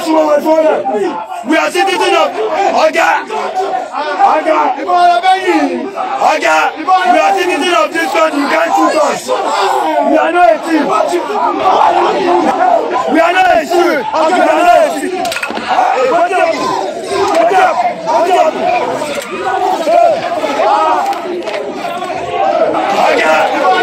That's what we're for them. We are citizens of Oga. Oga. Oga. We are citizens of this country. You can't shoot us. We are not a team. We are not a team. We are not a team. Wake up. Wake up. Wake up. Oga.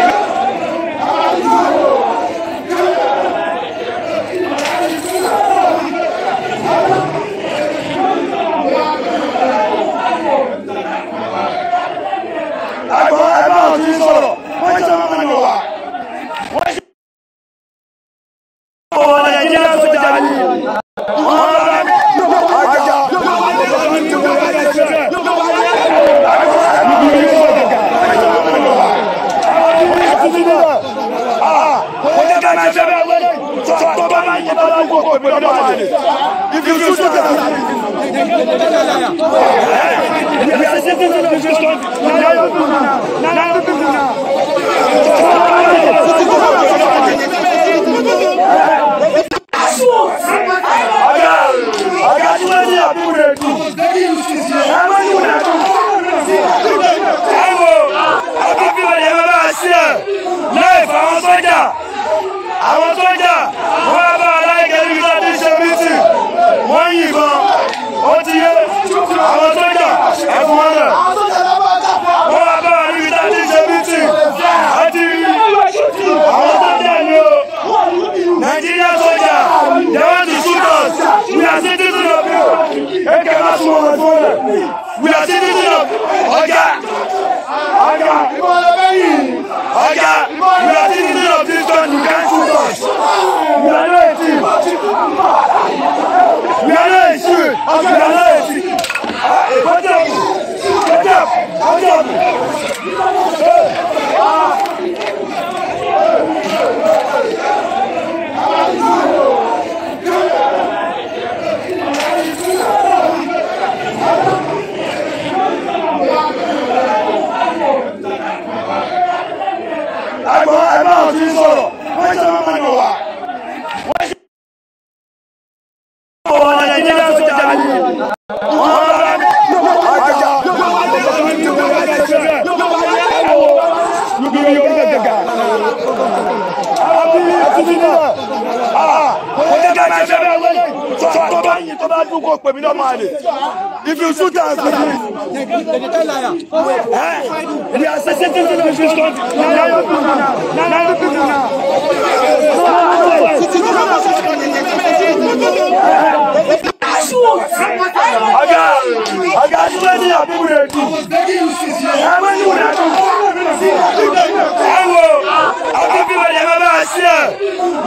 If you shoot them, we are sitting in a position. Life, àwọn sọ́jà, àwọn sọ́jà, wọ́n wọ́n yìnbọn ó ti yé àwọn sójà ẹ̀fọn wọn lẹ̀ wọ́n wá bá rí i dájú ṣe mítì àti àwọn sójà ni o Nàìjíríà sójà they want to shoot we are citizens of Europe eke ma sun wọn fún wọn we are citizens of ọjà ọjà ọjà we are citizens of this country you can't shoot us. ọjọ́ ìlànà èsì ìkọjọ́bù ìkọjọ́bù ìkọjọ́bù. Ẹ máa ti sọ̀rọ̀, wọ́n ṣe bá dún kó pèmí lọ́mọ àlè if you shoot us we will. we are sensitive to the fish country. na your people na na your people na. Aga aga ṣílẹ̀ ní àbúrò rẹ̀ dùn. Ẹ bá ní wùdà dùn. Ẹ wo àwọn bíbélì ẹ bá bá a ṣí ẹ̀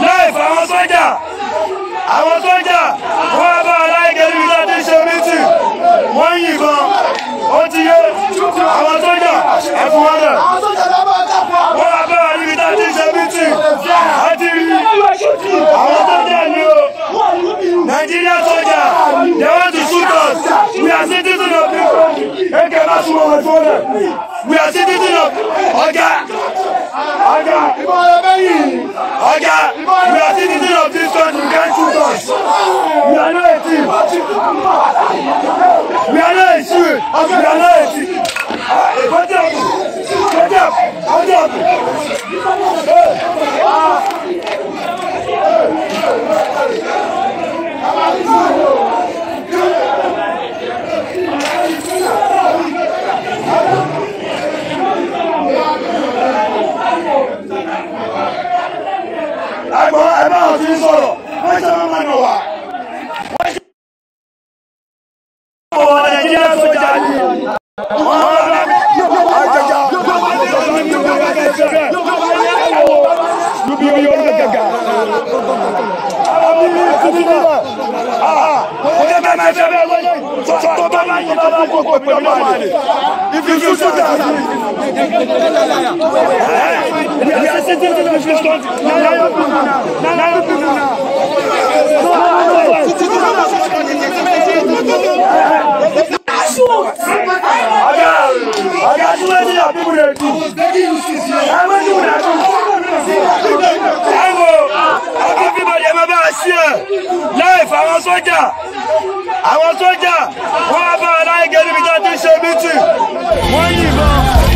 láì fà wọn sọ́jà àwọn sójà wọ́n bá aláìkẹ́lú iṣẹ́ tí ṣe mítì wọ́n yìnbọn ó ti yé àwọn sójà ẹ̀fún wọn dẹ̀ wọ́n bá aláìkẹ́lú iṣẹ́ tí ṣe mítì àti àwọn sójà ni o Nigeria sójà they want to shoot us we are citizens of this country eke ma sun ọmọ ìfọwọ́dẹ̀ we are citizens of ọjà ọjà ìmọ̀ràn mẹ́yìn ọjà we are citizens of this country we can't shoot us we are not a team we are not a team we are not a team. What's up? What's up? What's up? Hey. Ah. Hey. Hey. Hey. Hey. Hey. Hey. àgbọ̀ ẹ bá wọn ti ń sọ̀rọ̀ wọ́n ṣe máa máa nà wá. ṣe máa wọ nàìjíríà meme vevele tobamayi babakuko pemane ifisusutai Thank you. Oga, oga tí wọ́n a sí ẹ. Láìfù àwọn sójà, àwọn sójà, wọ́n á bá a Wọ́n yìnbọn.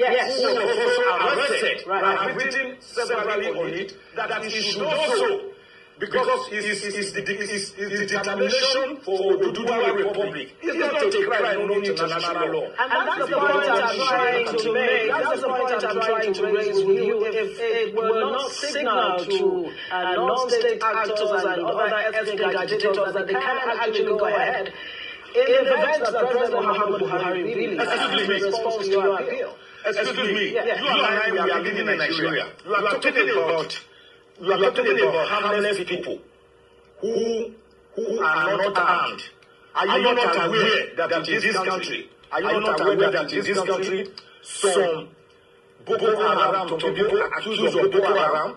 Yes, yes. several people arrested. Right. I've written severally on it that it should also because it's, the, it's, it's the determination for Oduduwa Republic. It's not a crime under international law. And that's the point I'm trying to make. That's the point I'm trying to raise with you. If it were not signaled to non-state actors and other ethnic agitators that they can actually go ahead, in the event that President Muhammad Buhari really responds to your appeal. Excuse, me. You and I, we are living in Nigeria. You are, talking about you are talking about harmless people who who are not armed. Are you, are you not aware that in this country? Are you not aware that in this country some Boko Haram, some people accused of Boko Haram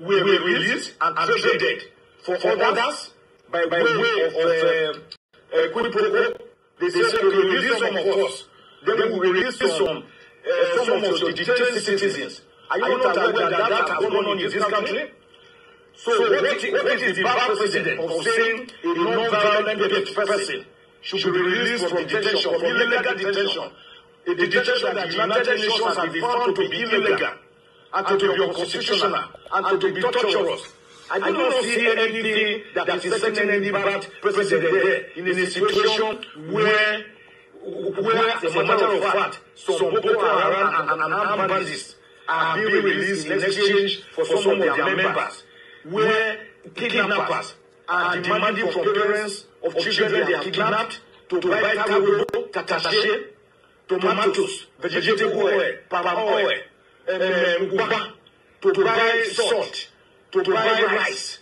were released and traded for others by by way of quid pro quo? They said they will release some of us, then we will release some uh, some of your detained citizens. Are you not aware that that has gone on in this country? So, so what, what is the bad precedent of saying a non-violent person should be released from detention, from illegal detention, a detention that the United Nations has been found to be illegal, and to be unconstitutional, and to be torturous? I do not see anything that is setting any bad precedent there in a situation where where as a matter of fact, some Boko Haram and, and armed bandits are being released in exchange for some of their members, where kidnappers are demanding from parents of children they have kidnapped to buy tabo, tatache, tomatoes, vegetable oil, palm oil, um, um to buy salt, to buy rice,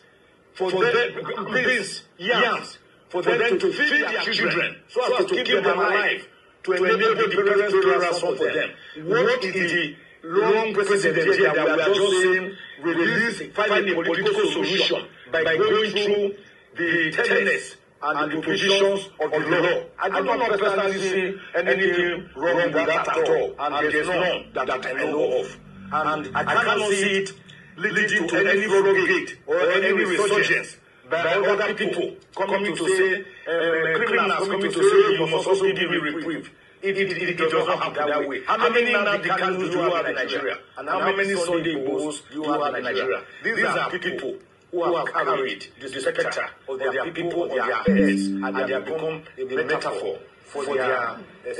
for, for the beans, yams, for them, them to feed their children so as to keep them alive, to enable the parents to raise ransom for them. What is the long president here that we are just saying release, find a political solution by going through the tenets and the provisions of the law. I do not personally see anything wrong with that at all, and there's none that I know of. And I cannot see it leading to any floodgate or any resurgence By other people coming to say, eh, eh, eh, criminals coming to say, you must also give reprieve. It, it, it, it does not happen that way. How many Nadikanus do you have in Nigeria? And how many Sunday Bowls do you have in Nigeria? These are people who have carried the specter of their people, of their heads, and they have become a metaphor for their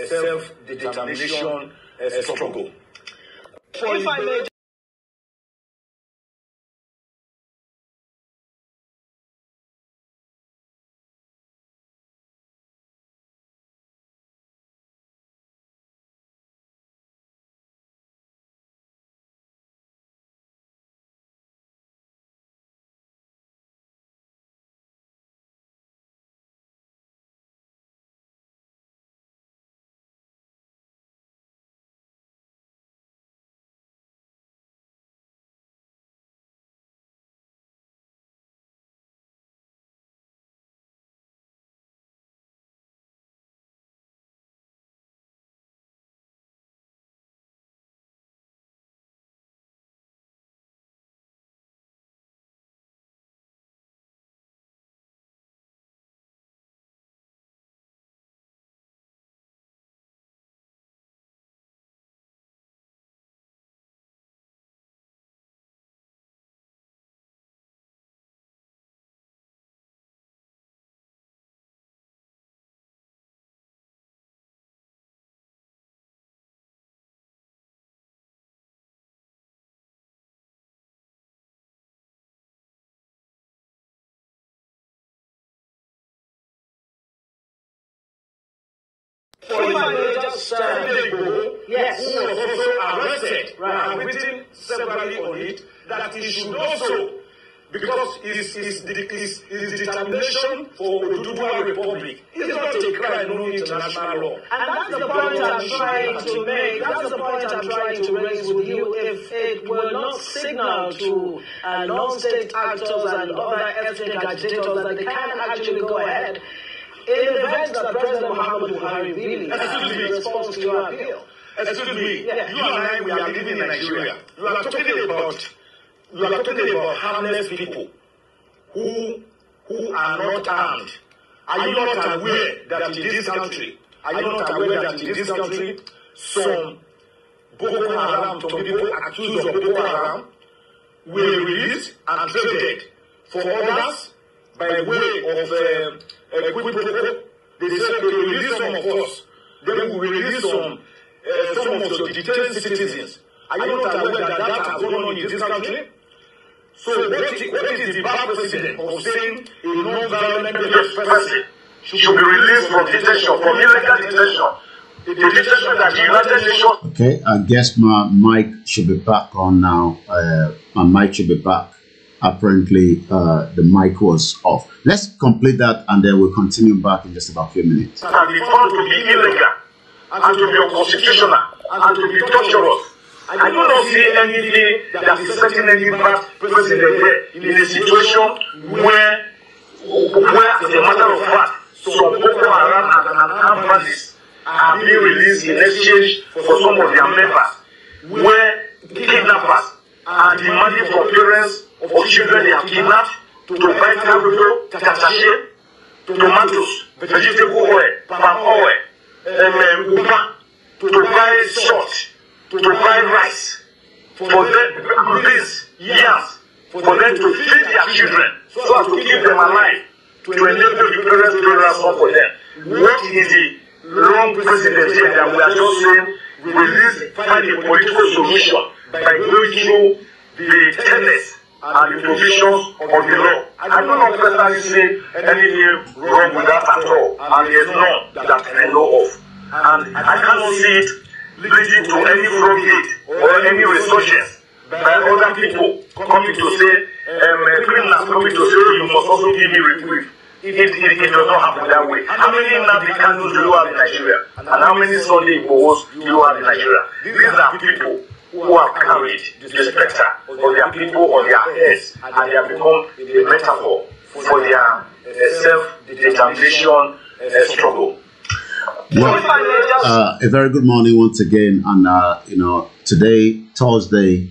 self-determination struggle. Somebody just started yes. who was also arrested right. and written severally on it that he should also, because his, his, his, his determination for Oduduwa Republic is not a crime under international law. And that's the point I'm trying to make. That's the point I'm trying to raise with you. If it were not signal to uh, non-state actors and other ethnic agitators that they can actually go ahead In the event that President Muhammad Buhari really Excuse me. response to your appeal. Excuse me. Yeah. You and I, we are living in Nigeria. You are talking about you are talking about harmless people who who are not armed. Are you not aware that in this country, are you not aware that in this country, some Boko Haram, some people accused of Boko Haram, were released and traded for others by way of uh, uh uh, eh, people, they said they will release some of us. They will release some, uh, some of the detained citizens. Are you not aware that that has gone on in this country? So what is, what is the bad precedent of saying a non-violent person should be released from detention, from illegal detention? Okay, I guess my mic should be back on now. Uh, my mic should be back apparently uh, the mic was off. Let's complete that and then we'll continue back in just about a few minutes. And they want to be illegal and to be unconstitutional and to be torturous. I do not see anything that is setting any bad president there in a situation where, where as a matter of fact, some Boko Haram and Anam families are being released in exchange for some of their members, where kidnappers and demanding for parents of children they have kidnapped, to buy tobacco, tatashe, tomatoes, vegetable oil, palm oil, um, upa, um, to buy salt, to buy rice, for them, these years for them to feed their children, so as to keep them alive, to enable the parents to ransom for them. What is the wrong precedent here that we are just saying we will use find a political solution by going through the tenets and the provisions of the law. I do not personally see anything wrong with that at all, and there is none that I know of. And I cannot see it leading to any floodgate or any resurgence by other people coming to say, um, criminals coming to say, oh, you must also give me reprieve. It, it, it, it does not happen that way. How many Nnamdi Kanus do you have in Nigeria? And how many Sunday boys do you have in Nigeria? These are people who have carried the spectre of their people on their heads and they have become a metaphor for their uh, self-determination uh, struggle. Well, uh, a very good morning once again, and uh, you know today, Thursday,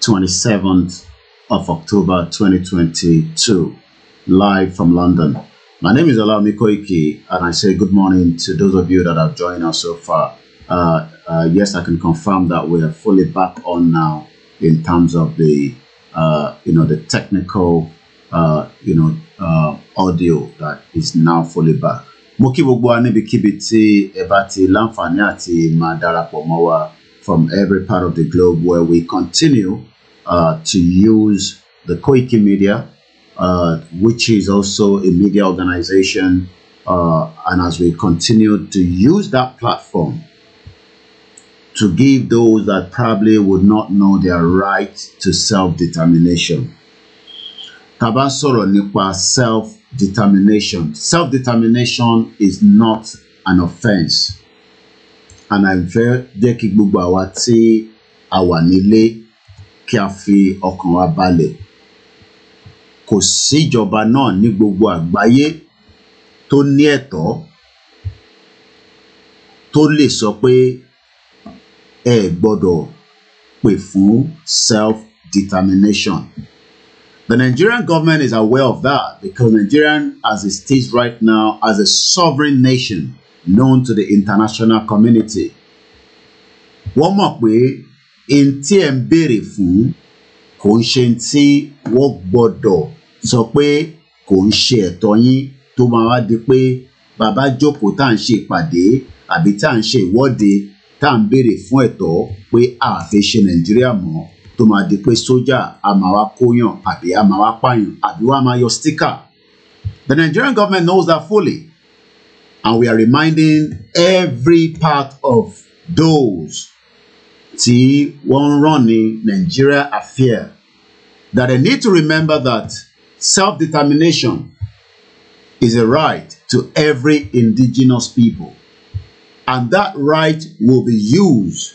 twenty seventh of October, twenty twenty two live from London. My name is Alami Koike, and I say good morning to those of you that have joined us so far. Uh, uh, yes, I can confirm that we are fully back on now in terms of the uh, you know the technical uh, you know uh, audio that is now fully back. Muki kí ebati wa níbikíbi tí ẹ bá ti from every part of the globe where we continue uh, to use the Koiki Media Uh, which is also a media organization. Uh, and as we continue to use that platform to give those that probably would not know their right to self-determination. tabasoro bá self-determination. Self-determination is not an offense, And I fẹ́ jẹ́ kí gbogbo àwa tí a wà nílé kí a fi ọkàn wa balẹ̀ kò síjọba náà ní gbogbo àgbáyé tó ní ẹ̀tọ́ tó lè sọ pé ẹ gbọ́dọ̀ pè fún self-determination. The Nigerian government is aware of that because Nigeria, as it stands right now, as a sovereign nation known to the international community, wọ́n mọ̀ pé n tí ẹ̀ ń béèrè fún kò ń ṣe tí wọ́n gbọ́dọ̀ sọ pé kò ń ṣe ẹ̀tọ́ yín tó máa wá di pé bàbá jókòó tá à ń ṣe ìpàdé àbí tá à ń ṣe ìwọ́de tá à ń béèrè fún ẹ̀tọ́ pé a fẹ́ ṣe nàìjíríà mọ́ tó máa di pé sójà a máa wá kóyàn àbí a máa wá pààyàn àbí wá máa yọ stíkà. The Nigerian government knows that fully and we are reminding every part of those tí wọ́n ń run ní Nigeria affair that they need to remember that Self-determination is a right to every indigenous people, and that right will be used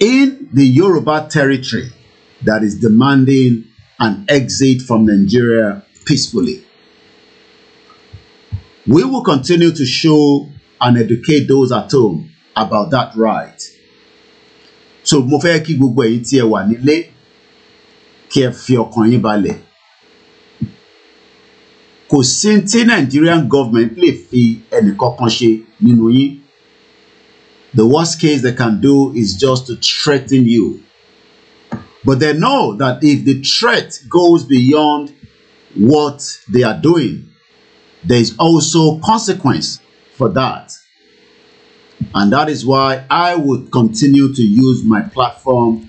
in the Yoruba territory that is demanding an exit from Nigeria peacefully. We will continue to show and educate those at home about that right. So mo fẹ́ kí gbogbo èyí tí ẹ wà nílé kí ẹ fi ọkàn yín balẹ̀ kò sí tí Nigerian government lè fi ẹnìkankan ṣe nínú yín the worst case they can do is just to threaten you but they know that if the threat goes beyond what they are doing there is also consequence for that and that is why I would continue to use my platform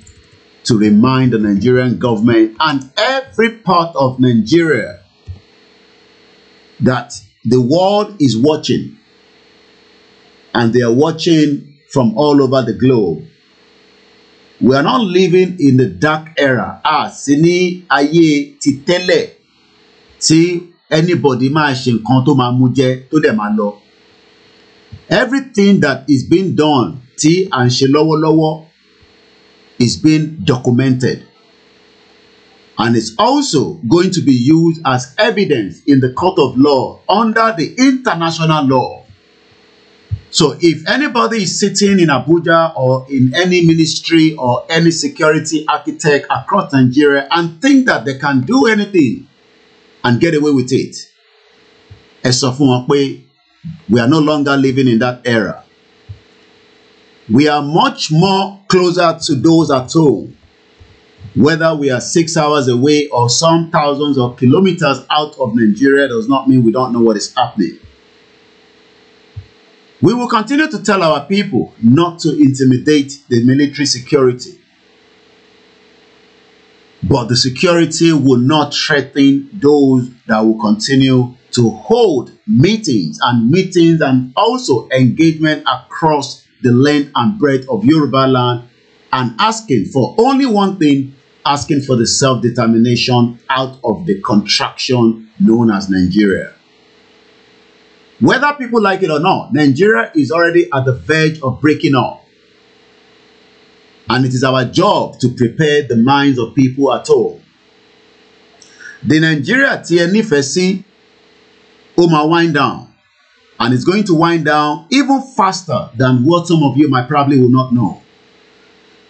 to remind the Nigerian government and every part of Nigeria that the world is watching and they are watching from all over the globe. We are not living in the dark era. A sì ní ayé ti tẹ́lẹ̀ tí anybody máa ṣe nǹkan to máa mú jẹ tó dẹ̀ máa lọ. Everything that is being done ti à ń ṣe lọ́wọ́lọ́wọ́ is being documented. and is also going to be used as evidence in the court of law under the international law. So if anybody is sitting in Abuja or in any ministry or any security architect across Nigeria and think that they can do anything and get away with it, ẹ we are no longer living in that era. We are much more closer to those at home Whether we are six hours away or some thousands of kilometers out of Nigeria does not mean we don't know what is happening. We will continue to tell our people not to intimidate the military security. But the security will not threaten those that will continue to hold meetings and meetings and also engagement across the length and breadth of Yoruba land and asking for only one thing asking for the self-determination out of the contraction known as Nigeria. Whether people like it or not, Nigeria is already at the verge of breaking up. And it is our job to prepare the minds of people at all. The Nigeria tí Oma, wind down and it's going to wind down even faster than what some of you might probably will not know.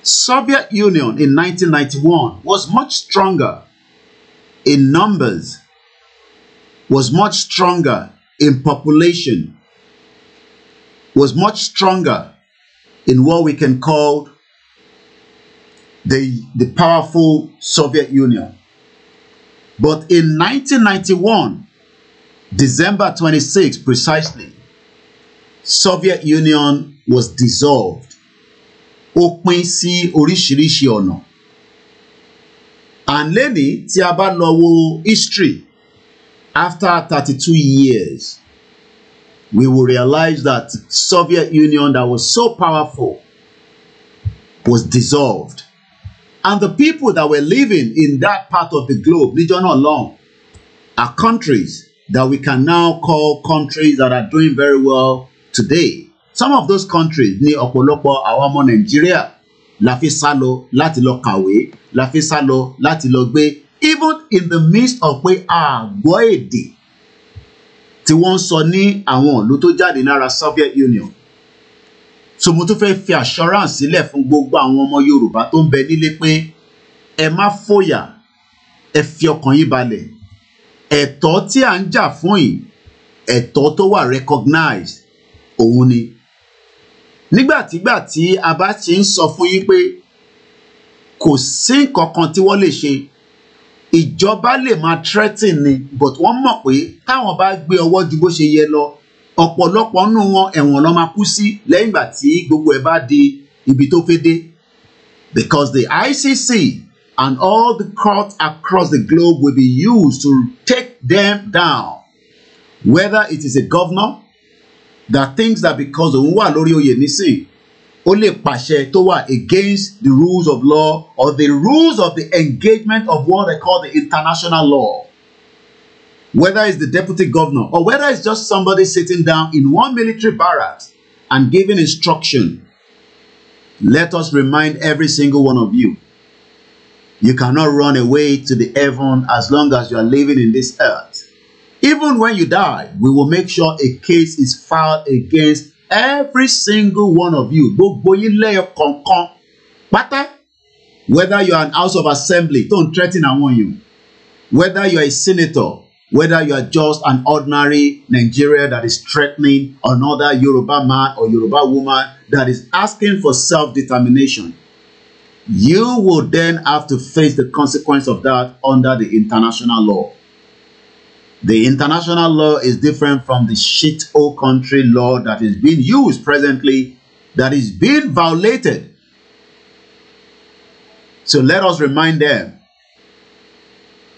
Soviet Union in 1991 was much stronger in numbers, was much stronger in population, was much stronger in what we can call the, the powerful Soviet Union. But in 1991, December 26 precisely, Soviet Union was dissolved. ó pín sí oríṣiríṣi ọ̀nà and lẹ́nìí tí a bá lọ wo history after thirty two years we will realize that Soviet Union that was so powerful was dissolved and the people that were living in that part of the globe níjọ́ náà are countries that we can now call countries that are doing very well today some of those countries ní ọ̀pọ̀lọpọ̀ àwọn ọmọ nàìjíríà la fi sá lọ láti lọ kàwé la fi sá lọ láti lọ gbé even in the midst of pé àgbọ̀ èdè tí wọ́n ń sọ ní àwọn ìlú tó jáde lára Soviet Union so mo tún fẹ́ fi assurance sílẹ̀ fún gbogbo àwọn ọmọ Yorùbá tó ń bẹ nílé pé ẹ má fòyà ẹ fi ọkàn yín balẹ̀ ẹ̀tọ́ tí à ń jà fún yìí ẹ̀tọ́ tó wà recognized òun ni nígbàtígbà tí a bá ti ń sọ fún yín pé kò sí nǹkan kan tí wọ́n lè ṣe ìjọba lè máa threatening ni but wọ́n mọ̀ pé táwọn bá gbé ọwọ́ ju bó ṣe yẹ lọ ọ̀pọ̀lọpọ̀ nù wọn ẹ̀wọ̀n ló máa kú sí lẹ́yìn ìgbà tí gbogbo ẹ̀ bá di ibi tó fẹ́ dé because the ICC and all the courts across the globe will be used to take them down whether it is a governor that things that because òun wà lórí oyè nísìn ó lè pàṣẹ tó wà against the rules of law or the rules of the engagement of what they call the international law whether it's the deputy governor or whether it's just somebody sitting down in one military barracks and giving instruction let us remind every single one of you you cannot run away to the heaven as long as you are living in this earth Even when you die, we will make sure a case is filed against every single one of you. Gbogbo yín lẹ́yọ̀ kọ̀ọ̀kan pátá. Whether you are an House of Assembly don't ń threaten àwọn èèyàn. Whether you are a senator whether you are just an ordinary Nigerian that is threatening another Yoruba man or Yoruba woman that is asking for self-determination, you will then have to face the consequence of that under the international law. The international law is different from the shit o country law that is being used presently, that is being violated. So let us remind them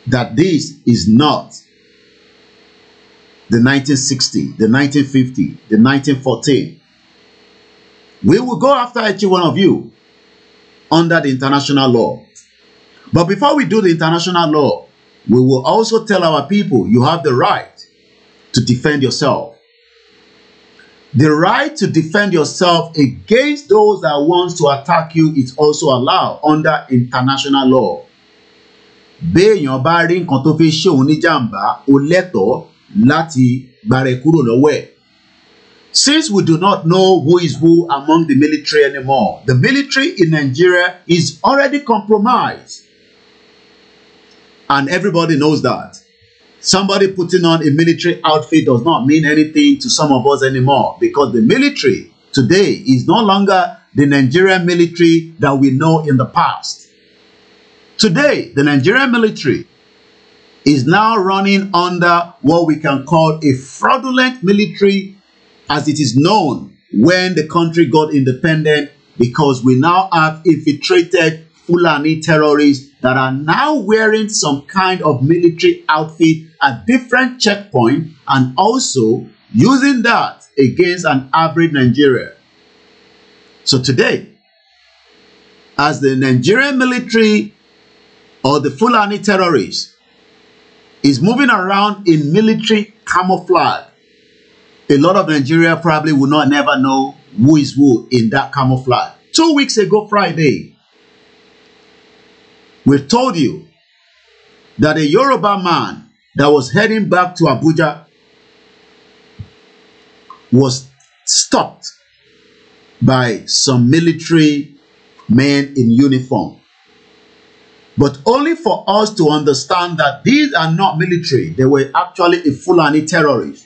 that this is not the 1960, the 1950, the 1914. We will go after each one of you under the international law. But before we do the international law, we will also tell our people you have the right to defend yourself. The right to defend yourself against those that want to attack you is also allowed under international law. Béèyàn bá rí nǹkan tó fi ṣe òun níjàmbá, ó lẹ́tọ̀ọ́ láti gbàrẹ̀ kúrò lọ́wọ́ ẹ̀. Since we do not know who is who among the military anymore, the military in Nigeria is already compromised. And everybody knows that. Somebody putting on a military outfit does not mean anything to some of us anymore because the military today is no longer the Nigerian military that we know in the past. Today, the Nigerian military is now running under what we can call a fraudulent military as it is known when the country got independent because we now have infiltrated Fulani terrorists that are now wearing some kind of military outfit at different checkpoints and also using that against an average Nigerian. So today, as the Nigerian military or the Fulani terrorists is moving around in military camouflage, a lot of Nigeria probably will not never know who is who in that camouflage. Two weeks ago, Friday, We told you that a Yoruba man that was heading back to Abuja was stopped by some military men in uniform. But only for us to understand that these are not military. They were actually a Fulani terrorist.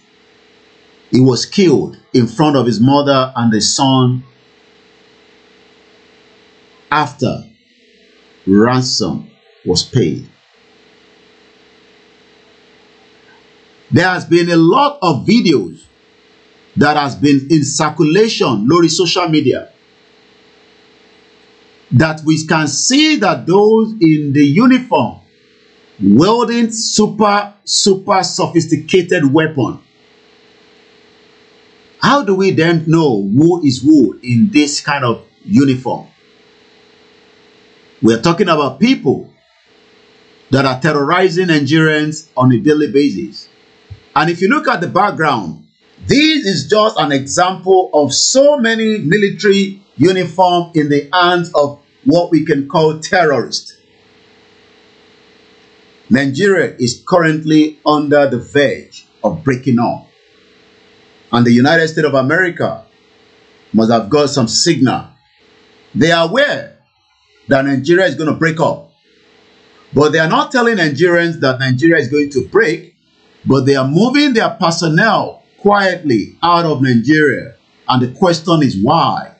He was killed in front of his mother and his son after ransom was paid. There has been a lot of videos that has been in circulation lórí social media that we can see that those in the uniform wielding super super sophisticated weapon. How do we then know who is who in this kind of uniform? We are talking about people that are terrorizing Nigerians on a daily basis. And if you look at the background, this is just an example of so many military uniform in the hands of what we can call terrorists. Nigeria is currently under the verge of breaking up. And the United States of America must have got some signal. They are aware that Nigeria is going to break up. But they are not telling Nigerians that Nigeria is going to break, but they are moving their personnel quietly out of Nigeria. And the question is why?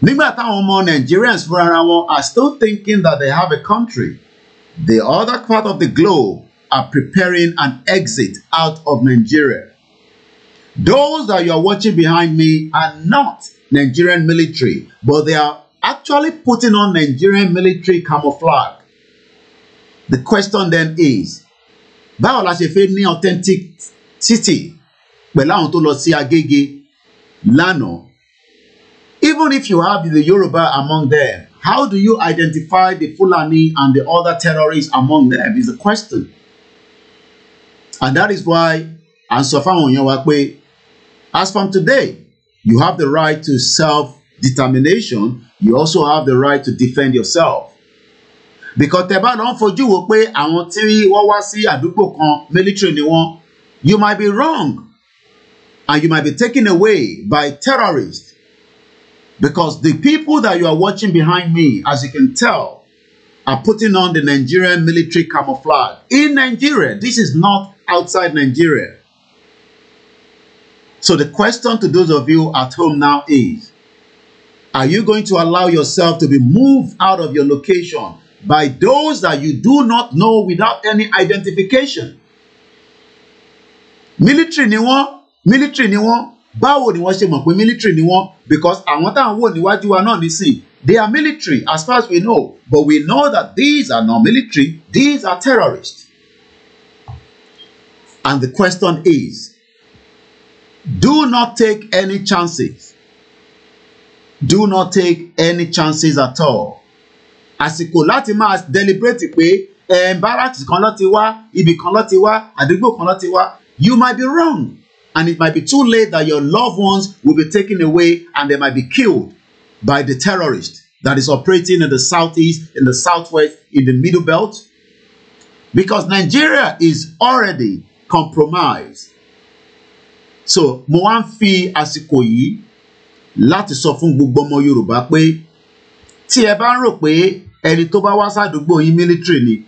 Nígbà táwọn ọmọ Nigerians are still thinking that they have a country, the other part of the globe are preparing an exit out of Nigeria. Those that you are watching behind me are not Nigerian military, but they are actually putting on Nigerian military camouflage. The question then is, báwo la ṣe fẹ́ ní authentic city pẹ̀lú àwọn tó lọ sí Agége lánàá? Even if you have the Yoruba among them, how do you identify the Fulani and the other terrorists among them is the question. And that is why à ń sọ fáwọn èèyàn wa as from today, you have the right to self determination you also have the right to defend yourself because tẹ́ bá lọ ń fojú wo pé àwọn tí wọ́n wá sí àdúgbò kan military ni wọ́n you might be wrong and you might be taken away by terrorists because the people that you are watching behind me as you can tell are putting on the Nigerian military camouflage in Nigeria this is not outside Nigeria so the question to those of you at home now is Are you going to allow yourself to be moved out of your location by those that you do not know without any identification? Military ni wọ́n, military ni wọ́n, báwo ni wọ́n ṣe mọ̀ pé military ni wọ́n because àwọn táwọn wò níwájú wa náà nísìn they are military as far as we know but we know that these are not military these are terrorists and the question is do not take any chances do not take any chances at all àsìkò láti máa deliberate pé eh, barracks kan ló ti wá ibì kan ló ti wá àdúgbò kan ló ti wá you might be wrong and it might be too late that your loved ones will be taken away and they might be killed by the terrorist that is operating in the southeast in the southwest in the middle belt because Nigeria is already compromised so mo wá ń fi àsìkò yìí láti sọ fún gbogbo ọmọ Yorùbá pé tí ẹ bá ń rò pé ẹni tó bá wá sádùúgbò yín military ni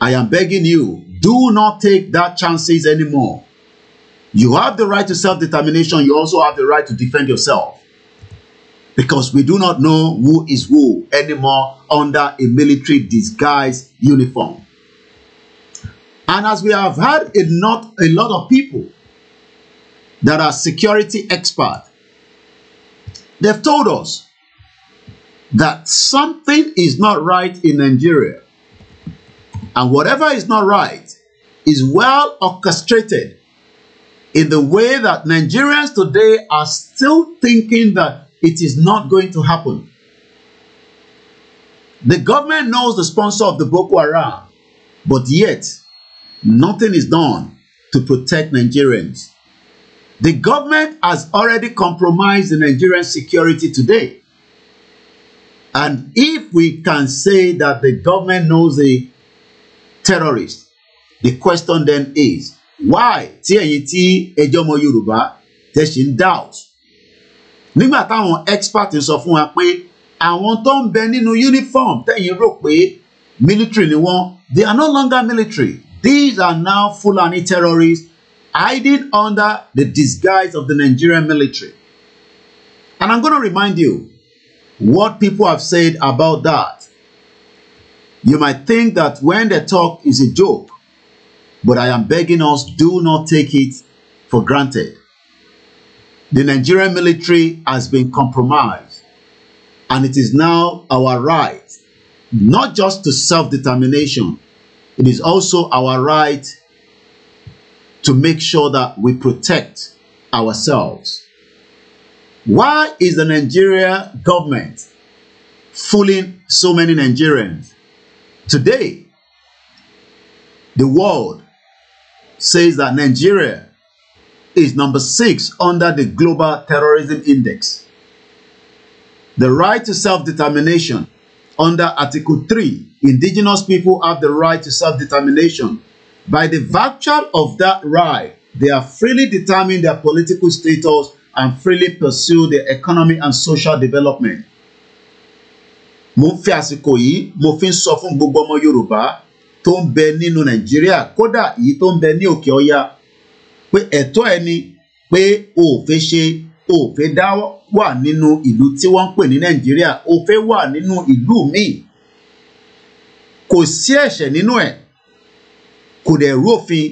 I am begging you do not take that chances anymore you have the right to self-determination you also have the right to defend yourself because we do not know who is who anymore under a military disguise uniform. And as we have had a, not, a lot of people that are security experts They've told us that something is not right in Nigeria. And whatever is not right is well orchestrated in the way that Nigerians today are still thinking that it is not going to happen. The government knows the sponsor of the Boko Haram, but yet nothing is done to protect Nigerians. The government has already compromised the Nigerian security today. And if we can say that the government knows the terrorist, the question then is, why tí Ejomo tí ẹjọ́ ọmọ Yorùbá tẹ̀ ṣe ń doubt? Nígbà táwọn expert sọ fún wa pé àwọn tó ń bẹ nínú uniform tẹ̀yin rò pé military ni wọ́n, they are no longer military. These are now Fulani terrorists hiding under the disguise of the Nigerian military. And I'm going to remind you what people have said about that. You might think that when they talk is a joke, but I am begging us do not take it for granted. The Nigerian military has been compromised and it is now our right not just to self-determination, it is also our right to make sure that we protect ourselves. Why is the Nigeria government fooling so many Nigerians? Today, the world says that Nigeria is number six under the Global Terrorism Index. The right to self-determination under Article 3, indigenous people have the right to self-determination By the virtue of that right, they are freely determined their political status and freely pursue their economic and social development. Mo ń fi àsìkò yìí mo fi ń sọ fún gbogbo ọmọ Yorùbá tó ń bẹ nínú Nàìjíríà kódà èyí tó ń bẹ ní òkè ọya pé ẹ̀tọ́ ẹ ni pé o ò fẹ́ ṣe o ò fẹ́ dá wà nínú ìlú tí wọ́n ń pè ní Nàìjíríà o fẹ́ wà nínú ìlú míì kò sí ẹ̀ṣẹ̀ nínú ẹ̀. E kò dẹ̀ rú òfin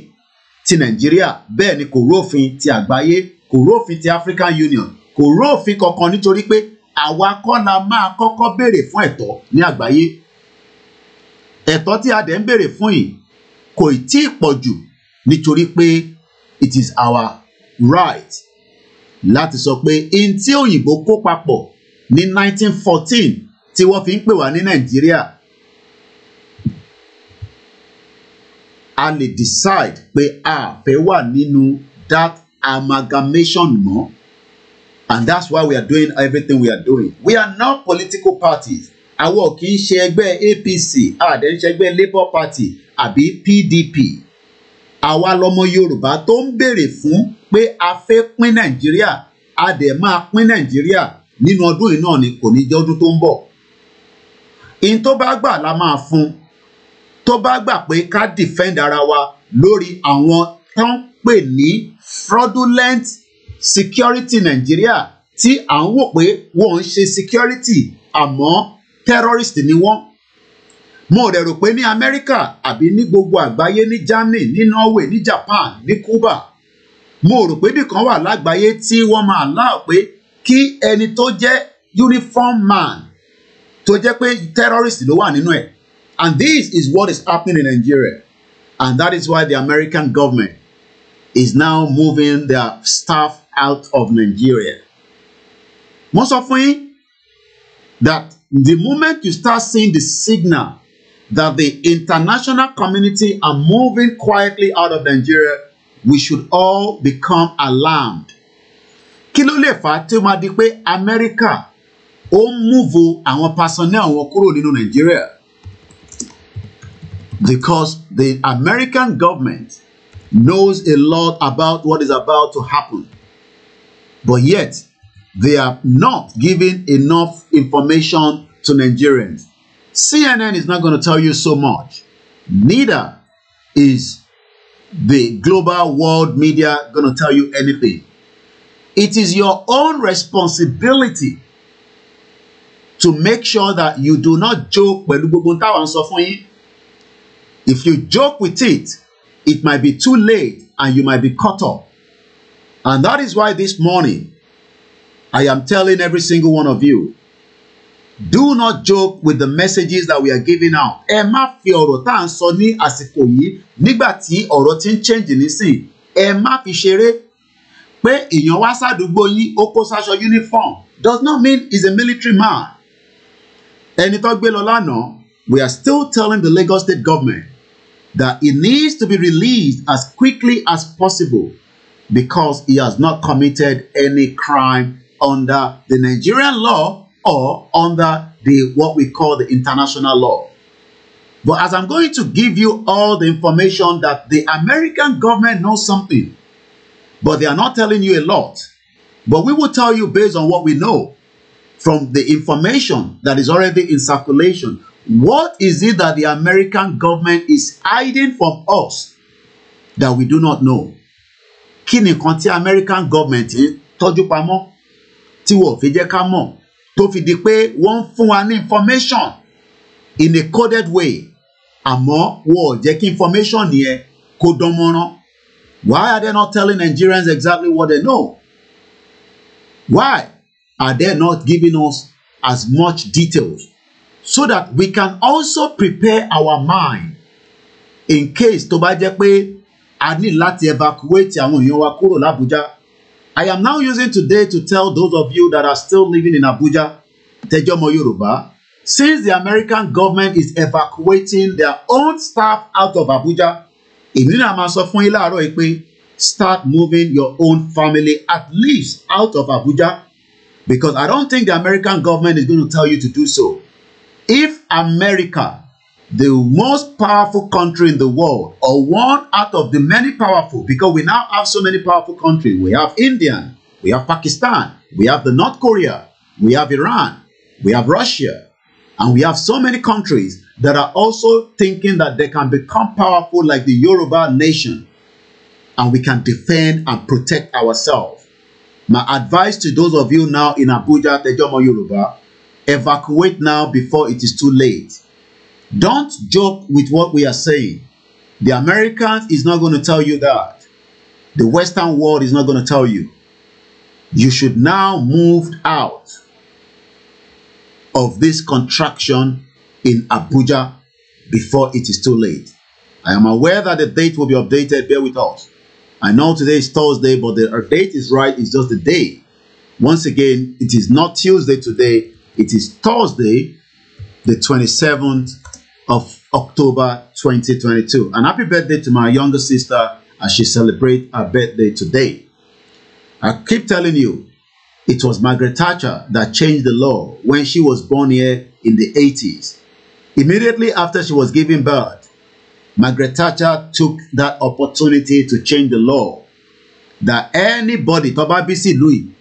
ti nàìjíríà bẹ́ẹ̀ ni kò rú òfin ti àgbáyé kò rú ti African Union kò rú òfin kankan nítorí pé àwa kọ́ la máa kọ́kọ́ béèrè fún ẹ̀tọ́ ní àgbáyé ẹ̀tọ́ tí a dẹ̀ ń béèrè fún yìí kò tí ì pọ̀ jù nítorí pé it is our right láti sọ pé in tí òyìnbó kó papọ̀ ní 1914 tí wọ́n fi ń pè wá ní nàìjíríà a lè decide pé a fẹ́ wà nínú that amalgamation mọ́ and that's why we are doing everything we are doing we are not political parties àwọn kì í ṣe ẹgbẹ́ APC àdé ń ṣe ẹgbẹ́ Labour Party àbí PDP àwa lọmọ Yorùbá tó ń béèrè fún pé a fẹ́ pín Nàìjíríà a dẹ̀ máa pín Nàìjíríà nínú ọdún yìí náà ni kò ní jẹ́ ọdún tó ń bọ̀. ìyẹn tó bá gbà la máa fún un tó bá gbà pé ká defend ara wa lórí àwọn tó ń pè ní fraudulent security Nigeria. tí à ń wò pé wọ́n ń ṣe security àmọ́ terrorist ni wọ́n mo rẹ̀ rò pé ní Amẹ́ríkà àbí ní gbogbo àgbáyé ní Germany ní Norway ní Japan ní Cuba mo rò pé bìkan wà lágbàáyé tí wọ́n máa láà pé kí ẹni tó jẹ́ uniform man tó jẹ́ pé terrorist ló wà nínú ẹ̀ And this is what is happening in Nigeria. And that is why the American government is now moving their staff out of Nigeria. Most often, that the moment you start seeing the signal that the international community are moving quietly out of Nigeria, we should all become alarmed. Kí ló lè fà á tí ó máa di pé Amẹ́ríkà ó ń múvo àwọn personnel wọn kúrò nínú Nàìjíríà? because the American government knows a lot about what is about to happen, but yet they are not giving enough information to Nigerians. CNN is not going to tell you so much. Neither is the global world media going to tell you anything. It is your own responsibility to make sure that you do not joke pẹ̀lú gbogbo táwọn sọ fún yín If you joke with it, it might be too late and you might be cut off. And that is why this morning, I am telling every single one of you, do not joke with the messages that we are giving out. Ẹ má fi ọ̀rọ̀ tá à ń sọ ní àsìkò yìí nígbà tí ọ̀rọ̀ ti ń change nísìn. Ẹ má fi ṣeré pé èèyàn wá sádùúgbò yín ó kó sáṣọ uniform does not mean he's a military man. Ẹni tó gbé lọ lánàá, we are still telling the Lagos State government that it needs to be released as quickly as possible because he has not committed any crime under the Nigerian law or under the what we call the international law. But as I'm going to give you all the information that the American government knows something, but they are not telling you a lot. But we will tell you based on what we know from the information that is already in circulation What is it that the American government is hiding from us that we do not know? Kí ni nǹkan tí American government ń tọ́jú pamọ́ tí wọ́n fi jẹ́ ká mọ̀ tó fi di pé wọ́n ń fún wa ní information in a coded way àmọ́ wọ́n ò jẹ́ kí information yẹn kó dán mọ́rán. Why are they not telling Nigerians exactly what they know? Why are they not giving us as much details so that we can also prepare our mind in case tó bá jẹ́ pé a ní láti evacuate àwọn èèyàn wa kúrò l'Abuja. I am now using today to tell those of you that are still living in Abuja, Tẹjọmọ Yorùbá, since the American government is evacuating their own staff out of Abuja, èmi náà máa sọ fún yín láàárọ̀ yìí pé start moving your own family at least out of Abuja because I don't think the American government is going to tell you to do so. If America, the most powerful country in the world, or one out of the many powerful, because we now have so many powerful countries, we have India, we have Pakistan, we have the North Korea, we have Iran, we have Russia, and we have so many countries that are also thinking that they can become powerful like the Yoruba nation and we can defend and protect ourselves. My advice to those of you now in Abuja, Tejomo Yoruba, Evacuate now before it is too late. Don't joke with what we are saying. The Americans is not going to tell you that. The Western world is not going to tell you. You should now move out of this contraction in Abuja before it is too late. I am aware that the date will be updated. Bear with us. I know today is Thursday, but the date is right. It's just the day. Once again, it is not Tuesday today. It is Thursday, the 27th of October 2022. And happy birthday to my younger sister as she celebrates her birthday today. I keep telling you, it was Margaret Thatcher that changed the law when she was born here in the 80s. Immediately after she was given birth, Margaret Thatcher took that opportunity to change the law that anybody, Toba BC Louis,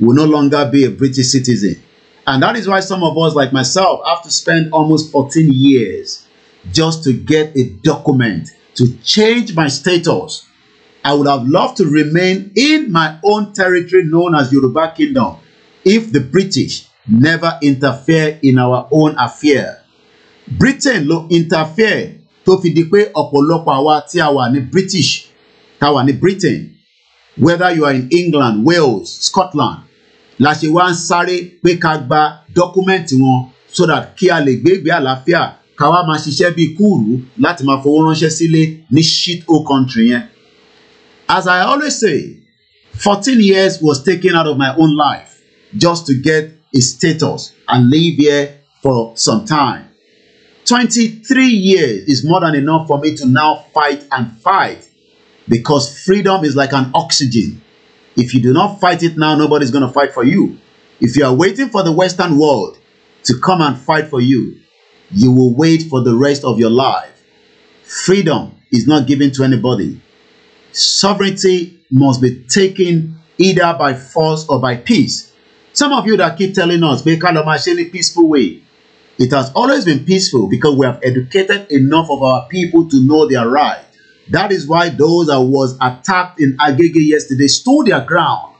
will no longer be a British citizen. And that is why some of us, like myself, have to spend almost 14 years just to get a document to change my status. I would have loved to remain in my own territory known as Yoruba Kingdom if the British never interfere in our own affair. Britain lo interfere to fi di pé ọ̀pọ̀lọpọ̀ àwa tí a wà ní British tá a wà ní Britain whether you are in England, Wales, Scotland la ṣe wá ń sáré pé ká gba dọ́kúmẹ́ǹtì wọn so that kí a lè gbé ìgbé àlàáfíà ká wá máa ṣiṣẹ́ bíi kúùrú láti máa fowó ránṣẹ́ sílé ní shit hole country yẹn. As I always say, fourteen years was taken out of my own life just to get a status and live here for some time. Twenty-three years is more than enough for me to now fight and fight because freedom is like an oxygen If you do not fight it now, nobody's going to fight for you. If you are waiting for the Western world to come and fight for you, you will wait for the rest of your life. Freedom is not given to anybody. Sovereignty must be taken either by force or by peace. Some of you that keep telling us, a peaceful way. It has always been peaceful because we have educated enough of our people to know their rights. That is why those that was attacked in Agege yesterday stood their ground.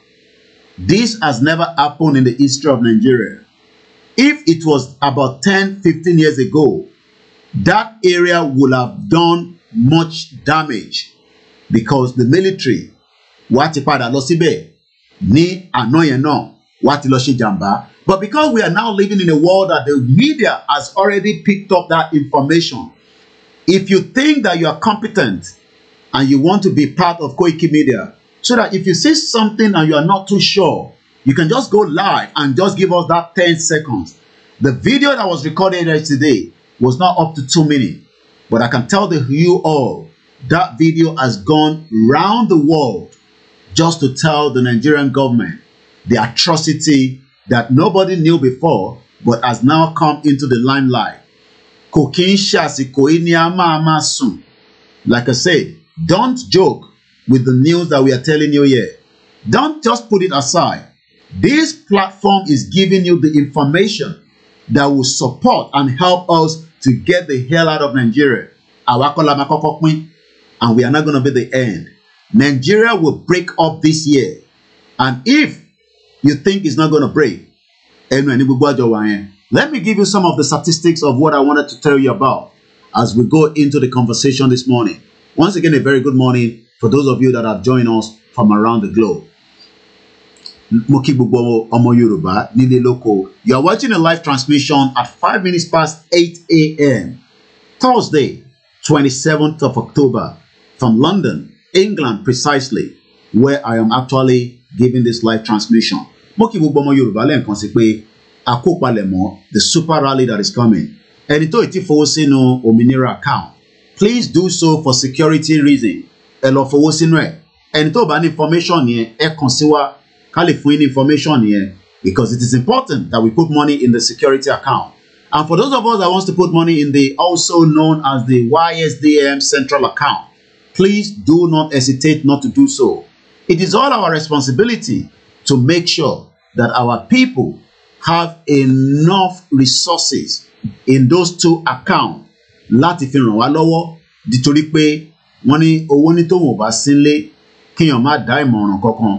This has never happened in the history of Nigeria. If it was about 10, 15 years ago, that area would have done much damage because the military watipada losibe ni lọ síbẹ̀ ní àná But because we are now living in a world that the media has already picked up that information, if you think that you are competent and you want to be part of Koiki Media, so that if you see something and you are not too sure, you can just go live and just give us that 10 seconds. The video that was recorded today was not up to two minutes, but I can tell the, you all that video has gone round the world just to tell the Nigerian government the atrocity that nobody knew before but has now come into the limelight. Like I said, Don't joke with the news that we are telling you here. Don't just put it aside. This platform is giving you the information that will support and help us to get the hell out of Nigeria. And we are not going to be the end. Nigeria will break up this year. And if you think it's not going to break, let me give you some of the statistics of what I wanted to tell you about as we go into the conversation this morning. Once again, a very good morning for those of you that have joined us from around the globe. Mo kí gbogbo ọmọ You are watching a live transmission at five minutes past eight a.m. Thursday, twenty-seventh of October, from London, England, precisely, where I am actually giving this live transmission. Mo kí gbogbo ọmọ Yorùbá lẹ́ẹ̀kan sí the super rally that is coming. Ẹni tó ì ti fowó account please do so for security reason ẹ lọ fowó sínú ẹ ẹni tó bá ní information yẹn ẹ kàn sí wa ká lè fún information yẹn because it is important that we put money in the security account and for those of us that wants to put money in the also known as the YSDM central account please do not hesitate not to do so it is all our responsibility to make sure that our people have enough resources in those two accounts láti fi ràn wá lọ́wọ́ nítorí pé wọ́n ní owó ní tóun ò bá sínlé kéèyàn má dá ìmọ̀ràn kankan.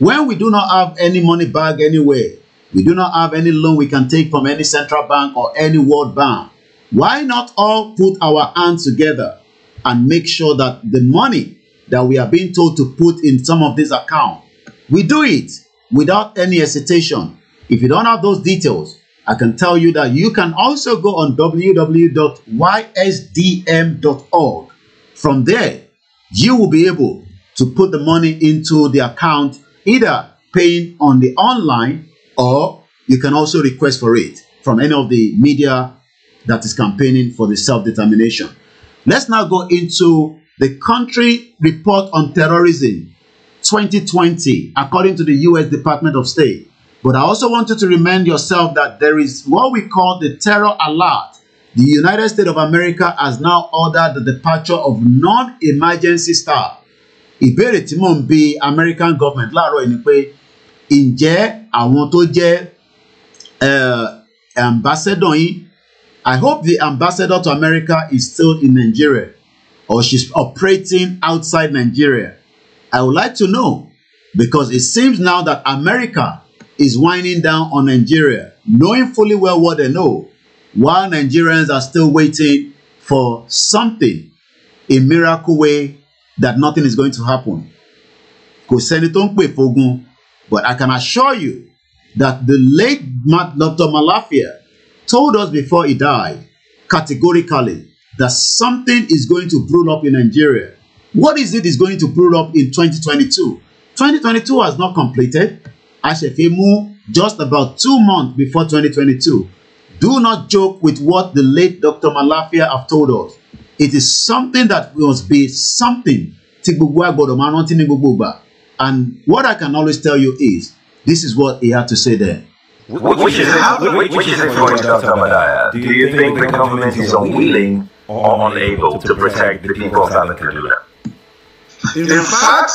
When we do not have any money bag anywhere, we do not have any loan we can take from any central bank or any world bank. Why not all put our hands together and make sure that the money that we are being told to put in some of these accounts, we do it without any hesitation. If you don't have those details, I can tell you that you can also go on www.ysdm.org. From there, you will be able to put the money into the account, either paying on the online or you can also request for it from any of the media that is campaigning for the self-determination. Let's now go into the country report on terrorism 2020, according to the U.S. Department of State. But I also want you to remind yourself that there is what we call the terror alert. The United States of America has now ordered the departure of non-emergency staff. Ìbéèrè tí mò ń bi American government láàárọ̀ yìí ni pé ǹjẹ́ àwọn tó jẹ́ eh, ambassador yín I hope the ambassador to America is still in Nigeria or she's operating outside Nigeria. I would like to know because it seems now that America is winding down on Nigeria, knowing fully well what they know, while Nigerians are still waiting for something, a miracle way that nothing is going to happen. Kò sẹ́ni tó but I can assure you that the late Dr. Malafia told us before he died categorically that something is going to brew up in Nigeria. What is it is going to brew up in 2022? 2022 has not completed. Ashefemu just about two months before 2022. Do not joke with what the late Dr. Malafia have told us. It is something that must be something tí gbogbo agbọ́dọ̀ máa rántí ní gbogbo ìgbà. And what I can always tell you is, this is what he had to say there. Which, which is, how, which, which is it for Dr. Madaya? Do you think the government is unwilling or unable to protect the people of Alan In fact,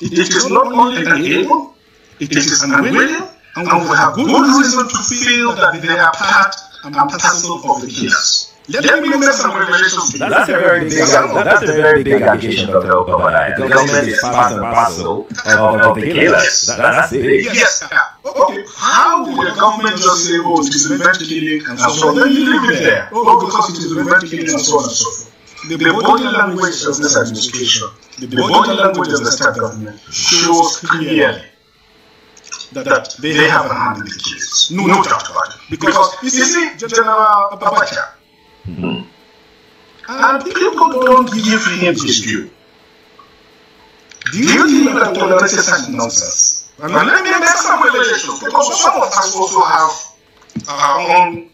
it is not only unable, It is unwilling, and we have good reason to feel that they are part and parcel of the case. Let, Let me make some revelations. That's a very big, that, that's a very big allegation, Dr. Okamala. The government is part and parcel of, of the killers. That, that's it. Yes. Okay. How would the government just say, oh, it is revenge killing and so on? Then you leave it there. Oh, because it is revenge killing and so on and so forth. the body language of this administration, the body language of the state government shows clearly that, that they, they hand in the case. No, no doubt about it. Because, because you see, General Abacha, mm-hmm. and people don't give him his due. Do you think that tolerates such nonsense? And let me make some revelations, because some of us also have our own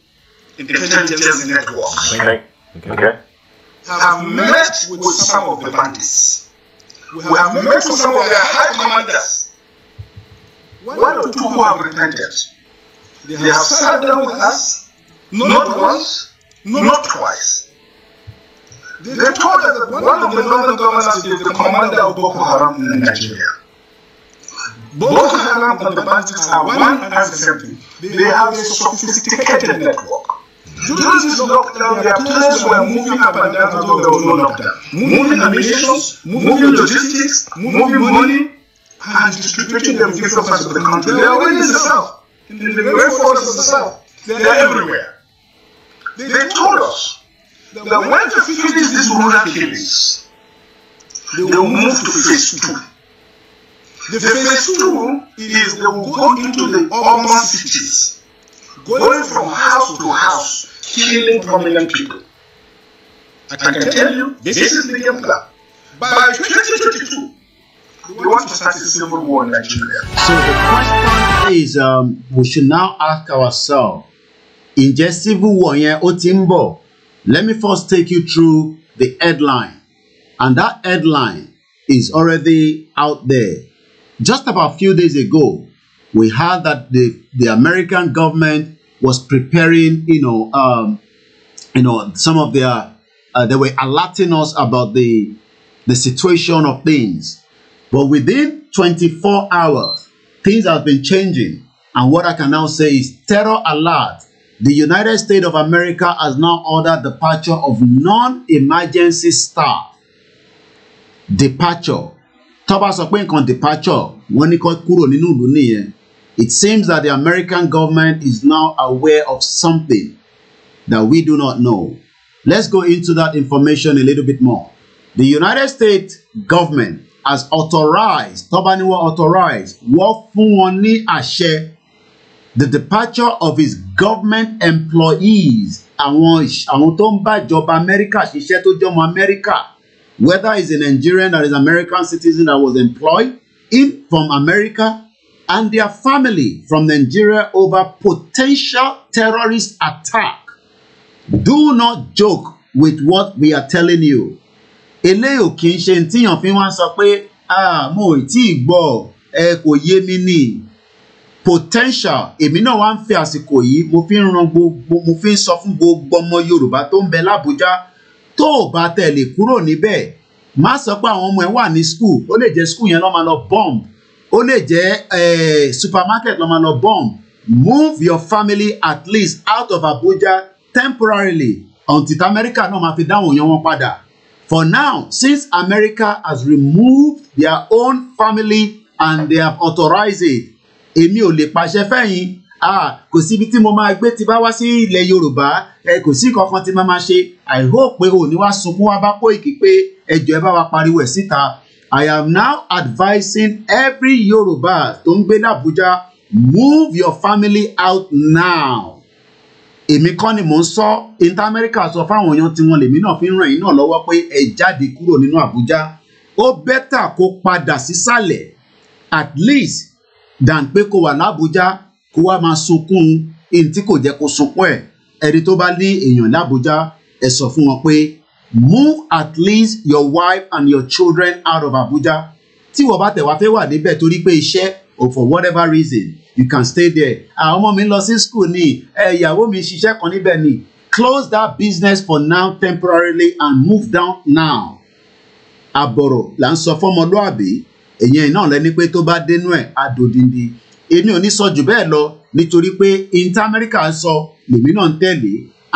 intelligence network. Okay. Okay. okay. Have met with some of the bandits. We have met with some of their high commanders. one or two who have repented. They have, sat down with us, not, not once, not, not twice. They, they told us that one of the northern governors is the commander of Boko Haram in Nigeria. Boko Haram and the bandits are one and the same thing. They have a sophisticated network. During this lockdown, their players were moving up and down although there was no lockdown, moving ammunitions, moving logistics, moving money, has distributed them gifts of the country. They are already in the South, in the very forest of the South. They are everywhere. They, they told us that when they finish these rural killings, they will move to phase two. The phase two is they will go into the urban cities, going from house to house, killing prominent people. I can tell you, this is the game plan. By 2022, They want to start a civil war in Nigeria. So the question is, um, we should now ask ourselves, ǹjẹ́ civil war yẹn ó Let me first take you through the headline. And that headline is already out there. Just about a few days ago, we heard that the, the American government was preparing, you know, um, you know, some of their, uh, they were alerting us about the, the situation of things. But within 24 hours, things have been changing. And what I can now say is terror alert. The United States of America has now ordered departure of non-emergency staff. Departure. Tó bá sọ departure, wọ́n ní kó kúrò nínú ìlú It seems that the American government is now aware of something that we do not know. Let's go into that information a little bit more. The United States government as authorized tó bá wọ́n authorized wọ́n fún wọn ní àṣẹ the departure of his government employees àwọn àwọn tó ń bàjọba Amẹ́ríkà ṣiṣẹ́ tó jọmọ Amẹ́ríkà whether he is a Nigerian or is American citizen that was employed in from America and their family from Nigeria over potential terrorist attack. Do not joke with what we are telling you eléyìí ò kì í ṣe tíyàn fi wọ́n sọ pé mo ò tí ì gbọ́ ẹ kò yé mi ni potential èmi náà wá ń fi àsìkò yìí mo fi ń ran gbogbo mo fi ń sọ fún gbogbo ọmọ Yorùbá tó ń bẹ l'Ábújá tó o bá tẹ̀lé kúrò níbẹ̀ má sọ pé àwọn ọmọ ẹ wà ní school ó lè jẹ́ school yẹn ló máa lọ bomb ó lè jẹ́ supermarket ló máa lọ bomb move your family at least out of Abuja temporarily until America náà máa fi dáhùn yẹn wọn padà. For now, since America has removed their own family and they have authorized it, èmi ò lè pàṣẹ fẹ́yìn kò sí tí mo máa gbé tí bá wá sí ilẹ̀ Yorùbá kò sí kankan tí máa máa ṣe I hope pé òní wá sunkún wá bá Kóìkì pé ẹjọ́ ẹ bá wa pariwo ẹ̀ síta. I am now advising every Yorùbá tó ń gbé ní Abuja move your family out now èmi kọ́ ni mò ń sọ inter america sọ fáwọn èèyàn tiwọn lèmi náà fi ń ràn yín náà lọ́wọ́ pé ẹ jáde kúrò nínú àbújá ó bẹ́tà kó padà sísàlẹ̀ at least than pé kó wà lábújá kó wá máa sunkún ẹni tí kò jẹ́ kó sunkún ẹ̀ ẹni tó bá ní èèyàn lábújá ẹ sọ fún wọn pé move at least your wife and your children out of abuja tí wọ́n bá tẹ̀ wá fẹ́ wà níbẹ̀ torí pé iṣẹ́ or for whatever reason you can stay there àwọn ah, ọmọ mi lọ sí school ni ìyàwó mi ṣiṣẹ́ kan níbẹ̀ ni close that business for now temporarily and move down now àbọ̀rọ̀ là ń sọ fọmọlúàbí èyàn náà lẹni pé tó bá dénú ẹ̀ adòdìndì èmi ò ní sọ jù bẹ́ẹ̀ lọ nítorí pé inter America sọ lèmi náà ń tẹ̀lé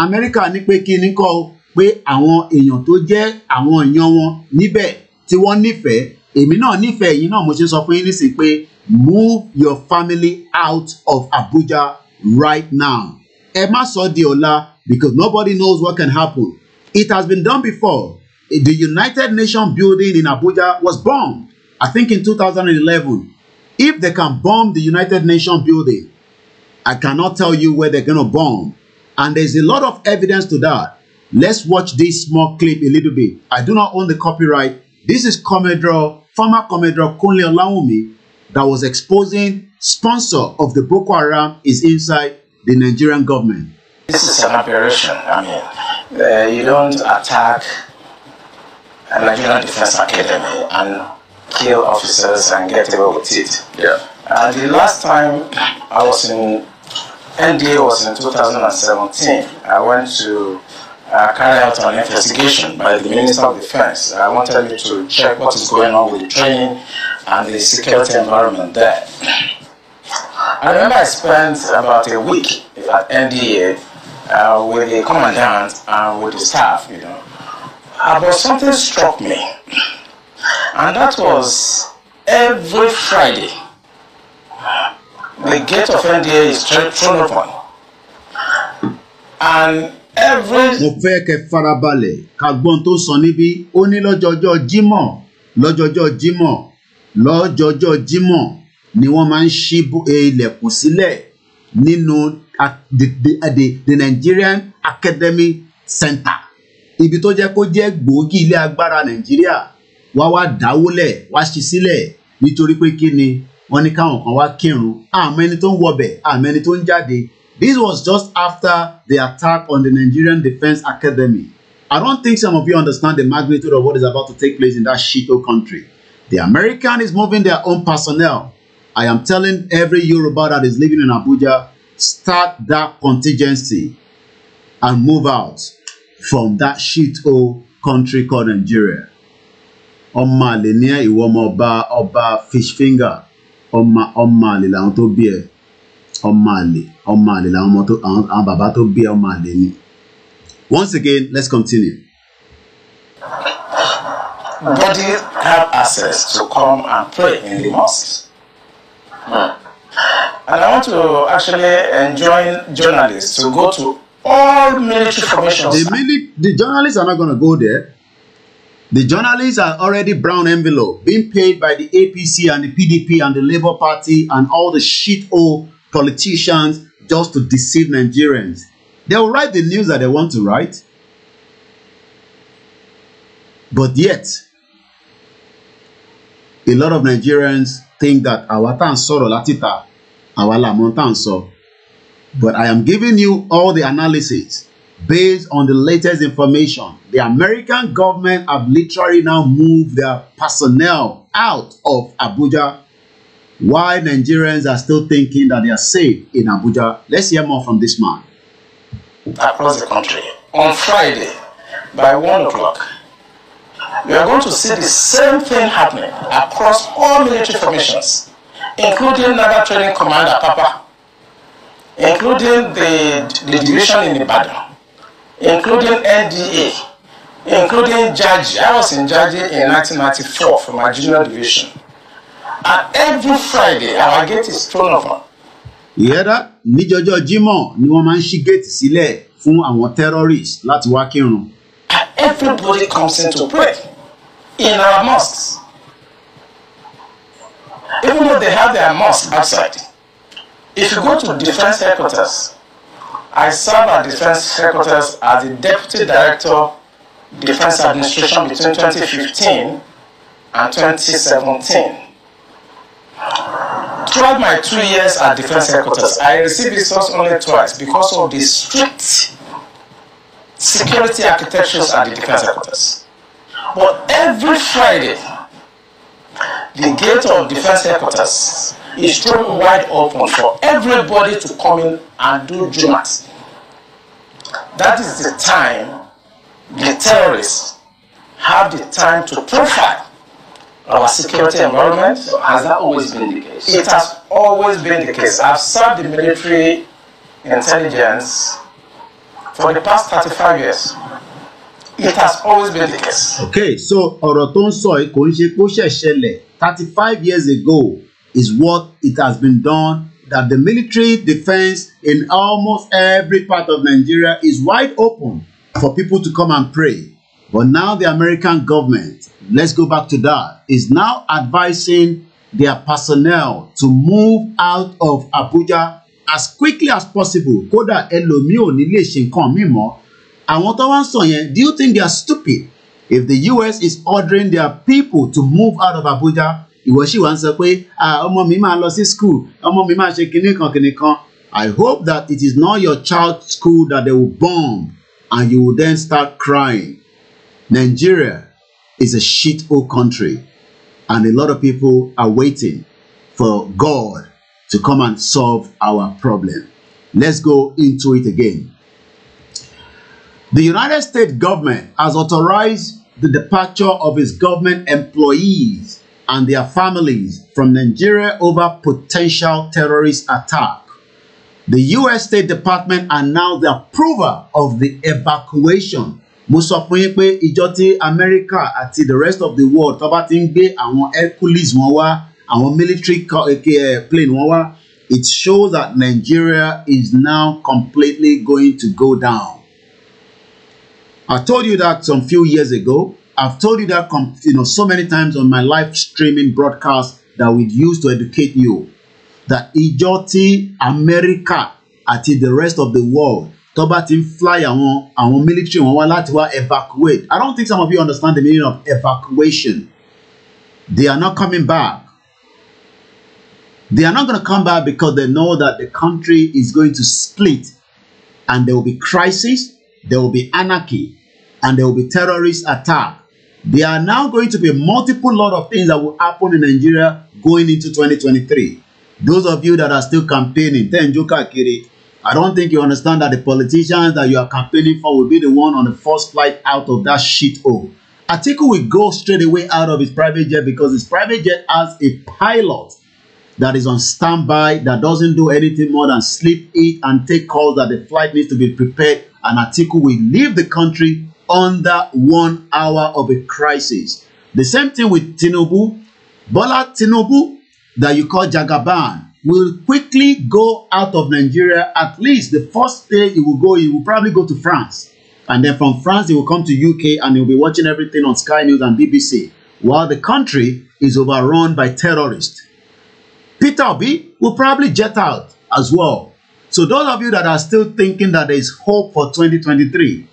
America ní pé kí ni kọ́ pé àwọn èèyàn tó jẹ́ àwọn èèyàn wọn níbẹ̀ tí wọ́n nífẹ̀ẹ́ èmi náà nífẹ̀ẹ́ yìí náà mo ṣe sọ fún yín nísìnyí pé move your family out of Abuja right now. Ẹ má sọ di ọ̀la because nobody knows what can happen. It has been done before. The United Nations building in Abuja was bombed, I think in two thousand and eleven. If they can bomb the United Nations building, I cannot tell you where they're going to bomb. And there's a lot of evidence to that. Let's watch this small clip a little bit. I do not own the copyright. This is Commodore, former Commodore Kunle Olawumi that was exposing sponsor of the Boko Haram is inside the Nigerian government. This is an aberration. I mean, uh, you don't attack a Nigerian Defense Academy and kill officers and get away with it. Yeah. And the last time I was in NDA was in 2017. I went to uh, carry out an investigation by the Minister of Defense. Uh, I wanted you to check what is going on with the training and the security environment there. I remember I spent about a week at NDA uh, with the commandant and with the staff, you know. Uh, but something struck me, and that was every Friday, the gate of NDA is thrown open. And every. mo fẹ́ kẹ́ farabalẹ̀ ká gbọ́n tó sọ níbí ó ní lọ́jọ́jọ́ jímọ̀ lọ́jọ́jọ́ jímọ̀ lọ́jọ́jọ́ jímọ̀ ni wọ́n máa ń ṣí e, ilẹ̀kùn sílẹ̀ nínú uh, the, the Nigerian Academy Center ibi tó jẹ́ kó jẹ́ gbòógì ilé agbára Nàìjíríà wá wá dáwọ́lẹ̀ wá ṣí sílẹ̀ nítorí pé kí ni wọ́n ní káwọn kan wá kírun àmọ́ ẹni tó ń wọbẹ̀ àmọ́ ẹni tó ń jáde This was just after the attack on the Nigerian Defense Academy. I don't think some of you understand the magnitude of what is about to take place in that shito country. The American is moving their own personnel. I am telling every Yoruba that is living in Abuja, start that contingency and move out from that shithole country called Nigeria. ọmọ àlè ní ìwọ ọmọ ọba ọba fish finger ọmọ ọmọ ọmọ àlè làwọn ọmọ tó àwọn bàbá tó bí ọmọ àlè ni. Once again, let's continue. Bodies have access to come and pray in the mosque. Hmm. And I want to actually enjoin journalists to go to all military formations. The, mili- the journalists are not going to go there. The journalists are already brown envelope, being paid by the APC and the PDP and the Labour Party and all the shit old politicians just to deceive Nigerians. They'll write the news that they want to write. But yet, a lot of Nigerians think that àwa tá à ń sọ̀rọ̀ látìta àwa But I am giving you all the analysis based on the latest information. The American government have literally now moved their personnel out of Abuja why Nigerians are still thinking that they are safe in Abuja. Let's hear more from this man. Across the country, on Friday, by 1 o'clock, we are going to see the same thing happening across all military formations, including Naval Training Commander Papa, including the, the division in Ibadan, including NDA, including Judge. I was in Judge in 1994 from my junior division and every Friday our gate is thrown open. ìyẹ́dá níjọjọ́ Jímọ̀ ni wọ́n máa ń ṣí géètì sílẹ̀ fún àwọn terrorists láti wá kírun. and everybody comes in to pray in our mosques even though they have their mosque outside if you go to defense headquarters I serve at defense headquarters as the deputy director defense administration between 2015 and 2017. Throughout my two years at defense headquarters, I received visitors only twice because of the strict security architectures at the defense headquarters. But every Friday, the gate of defense headquarters is thrown wide open for everybody to come in and do Jumat. That is the time the terrorists have the time to profile our security environment? Has that always been the case? It has always been the case. I've served the military intelligence for the past 35 years. It has always been the case. Okay, so ọ̀rọ̀ tó ń sọ kò ń ṣe pé ó thirty five years ago is what it has been done that the military defence in almost every part of Nigeria is wide open for people to come and pray. But now the American government let's go back to that, is now advising their personnel to move out of Abuja as quickly as possible. Kódà ẹlòmíì ò ní lè ṣe nǹkan míì mọ́. Àwọn tó wá ń sọ yẹn, do you think they are stupid? If the US is ordering their people to move out of Abuja, ìwọ sì wá ń sọ pé ọmọ mi máa lọ sí school, ọmọ mi máa ṣe kinní kan kinní kan. I hope that it is not your child's school that they will bomb and you will then start crying. Nigeria is a shit hole country, and a lot of people are waiting for God to come and solve our problem. Let's go into it again. The United States government has authorized the departure of its government employees and their families from Nigeria over potential terrorist attack. The U.S. State Department announced the approval of the evacuation mo sọ fún yín pé ìjọ tí America àti the rest of the world tó bá ti ń gbé àwọn Hercules wọn wá àwọn military eh, eh, plane wọn wá it shows that Nigeria is now completely going to go down. I told you that some few years ago. I've told you that you know so many times on my live streaming broadcast that we use to educate you that ìjọ America ati the rest of the world tó bá ti ń fly àwọn àwọn military wọn wá láti wá evacuate I don't think some of you understand the meaning of evacuation they are not coming back they are not going to come back because they know that the country is going to split and there will be crisis there will be anarchy and there will be terrorist attack there are now going to be multiple lot of things that will happen in Nigeria going into 2023 those of you that are still campaigning tẹ́ ń I don't think you understand that the politicians that you are campaigning for will be the one on the first flight out of that shit hole. Atiku will go straight away out of his private jet because his private jet has a pilot that is on standby, that doesn't do anything more than sleep, eat, and take calls that the flight needs to be prepared. And Atiku will leave the country under one hour of a crisis. The same thing with Tinubu. Bola Tinubu, that you call Jagaban, will quickly go out of Nigeria. At least the first day he will go, he will probably go to France. And then from France, he will come to UK and he'll be watching everything on Sky News and BBC while the country is overrun by terrorists. Peter Obi will probably jet out as well. So those of you that are still thinking that there is hope for 2023,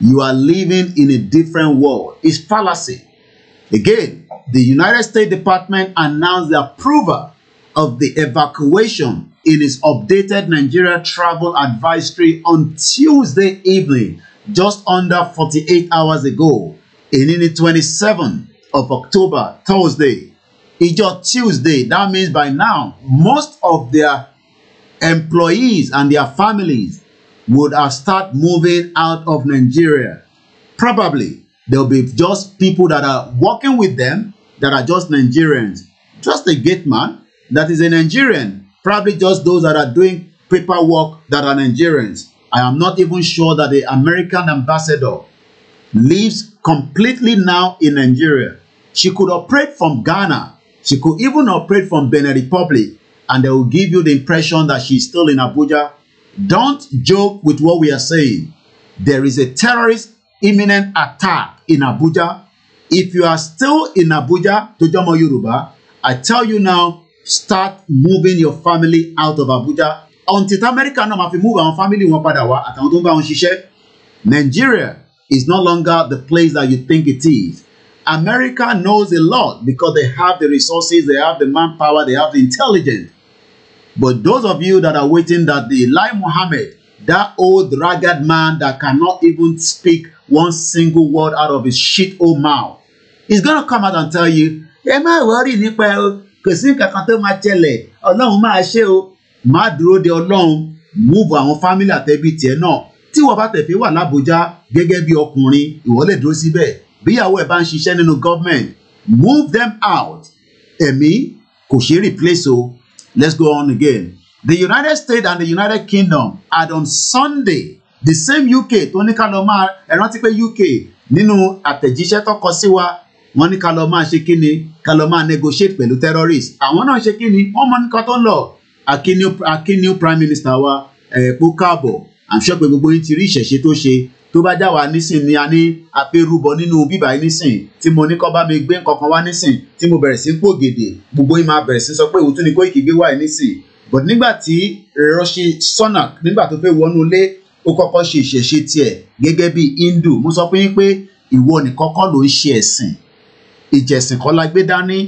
you are living in a different world. It's fallacy. Again, the United States Department announced the approval of the evacuation in his updated Nigeria travel advisory on Tuesday evening, just under 48 hours ago, in the 27th of October, Thursday. It's just Tuesday. That means by now, most of their employees and their families would have started moving out of Nigeria. Probably, there'll be just people that are working with them that are just Nigerians. Just a gate man that is a Nigerian, probably just those that are doing paperwork that are Nigerians. I am not even sure that the American ambassador lives completely now in Nigeria. She could operate from Ghana. She could even operate from Benin Republic and they will give you the impression that she's still in Abuja. Don't joke with what we are saying. There is a terrorist imminent attack in Abuja. If you are still in Abuja, Tojomo Yoruba, I tell you now, start moving your family out of Abuja until America náà máa fi move our family wọn padà wá àtàwọn tó ń bá wọn ṣiṣẹ́ Nigeria is no longer the place that you think it is America knows a lot because they have the resources they have the manpower they have the intelligence but those of you that are waiting that the Lai Mohammed that old ragged man that cannot even speak one single word out of his shit old mouth he's gonna come out and tell you "Am I worried, nípa o kò sí nǹkan kan tó máa ṣẹlẹ̀ ọlọ́run máa ṣe o má dúró de ọlọ́run múùbù àwọn fámílì àtẹbí tiẹ̀ náà tí wọ́n bá tẹ̀fẹ́ wà lábújá gẹ́gẹ́ bí ọkùnrin ìwọ lè dúró síbẹ̀ bíyàwó ẹ̀ bá ń ṣiṣẹ́ nínú gọ́ọ̀mẹ̀ntì move them out ẹ̀mí kò ṣeé replace o let's go on again the united states and the united kingdom had on sunday the same uk tó ní ká lọ máa ẹ rántí pé uk nínú àtẹ̀jíṣẹ́ tó kọ sí wa wọ́n ní ká lọ máa ṣe kíni ká lọ máa negotiate pẹ̀lú terrorists àwọn náà ṣe kíni wọ́n mọ nǹkan tó ń lọ akínú prime minister wa ẹ̀ẹ́pọ̀ káàbọ̀ àmṣọ́ pé gbogbo yín ti rí ìṣẹ̀ṣe tó ṣe tó bá já wa nísìn ni a ní apérúbọ nínú bíbá yín nísìn tí mo ní kọ́ bá mi gbé nǹkankan wá nísìn tí mo bẹ̀rẹ̀ sí pògèdè gbogbo yín máa bẹ̀rẹ̀ sí sọ pé òtún ni kó ìkígbé wà yín nísìn but nígbà tí rọṣì Sunak nígbà tó fẹ́ wọnú ilé ó kọ́kọ́ ṣe ìṣẹ̀ṣe tiẹ̀ gẹ́gẹ́ bí Hindu mo sọ fún yín pé ìwọ nìkan ló ń ṣe ẹ̀sìn ìjẹ̀sìn kọ́ la gbé dání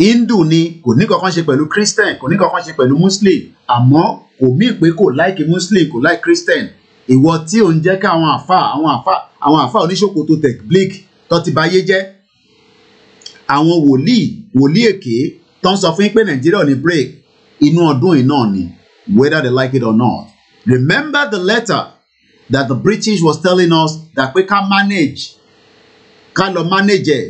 hindu ni kò ní kankan ṣe pẹ̀lú christian kò ní kankan ṣe pẹ̀lú muslim àmọ́ kò mí pé kò láìkí muslim kò láì christian ìwọ tí ò ń jẹ́ kí àwọn àfa àwọn àfa àwọn àfa oníṣòkòtò tech bleak tó ti báyé jẹ́ àwọn wòlíì wòlíì èké tó ń sọ fún yín pé nàìjíríà ò ní break inú ọdún yìí náà ni whether they like it or not remember the letter that the british was telling us that pé ká manage ká lọ manage ẹ̀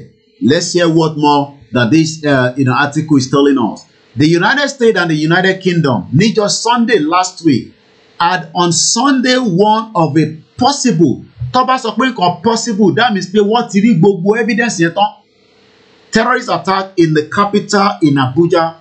Let's hear what more that this uh, you know, article is telling us. The United States and the United Kingdom, need just Sunday last week, had on Sunday one of a possible tó bá sọ pé nǹkan possible that means pé wọ́n ti rí gbogbo evidence yẹn tán terrorist attack in the capital in Abuja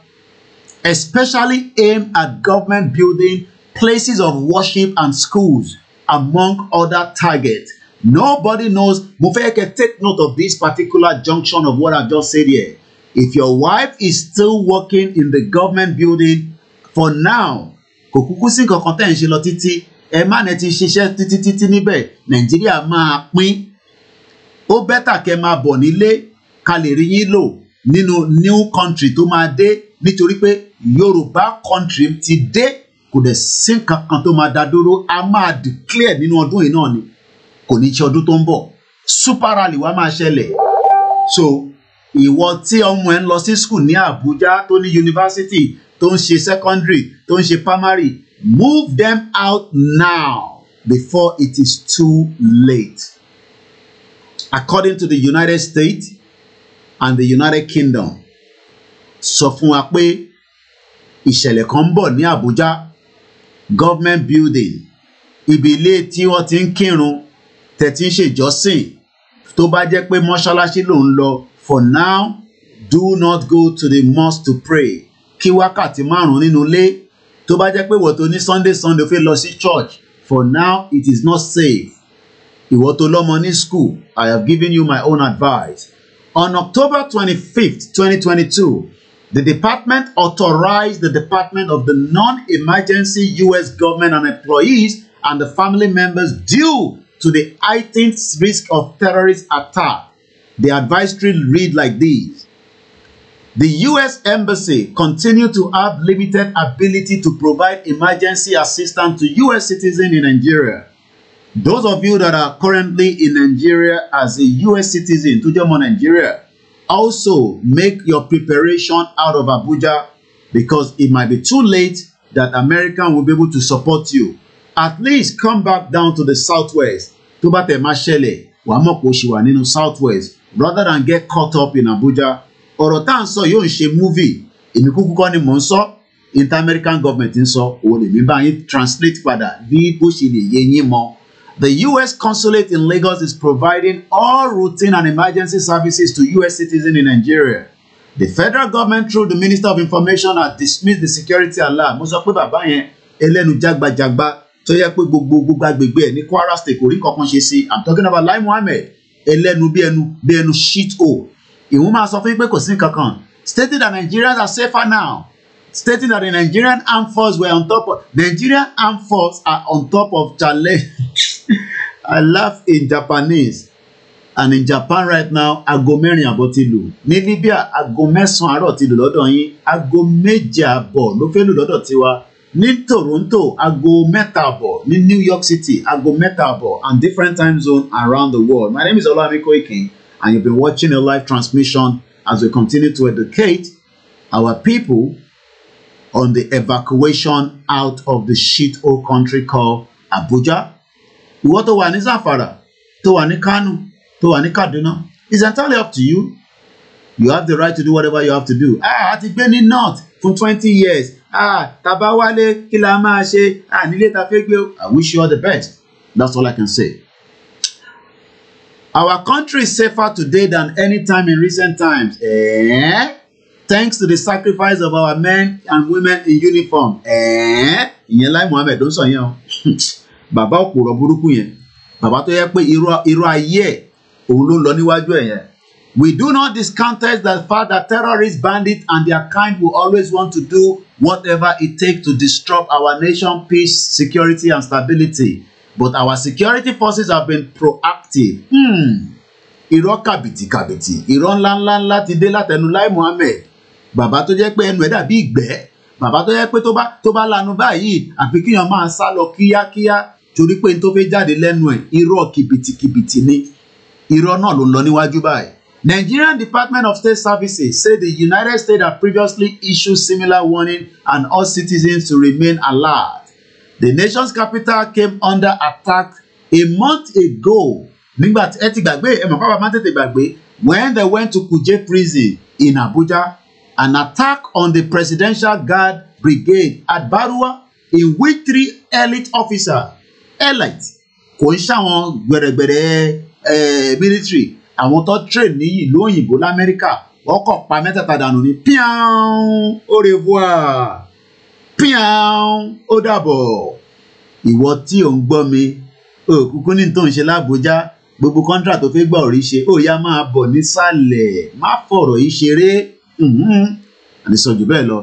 especially aimed at government building places of worship and schools among other targets Nobody knows. Mufeke, take note of this particular junction of what I've just said here. If your wife is still working in the government building for now, kò kúkú sí nǹkan kan tẹ̀ ń ṣe lọ títí ẹ má nẹ ti ṣiṣẹ́ títí títí níbẹ̀ Nàìjíríà máa pín ó bẹ́tà kẹ́ máa bọ̀ nílé ká lè rí yín lò nínú new country tó máa dé nítorí pé Yorùbá country ti dé kò dẹ̀ sí nǹkan kan tó máa dá dúró a máa declare nínú ọdún yìí náà ni kò ní ṣe ọdún tó ń bọ̀ super rally wa máa ṣẹlẹ̀ so ìwọ tí ọmọ ẹ ń lọ sí school ní Abuja tó ní yunifásitì tó ń ṣe secondary tó ń ṣe primary move them out now before it is too late according to the United States and the United Kingdom sọ fún wa pé ìṣẹ̀lẹ̀ kan ń bọ̀ ní Àbújá government building ibi ilé tí wọ́n ti ń kírun tẹ̀tí ń ṣèjọ́sìn tó bá jẹ́ pé mọ́ṣáláṣí ló ń lọ for now do not go to the mosque to pray kí wákàtí márùn-ún nínú ilé tó bá jẹ́ pé ìwọ tó ní sunday sunday fẹ́ lọ sí church for now it is not safe ìwọ tó lọ́mọ ní school i have given you my own advice on october twenty-fifth twenty twenty-two the department authorized the department of the non-emergency u.s. government and employees and the family members due to the heightened risk of terrorist attack. The advisory read like this. The U.S. Embassy continue to have limited ability to provide emergency assistance to U.S. citizens in Nigeria. Those of you that are currently in Nigeria as a U.S. citizen, to German Nigeria, also make your preparation out of Abuja because it might be too late that American will be able to support you at least come back down to the southwest tó bá tẹ̀ máa ṣẹlẹ̀ wàá mọ̀ pé ó ṣì wà nínú southwest rather than get caught up in Abuja ọ̀rọ̀ tá à ń sọ yóò ń ṣe movie èmi kúkú kọ́ ni mò ń sọ inter American government ń sọ òun lèmi bá yín translate padà bí bó ṣe lè yé yín mọ́. The U.S. consulate in Lagos is providing all routine and emergency services to U.S. citizens in Nigeria. The federal government through the Minister of Information has dismissed the security alarm. mo sọ pé bàbá yẹn ẹlẹ́nu jágbajàgba tó yẹ pé gbogbo gbogbo agbègbè ẹ̀ ní Kwara State kò rí kankan ṣe sí i'm talking about Lai Mohammed ẹlẹ́nu bí ẹnu bí ẹnu shit o ìwọ́n máa sọ fún yín pé kò sí kankan stating that Nigerians are safer now stating that the Nigerian armed forces were on top of Nigerian armed forces are on top of challenge i laugh in Japanese and in Japan right now aago mẹ́rin àbọ̀ ti lù ní Libya aago mẹ́sàn-án àárọ̀ ti lù lọ́dọ̀ yín aago méje àbọ̀ ló fẹ́ lù lọ́dọ̀ tiwa ní Toronto aago mẹ́ta àbọ̀ ní New York City aago mẹ́ta àbọ̀ and different time zones around the world my name is Olawale Koiki and you've been watching a live transmission as we continue to educate our people on the evacuation out of the shithole country called Abuja. Ìwọ tó wà ní Zamfara, tó wà ní Kano, tó wà ní Kaduna, it's entirely up to you. You have the right to do whatever you have to do. Ah, a ti gbé ní North fún twenty years, tàbá wálé kí la máa ṣe ànílé ta fẹ́ gbé. I wish you all the best. That's all I can say. Our country is safer today than any time in recent times. Eh? Thanks to the sacrifice of our men and women in uniform. Eh? Ìyẹn Lai Muhammed ló ń sọ yẹn o. Bàbá òpòrọ̀ burúkú yẹn. Bàbá tó yẹ pé irú ayé òun ló ń lọ níwájú ẹ̀ yẹn. We do not discount the fact that terrorist bandits and their kind will always want to do whatever it takes to disrupt our nation peace, security, and stability. But our security forces have been proactive. Hmm. Irọ́ kàbìtìkàbìtì, irọ́ ńláńláńlá ti dé látẹnu Lai Muhammed. Bàbá tó jẹ́ pé ẹnu ẹ̀ dàbí ìgbẹ́. Bàbá tó jẹ́ pé tó bá tó bá lanu báyìí, àfi kíyàn máa sá lọ kíákíá torí pé n tó fẹ́ jáde lẹ́nu ẹ̀ irọ́ kìbìtìkìbìtì ni. Irọ́ náà ló ń lọ níwájú báyìí. Nigerian Department of State Services said the United States had previously issued similar warning and urged citizens to remain alert. The nation's capital came under attack a month ago when they went to Kuje prison in Abuja an attack on the presidential guard brigade at Barua in which three elite officers elite kò ń ṣàwọn gbẹ̀rẹ̀gbẹ̀rẹ̀ eh, military àwọn tó train ní ìlú òyìnbó lamẹ́ríkà wọ́n kàn pa mẹ́tẹ̀ẹ̀ta dànù ní píàn au revoir píàn ó dàbọ̀ ìwọ tí ò ń gbọ́ mi òkùnkùn ní tó ń ṣe lábújá gbogbo kọ́ńtà tó fẹ́ gbà ò rí ṣe ó yá máa bọ̀ nísàlẹ̀ má fọ̀rọ̀ yìí ṣeré àdìsọ̀jù mm-hmm. bẹ́ẹ̀ lọ.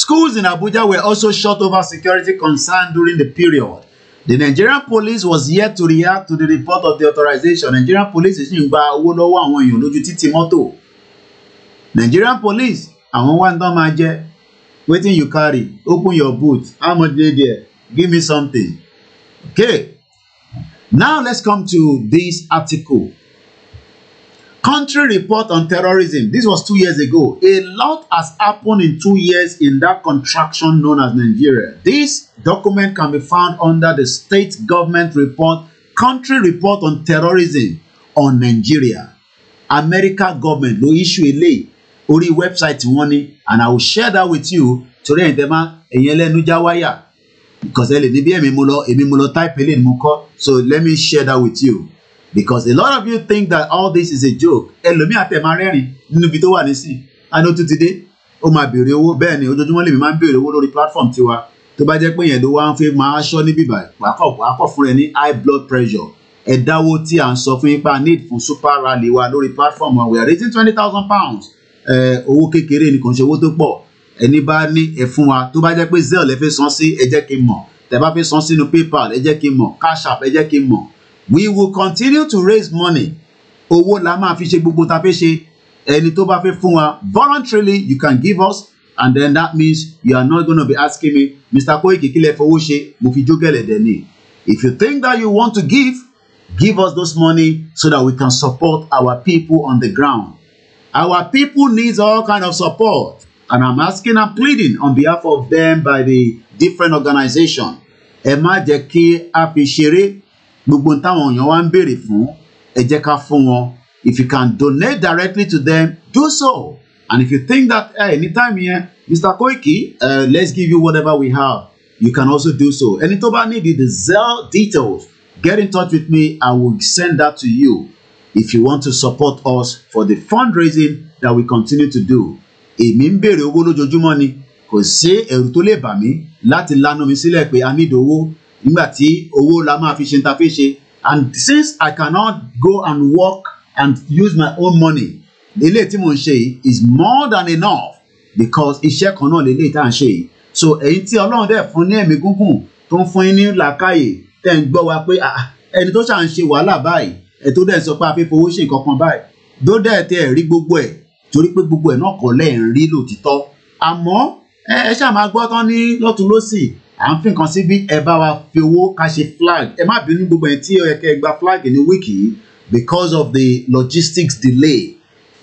Schools in Abuja were also shut over security concerns during the period. The Nigerian police was yet to react to the report of the authorization. Nigerian police ṣì ń gba owó lọ́wọ́ àwọn èèyàn lójú títì mọ́tò. Nigerian police àwọn wá ń tán máa jẹ wetin you carry open your boot how much dey there give me something. Okay, now let's come to this article. Country report on terrorism. This was two years ago. A lot has happened in two years in that contraction known as Nigeria. This document can be found under the state government report, Country report on terrorism on Nigeria. America government ló issue eléyìí orí website wọn and I will share that with you torí ẹ̀yin tẹ́ máa ẹ̀yin ẹlẹ́nu já wáyà because ẹ lè ní bí èmi mo lọ èmi mo lọ type eléyìí ni kọ́ so let me share that with you because a lot of you think that all this is a joke ẹlòmíì àtẹ̀márẹ́rìn nínú ibi tó wà nísìn àná tó ti dé ó máa béèrè owó bẹ́ẹ̀ ni ojoojúmọ́ lèmi máa ń béèrè owó lórí platform tiwa tó bá jẹ́ pé yẹn ló wá ń fẹ́ máa ṣọ́ níbí báyìí wàákọ̀ wàákọ̀ fún ẹ ní high blood pressure ẹ̀dáwó tí à ń sọ fún yín pa need fún super rally wa lórí platform wa we are raising twenty thousand pounds owó kékeré ni kò ń ṣe owó tó pọ̀ ẹni bá ní ẹ fún wa tó bá jẹ́ pé zelle ẹ fẹ́ san sí ẹ jẹ́ kí n mọ̀ tẹ́ bá fẹ́ san sínú paypal ẹ jẹ́ kí n mọ̀ cash app ẹ jẹ́ kí n mọ̀ we will continue to raise money owó la máa fi ṣe gbogbo ta fẹ́ ṣe ẹni tó bá fẹ́ fún wa voluntarily you can give us and then that means you are not gonna be asking me mr koiki kí lẹ fowó ṣe mo fi jókèlè dẹ ni if you think that you want to give give us those money so that we can support our people on the ground our people needs all kind of support and i'm asking and pleading on behalf of them by the different organization ẹ má jẹ́ kí a fi ṣeré gbogbo táwọn èèyàn wá ń béèrè fún ẹ jẹ́ ká fún wọn if you can donate directly to them do so and if you think that hey, anytime yẹn Mr. Koiki uh, let's give you whatever we have you can also do so ẹni tó bá need the Zelle details get in touch with me I will send that to you if you want to support us for the fundraising that we continue to do èmi ń béèrè owó lójoojúmọ́ ni kò sí ẹ̀rù tó lè bà mí láti lanu mi sílẹ̀ pé a nílò owó nígbà tí owó la máa fi ṣe fi ṣe and since I cannot go and work and use my own money eléyìí tí mò ń ṣe is more than enough because iṣẹ́ kan náà lélẹ́yìí tá à ń ṣe yìí so ẹ̀yin tí Ọlọ́run dẹ̀ fún ní ẹ̀mí gúngùn tó ń fún yín ní làákàyè tẹ̀ ń gbọ́ wa pé ah, ah, ẹni tó ṣà ń ṣe wàhálà báyìí ẹ̀ tó dẹ̀ sọ pé a fi fowó ṣe nǹkan kan báyìí tó dẹ̀ tẹ̀ rí gbogbo ẹ̀ torí pé gbogbo ẹ̀ náà kọ́ lẹ̀ ń rí lòtítọ́ àmọ́ ẹ ṣáà gbọ́ tán ní lọ́tún à ń fi nǹkan sí bí ẹ bá wa fi owó ká ṣe flag ẹ má bínú gbogbo ẹ̀ tí ẹ kẹ́ ẹ gba flag ní wíìkì because of the logistics delay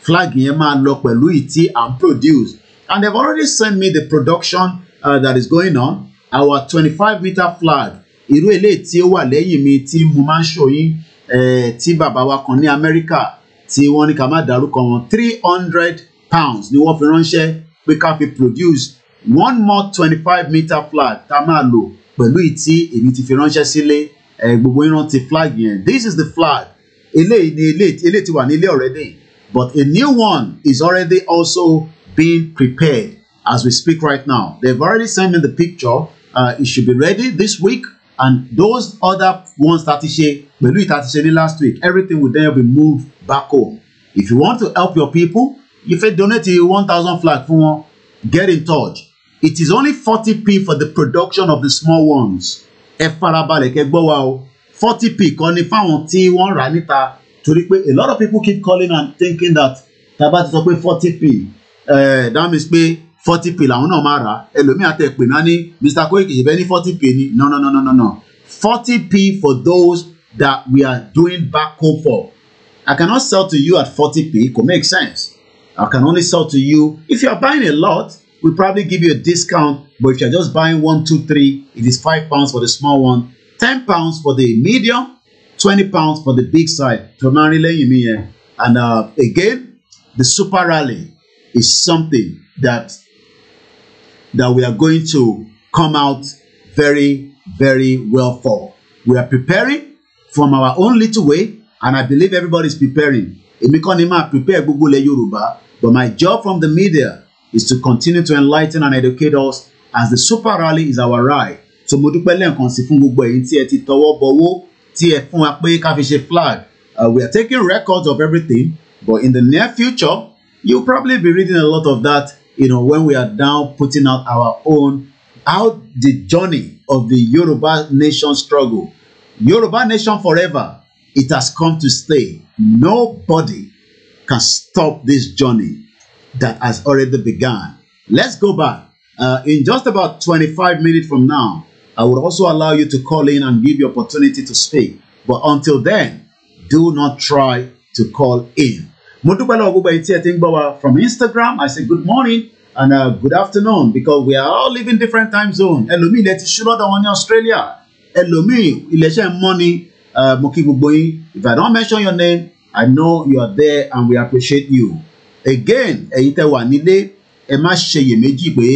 flag yẹn máa lọ pẹ̀lú ìyí tí à ń produce and they have already sent me the production uh, that is going on our twenty-five meter flag irú eléyìí tí ó wà lẹ́yìn mi tí mo máa ń ṣòyìn eh, tí bàbá wa kan ní Amẹ́ríkà tí wọ́n ní ká má dárúkọ wọn three hundred pounds ni wọ́n fi ránṣẹ́ pé ká fi produce one more twenty-five meter flag tá a máa lò pẹ̀lú ìtí èmi ti fi ránṣẹ́ sílé gbogbo ìran ti flag yẹn this is the flag eléyìí ni eléyìí ti wà nílé already but a new one is already also being prepared as we speak right now they've already sent me the picture uh, it should be ready this week and those other ones that ṣe pẹ̀lú ìta ti ṣe ní last week everything will then be moved back home if you want to help your people you fit donate one thousand flag fún wọn get in touch it is only 40 p for the production of the small ones ẹ farabalẹ̀ kẹ́ gbọ́ wa o forty p kọ́ ni fáwọn tí wọ́n rà níta torí pé a lot of people keep calling and thinking that taba ti sọ pé forty p uh, that means pé 40 p làwọn náà máa rà ẹlòmíà tẹ pè náà ní mr koiki ṣe bẹ́ẹ̀ ní forty p ni no no no no no no forty p for those that we are doing back home for i cannot sell to you at 40 p It kò make sense i can only sell to you if you are buying a lot we'll probably give you a discount. But if you're just buying one, two, three, it is five pounds for the small one, ten pounds for the medium, twenty pounds for the big size. And uh, again, the super rally is something that that we are going to come out very, very well for. We are preparing from our own little way, and I believe everybody is preparing. Èmi kọ́ prepare gbogbo ilẹ̀ Yorùbá, but my job from the media is to continue to enlighten and educate us as the super rally is our ride. so mo dúpẹ́ lẹ́ẹ̀kan sí fún gbogbo ẹ̀yin tí ẹ ti tọwọ́ bọwọ́ tí ẹ fún wa pé ká fi ṣe flag uh, we are taking records of everything but in the near future you'll probably be reading a lot of that you know when we are now putting out our own out the journey of the Yoruba nation struggle Yoruba nation forever it has come to stay nobody can stop this journey that has already begun. Let's go back. Uh, in just about 25 minutes from now, I would also allow you to call in and give you opportunity to speak. But until then, do not try to call in. Mo dúpẹ́ lọ́wọ́ gbogbo from Instagram. I say good morning and uh, good afternoon because we are all living different time zones. Ẹlòmíì ilẹ̀ ti ṣú lọ́dọ̀ wọn Australia. Ẹlòmíì ilẹ̀ṣẹ̀ ń mọ́ ni mo If I don't mention your name, I know you are there and we appreciate you again ẹ̀yin tẹ́ wà nílé ẹ má ṣeyèméjì pé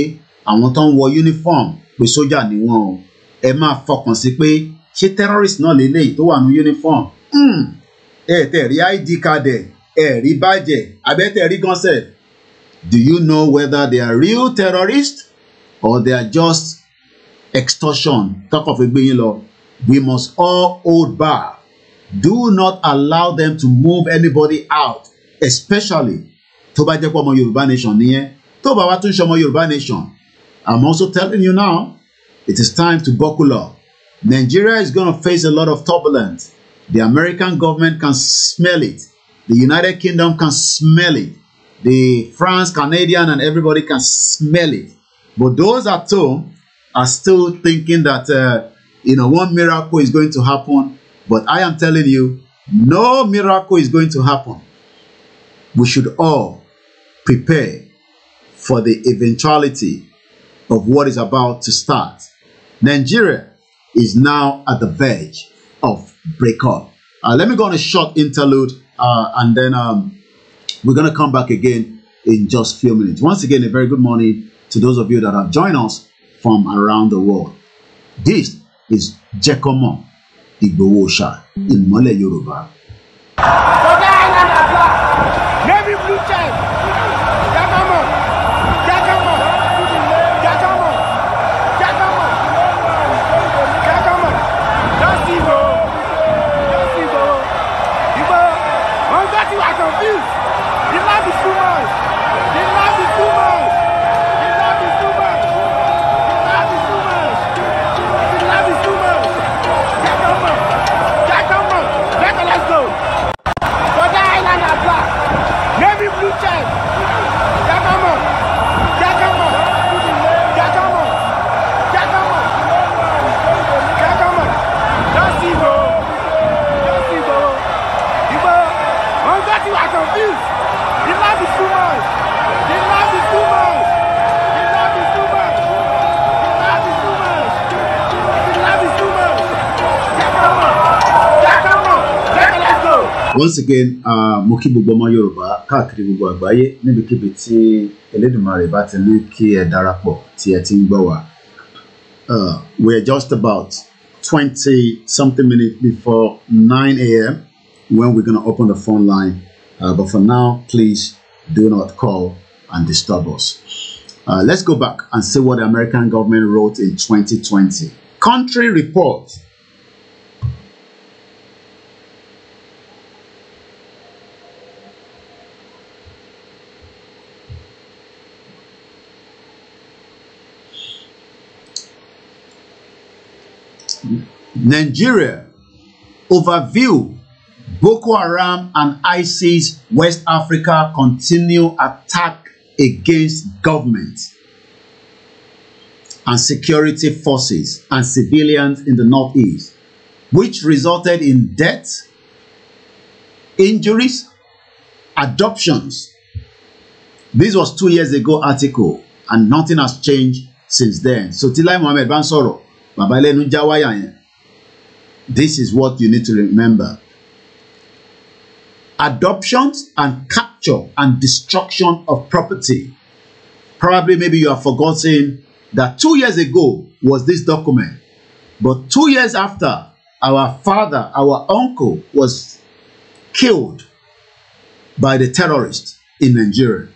àwọn tó ń wọ uniform pé sójà ni wọ́n o ẹ máa fọkàn sí pé ṣé terrorist náà lélẹyìí tó wà ní uniform hmm. ẹ tẹ́ rí id card ẹ ẹ rí bàjẹ́ abẹ́tẹ̀ rí gánṣẹ́ do you know whether they are real terrorists or they are just extortion tọkọ̀ fi gbé yín lọ we must all hold back do not allow them to move anybody out especially tó bá jẹ́ pé ọmọ yorùbá nation nìyẹn tó bá wá tún ṣe ọmọ yorùbá nation i'm also telling you now it is time to buckle up nigeria is gonna face a lot of turbulence the american government can smell it the united kingdom can smell it the france canadian and everybody can smell it but those at home are still thinking that uh, you know one miracle is going to happen but i am telling you no miracle is going to happen we should all prepare for the eventuality of what is about to start. Nigeria is now at the verge of breakup. Uh, let me go on a short interlude uh, and then um, we're going to come back again in just a few minutes. Once again, a very good morning to those of you that have joined us from around the world. This is Jekomo Igbowosha in Mole Yoruba. Every blue time. once again mo kí gbogbo ọmọ yorùbá káàkiri gbogbo àgbáyé níbikíbi tí Elédùmarè bá ti ní kí ẹ darapọ̀ tí ẹ ti ń gbọ́ wá we are just about twenty something minutes before nine a.m. when we're gonna open the phone line uh, but for now please do not call and disturb us. Uh, let's go back and see what the American government wrote in 2020. Country report Nigeria overview Boko Haram and ISIS West Africa continue attack against government and security forces and civilians in the northeast, which resulted in death, injuries, adoptions. This was two years ago article and nothing has changed since then. So Tilai Mohammed bá ń sọ̀rọ̀, bàbá This is what you need to remember. Adoptions and capture and destruction of property. Probably maybe you have forgotten that two years ago was this document. But two years after, our father, our uncle was killed by the terrorists in Nigeria.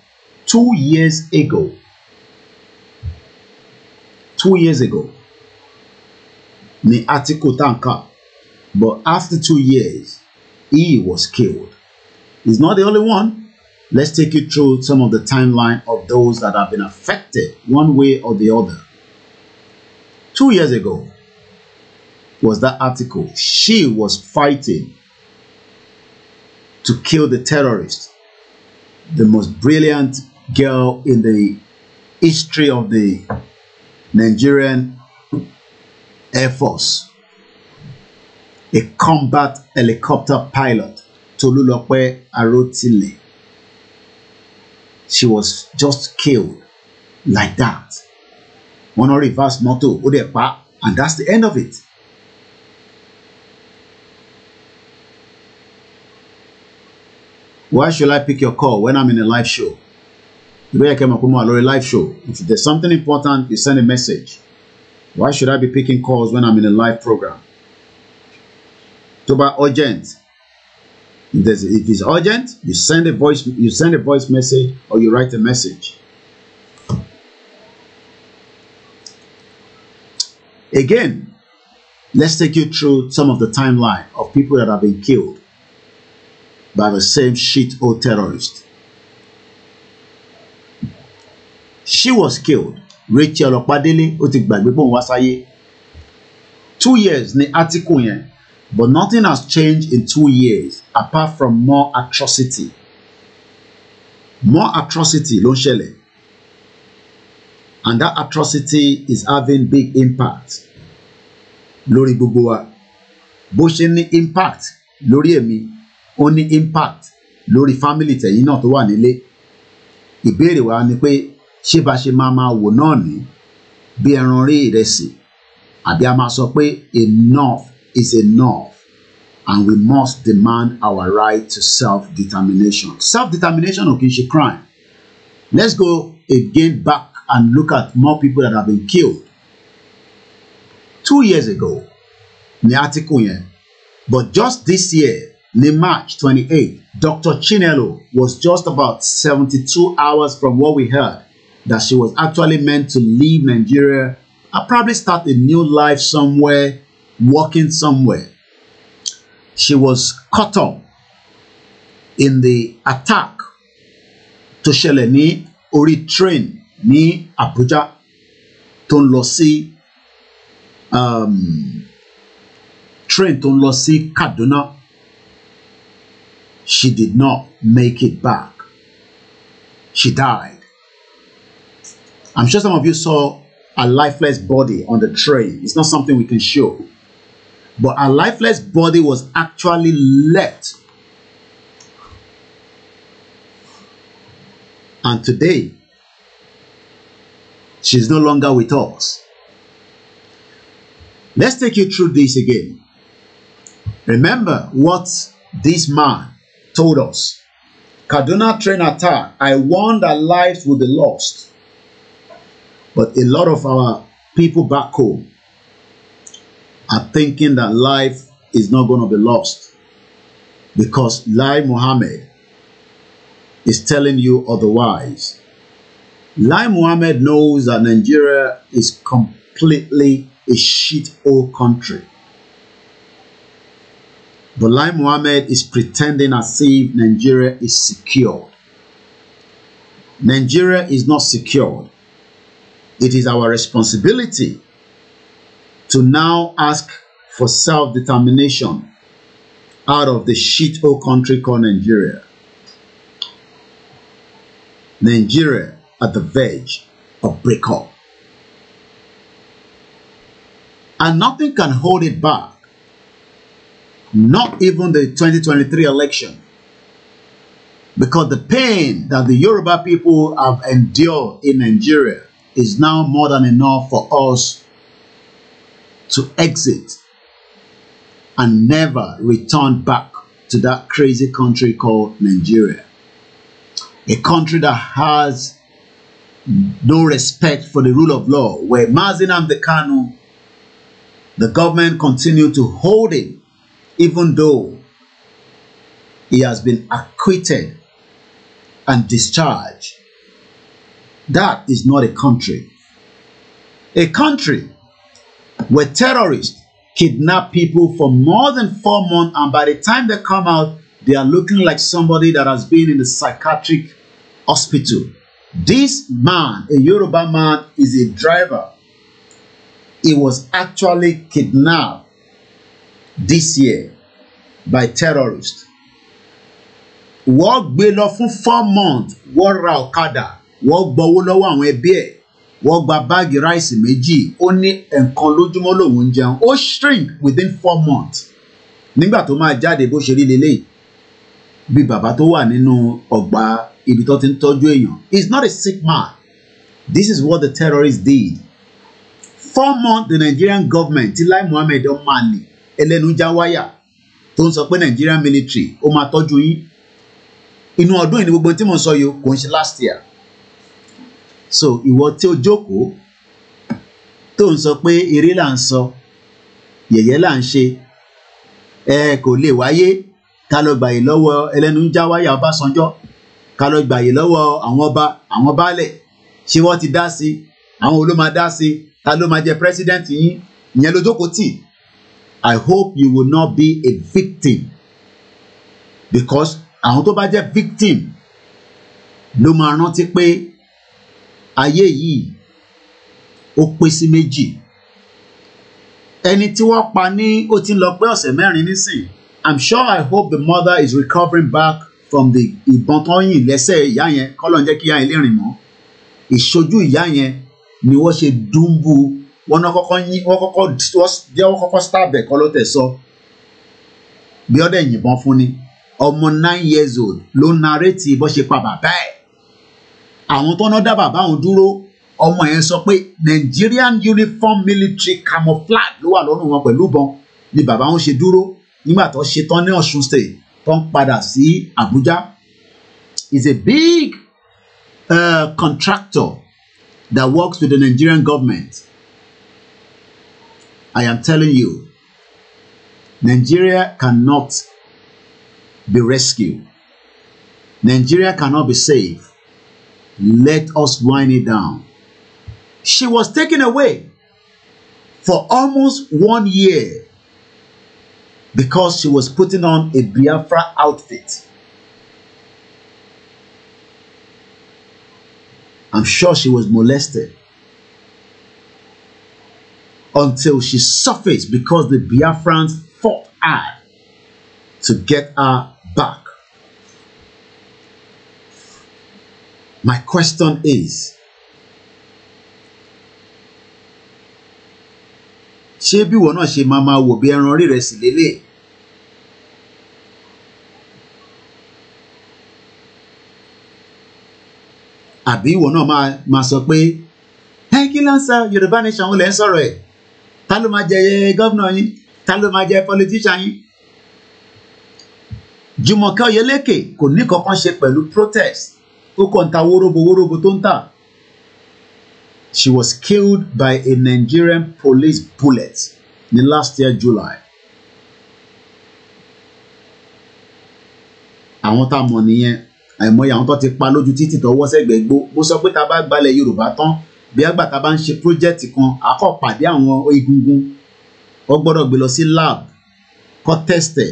Two years ago. Two years ago. Ni article tanka but after two years, he was killed. He's not the only one. Let's take you through some of the timeline of those that have been affected one way or the other. Two years ago was that article. She was fighting to kill the terrorist, the most brilliant girl in the history of the Nigerian Air Force. a combat helicopter pilot, Tolulope Arotile. She was just killed like that. One or reverse motto, Odepa, and that's the end of it. Why should I pick your call when I'm in a live show? Today I came up with a live show. If there's something important, you send a message. Why should I be picking calls when I'm in a live program? To be urgent if, if it's urgent you send a voice you send a voice message or you write a message. Again, let's take you through some of the timeline of people that have been killed by the same shit or terrorist. She was killed. Rachel Ọ̀pádélé ó ti gbàgbé Two years ni atiku yẹn But nothing has changed in two years apart from more atrocity. More atrocity ló ń And that atrocity is having big impact lórí gbogbo wa. Bó ṣe ní impact lórí èmi, ó ní impact lórí family tẹ̀yìn náà tó wà nílé. Ìbéèrè wa ni pé ṣé bá ṣe máa máa wò náà ní bí ẹran rí ìrẹsì àbí a máa sọ pé enough is enough and we must demand our right to self-determination. Self-determination or is crime. Let's go again back and look at more people that have been killed. Two years ago, the article yẹn, but just this year, ní March 28, Dr. Chinelo was just about 72 hours from what we heard that she was actually meant to leave Nigeria and probably start a new life somewhere walking somewhere. She was caught up in the attack To ṣẹlẹ̀ ní orí train ní Abuja tó ń lọ sí um, train tó ń lọ sí Kaduna. She did not make it back. She died. I'm sure some of you saw a lifeless body on the train. It's not something we can show. But her lifeless body was actually left. And today, she's no longer with us. Let's take you through this again. Remember what this man told us. Kaduna train attack. I warned that lives would be lost. But a lot of our people back home are thinking that life is not going to be lost because Lai Muhammad is telling you otherwise. Lai Muhammad knows that Nigeria is completely a shit hole country. But Lai Muhammad is pretending as if Nigeria is secured. Nigeria is not secured. It is our responsibility to now ask for self-determination out of the shit-hole country called Nigeria. Nigeria at the verge of breakup. And nothing can hold it back. Not even the 2023 election. Because the pain that the Yoruba people have endured in Nigeria is now more than enough for us to exit and never return back to that crazy country called Nigeria. A country that has no respect for the rule of law, where Mazin Amdekano, the government continued to hold him, even though he has been acquitted and discharged. That is not a country. A country where terrorists kidnap people for more than four months and by the time they come out, they are looking like somebody that has been in the psychiatric hospital. This man, a Yoruba man, is a driver. He was actually kidnapped this year by terrorists. Wọ́n gbé lọ fún four months, wọ́n ra ọ̀kadà, wọ́n gbowó lọ́wọ́ àwọn ẹbí ẹ̀ wọ́n gba báàgì ráìsì méjì ó ní ẹ̀ẹ̀kan lójúmọ́ lòun ń jẹun ó shrink within four months nígbà tó máa jáde bó ṣe rí leléyìí bí bàbá tó wà nínú ọgbà ibi tó ti ń tọ́jú èèyàn he is not a sick man this is what the terrorists did four months the Nigerian government ti Lai Mohammed Omani ẹlẹ́nujá wáyà tó ń sọ pé Nigerian military ó máa tọ́jú yín inú ọdún yìí ni gbogbo tí mo sọ yìí kò ń ṣe last year so ìwọ tí ó jókòó tó ń sọ pé eré là ń sọ yẹ̀yẹ́ là ń ṣe ẹ kò lè wáyé ká lọ gbàyè lọ́wọ́ ẹlẹ́nu ń já wáyà Ọbásanjọ́ ká lọ gbàyè lọ́wọ́ àwọn ọba àwọn baálẹ̀ ṣé wọ́n ti dá sí àwọn olóma dá sí ta ló máa jẹ president yín ìyẹn ló jókòó tì I hope you will not be a victim because àwọn tó bá jẹ victim ló máa rántí pé ayé yìí ó pín sí méjì ẹni tí wọ́n pa ní ó ti lọ pé ọ̀sẹ̀ mẹ́rin nísìn i'm sure i hope the mother is recovering back from the ìbọn tó yìn lẹ́sẹ̀ ìyá yẹn kọ́lọ́ ń jẹ́ kí ìyá yẹn lè rìn mọ́ ìṣojú ìyá yẹn ni wọ́n ṣe dùnbù wọn náà kọ́kọ́ yín wọ́n kọ́kọ́ jẹ́ wọ́n kọ́kọ́ stab ẹ̀ ló tẹ̀ sọ bí ọdẹ yìnbọn fún ni ọmọ nine years old ló narrate bó ṣe pa bàbá ẹ̀ àwọn tọ́nà dá bàbá òun dúró ọmọ yẹn sọ pé Nigerian uniform military camouflage ló wà lọ́rùn wọn pẹ̀lú bọn ni bàbá òun ṣe dúró nígbà tó ṣe tán ní Ọ̀ṣun state tó ń padà sí Àbújá is a big uh, contractor that works with the Nigerian government I am telling you Nigeria cannot be rescued Nigeria cannot be saved Let us wind it down. She was taken away for almost one year because she was putting on a Biafra outfit. I'm sure she was molested until she surfaced because the Biafrans fought hard to get her My question is ṣé bí ìwọ náà ṣe máa máa wò bí ẹran rírẹ sì lélẹ̀? àbí ìwọ náà máa máa sọ pé ẹ kí ló ń sọ Yorùbá nation òun lẹ ń sọ̀rọ̀ ẹ̀ ta ló máa jẹ gómìnà yín ta ló máa jẹ politician yín. Jùmọ̀kẹ́ Oyèlékè kò ní kankan ṣe pẹ̀lú protest ó kàn ta wóróbo tó ń tà. She was killed by a Nigerian police bullet ní last year July. àwọn tá a mọ̀ nìyẹn àìmọye àwọn tó ti pa lójú títì tọwọ́ sẹ́gbẹ̀ẹ́ gbó mo sọ pé tá a bá gbalẹ̀ Yorùbá tán bí àgbà tá a bá ń ṣe project kan àkọ́ pàdé àwọn egungun wọ́n gbọ́dọ̀ gbé lọ sí lab kọ́ tẹ̀sítẹ̀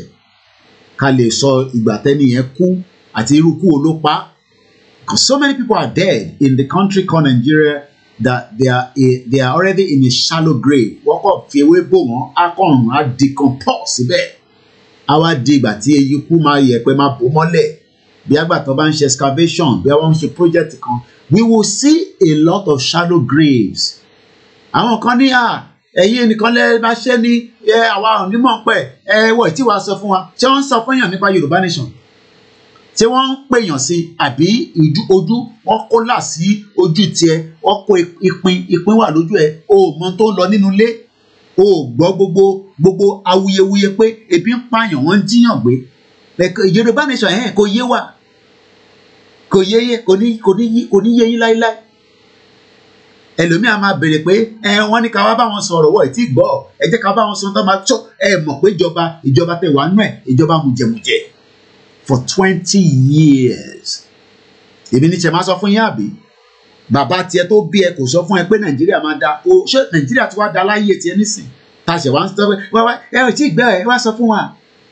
ká lè sọ ìgbà tẹ́nìyẹn kú àti irú kú wo ló pa á so many people are dead in the country called Nigeria that they are a, eh, they are already in a shallow grave wọ́n kọ́ fi ewé bò wọ́n á kọ̀rùn á decompose síbẹ̀ á wá di ìgbà tí eyi kú máa yẹ pé máa bò mọ́lẹ̀ bí àgbà tó bá ń ṣe excavation bí wọ́n ń project we will see a lot of shallow graves àwọn kan ní à ẹ̀yin ẹnìkan lẹ́ bá ṣẹ́ ní àwa ò ní mọ̀ pẹ́ ẹ wọ̀ tí wàá sọ fún wa ṣé wọ́n ń sọ fún yàn nípa Yorùbá nation tí wọ́n ń pèèyàn sí àbí ìjú ojú wọ́n kó là sí ojú tiẹ̀ wọ́n kó ìpín ìpín wà lójú ẹ̀ o mọ tó ń lọ nínú ilé o ò gbogbo gbogbo awuyewuye pé ebi ń pààyàn wọ́n ń jiyàn gbé Yorùbá nation ẹ̀ kò yé wa kò yé yé kò ní yé yín láíláí ẹlòmíì máa béèrè pé ẹ wọ́n ní ká wá bá wọn sọ̀rọ̀ wọ ẹ tí gbọ́ ẹ jẹ́ ká bá wọn sọ tán máa tó ẹ mọ̀ pé ìjọba ìjọba tẹ wàá nú ẹ ìjọba mùjẹmùjẹ for twenty years èmi ní tiẹ̀ máa sọ fún yín àbí bàbá tiẹ̀ tó bí ẹ kò sọ fún ẹ pé nàìjíríà máa da o ṣé nàìjíríà ti wá da láyé tiẹ̀ nísìn tá a ṣẹ̀ wá ń sọ pé wá wá ẹ ò tí ì gbẹ́ ẹ wá sọ fún wa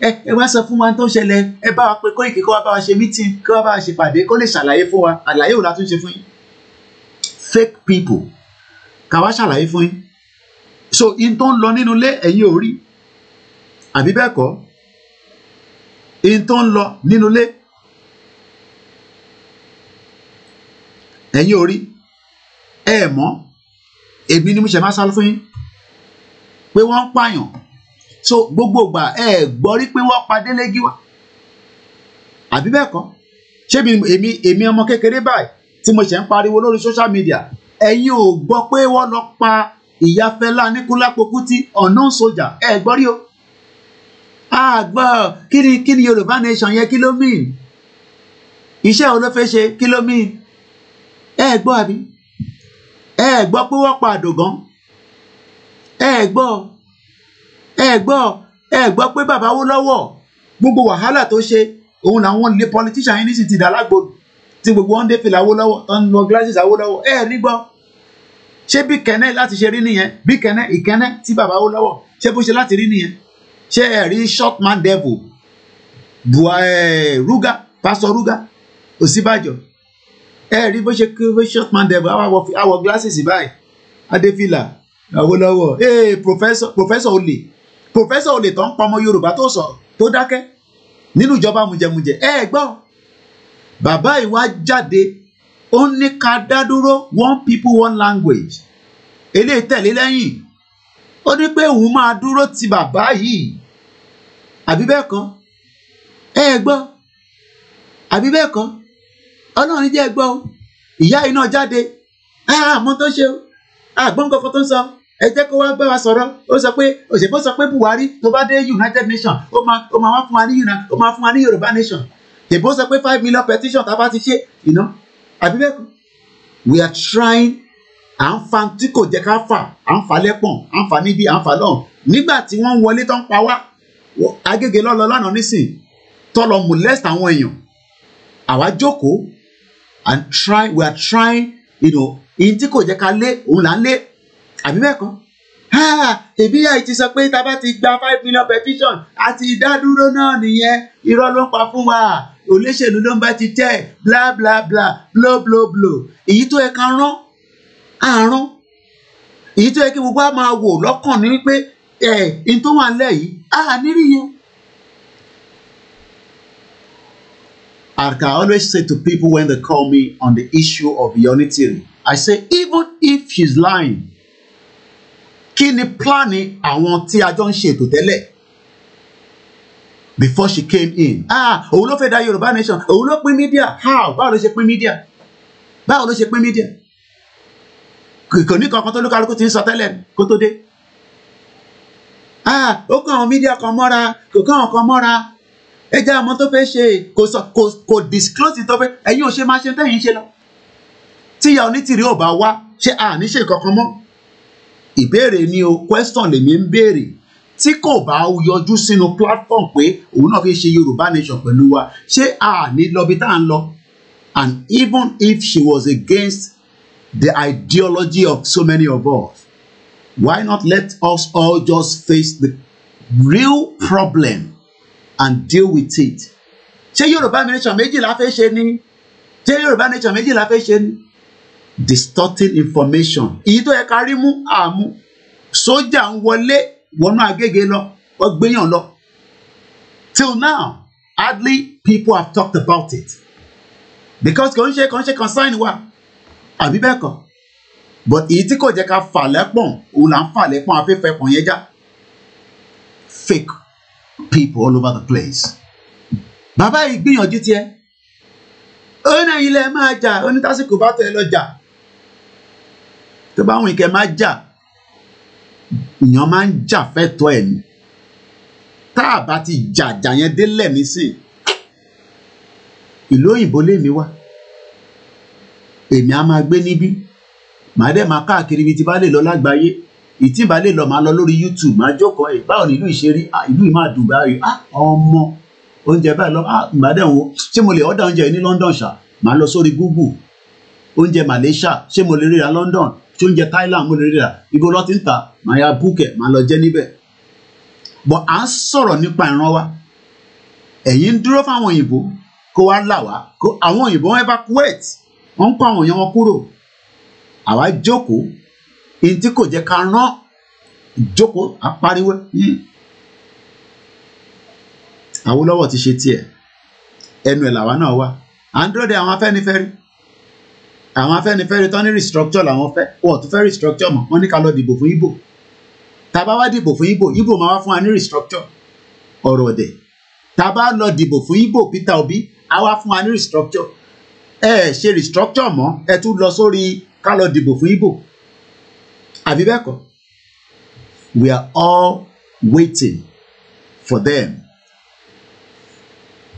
ẹ ẹ wá sọ fún wa tó ṣẹlẹ̀ ẹ bá wa pé Koiki kó wá bá wa ṣe mítìn kó wá bá wa ṣe pàdé kó lè ṣàlàyé fún wa àlàyé òun la tún ṣe fún yín fake people ká wá ṣàlàyé fún yín so in tó ń lọ nínú ilé ẹ̀yin ò rí àbí bẹ́ẹ̀ kọ́ èyí tó ń lọ nínú ilé ẹ̀yin ò rí ẹ mọ̀ èmi ni mo ṣe máa sá fún yín pé wọ́n ń pààyàn so gbogbo ìgbà ẹ gbọ́ rí pé wọ́n pa Délégì wá àbí bẹ́ẹ̀ kọ́ ṣé èmi èmi ọmọ kékeré báyìí tí mo ṣe ń pariwo lórí social media ẹ̀yin ò gbọ́ pé wọ́n lọ pa ìyá Fẹlá Aníkúlápó Kútì ọ̀nà sójà ẹ gbọ́ rí o àgbọ̀ kí ni kí ni yorùbá nation yẹn kí ló mean iṣẹ́ wo ló fẹ́ ṣe kí ló mean ẹ gbọ́ àbí ẹ gbọ́ pé wọ́n pa àdògán ẹ gbọ́ ẹ gbọ́ ẹ gbọ́ pé bàbá wó lọ́wọ́ gbogbo wàhálà tó ṣe òun làwọn lè politician yín nísìsiyìí ti dà lágbo tí gbogbo wọn dé fìlà owó lọ́wọ́ ọ̀n lọ glasses owó lọ́wọ́ ẹ rí gbọ́ ṣé bí kẹ́nẹ́ láti ṣe rí nìyẹn bí kẹ́nẹ́ ìkẹ́nẹ́ tí bàbá wó lọ́wọ́ ṣé bó ṣe láti rí nìyẹn ṣé ẹ rí shortman devil bua ẹ ruga pásọ ruga Ọ̀ṣínbàjò ẹ rí bó ṣe kí bó shortman devil àwọ àwọ glasses báyìí adéfìlà Awólọ́wọ̀ ee professor professor olè professor olè tó ń pa ọmọ Yorùbá tó sọ tó dákẹ́ nínú ìjọba mùjẹmùjẹ ẹ gbọ́ bàbá ìwà jáde ó ní ká dá dúró one people one language eléyìí tẹ̀lé lẹ́yìn ó ní pé òun máa dúró ti bàbá yìí àbí bẹ́ẹ̀ kọ́ ẹ ẹ gbọ́ àbí bẹ́ẹ̀ kọ́ ọlọ́run jẹ́ ẹ gbọ́ o ìyá yìí náà jáde àmọ́ tó ṣe o àgbọn kankan tó ń sọ ẹ jẹ́ kó wá bá wa sọ̀rọ̀ ó sọ pé òṣèpọ̀ sọ pé Buhari tó bá dé United Nations ó máa ó máa wá fún wa ní ó máa fún wa ní Yorùbá Nation èbó sọ pé five million petition tá a bá ti ṣe ìná àbí bẹ́ẹ̀ kọ́ we are trying à ń fa tí kò jẹ́ ká fà à ń fa lẹ́pọ̀n à ń fa níbí à ń fa lọ́hùn nígbà tí wọ́n wọlé tó pa wá Agége lọ́lọ́ lánàá nísìn tọ́lọ molest àwọn èèyàn àwa jókòó and try we are trying you know in tí kò jẹ́ ká lé òun là ń lé àbí bẹ́ẹ̀ kan èbí yà ti sọ pé tá ti gba five million petition àti ìdádúró náà nìyẹn irọ́ ló ń pa fún wa olóṣèlú ló ń bá ti tẹ̀ bla bla bla blow blow blow èyí tó yẹ ká rán àrùn èyí tó yẹ kí gbogbo a máa wò lọ́kàn ni wípé ẹ̀ eh, n tó wà nílẹ̀ yìí a nírí I can always say to people when they call me on the issue of unitary, I say, even if she's lying, kí ni pílánì àwọn tí a jọ ń ṣètò tẹ́lẹ̀ before she came in? Ah, òun ló fẹ́ da Yorùbá nation, òun ló pín mídíà, how? Báwo ló ṣe pín mídíà? Báwo ló ṣe pín media? Kìkọ̀ ní kankan tó lókàlùkù ti ń sọ tẹ́lẹ̀ kó tó dé. Ah, ó kọ́ àwọn mídíà kan mọ́ra kò kọ́ àwọn kan mọ́ra ẹ jẹ́ àwọn tó fẹ́ ṣe kò sọ kò kò disclose tó fẹ́ ẹ̀yin ò ṣe máa ṣe tẹ́yìn ṣe lọ tíya onítìrí ò bá wá ṣe àní ṣe kankan mọ́ ìbéèrè ni o question lèmi ń béèrè tí kò bá yọjú sínú platform pé òun náà fi ṣe Yorùbá nation pẹ̀lú wa ṣé àní lọ́bi tá à ń lọ and even if she was against the ideology of so many of us Why not let us all just face the real problem and deal with it? Ṣé Yorùbá nation méjì la fẹ́ ṣe ni? Ṣé Yorùbá nation méjì la fẹ́ ṣe ni? Distorting information. Èyí tó yẹ ká rí mú àmú. Sójà ń wọlé wọnú Agége lọ, wọ́n lọ. Till now, hardly people have talked about it. Because kò ń ṣe kò ń ṣe concern wa. Àbí bẹ́ẹ̀ kọ́ but èyí tí kò jẹ́ ká fà lẹ́pọ̀n òun là ń fà lẹ́pọ̀n afẹ́fẹ́ pọ̀n yẹn já fake people all over the place. bàbá yìí gbìyànjú tiẹ̀ ó náà ilẹ̀ máa jà onítàsíkò bá tẹ̀ lọ jà tó bá wùn kẹ́ máa jà èèyàn máa ń jà fẹ́tọ́ ẹ̀ ni tá a bá ti jàjà yẹn délẹ̀ nísìn ìlú òyìnbó lèmi wá èmi á máa gbé níbí màá dẹ̀ máa káàkiri ibi tí bá lè lọ lágbàáyé ìtí bá lè lọ màá lọ lórí YouTube màá jókòó ẹ̀ báwo ni ìlú ìṣeré ìlú yìí máa dùn báyìí ah ọmọ oúnjẹ báyìí lọ ah màá dẹ̀ wo ṣé mo lè ọ̀dà oúnjẹ yìí ní London ṣá màá lọ sórí Google oúnjẹ Malaysia ṣé mo lè ríra London ṣé oúnjẹ Thailand mo lè ríra ibo lọ ti ń ta màá ya búkẹ̀ màá lọ jẹ níbẹ̀ bọ̀ à ń sọ̀rọ̀ nípa ìran wa ẹ̀yin ń dúró fáwọn òyìnbó kó wá là wá kó àwọn òyìnbó wọn evacuate wọ́n ń kó àwọn èèyàn wọn kúrò àwa jókòó èyí tí kò jẹ́ ká rán jókòó apariwo hmm. Awólọ́wọ̀ ti ṣe tiẹ̀ ẹnu ẹ̀ làwa náà wà à ń dúró de àwọn Afẹ́nifẹ́re àwọn Afẹ́nifẹ́re tó ní restructure làwọn fẹ́ wọn ò tún fẹ́ restructure mọ́ wọ́n ní ká lọ dìbò fún Ìgbò tá a bá wá dìbò fún Ìgbò Ìgbò máa wá fún wa ní restructure ọ̀rọ̀ ọ̀dẹ̀ tá a bá lọ dìbò fún Ìgbò Peter Obi á wá fún wa ní restructure ẹ ṣe restructure mọ́ ẹ tún lọ sórí ká lọ dìbò fún Ìgbò àbí bẹ́ẹ̀ kọ́ we are all waiting for them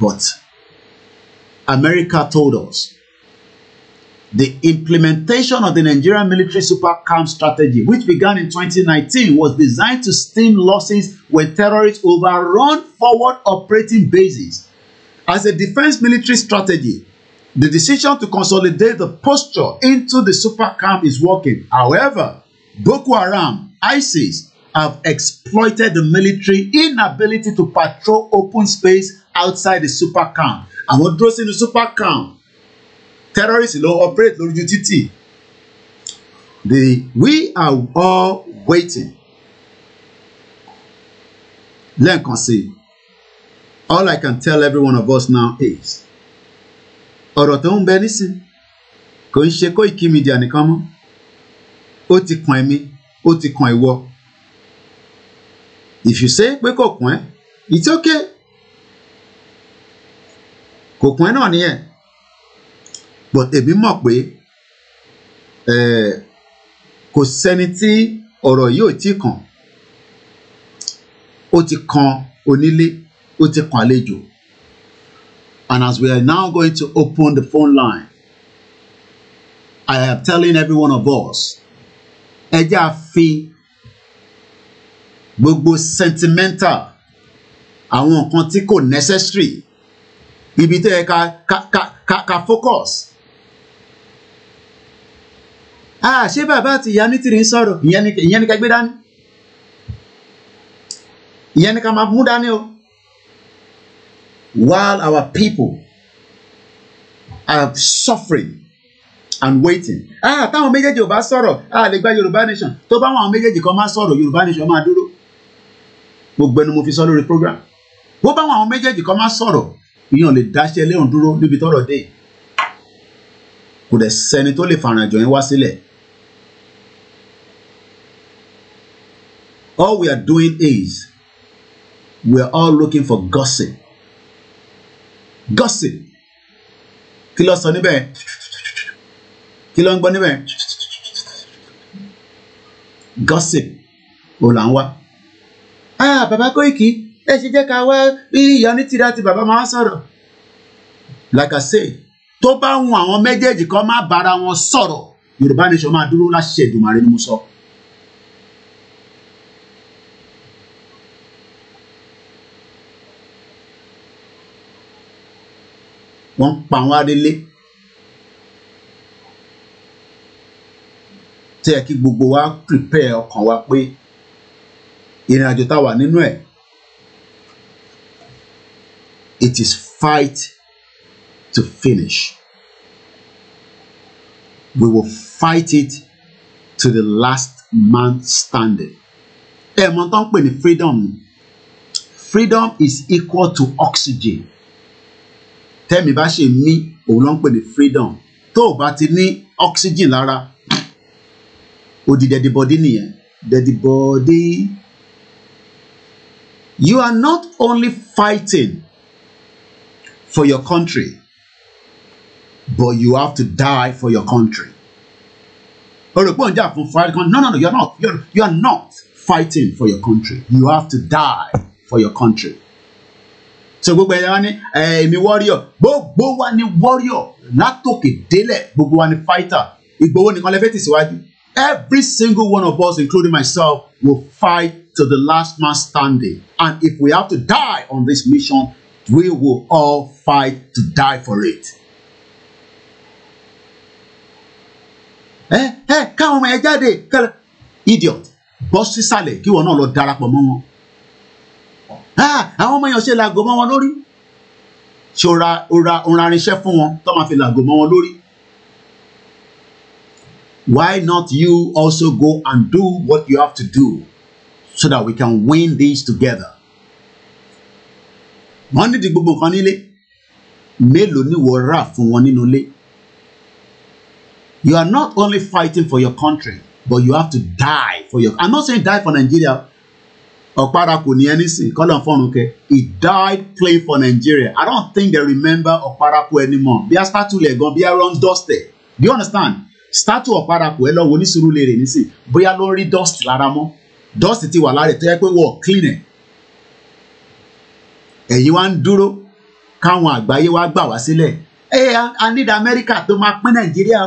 but America told us the implementation of the Nigerian military super camp strategy which began in 2019 was designed to stem losses when terrorists overrun forward operating bases as a defense military strategy The decision to consolidate the posture into the super camp is working. However, Boko Haram, ISIS, have exploited the military inability to patrol open space outside the super camp. And what Àwọn in the super camp. Terrorists will operate lórí ju The we are all waiting. Lẹ́ẹ̀kan sí, all I can tell every one of us now is ọ̀rọ̀ tó ń bẹ nísìn kò ń ṣe Koiki Media nìkan mọ́ ó ti kàn èmi ó ti kàn ìwọ if you say pé kò kàn ẹ́ it's okay kò kàn ẹ́ náà nìyẹn but èmi mọ̀ pé kò sẹ́ni tí ọ̀rọ̀ yìí ò tí kàn ó ti kan onílé ó ti kan àlejò And as we are now going to open the phone line, I am telling every one of us, ẹ jẹ́ á fi gbogbo sentimental àwọn nǹkan tí kò necessary ibi tó yẹ ká ká ká ká focus. Ah, ṣé bàbá àti ìyá nítìrì ń sọ̀rọ̀ ìyẹn ni ká gbé dání ìyẹn ni ká máa mú dání o while our people are suffering and waiting. ah táwọn méjèèjì ò bá sọ̀rọ̀ a lè gba yorùbá nation tó bá wọn méjèèjì kan máa sọ̀rọ̀ yorùbá nation máa dúró gbogbo ẹnu mo fi sọ lórí program bó bá wọn méjèèjì kan máa sọ̀rọ̀ ìyàn lè dáṣẹ́ léhùn dúró níbi tọ́rọ̀ dé kò dẹ̀ sẹ́ni tó lè farajọ yín wá sílẹ̀ all we are doing is we are all looking for gossip gọ́ọ̀sì kí ló sọ níbẹ̀ kí ló ń gbọ́ níbẹ̀ gọ́ọ̀sì ò là ń wá. ah bàbá Koiki ẹ ṣe jẹ́ ká wá bí ìyọní tìrẹ àti bàbá máa sọ̀rọ̀ like I say tó bá ń wọn àwọn méjèèjì kan má bára wọn sọ̀rọ̀ Yorùbá nation máa dúró láṣẹ Èdùmàrè ni mo So. wọ́n ń pa wọ́n adélé tí ẹ kí gbogbo wa prepare ọkàn wa pé ìrìn àjò tá a wà nínú ẹ̀ it is fight to finish we will fight it to the last man standing ẹ mọ̀ tó ń pè ní freedom freedom is equal to oxygen tẹ́mi bá ṣe mí òun ló ń pè ní freedom tó o bá ti ní oxygen lára ó di dead body nìyẹn dead body you are not only fighting for your country but you have to die for your country o rò pé òun jà fún fight country no no no you are not you are not fighting for your country you have to die for your country so gbogbo ẹ̀yà wa ní èmi warrior gbogbo wa ní warrior látòkè délẹ̀ gbogbo wa ní fighter Ìgbòho nìkan lè tẹ̀síwájú every single one of us including myself will fight to the last man standing and if we have to die on this mission we will all fight to die for it. ẹ ẹ káwọn ọmọ yẹn jáde kẹlẹ idiot bọ́ sísàlẹ̀ kí wọn náà lọ darapọ̀ mọ́ wọn àwọn ọmọ yẹn ṣe làgò mọ́ wọn lórí ṣe ora ora orarinṣẹ́ fún wọn tó máa fi làgò mọ́ wọn lórí. Why not you also go and do what you have to do so that we can win this together? Wọ́n nídìí gbogbo nǹkan nílé. Mélòó ni wọ́n rà fún wọn nínú ilé? You are not only fighting for your country, but you have to die for your. I'm not saying die for Nigeria Okpara ni ní Call sìn phone, okay? he died playing for Nigeria I don't think they remember Okparaku anymore bí a statue lẹ̀ gan bí run dust there. do you understand statue Okparaku ẹ lọ́wọ́ onísùúrù lè rè nísìn bóyá ló ń rí dust lára mọ́ dust ti wà lára ẹ̀ tó yẹ pé wọ́n clean ẹ̀ ẹ̀yin wá ń dúró káwọn àgbáyé wá gbà wá sílẹ̀ ẹ I need America to máa pín Nigeria.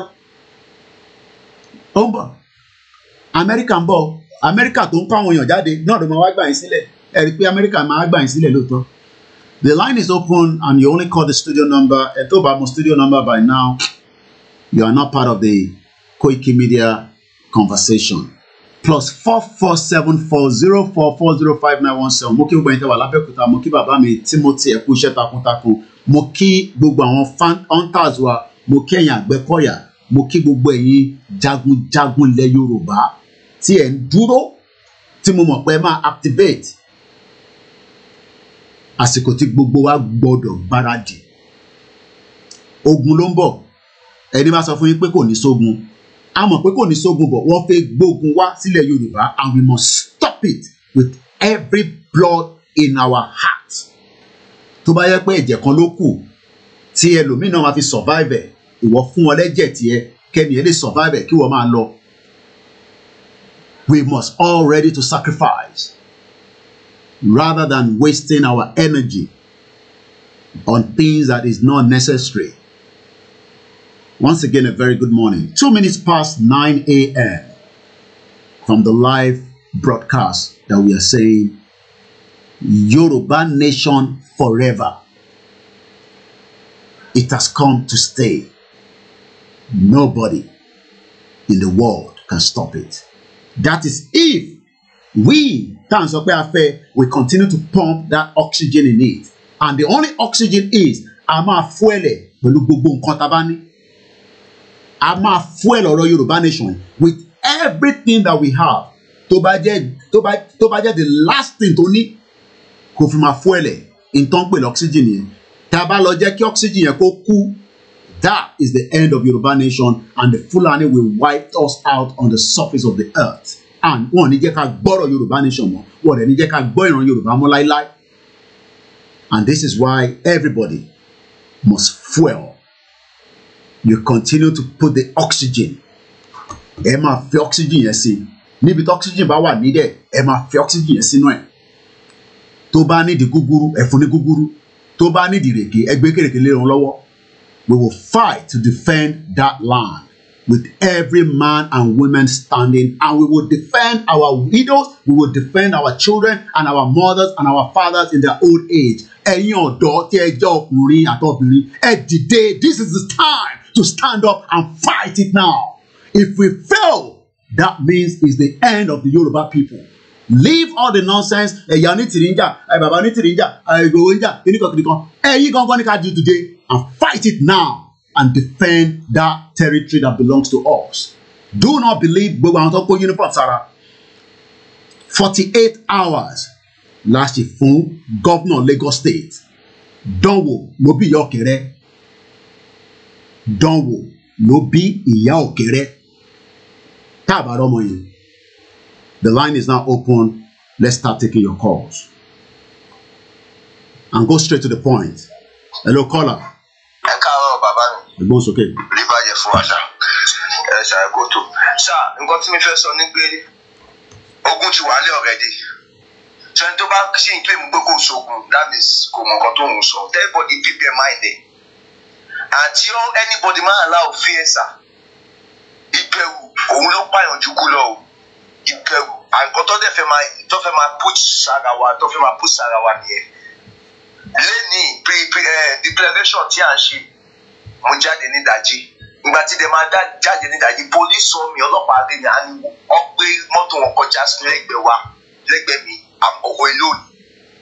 ó ń bọ̀ America ń bọ̀ amẹ́ríkà tó ń kọ́ àwọn èèyàn jáde náà ló máa wá gbà yín sílẹ̀ ẹ rí i pé amẹ́ríkà máa gbà yín sílẹ̀ lóòótọ́. The line is open and you only call the studio number ẹ tó bá mọ studio number by now you are not part of the Koiki Media conversation plus four four seven four zero four four zero five nine one seven mo kí gbogbo ẹ̀yin tẹ́ wà lábẹ́òkúta mo kí bàbá mi Timothy ẹ̀kú iṣẹ́ takuntakun mo kí gbogbo àwọn hunters wa mo kí ẹ̀yin àgbẹ̀kọ̀yà mo kí gbogbo ẹ̀yin jagunjagun lẹ̀ Yorùbá tí ẹ̀ ń dúró tí mo mọ̀ pé ẹ máa activate àsìkò tí gbogbo wa gbọ́dọ̀ gbáradì ogun ló ń bọ̀ ẹni bá sọ fún yín pé kò ní sógun a mọ̀ pé kò ní sógun bọ̀ wọ́n fẹ́ gbógun wá sílẹ̀ Yorùbá and we must stop it with every blood in our heart tó bá yẹ pé ẹ̀jẹ̀ kan ló kù tí ẹlòmíràn máa fi survive ẹ̀ ìwọ fún wọn lẹ́jẹ̀ tiẹ̀ kẹ́ni ẹ lè survive ẹ̀ kí wọ́n máa lọ we must all ready to sacrifice rather than wasting our energy on things that is not necessary. Once again, a very good morning. Two minutes past 9 a.m. from the live broadcast that we are saying Yoruba Nation forever. It has come to stay. Nobody in the world can stop it. that is if we tá sọ pé a fẹ́ we continue to pump that oxygen in it and the only oxygen is a máa fuẹ̀lẹ̀ pẹ̀lú gbogbo nǹkan tá a bá ní a máa fuẹ̀lẹ̀ ọ̀rọ̀ Yorùbá nation with everything that we have tó bá jẹ́ tó bá tó bá jẹ́ the last thing tó ní kò fi máa fuẹ̀lẹ̀ nǹkan pè lọ́xygen yẹn tá a bá lọ jẹ́ kí oxygen yẹn kó kú That is the end of Yoruba nation and the Fulani will wipe us out on the surface of the earth. And wọn ò ní borrow ká gbọ́rọ̀ Yorùbá nation mọ́, wọn ò ní jẹ́ ká gbọ́ ìran like? mọ́ And this is why everybody must fuel. You continue to put the oxygen. Emma máa fi oxygen yẹn sí. Níbi tí oxygen bá wà nídẹ̀, ẹ Emma fi oxygen yẹn sínú ẹ̀. Tó bá nídìí gúgúrú, ẹ fún ní gúgúrú. Tó bá nídìí rèké, ẹ gbé lé wọn lọ́wọ́. We will fight to defend that land with every man and woman standing, and we will defend our widows, we will defend our children and our mothers and our fathers in their old age. Ẹ̀yin ọ̀dọ́ tí ẹ jẹ́ ọkùnrin àtọ́bìnrin, ẹ dìde. This is the time to stand up and fight it now. If we fail, that means it's the end of the Yoruba people. Leave all the nonsense. Ẹ̀yà onítìrí ń jà, bàbá onítìrí ń jà, Ìgbòho ń jà, kíníkan kíníkan. Ẹ̀yin gangan ní ká di dìde and fight it now and defend that territory that belongs to us. Do not believe gbogbo àwọn tó kó uniform sára. forty-eight hours last ṣe fún governor Lagos State dánwò ló bí ìyá ọ̀kẹ́rẹ́ dánwò ló bí ìyá ọ̀kẹ́rẹ́ tá a bá the line is now open let's start taking your calls and go straight to the point hello caller ẹ̀gbọ́n sókè. rí bàjẹ́ fún wa ṣá ẹ ṣàyẹ̀kọ́ tó ṣá nǹkan tí mi fẹ́ sọ ni pé ogun ti wà lé already sẹ́ni tó bá ṣì ń claim pé kò sógun that means kò mọ nǹkan tó ń sọ everybody keep their mind there àti anybody máa la òfin ẹ̀sà ìbẹ̀rù òun ló pààyàn jù kú lọ o ìbẹ̀rù àǹkan tó dẹ̀ fẹ́ máa tó fẹ́ máa put sára wa tó fẹ́ máa put sára wa nìyẹn lẹ́ni pre pre ẹ̀ eh, declaration tí a ń ṣe mo jáde nídajì ìgbà tí dèmà jáde nídajì polisi sọ mi ọlọ́pàá lè ní àníwò wọ́n gbé mọ́tò wọn kọjá sí lẹ́gbẹ̀ẹ́ wa lẹ́gbẹ̀ẹ́ mi àkọ́kọ́ elóòní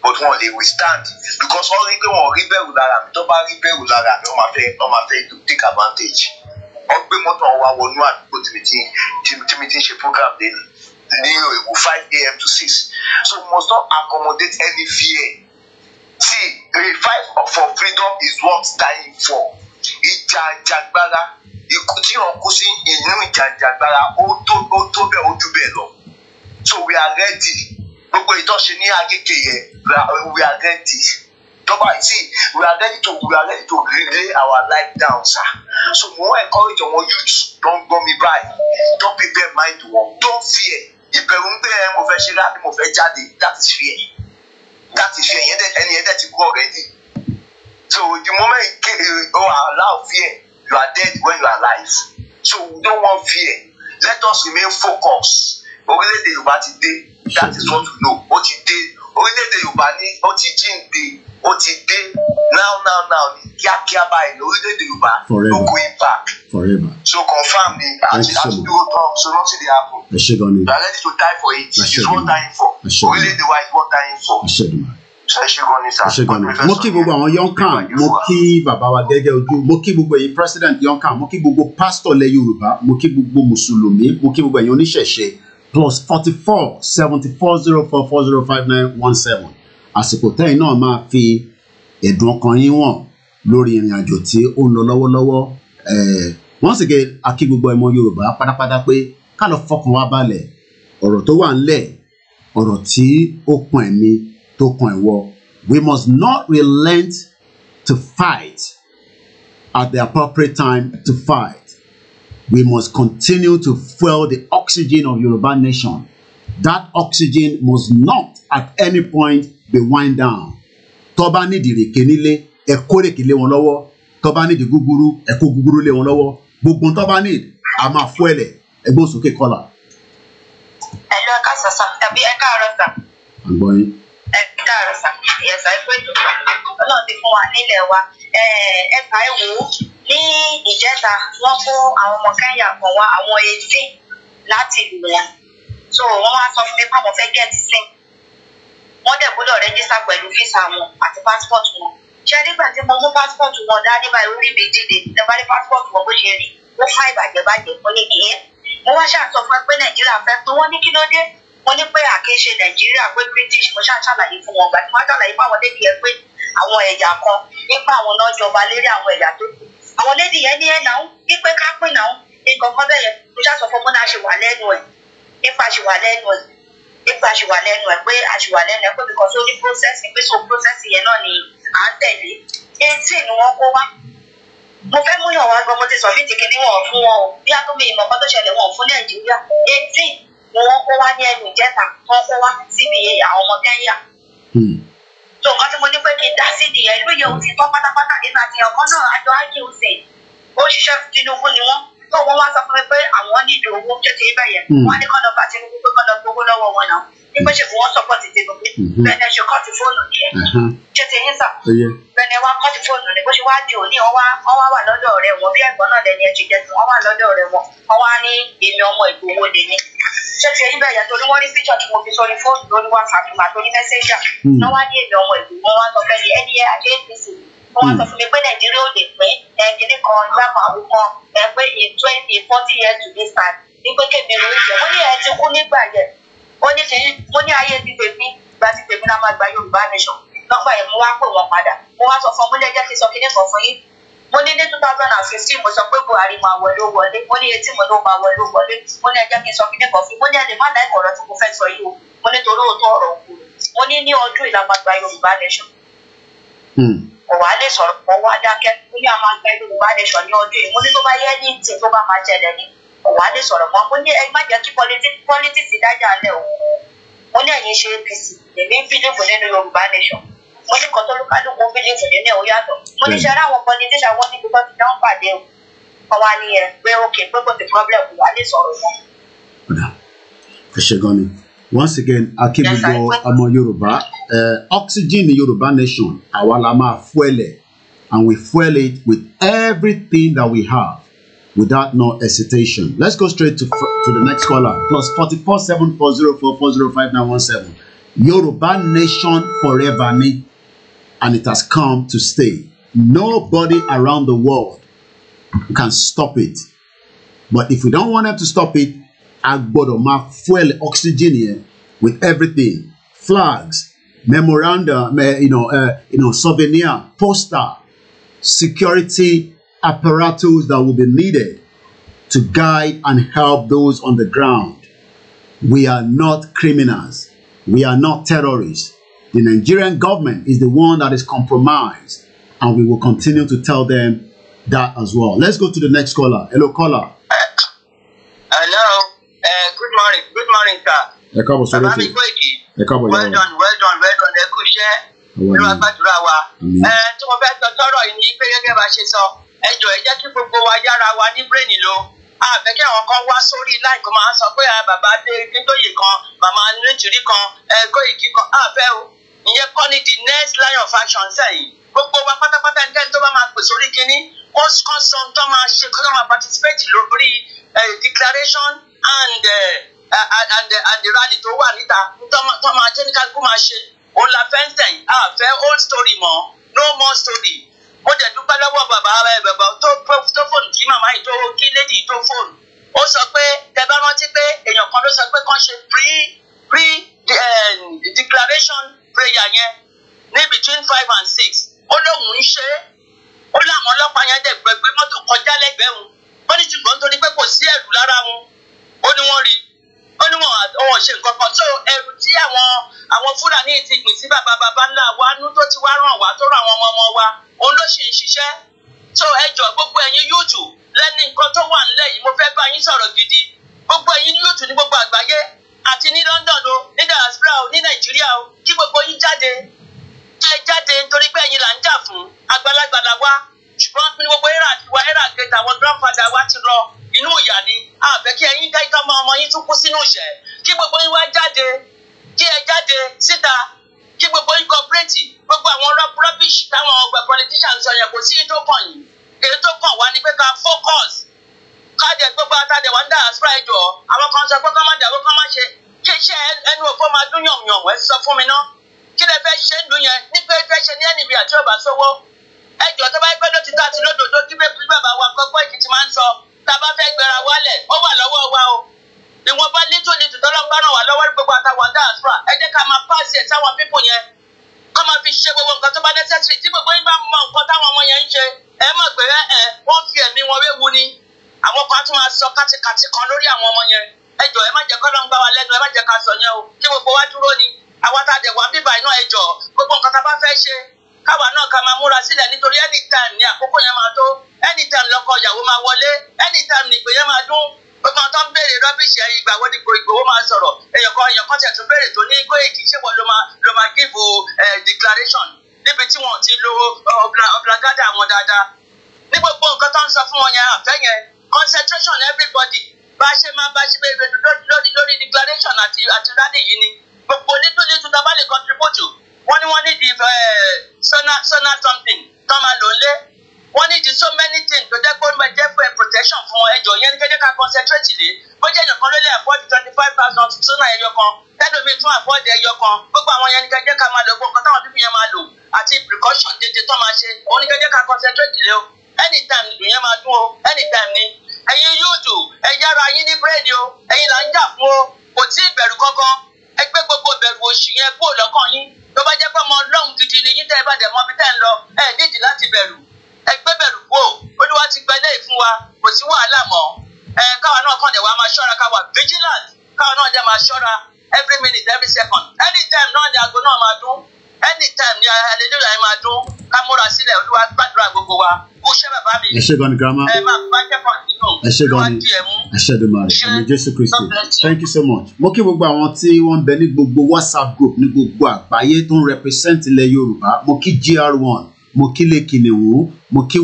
but wọn lè withstand because wọ́n rí pé wọ́n rí bẹ̀rù lára mi tó bá rí bẹ̀rù lára mi wọ́n máa fẹ́ wọ́n máa fẹ́ take advantage wọ́n gbé mọ́tò wọn wá wọnú àdúgbò tí mi ti ń ṣe program lẹ́nu ní òyìnbó five a.m. to six so we must not accommodate any fear see a fight for freedom is worth dying for ìjà ikú tí wọn kú sí inú ìjà ó tó ó tó bẹ́ẹ̀ ó jù lọ so we are ready gbogbo ìtọ́sí ní agége yẹn we are ready tọ́ba sí we are ready to we are ready to lay our life down sir so mo encourage àwọn youths tó gbọ́ mi báyìí don prepare mind wọn don fear ìbẹ̀rù ń gbé ẹ mo fẹ́ ṣe láti mo fẹ́ jáde that is fear that is fear ẹni ẹ̀dẹ̀ ti kú already. So the moment it came, you uh, oh, allow fear, you are dead when you are alive. So we don't want fear. Let us remain focused. Orílẹ̀-èdè Yorùbá ti dé. That is what we know. Ó ti dé. Orílẹ̀-èdè Yorùbá ní ó ti jíǹde. Ó ti dé. Now now now ni kíákíá báyìí orílẹ̀-èdè Yorùbá ló go impact. Forever. So confirm ni àti láti dúró tán so nothing dey happen. Ẹ ṣe gan ni. You are ready to die for it. It is what dying for. Orílẹ̀-èdè wa is what dying for. Ẹ ṣe dùn mo kí gbogbo àwọn yonkan mo kí bàbá wa gẹ́gẹ́ ojú mo kí gbogbo ẹ̀yin president yonkan mo kí gbogbo pastor lẹ̀ yorùbá mo kí gbogbo mùsùlùmí mo kí gbogbo ẹ̀yin oníṣẹ̀ṣe plus forty four seventy four zero four four zero five nine one seven àsìkò tẹ́yìn náà máa fi ẹ̀dùn ọkàn yín wọ̀n lórí ìrìn àjò tí ó ń lọ lọ́wọ́lọ́wọ́ once again akí gbogbo ẹ̀mọ yorùbá pátápátá pé ká lọ fọkàn wa balẹ̀ ọ̀rọ̀ tó wà ńlẹ̀ ọ̀rọ̀ tí ó pọn ẹ̀mí tó kan ìwọ we must not relent to fight at the appropriate time to fight we must continue to fuel the oxygen of Yoruba nation that oxygen must not at any point be wind down tó nídìí ìrèké nílé ẹ kórèké lé wọn lọ́wọ́ tó nídìí gúgúrú ẹ gúgúrú lé wọn lọ́wọ́ gbogbo tó nídìí a máa fọ́ ẹ̀lẹ̀ ẹgbẹ́ òsókè kọ́là. ẹ̀lú ẹ̀ka sọ̀sọ̀ tàbí ẹ̀ka ọ̀rọ̀ sà. àgbọ̀yìn ẹ káàárọ̀ sà yẹsà ẹ pẹ̀tù Ọlọ́run ti fún wa nílẹ̀ wa eh, ẹ kà ẹ wò ó ní ìjẹta wọ́n kó àwọn ọmọ Kẹ́ńyà kan wá àwọn eighteen láti lù wọn so wọ́n wá sọ fún mi pé àwọn fẹ́ get sim wọ́n dẹ̀ gbọ́dọ̀ rẹ́jísà pẹ̀lú físà wọn àti passport wọn ṣé nígbà tí mo mú passport wọn dání báyìí orí mi dìde ẹ bá rí passport wọn bó ṣe rí ó fà ìbàjẹ́ bàjẹ́ fún ní mo wá ṣàtọ fún ẹ pé Nàìjíríà fẹ́ pé wọ́n ní kí ló dé mo ní pé àkínṣe nàìjíríà pé british mo ṣàṣàlàyé fún wọn gbà tí wọn ṣàlàyé fún àwọn lédi yẹn pé àwọn ẹ̀yà kan nípa àwọn náà jọba lérí àwọn ẹ̀yà tó kù àwọn lédi yẹn ní ẹ̀ náà wípé ká pín náà nǹkan kan bẹ́ẹ̀ mo ṣàṣọ fún bọ́nà àṣewà lẹ́nu ẹ̀ nípa àṣewà lẹ́nu ẹ̀ nípa àṣewà lẹ́nu ẹ̀ pé àṣewà lẹ́nu ẹ̀ pé bìkan tó ní processing pé so processing yẹn náà ni à ń tẹ̀lé mo fẹ́ mú wá gan mo ti sọ̀rọ̀ ní wọn fún wọn o bí a ìmọ̀ kan tó ṣẹlẹ̀ wọn fún nàìjíríà eighteen ni wọ́n kó wá ní ẹnu ìjẹta wọ́n kó wá síbi àwọn ọmọ kẹ́ńyà. tó hmm. nǹkan tí mo ní pé kí n dá sí nìyẹn ìlú yẹn ò ti tán pátápátá nínú àti ọkọ náà àjọ ágì òsè ó ṣiṣẹ́ Tinubu ni wọ́n tó wọ́n wá sọ fún mi pé àwọn nílò owó kékeré bẹ̀yẹn hmm. wọ́n á ní kọ́ lọ bá Tinubu pé kọ́ lọ gbowó lọ́wọ́ wọn náà nípa ṣe fún wọn support ìdìbò pé bẹ́ẹ̀ ṣe kọ́ọ̀tù fóònù ní ẹ̀ ṣe ti yín sà bẹ́ẹ̀ wá kọ́ọ̀tù fóònù ní bó ṣe wá di òní wọn wá wà lọ́dọ̀ rẹ̀ wọn bí ẹ̀gbọ́n náà lẹ́ni ẹ̀ jẹ́ wọn wà lọ́dọ̀ rẹ̀ wọn wọn wá ní èmi ọmọ Ìgbòho lè ní ṣé ti ẹyin bẹ́ẹ̀ yẹn torí wọ́n rí tí mo fi sórí fóònù lórí wásaàpù àtòrí mẹ́sẹ́jà náà sọ fún mi pé Nàìjíríà ò lè pín ẹ̀ẹ́dínní kan gbàgbọ́ àwọn kan ẹ eh, pé in twenty forty years to this time ní pé kébìrì ó jẹ́ wọ́n ní ẹ ti kú nígbà yẹn wọ́n ní ṣe wọ́n ní ayé ti tèmi gba ti tèmi náà máa gba yorùbá nation nọ́mbà yẹn mo wá pè wọ́n padà mo wá sọ fún múlẹ̀ jẹ́ sọ kíní kan fún yín mo ní ní two thousand and fifteen mo sọ pé buhari máa wọlé ó wọlé mo ní etí mo ló máa wọlé ó wọlé mo ní ẹ kí n sọ kíní kan fún mo ní ẹ lè má láì ọ̀rọ̀ tí mo fẹ́ sọ yìí o mo ní torí òótọ́ ọ̀rọ̀ òkú mo ní ní ọdún ìlànà gba yorùbá nation ọ̀wá hmm. lè sọ̀rọ̀ kọ́ dákẹ́ ó ní àwọn àgbà yorùbá nation ní ọdún yìí mo ní tó bá yẹ ní tì tó bá máa ṣẹlẹ̀ ní òun á lè sọ̀rọ̀ mọ́ mo ní ẹ má jẹ́ kí politics dájà lẹ̀ o mo ní ẹ̀yin ṣe apc èmi ń bílíìfù nínú yorùbá nation mo ní kọ́tọ́ ń bílíìfù nínú ẹ̀ yàtọ̀ mo ní ṣe àwọn politician wọn ní kíkọ́ ti dán pàdé o wọn wá ní pé ok pé kò sí problem kò sọ̀rọ̀ mọ́. ẹ ṣe gan ni once again akébùdó ọmọ yorùbá oxygen yorùbá nation àwa la máa fuel it and we fuel it with everything that we have without no hesitation. Let's go straight to, to the next caller. Plus 4474044059117. Yoruba nation forever me, and it has come to stay. Nobody around the world can stop it. But if we don't want them to stop it, agbọ́dọ̀ máa fuel oxygen here with everything. Flags, memoranda, you know, uh, you know, souvenir, poster, security apparatus that will be needed to guide and help those on the ground. We are not criminals. We are not terrorists. The Nigerian government is the one that is compromised, and we will continue to tell them that as well. Let's go to the next caller. Hello, caller. Hello. Uh, good morning. Good morning, sir. Ẹ káàbọ̀ sórí ètò. Bàbá mi gbọ́ èdè. Ẹ káàbọ̀ yàrá. Well done, well done, well done. Ẹ kú iṣẹ́. Ẹ wá gbàdúrà wa. Ẹ tí mo fẹ́ sọ sọ́rọ̀ yìí ní pé gẹ́gẹ́ bá ṣe sọ ẹ jọ̀ọ́ ẹ jẹ́ kí gbogbo wa yára wa ní bírèènì lò àfẹ́ àwọn kan wá sórí láì máa sọ pé ah, bàbá dé nítorí kan màmá nítorí kan ẹ̀kọ́ ìkí kan àfẹ́ o ìyẹn kọ́ ni the next line of action gbogbo wa pátápátá ní tó bá máa pè sórí kínní ó kàn sọ tó máa ṣe kó tó máa participate lórí declaration and and and the rally tó wà níta tó máa jẹ́ ní kálukú máa ṣe òun la fẹ́ ń tẹ̀yìn old story mọ́ no more story mo dẹ̀ dúpẹ́ lọ́wọ́ bàbá rẹ̀ bàbá tó fóònù kí màmá yìí tó kí lédi tó fóònù ó sọ pé tẹ bá rántí pé èèyàn kan ló sọ pé kàn ṣe pre pre eh, declaration prayer yẹn ní between five and six ó lóun ń ṣe é ó láwọn ọlọ́pàá yẹn dẹ̀ gbẹgbẹ́ mọ́tò kọjá lẹ́gbẹ̀ẹ́ wọn wọ́n ní ṣùgbọ́n torí pé kò sí ẹ̀rù lára wọn ó ní wọ́n rí ó ní wọn ṣe nǹkan kan tó ẹ̀rù tí àwọn àwọn Fúlàní ti gbìn sí bàbá bàbá ńlá wa nú tó ti wá ràn wá tó ràn àwọn ọmọ ọmọ wa òun ló ṣì ń ṣiṣẹ́ tó ẹjọ́ gbogbo ẹ̀yin yúùtù lẹ́ni nǹkan tó wà nílẹ̀ yìí mo fẹ́ bá yín sọ̀rọ̀ gidi gbogbo ẹ̀yin yúùtù ní gbogbo àgbáyé àti ní London o ní diaspora o ní Nàìjíríà o kí gbogbo yín jáde ẹ jáde nítorí pé ẹ̀yin là ń jà fún àgbàlagbà la wá ṣùgbọ́n pinnu gbogbo ẹ̀rà àtiwá ẹ̀rà àgbẹ̀tà àwọn grandfather wa ti lọ inú ìyà ni àbẹ̀ kí ẹ̀yin ká ìka ọmọ yín tún kú sínú ìṣẹ́ kí gbogbo yín wá jáde kí ẹ jáde síta kí gbogbo yín kọ́pẹ́rẹ́tì gbogbo àwọn rọ́bìṣì táwọn ọgbà politicians sọ yẹn kò sí ètò kàn yìí ètò kàn wá ni pé ká focus kájẹ gbogbo àtàdé wà ń dà àsúrà ẹjọ àwọn kan sọ pé kán má dà ó kán má ṣe kí iṣẹ́ ẹnu òfò máa dún yànmùyàn ẹ sọ fún mi ná kí lè fẹ́ ṣe ń dùn yẹn ní pé fẹ́ ṣe ní ẹnìbí àti ọba sówó ẹjọ tó bá gbẹdọ ti dá sí lódodo kí bàbá wa kọ́kọ́ èkìtì máa ń sọ tá a bá fẹ́ gbẹra wálẹ̀ ó wà lọ́wọ́ wa o ìwọ̀nba nítorí tìtọ́lọ́gbọ́n ràn wá lọ́wọ́ gbogbo àtàwọn dáàsúrà ẹ jẹ́ ká máa pàṣẹ sáwọn pípò yẹn kọ́ máa fi ṣe gbogbo nǹkan tó bá necessary tí gbogbo yín bá mọ nǹkan táwọn ọmọ yẹn ń ṣe ẹ mọ̀ pé ẹ wọ́n fi ẹ̀mí wọn wéwu ni àwọn kan tún máa sọ kátikàti kan lórí àwọn ọmọ yẹn ẹ jọ ẹ má jẹ́ kọ́ ló gbá wa lẹ́nu ẹ má jẹ́ ká sọ yẹn o kí gbogbo wa dúró ni àwa tá a dẹ̀ wá bíbà iná ẹ jọ gbogbo nǹkan tá a bá fẹ́ ṣe káwa náà ká máa múra sílẹ̀ nítorí anytime ni àkókò yẹn máa tó anytime lọ́kọ ìyàwó máa wọlé anytime nìgbè yẹn máa dún ó tún ọtọ́ ń béèrè rọ́bìṣì ẹ̀yìn ìgbà wọ́n ní Ìgbòho máa sọ̀rọ̀ èèyàn kan èèyàn kan tẹ̀tún béèrè tó ní Kóìkì ṣéwọ́ ló máa ló máa give eh, declaration níbi tí wọ́n ti lo ọ̀blàgádà eh, wọn dáadáa ní gbogbo nǹkan tó ń sọ fún wọn yẹn àfẹ́ yẹn concentration everybody bá ṣe máa bá ṣe bẹ̀rẹ̀ lórí lórí declaration àti àti rally yìí ni gbogbo nínú nínú tá a bá lè contribute wọ́n ní wọ́n ní the sonal something tó máa lò ń lé wọ́n ní di so many things tó jẹ́ pé ó jẹ́ fún ẹ protection fún wọn ẹjọ́ yẹn kéde ká concentrate lé bó jẹ́ èèyàn kan ló lè afford twenty five thousand sọ́nà ẹyọ kan tẹ́lómi tún afford ẹyọ kan gbogbo àwọn yẹn kéde ká máa lò gbogbo nǹkan táwọn bíbí yẹn máa lò àti precaution dédé tó máa ṣe òun ní kéde ká concentrate lé o anytime ìdùn yẹn máa dún o anytime ni ẹ̀yin yóòdù ẹ̀yin ara yín ní bírèdì o ẹ̀yin là ń jà fún o kò tí ì bẹ̀rù kankan ẹ gbé gbogbo bẹ̀rù òṣì yẹn kúrò lọ́kàn yín tó bá jẹ́ pé ọmọ ọlọ́run gidi ni yín tẹ́ ẹ bá dẹ̀ mọ́ bí tẹ́ ń lọ ẹ nídìí láti bẹ̀rù ẹgbẹ́ bẹ̀rù wò olúwa ti gba ilé ìfún wa kò sí wàhálà mọ́ káwa náà kàn dé wa máa ṣọ́ra káwa vigilant káwa náà dé máa ṣọ́ra every minute every second anytime náà ni aago náà máa dún anytime ni eh, hallelujah yẹn máa dún ká múra sílẹ̀ olúwa gbàdúrà gbogbo wa kú ṣẹ́ bàbá mi. ẹ grandma máa bá jẹ́ kàn nínú olúwa jésù kristi thank you so much. mo kí gbogbo àwọn tí wọ́n ń bẹ ní gbogbo whatsapp group ní gbogbo àgbáyé tó ń represent ilẹ̀ yorùbá mo kí gr one mo kí lèkìnìún mo kí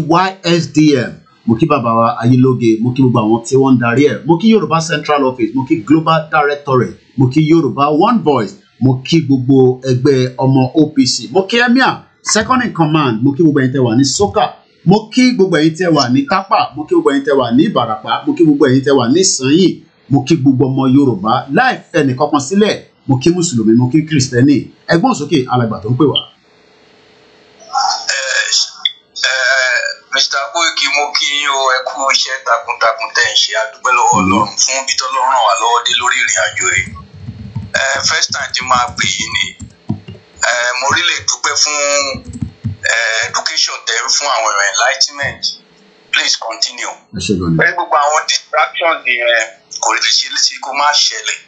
ysdm mo kí bàbá wa ayélóge mo kí gbogbo àwọn tí wọ́n ń darí ẹ̀ mo kí yorùbá central office mo kí global directory, mo kí yorùbá one voice mo kí gbogbo ẹgbẹ́ ọmọ opc mo kí emir second in command mo kí gbogbo ẹ̀yin tẹ́ wà ní soka mo kí gbogbo ẹ̀yin tẹ́ wà ní tápà mo kí gbogbo ẹ̀yin tẹ́ wà ní ìbàràpá mo kí gbogbo ẹ̀yin tẹ́ wà ní sànyìn mo kí gbogbo ọmọ yorùbá láì fẹnìkankan sílẹ̀ mo kí mùsùlùmí mo kí kìrìsìtẹ́nì ẹgbọ́n sókè alàgbà tó ń pè wá. o ẹ kú iṣẹ́ takuntakun tẹ́ ń ṣe adúpẹ́ lọ́wọ́ Ọlọ́run fún bí tọ́lọ́run ràn wá dé lórí ìrìn àjò yìí ẹ first time ti máa pè yín ni ẹ mo rí lè dúpẹ́ fún ẹ education tẹ́ fún àwọn ẹ̀rọ enlightenment please continue pé gbogbo àwọn distractions yẹn kò lè ṣe léṣe kó má ṣẹlẹ̀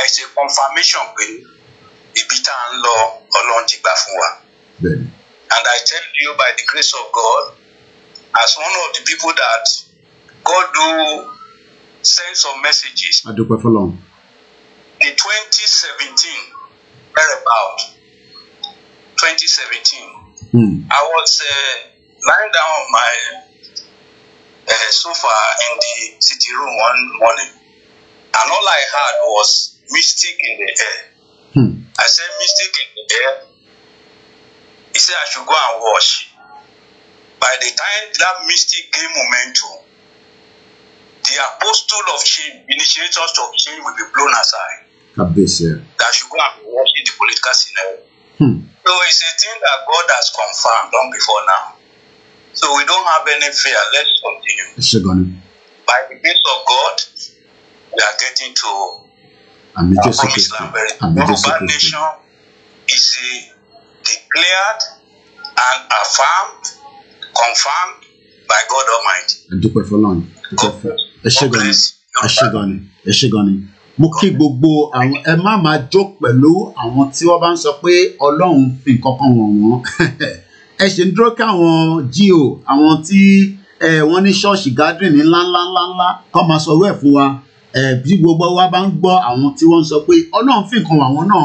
ẹ ṣe confirmation pé ibi tá à ń lọ Ọlọ́run ti gbà fún wa and I tell you by the grace of God as one of the people that God do send some messages. I Adúpẹ́ fọlọ́run. In 2017, thereabout 2017, mm. I was uh, lying down on my uh, sofa in the city room one morning, and all I had was mystic in the air. Hmm. I said, Mystic in the air. He said, I should go and wash by the time that mystic gain momentum, the apostle of change, initiators of change will be blown aside. yeah. That should go and be watching the political scenario. Hmm. So it's a thing that God has confirmed long before now. So we don't have any fear. Let's continue. Shagana. By the grace of God, we are getting to I'm our promised land. Yoruba nation is declared and affirmed confirmed by God Almighty. And dúpẹ́ fọlọ́run ẹ ṣé gan ni ẹ ṣé gan ni ẹ ṣé gan ni mo kí gbogbo àwọn ẹ má máa jó pẹ̀lú àwọn tí wọ́n bá ń sọ pé ọlọ́run fi nǹkan kan wọ̀n wọ́n ẹ ṣe ń dúró kí àwọn geo àwọn tí wọ́n ní ṣọ́ọ̀ṣì gádùn ní ńláńláńláńlá kọ́ máa sọ wẹ́ẹ̀ fún wa bí gbogbo wa bá ń gbọ́ àwọn tí wọ́n ń sọ pé ọlọ́run fi nǹkan àwọn náà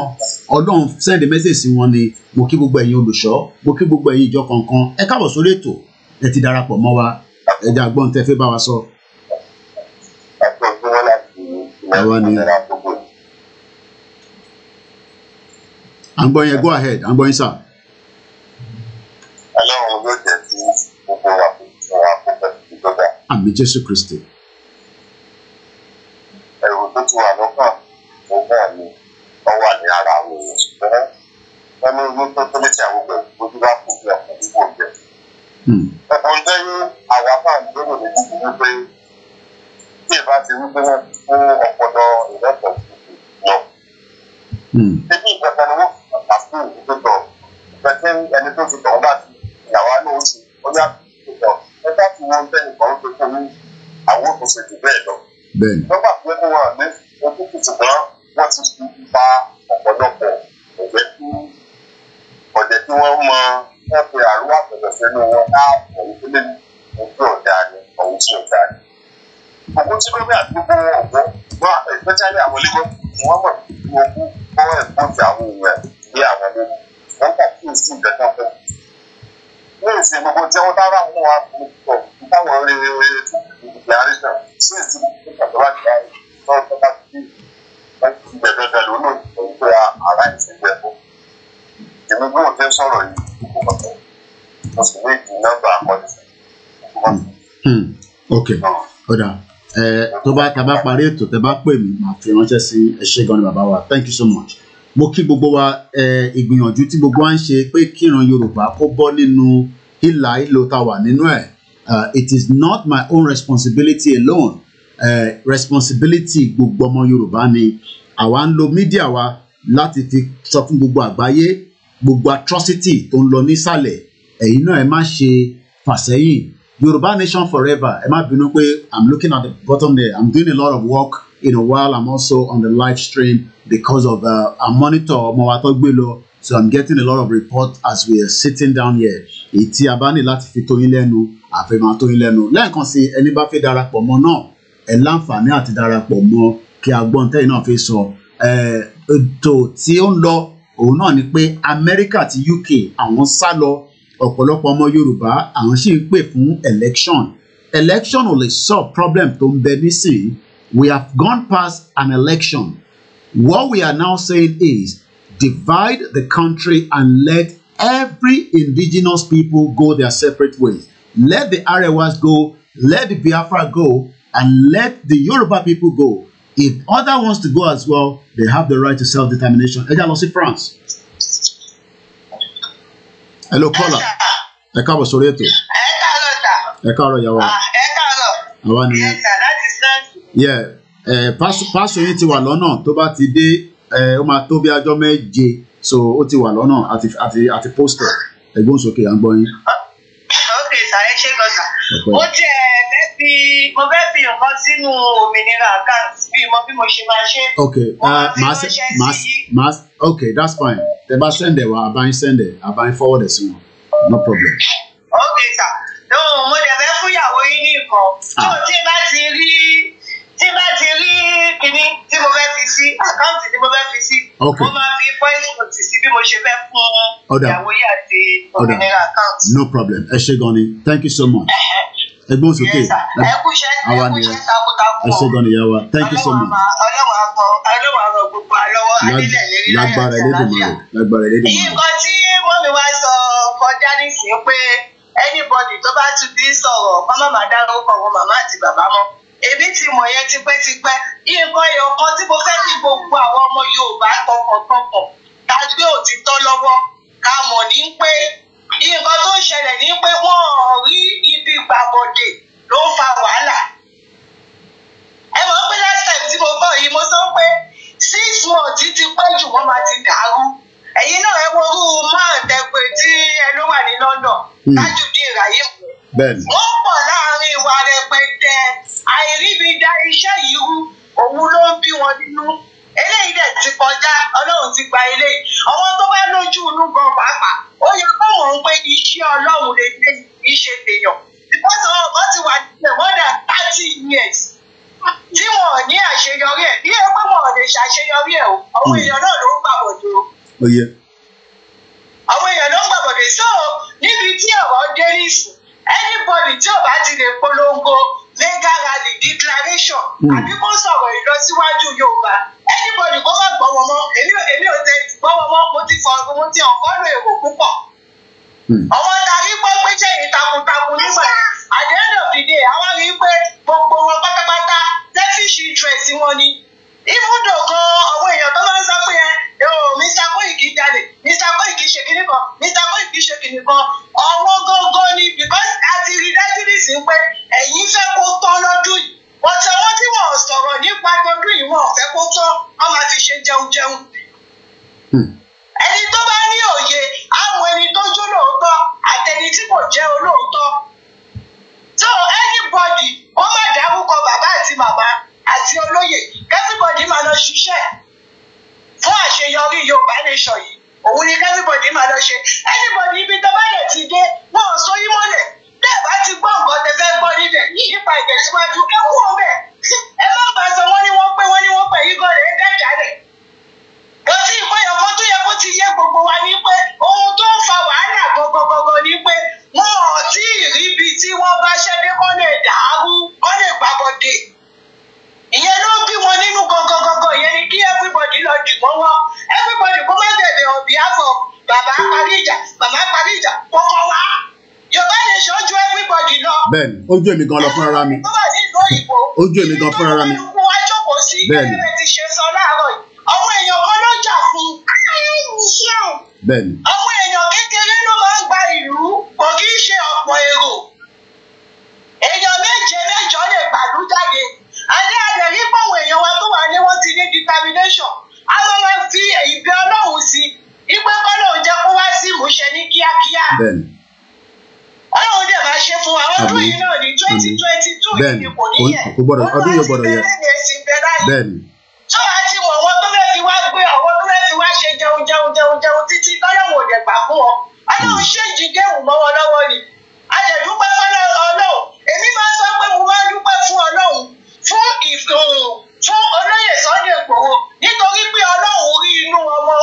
ọlọ́run send message sí wọn ni mo kí gbogbo ẹ̀yin olùṣọ́ mo kí gbogbo ẹ̀yin ìjọ kọ̀ọ̀kan ẹ káàbọ̀ sórí ètò ẹ ti darapọ̀ mọ́ wa ẹ jẹ́ àgbọ̀n tẹ́ fẹ́ bá wa sọ. àwa ni à yẹn go ahead à ń gbọ́ yín sà. ọlọ́run yóò jẹ́ kí gbogbo wa kó fún àmì jésù kristi ti wà lọ́kàn òun náà ni wọ́n wà ní ara àwọn èèyàn ṣùgbọ́n wọ́n ní ní pẹ́pẹ́lẹ́tì àwọn ọgbẹ̀ ojú bá kù bí ọkùnrin gbogbo ọgbẹ́. ọ̀pọ̀ ń tẹ́yìn àwa máa ń lérò ní kúkúrú pé tí ìbá ti wí pé wọ́n kó ọpọlọ ìrẹ́pọ̀ lọ. ebi hmm. ìpẹ̀pẹ̀ ni wọ́n kà á fún ìdókòtò ìpẹ̀tẹ́ ẹni tó ti tọ̀wọ́ bá ti ìyàwó àná oṣù ó ní àpò ìdókòtò ẹgbẹ́ àti wọn tẹ́nìkan ó ti kó àwọn òṣèlú bẹ́ẹ̀ni. lọ́gbà pé kó wà ní ojútùú ṣùgbọ́n wọ́n ti fi ipa ọ̀pọ̀lọpọ̀ ọ̀jẹ̀ kí ọ̀jẹ̀ kí wọ́n mọ wọ́n pe àríwá pẹ̀lẹ́fẹ́ ní wọn á ọ̀hún lé ojú ọ̀dà ni ọ̀hún tí ọ̀dà ni. ògùn tí lórí àdúgbò ọ̀gbọ́ gbọ́ ẹ̀fẹ́jáde àwọn olébọ̀ wọ́n mọ̀ ogún kọ́ ẹ̀kọ́ ti àwọn ní àwọn ológun wọ́n kà kí n sí ìgbẹ́kẹ̀kọ́ ní ìsìn gbogbo tí wọ́n dára wọn wà púpọ̀ táwọn rere rere tí ìdí àríṣà sí ìsìn gbogbo ìjọba ìjọba ìjọba ìjọba ìjọba ìgbẹ̀dẹ̀ pẹ̀lú olóògbé ara ìṣẹ̀gbẹ̀ fún. èmi bí mo sọ̀rọ̀ yìí kò mọ̀ mo sì ní ìdí nọ́mbà àkọsí. ok ọ̀dà eh, tó bá ta parí ètò tẹ bá pè mí màá fi ránṣẹ́ sí ẹ ṣé gan ni bàbá wa thank you so much mo kí gbogbo wa ìgbìyànjú tí gbogbo wa ń ṣe pé kíran yorùbá kó bọ́ nínú ìlà ìlò tá a wà nínú ẹ̀ uh, it is not my own responsibility alone uh, responsibility gbogbo ọmọ yorùbá ni àwa ń lo mídíà wa láti fi sọ fún gbogbo àgbáyé gbogbo atrocity tó ń lọ nísàlẹ̀ ẹ̀yin náà ẹ má ṣe fàsẹ́yìn yorùbá nation forever ẹ má bínú pé i'm looking at the bottom there i'm doing a lot of work In a while i'm also on the live stream because of uh, a monitor mowatogbelo so i'm getting a lot of reports as we are sitting down here ètí abáni láti fi tóyin lẹ́nu àfihàn tóyin lẹ́nu lẹ́ẹ̀kan sí ẹni bá fẹ́ darapọ̀ mọ́ náà ẹ láǹfààní àti darapọ̀ mọ́ kí agbọn tẹ̀yin náà fi sọ ẹ ètò tí ó ń lọ òun náà ni pé amẹ́ríkà àti uk àwọn sá lọ ọ̀pọ̀lọpọ̀ ọmọ yorùbá àwọn sì ń pè fún election election ò lè solve problem tó ń bẹ nísìnyí We have gone past an election. What we are now saying is divide the country and let every indigenous people go their separate ways. Let the Arewas go, let the Biafra go, and let the Yoruba people go. If other wants to go as well, they have the right to self-determination. Ẹ já France. Hello, caller. Ẹ káàbọ̀ sórí ètò. Ẹ káàárọ̀ ìyàwó. Ah, ẹ káàárọ̀. Àwa ni. Eh, pásọ yẹn ti wà lọ́nà tó bá ti dé eh, ó máa tó bí ajọ́ méje so ó ti wà lọ́nà àti pósítọ̀ ẹ̀gbọ́n sókè à ń gbọ́ yín. ok sàyẹ ṣe gọta ó jẹ fẹ́ mo fẹ́ fi nǹkan sínú òmìnira account bí mo bí mo ṣe máa ṣe. ok ah, màá ṣe màá màá ok that's fine tẹ bá sẹ́ndẹ̀ wa àbáyín sẹ́ndẹ̀ àbáyín forward ẹ̀ sí wọn no problem. ok sà mo dẹ̀ fẹ́ fún yín ní nǹkan tó ah. o tí bá ti rí tí bá ti rí kinní tí mo fẹ́ fi sí àkáǹtì tí mo fẹ́ fi sí mo máa fi voice note sí bí mo ṣe fẹ́ fún ìyàwó yìí àti òmìnira account. no problem ẹ ṣé gan ni thank you so much. ẹgbọn sókè ẹ kú iṣẹ́ ẹ kú iṣẹ́ takuntakun ẹ ṣé gan ni ìyá wa thank you so much. ọlọ́wọ́ àgbọ̀ ọlọ́wọ́ àgbọ̀ gbogbo àlọ́wọ́ adílẹ̀ lérí láyé àti lágbára elédè mọ́. nǹkan tí mọ́mi wá sọ èmi ti mọ̀ yẹn tipẹ́tipẹ́ nǹkan ẹ̀yọ̀kan tí mo fẹ́ kí gbogbo àwọn ọmọ Yorùbá tọkàntọkàn ká gbé òtítọ́ lọ́wọ́ ká mọ̀ ní pé nǹkan tó ń ṣẹlẹ̀ ní pé wọ́n rí ibi gbàbọ̀dè ló ń fa wàhálà ẹ mọ̀ pé last time tí mo gbọ́ yìí mo sọ pé six months ti pẹ́ jù wọ́n máa ti dàrú ẹ̀yin náà ẹ worú máa tẹ̀pẹ̀ tí ẹnu wà ní London hmm. Tajudeen Raheem bẹ́ẹ̀ni. ó pọ̀ láàrin ìwà rẹpẹtẹ àìríbi dá iṣẹ́ yìí rú òun ló ń bí wọn nínú eléyìí dẹ̀ ti kọjá ọlọ́run ti gba eléyìí ọwọ́ tó bá lójú inú gan pàápàá ó yẹ kó wọ́n ń pé iṣẹ́ ọlọ́run lè dé iṣẹ́ tèèyàn because àwọn ọ̀gá ti wà nílẹ̀ more than thirty years tí wọn ò ní àṣeyọrí ẹ̀ bí ẹgbẹ́ wọn ò lè ṣàṣeyọrí ẹ̀ o àwọn hmm. èèyàn náà ló ń gbàgbọ́dọ̀ o àwọn èèyàn ló ń gbàgbọ́dọ̀ so níbi tí ọ̀rọ̀ dé nìsín anybody tí ò bá ti lè polongo legal declaration hmm. àbí kó sọ̀rọ̀ ìlọsíwájú yorùbá anybody kó má gbọ́ wọn mọ́ èmi ò èmi ò tẹ gbọ́ wọn mọ́ mo ti fọ mo ti ọ̀kọ́ lo èrò púpọ̀ hmm. àwọn adarí gbọ́ pé sẹ́yìn takuntakun nígbà at the end of the day àwọn rí i pé gbogbo wọn pátápátá selfish interest wọn ni even though kan àwọn èèyàn tó máa ń sọ pé ẹ yóò Mr Koiki jalè Mr Koiki ṣe kinní kan Mr Koiki ṣe kinní kan ọwọ́ gógó ni because a ti rí dájú nísìnyí pé ẹ̀yin fẹ́ kó tán lọ́dún yìí ọ̀tí ọwọ́ tí wọ́n sọ̀rọ̀ nípa lọ́dún yìí wọ́n fẹ́ kó tán wọ́n máa fi ṣe jẹun jẹun. Hmm. ẹni tó bá ní òye àwọn ẹni tó jó lóòótọ́ àtẹni tí kò jẹ́ olóòótọ́ so anybody wọ́n má dárúkọ bàbá àti màmá àti olóyè everybody máa lọ ṣiṣẹ́ fún àṣeyọrí Yorùbá nation yìí òun ni everybody máa lọ ṣe anybody ibi tó bá lè ti dé wọn ò sóyún mọ́lẹ̀ bẹ́ẹ̀ bá ti gbọ́ nǹkan tẹ fẹ́ gbọ́ níbẹ̀ nípa ìtẹ̀síwájú ẹ kú ọbẹ̀ ẹ má bàa sọ wọ́n ní wọ́n pé wọ́n ní wọ́n pẹ̀ yígọ́ rẹ̀ ẹ dájà rẹ̀ lọ sí ìkọyọ̀kọ́ tó yẹ kó ti yé gbogbo wa ní pé ohun tó ń fa wàhálà gọgọgọgọ ni pé wọn ò tí ì ríbi tí wọ́n bá ṣẹ́dé kọ́ lè dàrú kọ́ lè gbàbọ̀dé ìyẹn ló bí wọn nínú gangan gangan ìyẹn ni kí everybody lọ dì mọ́ wọn everybody kó má bẹ̀bẹ̀ ọ̀bì àbọ̀ bàbá parí ìjà bàbá parí ìjà kọ́kọ́ wá yorùbá lè ṣojú everybody lọ. bẹ́ẹ̀ni ojú èmi gan lọ fún ara mi ojú èmi gan fún ara mi bẹ́ẹ̀ni ọmọ èèyàn kan ló jà fún bẹ́ẹ̀ni ọmọ èèyàn kékeré ló máa ń gba ìlú kò kì í ṣe ọ̀pọ̀ èrò èèyàn méje mẹ́jọ lè pàdú jáde alẹ́ àdè rí pọ̀wọ̀ èèyàn wa tó wà ní wọ́n ti ní determination a máa ma fi ìbí ọlọ́run sí ipe kọ́lọ́run jẹ́ kó wá sí ìmúṣẹ ní kíákíá ọlọ́run dẹ̀ máa ṣe fún wa ọdún yìí náà ní twenty twenty two yìí ni kò ní yẹ ọdún yìí gbọ́dọ̀ yẹ bẹ́ẹ̀ni tó a ti mọ̀ wọ́n tó fẹ́ fi wá gbé ọ̀wọ́ tó fẹ́ fi wá ṣe jẹun jẹun jẹun jẹun títí tọ́lọ́wọ̀ òdẹ̀ gbà fún ọ ọlọ́run hmm. ṣe ìjìgẹ́wù mọ́ wọn lọ́wọ́ ni a dẹ̀ dúpẹ́ fọ́lọ́ ọlọ́run èmi máa sọ pé mo máa dúpẹ́ fún ọlọ́run fún ìfòòrò fún olóyè Sunday Igboho nítorí pé ọlọ́run rí inú ọmọ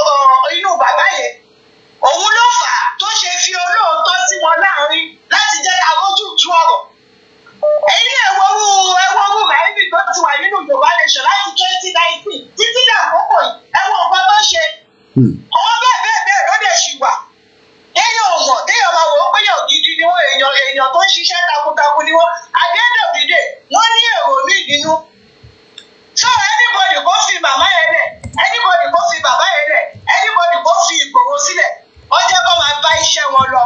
inú bàbá yẹn òun ló fà á tó ṣe fi olóòótọ́ sí wọn láàrin láti jẹ́ arójú ọ̀rọ̀ ẹ̀yin ẹ̀wọ̀rú ẹ̀wọ̀rú ràìbì tó ti wà nínú Yorùbá nation láti twenty nineteen títí dàkókò yìí ẹ̀wọ̀n nǹkan tó ṣe àwọn hmm. bẹ́ẹ̀ bẹ́ẹ̀ bẹ́ẹ̀ ló ṣì wà téèyàn ò mọ̀ téèyàn máa wò ó pé èèyàn gidi ni wọ́n èèyàn èèyàn tó ń ṣiṣẹ́ takuntakun ni wọ́n at the end of the day wọ́n ní èrò míì nínú. so anybody kó fi màmá yẹn lẹ̀ anybody kó fi bàbá yẹn lẹ̀ anybody kó fi ìgbòho sílẹ̀ ọjọ́ kó máa bá iṣẹ́ wọn lọ.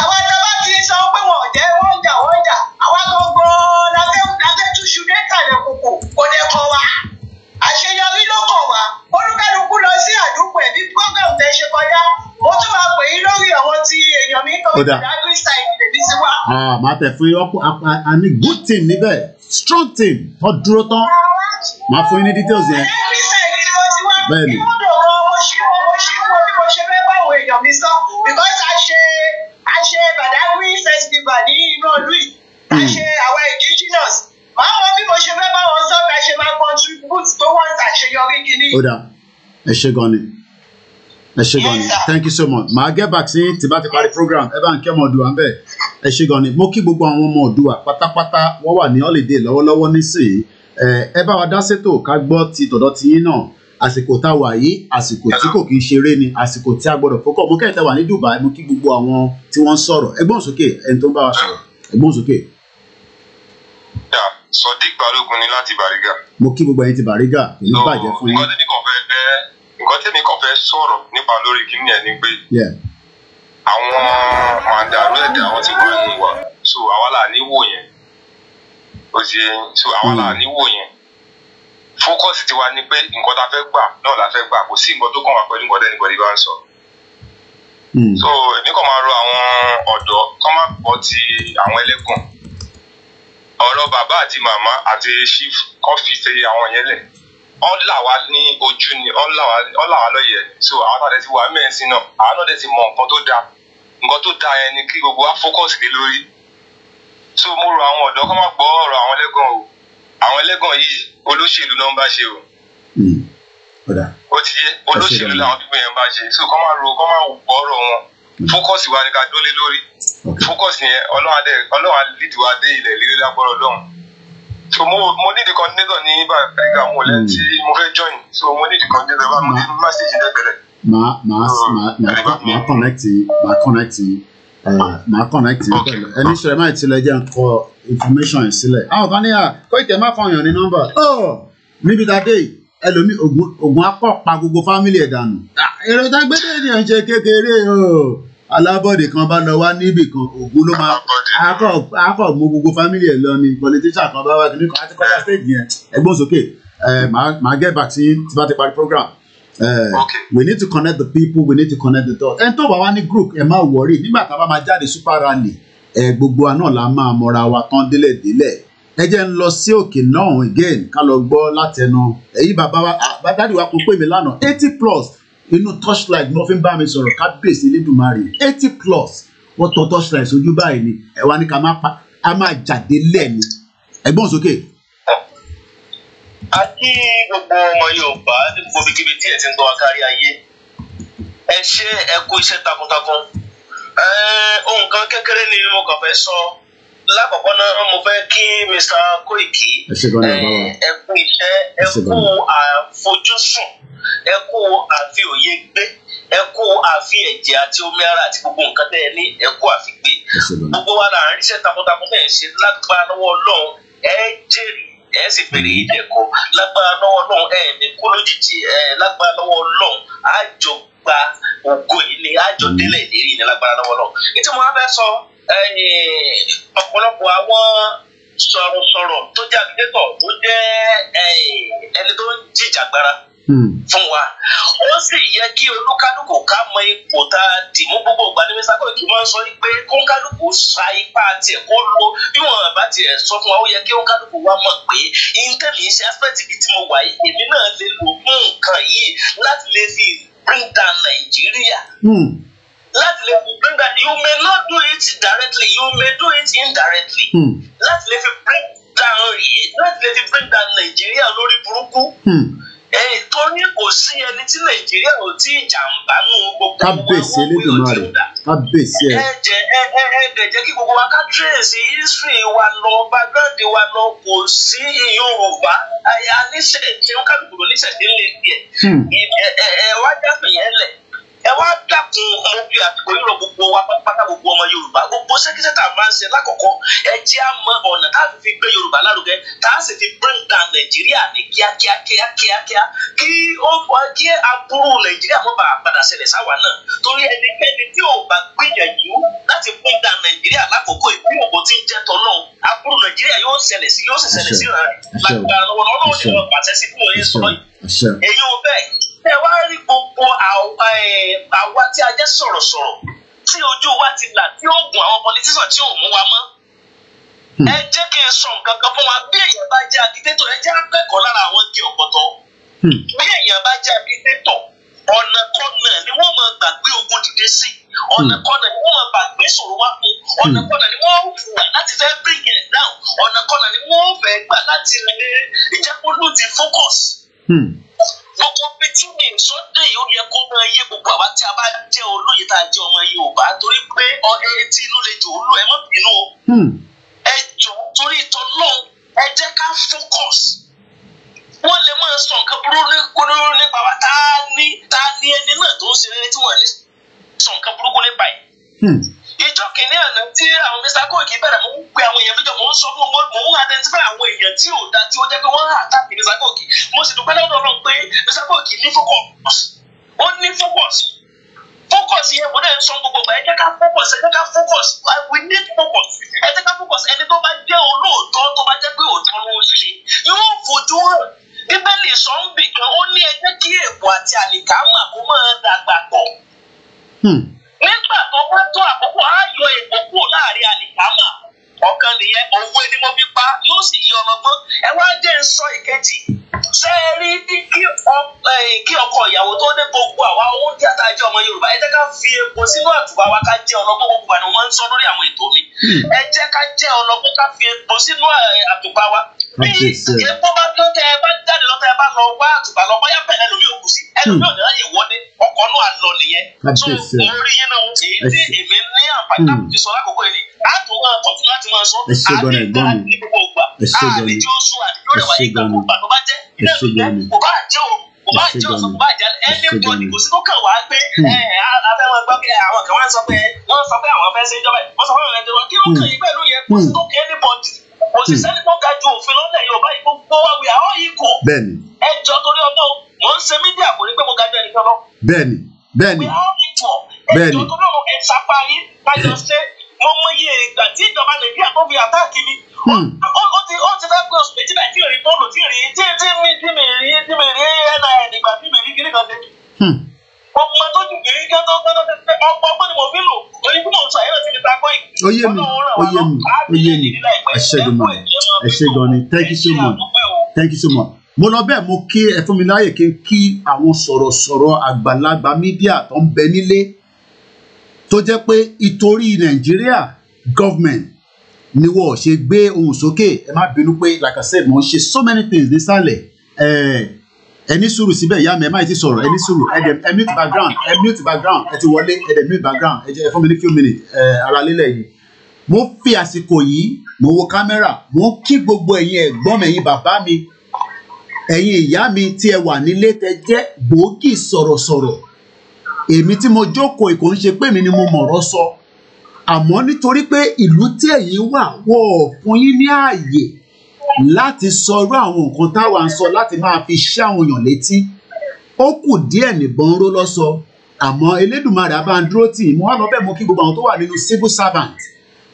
àwọn atábá ti sọ pé wọn ò jẹ́ wọ́n ń jà wọ́n ń jà àwọn gbogbo la fẹ́ túṣu dé tàlẹ̀ kòkò kò dé kọ́ wa àṣeyọrí ló kàn wá olúkálukú lọ sí àdúgbò ẹbí program tẹ ṣe kọjá mo tún máa pè yín lórí ọ̀wọ́n ti èèyàn mi kan ìdágbé side tèmi sí wa. màá tẹ̀ fún yín ọkọ a ní good team níbẹ̀ strong team tó dúró tán màá fún yín ní details yẹn. ẹgbẹ́ ni mo festival ní inú ọdún yìí a hmm. ṣe àwọn indigenous báwọn bí mo ṣe fẹ́ báwọn sọ̀rọ̀ ẹ ṣe máa contribute towards àṣeyọrí kìíní. ó dà ẹ ṣe gan ni ẹ ṣe gan ni thank you so much màá get back sí tí bá ti parí program ẹ bá ń kí ọmọ ọdún à ń bẹ ẹ ṣe gan ni mo kí gbogbo àwọn ọmọ ọdún à pátápátá wọ́n wà ní holiday lọ́wọ́lọ́wọ́ nísìnyí ẹ bá wa dá sétò ká gbọ́ ti tọ̀dọ̀ ti yín náà àsìkò tá a wà yìí àsìkò tí kò kì í ṣeré ni àsìkò tí a gbọ́dọ̀ fọkọ mo kẹ́yìn tá a wà ní Dubai mo kí gbogbo àwọn tí wọ́n ń sọ̀rọ̀ ẹgbọ́n sókè ẹni tó ń bá wa sọ̀rọ̀ ẹgbọ́n sókè. Sodiq Balógun ni láti Bàrígà. mo kí gbogbo ẹ̀yin ti Bàrígà kì í bàjẹ́ fún yín. nǹkan tẹ́mi kàn fẹ́ nǹkan tẹ́mi kàn fẹ́ sọ̀rọ̀ nípa lórí kíní ẹ̀ ni pé àwọn màdàrú ẹ̀dá wọn ti gbọ́ ẹnu wa so àwa là ní wò yẹn ó ti so àwa là ní wò yẹn fókọ́sì tiwa ni pé nǹkan tá a fẹ́ gbà náà la fẹ́ gbà kò sí nǹkan tó kàn wá pẹ̀lú nǹkan tẹ́nìbọ̀dì bá ń sọ. Hmm. so èmi kàn máa rọ àwọn ọ̀dọ́ kọ́ máa gbọ́ ti àwọn ẹlẹ́gùn ọ̀rọ̀ bàbá àti màmá àti chief kọ́ fi ṣe àwọn yẹn lẹ̀ ọ́n là wá ní ojú ni ọ́n là wá lọ́yẹ̀ so àwọn àtàdé ti wà mẹ́ẹ̀sìn náà àwọn náà dẹ̀ ti mọ nǹkan tó dáa nǹkan tó dáa yẹn ni kí gbogbo wa fókọ̀sì lé lórí so mo rọ àwọn ọ̀dọ́ kó má gbọ́ ọ̀rọ̀ àwọn ẹlẹ́gàn o àwọn ẹlẹ́gàn yìí olóṣèlú náà ń bá ṣe o hmm. ó ti yé olóṣèlú làwọn pípẹ́ yẹn ń bá ṣe so kó má ro kó má gbọ́ ọ̀rọ̀ wọn hmm. fókọ̀sì wa ni ká dólé lórí focus yẹn ọlọ́run adé ọlọ́run alídìí wa dé ilẹ̀ ìlérí lágbára ọlọ́run so mo mo need coordinator ní bàbá mo lẹ́yìn hmm. tí mo fẹ́ join so mo need coordinator bá mo ní hmm. message lẹ́gbẹ̀rẹ̀. ma ma ma ma connect ma connect eh, ma connect ẹni sọ̀rọ̀ ẹ̀ máa tilẹ̀ jẹ́ nǹkan information yẹn sílẹ̀. àwọn kan ní à kó ìtẹ̀ má fọyàn ní nọ́mbà oh, níbi tá a dé yìí ẹlòmí ogun ogun akọ pa gbogbo fámìlì ẹ̀ dànù. Ah, èrò tá a gbé dé ni à ń ṣe kékeré o. Oh alábọ̀dé kan bá lọ wá níbì kan ògún ló máa akọ̀ mú gbogbo fámìlì ẹ̀ lọ ni politician kan bá wá kí ní kan àti kọ́lá stage yẹn ẹgbọ́n sókè màá get tí tí bá ti parí program. okay. we need to connect the people we need to connect the dots. ẹni tó bá wá ní group ẹ má wọrí nígbà tá a bá máa jáde super rally ẹ gbogbo àná la máa mọra wa tán délẹ̀ délẹ̀ ẹ jẹ́ ń lọ sí òkè náà again ká lọ gbọ́ látẹnu èyí bàbá wa ah, dádì wa kò pè mí lánàá eighty plus inú torchlight ni wọ́n fi ń bá mi sọ̀rọ̀ kábíyèsí elédùnmarè eighty plus wọ́n tọ torchlight sójú báyìí ni ẹ wá ní ká má pa á máa jáde lẹ́ẹ̀ni ẹgbọ́n sókè. a kí gbogbo ọmọ Yorùbá ní gbogbo ibikíbi tí ẹ ti ń gbọ́ kárí ayé ẹ ṣe ẹ kú iṣẹ́ takuntakun ohun kan kékeré ni mo kàn fẹ́ sọ lákọ̀ọ́kọ́ náà mo fẹ́ kí Mr. Koiki ẹ kú iṣẹ́ ẹ kú àfojúsùn ẹ kú àfi òye gbé ẹ kú àfi ẹ̀jẹ̀ àti omi ara àti gbogbo nǹkan tẹ́ ẹ ní ẹ kú àfi gbé gbogbo wa là ń ríṣẹ́ takuntakun tẹ́ ẹ ṣe lágbára lọ́wọ́ Ọlọ́run ẹ jèrè ẹ sì bèrè ìdẹ̀kọ́ lágbára lọ́wọ́ Ọlọ́run ẹ ní kú lójijì ẹ lágbára lọ́wọ́ Ọlọ́run àjọ gba ògo yìí ni àjọ délẹ̀ ìlérí ní lágbára lọ́wọ́ Ọlọ́run ìtí mo fẹ́ sọ ọ̀pọ̀lọpọ̀ àwọn sọ̀rọ̀sọ̀rọ̀ tó jẹ́ àgbẹ̀tọ̀ tó jẹ́ ẹni tó ń jìjàgbara fún wa ó sì yẹ kí olúkálùkù ká mọ ipò tá a dì mú gbogbo ìgbà ní mísà kóìkì máa ń sọ pé kóńkálùkù sa ipá tiẹ̀ kó lo bí wọn bá tiẹ̀ sọ fún wa ó yẹ kí kóńkálùkù wa mọ̀ pé intanet ń ṣe aspect bíi tí mo wà yìí èmi náà lè lò mú nǹkan yìí láti lè fi bring down Nàìjíríà hmm. láti lè fi bring down you may not do it directly you may do it indirectly hmm. láti lè fi bring down láti lè fi bring down Nàìjíríà lórí burúkú. Hmm ẹ̀yìn tó ní kò sí ẹni tí nàìjíríà ò tí ìjàmbá nù gbogbo wa wọ́n wí ojú ìdá ẹ̀jẹ̀ ẹ̀ẹ́dẹ̀ jẹ́ kí gbogbo wa ká tírèsì history wa lọ background wa lọ kò sí yorùbá àyà níṣẹ̀ṣẹ̀ ń kálukú níṣẹ̀ṣẹ̀ ń lè pè é ẹ̀ ẹ̀ wájà pè é lẹ̀ ẹ wá dákun mo fi àtìkò yìí rọ gbogbo wa pátápátá gbogbo ọmọ yorùbá gbogbo sẹkẹsẹ tá a máa ń ṣe lákọ̀ọ́kọ́ ẹ jẹ́ á mọ ọ̀nà tá a fi fi gbé yorùbá lárugẹ tá a sì fi bring down nàìjíríà ní kíákíá kíákíá kí ó kí aburú nàìjíríà mọ́ bá a padà ṣẹlẹ̀ sáwa náà torí ẹnikẹ́ni tí ò bá gbìyànjú láti bring down nàìjíríà lákòókò ìpín òkò tí ń jẹ́ tọ́lọ́ aburú nàìjíríà yóò ṣẹlẹ̀ sí yóò sì ṣẹlẹ̀ sí tẹ́ wá rí gbogbo eh, àwa tí a jẹ́ sọ̀rọ̀sọ̀rọ̀ tí ojú wa ti là tí oògùn àwọn politician tí ò mú wa mọ́ hmm. ẹ jẹ́ kí n sọ nǹkan kan fún wa bí èèyàn bá jẹ́ agídétọ̀ ẹ jẹ́ akẹ́kọ̀ọ́ lára àwọn igi ọ̀pọ̀tọ́ hmm. bí èèyàn bá jẹ́ agídétọ̀ ọ̀nà kọ́nà ni wọ́n máa gbà ogun dìde sí ọ̀nà hmm. kọ́nà ni wọ́n máa gbà sòrò wá fún ọ̀nà kọ́nà ni wọ́n gbà láti fẹ́ bring it down ọ̀nà kọ́nà ni wọ́n fẹ́ gbà láti lè ìjẹ́kúndùn ti focus gbogbo bíi tí mi sọ́dẹ̀ yìí ó yẹ kó máa yé gbogbo àwa tí a bá jẹ́ olóyè tá a jẹ́ ọmọ Yorùbá torí pé ọ̀rẹ́ etí inú lè jò ó lò ẹ má bínú o hmm. ẹ jọ torí ìtọ́ náà ẹ jẹ́ ká focus wọ́n lè máa sọ nǹkan burúkú nípa wa tá a ní ẹni náà tó ń ṣe rere tí wọ́n lè sọ nǹkan burúkú nípa ẹ̀. Hmm ìjọ kìíní àná tí àwọn Mr Koiki bẹ̀rẹ̀ mò ń pe àwọn èèyàn méjọ mò ń sọ fún wọn mò ń identify àwọn èèyàn tí ò da tí ó jẹ́ pé wọ́n attack Mr Koiki mo sì dúpẹ́ lọ́dọ̀ Ọlọ́run pé Mr Koiki ní focus ó ní focus focus yẹn mo dẹ̀ ń sọ gbogbo ẹ̀ jẹ́ ká focus ẹ̀ jẹ́ ká focus we need focus ẹ̀ jẹ́ ká focus ẹni tó bá jẹ́ olóòótọ́ tó bá jẹ́ pé òótọ́ ló ń ṣe yóò fojú hàn bíbélì sọ ń bì kan ó ní ẹ jẹ́ kí èèpo àti àlìkámà kó máa dàgbà pọ̀. Hmm nígbà tó bá tó àkókò á yọ láàrin àlìkámà ọ̀kan nìyẹn òwe ni mo fi pa yóò sì yí ọlọ́gbọ́n ẹ wá jẹ́ ń sọ ìkejì ṣé ẹ rí kí ọkọ ìyàwó tó dé gbogbo àwa ohun tí àtàjẹ ọmọ Yorùbá ẹ jẹ́ ká fi epo sínú àtùpà wa ká jẹ́ ọlọ́gbọ́n gbogbo àná wọ́n ń sọ lórí àwọn ètò mi hmm. ẹ jẹ́ ká jẹ́ ọlọ́gbọ́n ká fi epo sínú àtùpà wa bí epo bá tó ẹ bá jáde lọ́tọ̀ ẹ bá lọ wá àtùpà lọ bóyá bẹ́ẹ̀ ẹlòmí ò sí ẹlòmí ò ní láyè wọlé ọkọ̀ náà lọ nìyẹn tó orí máa sọ àbí gbà ní gbogbo ògbà àbí tí ó sún àbí lórí wáyé gbà kó gbà tó bá jẹ ilé ìgbẹ kò bá jẹ o kò bá jẹ ọsàn kò bá jẹ ẹni bọdì kò sí tó kàn wá pé hmm. ẹ abẹ́ wọn gbọ́ pé àwọn kan wá sọ pé wọ́n sọ pé àwọn fẹ́ ṣe ìjọba wọ́n sọ pé àwọn ẹ̀jẹ̀ wọn kí ló hmm. kàn yín pẹ̀lú yẹn kò hmm. sí tó kàn ẹni bọdì kò sí sẹ́ni tó ga ju òfin lọ́lẹ̀ Yorùbá yìí gbogbo wa wíyà ọ́ yìí kò ẹjọ́ torí ọmọ mò ń ṣe mídíà kò ní pẹ́ mo ga ju ẹnìkan lọ. bẹ́ẹ̀ni bẹ́ẹ̀ni bẹ́ẹ̀ni ẹjọ́ torí ọmọ ẹ mo mọ iye ìgbà tí ìjọba nàìjíríà tó fi àtáàkì mi hmm. ó ti ó ti fẹ́ pé oṣù méjì nàìjíríà rí bọ́ọ̀lù tí rí tí tí mi tí mi rí tí mi rí nin ìgbà tí mi rí kiri kan dé. Hmm. ọmọ tó jù kiri kí ọtọ gbọdọ ti fẹ ọgbọ ni mo fi lò oyin tí mo sọ ayélujára ti fi ta kọ́ yìí. ó mi ó mi ó mi ẹ ṣé gan ni thank you so much thank you so much mo lọ bẹ́ẹ̀ mo kí ẹ fún mi láàyè kí n kí àwọn sọ̀rọ̀sọ̀rọ̀ àgbàlagbà mídíà tó ń bẹ nílé tó jẹ́ pé ìtorí nàìjíríà government ni wọ́n ṣe gbé ohùn sókè ẹ má bínú pé like I said mo ń ṣe so many things nísàlẹ̀ ẹ ní sùúrù síbẹ̀ ìyá mi ẹ má ti sọ̀rọ̀ ẹ ní sùúrù ẹ mute background ẹ mute background ẹ ti wọlé ẹ dẹ̀ mute background ẹ jẹ́ ẹ fún mi ní few minutes ẹ ara lílẹ̀ yìí mo fi àsìkò yìí mo wo kámẹ́rà mo kí gbogbo ẹ̀yin ẹ̀gbọ́n mi ẹ̀yin bàbá mi ẹ̀yin ìyá mi tí ẹ wà nílé tẹ jẹ́ gbòógì sọ̀rọ̀sọ̀rọ̀ èmi tí mo jókòó kò ń ṣe pé mi ni mo mọ̀rọ̀ sọ àmọ́ nítorí pé ìlú tí ẹ̀yin wà wọ́n ò fún yín ní ààyè láti sọrú àwọn nǹkan táwa ń sọ láti máa fi ṣe àwọn èèyàn létí ó kù díẹ̀ nìbọn ró lọ́sọ àmọ́ Elédùmarè bá tì í mo wá lọ bẹ́ẹ̀ mo kí gbogbo àwọn tó wà nínú civil servant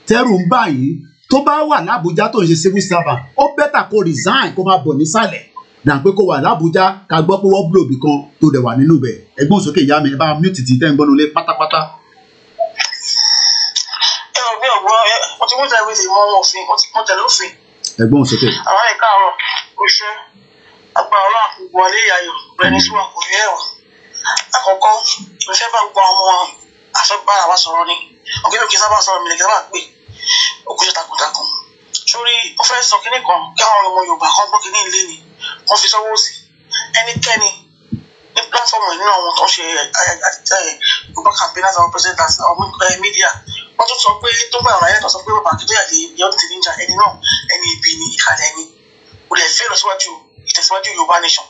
tẹ́rù ń bà yín tó bá wà lábújá tó ń ṣe civil servant ó bẹ́tà kó resign kó máa bọ̀ nísàlẹ̀ dàn pé kó wà lábújá ká gbọ́ pé wọ́n búlòbì kan tó dẹ̀ wà nínú bẹ̀ ẹgbọ́n sókè ìyá mi ẹ bá mute ti tẹ́ ń gbọ́nu lé pátápátá. ẹ ò bí ọgbọ́n ẹ mo ti mú tẹ̀lé ti mọ ohun òfin mo ti mú tẹ̀lé òfin. ẹgbọ́n sókè. àwọn ẹ̀ka ọ̀rọ̀ oṣù agbára ọlọ́run kò wọlé ìyàyò rẹ ní sùwà kò yẹ ẹ̀wà àkọ́kọ́ ìfẹ́ bá gbọ́ àwọn afẹ́bára wa sọ̀rọ̀ ni òkèlókè sábà sọ̀rọ̀ mi lè kí sábà pè òkúta takuntakun sórí ó fẹ́ sọ kínní kan kí àwọn ọmọ Yorùbá kan gbọ́ kínní ilé ni wọ́n fi sọ́wọ́ sí ẹnikẹ́ni ní pílátọ́ọ̀mù nínú àwọn tó ń ṣe gbogbo campaign láti àwọn president àti àwọn eh, media wọ́n tún sọ pé tó bá ọ̀rọ̀ ayé tó sọ pé bàbá akíndé àti ìyá òtún níjà ẹni náà ẹni ibi ni ìkàlẹ̀ ẹni kò lè fẹ́ lọ́síwájú ìtẹ̀síwájú Yorùbá nation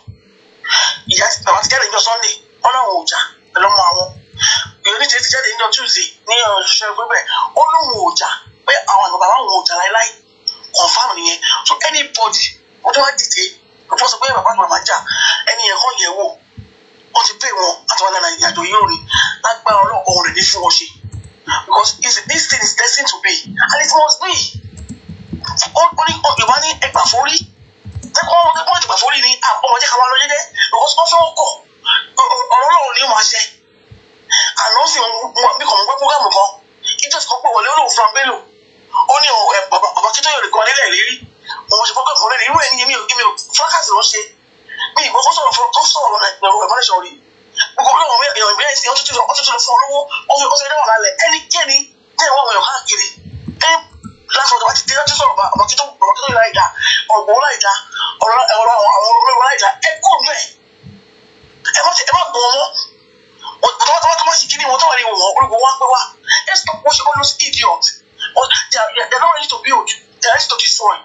ìyá bàbá ti jáde ní ọjọ́ Sunday wọn náà wò jà pẹ̀lú ọmọ àwọn èyí ní ti jáde ní ọjọ́ Tuesday ní ọ̀ṣọ́ ìgbẹ́bẹ̀ ó lóun wò jà pé àwọn àgbà bàbá wọn wò jà láéláé confam nìyẹn so anybody ó tó wá dìde wọ́n sọ pé bàbá àti màmá jà ẹni yẹn kọ́ yẹ̀ wò ó ti pè wọn láti wá lára ìrìnàjò yìí ò ní lágbára ọlọ́kọ̀ rẹ̀ ní fún wọn ṣe because this thing is destined to be and it must be ó ní ìwà ní ẹgbà forí tẹ́kọ̀ wọn kẹ́kọ̀ọ́ ìgbà forí ni ọmọ jẹ́ ká wá lọ yé dẹ́ because wọ́n fẹ́ ọkọ̀ ọ̀rọ̀ náà ni wọ́n ṣe àná sì mi kàn mú pé program kan kí tó ti kọ́ pé wọlé olóòfin abẹ́lò ó ní bàbá kí tó yọ̀ nìkan nílẹ̀ rírí òun ṣe program fún lẹ́nu irú ẹni yẹn mi ò mi ò fracas ló ṣe mi ìgbọ́ kó sọ̀rọ̀ fún kó sọ̀rọ̀ ẹ̀rọ ẹ̀mọ́lẹ́sọ̀ rí gbogbo pé àwọn èèyàn ìbílẹ̀ ẹ̀sìn ọ̀tún tuntun ọ̀tún tuntun fún olówó ọ̀fẹ́ ọ̀sẹ̀ dáwọ̀ lálẹ́ ẹnikẹ́ni tẹ̀ wọ́n èèyàn káàkiri ẹni láfọ̀ tó bá ti dé láti sọ̀rọ̀ bàbákító bàbákító ìlà ìdá ọ̀gbọ̀n ọ̀la ìdá ọ̀rọ̀ àwọn olóòrùn ìdá ẹ kó bẹ́ẹ̀ ẹ má ẹ má gbọ́ wọn tọ́wọ́ tọ́wọ́ sì kíni wọn tọ́wọ́ ni wọn olùkọ́ wọn pé wá ẹ stop watching all those idiots they are not ready to build they are ready to destroy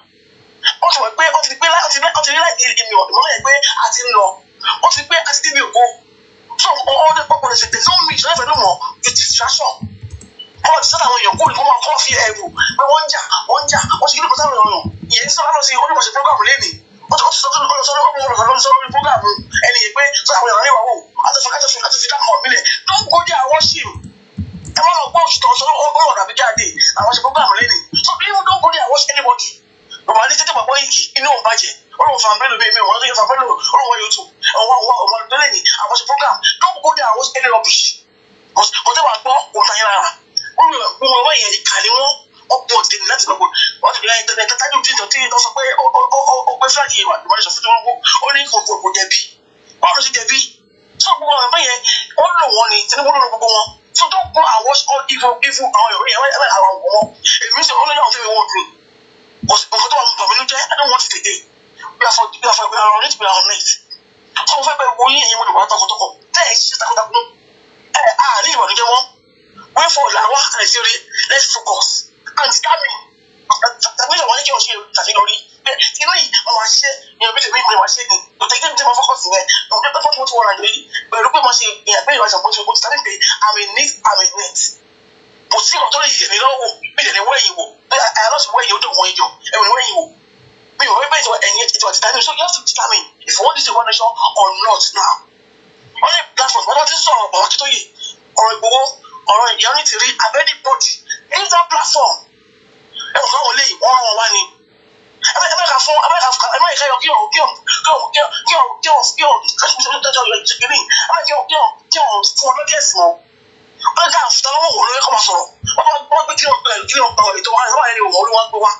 ó ti mọ̀ pé ó ti gbé láì ó ti rí láì ìmì ìmọ̀lẹ́ pé a ti ń lọ ó ti gbé a ti débi ògo so all the people dey say don't meet lẹ́fẹ̀ẹ́ ló mọ̀ distraction ó ti sọ́dọ̀ àwọn èèyàn kúrò kó kọ́ fi ẹ̀rù pé wọ́n ń jà wọ́n ń jà ó ti kí ló kọ́ sáwọn èèyàn ìyẹn ń sọ̀rọ̀ sí olùmọ̀ṣẹ́ program lẹ́nìí ó ti sọ tó lọ sọ́dọ̀ ọmọ lọ́dún sọ́dọ̀ program ẹni yìí pé sọ àwọn èèyàn níwàwò àtọ̀fọ̀ àtọ̀fọ̀ àtọ̀fọ̀ dáhùn ọ̀bílẹ̀ don't go there worship ẹ má lọ gbọ́ òṣìṣẹ́ ọ̀sán ọ̀rọ̀ àbíjáde àwọn ṣe program lẹ́nìí so even don't go there worship anybody bàbá ní títí bàbá yìí inú wọn bàjẹ́ ọlọ́run fan bẹ́ẹ̀ ló bẹ́ẹ̀ mi ọ̀rọ̀ tó yẹ fan bẹ́ẹ̀ ló ọ̀rọ̀ wọn yóò tó ọ̀wọ́ ọ̀wọ́ ọ̀wọ́ lọ́lẹ̀ ni àwọn ṣe program don't go there àwọn ṣẹlẹ̀ rubbish kò tẹ́ wàá gbọ́ kò tán yẹn rárá wọn wọn yẹn ìkà ni wọn ọ̀pọ̀ òdì ní láti lọ́gbọ̀n wọ́n ti bí ẹni tẹ́tẹ́ tájú tí ìtọ́ tí ìtọ́ sọ pé ó pé fúlàjì ìwà ìwádìí fún tiwọn ó ní gbogbo ògbò jẹ̀bi wọn lọ sí jẹ̀bi sọ gbogbo àwọn ẹgbẹ́ yẹn ó lò wọ́n ni Tinubu ló lò gbogbo wọn so don't go and watch all evil evil àwọn ìròyìn àwọn ẹgbẹ́ àwọn ọ̀wọ́ èmi sọ ọ́nà yàrá òfin mi wọ́n dùn kò sí nǹkan tó wà mú bàmí ló jẹ́ I don't want it again bí a fọ bí we are going ọ̀rọ̀ nítorí àwọn mate tó fẹ́ bẹ́ẹ̀ wo yín ìwé ìwà takọtọkọ tẹ́ ẹ̀ ṣe takuntakun ẹ̀ àárín ìbànújẹ́ wọn wọ́n fọ làwọn àìsèré let's focus and scamming tàbí ìṣòwò ní kí wọ́n ṣe ṣàṣeyọrí orí bẹ́ẹ̀ inú yìí wọ́n máa ṣe èèyàn bí tèmi ìmọ̀ ṣe ni kò tẹ́ kí n tẹ́ máa fọ́kọ̀ sí yẹn ọ̀gbẹ́ pẹ́ fọ́tí wọ́n ti wọ́n rà lórí pẹ̀lú pé wọ́n ṣe ìyàgbé ìwà ìṣàkóso ìwọ́n ti tàbí pé àmì neat àmì neat kò sí ìmọ̀ tó lè yẹ̀ mí lọ́wọ́ mi lè wẹ̀yìn wò àyàlọ́sùn wẹ̀yìn ó dùn wọ́n jọ ẹ̀wọ̀n wẹ̀yìn wò mi ò wẹ́pẹ́ ìtọ́ ẹ̀yìn ètò àti tàbí so you have to determine if you want this one nation or not now. wọ́n ní platform wọ́n ti sọ̀rọ̀ ọ̀rọ̀ Akíntóyè ọ̀rọ̀ Ìgbòho ọ̀rọ̀ ìyẹn ti rí abẹ́ni bọ́dì in that platform ẹ̀ wọ́n wọlé yìí wọ́n wọ́n wá ni. Amẹ́ríkà fún Amẹ́ríkà fún Amẹ́ríkà yọ kí ọ̀hún kí ọ̀hún kí ọ̀hún kí ọ̀hún kí ọ̀hún kí ọ̀hún kí ọ̀hún kí ọ̀hún kí ọ̀hún kí ọ̀hún kí ọ̀hún kí ọ̀hún fún ọlọ́dẹ̀ ẹ̀sìn ọjà àṣùtà lọ́wọ́ wò lórí kọ́ máa sọ̀rọ̀ wọ́n gbé kílọ̀ pẹ̀lú kílọ̀ pẹ̀lú ètò wọn ìwọ́n ẹni wọ́n olúwa gbé wá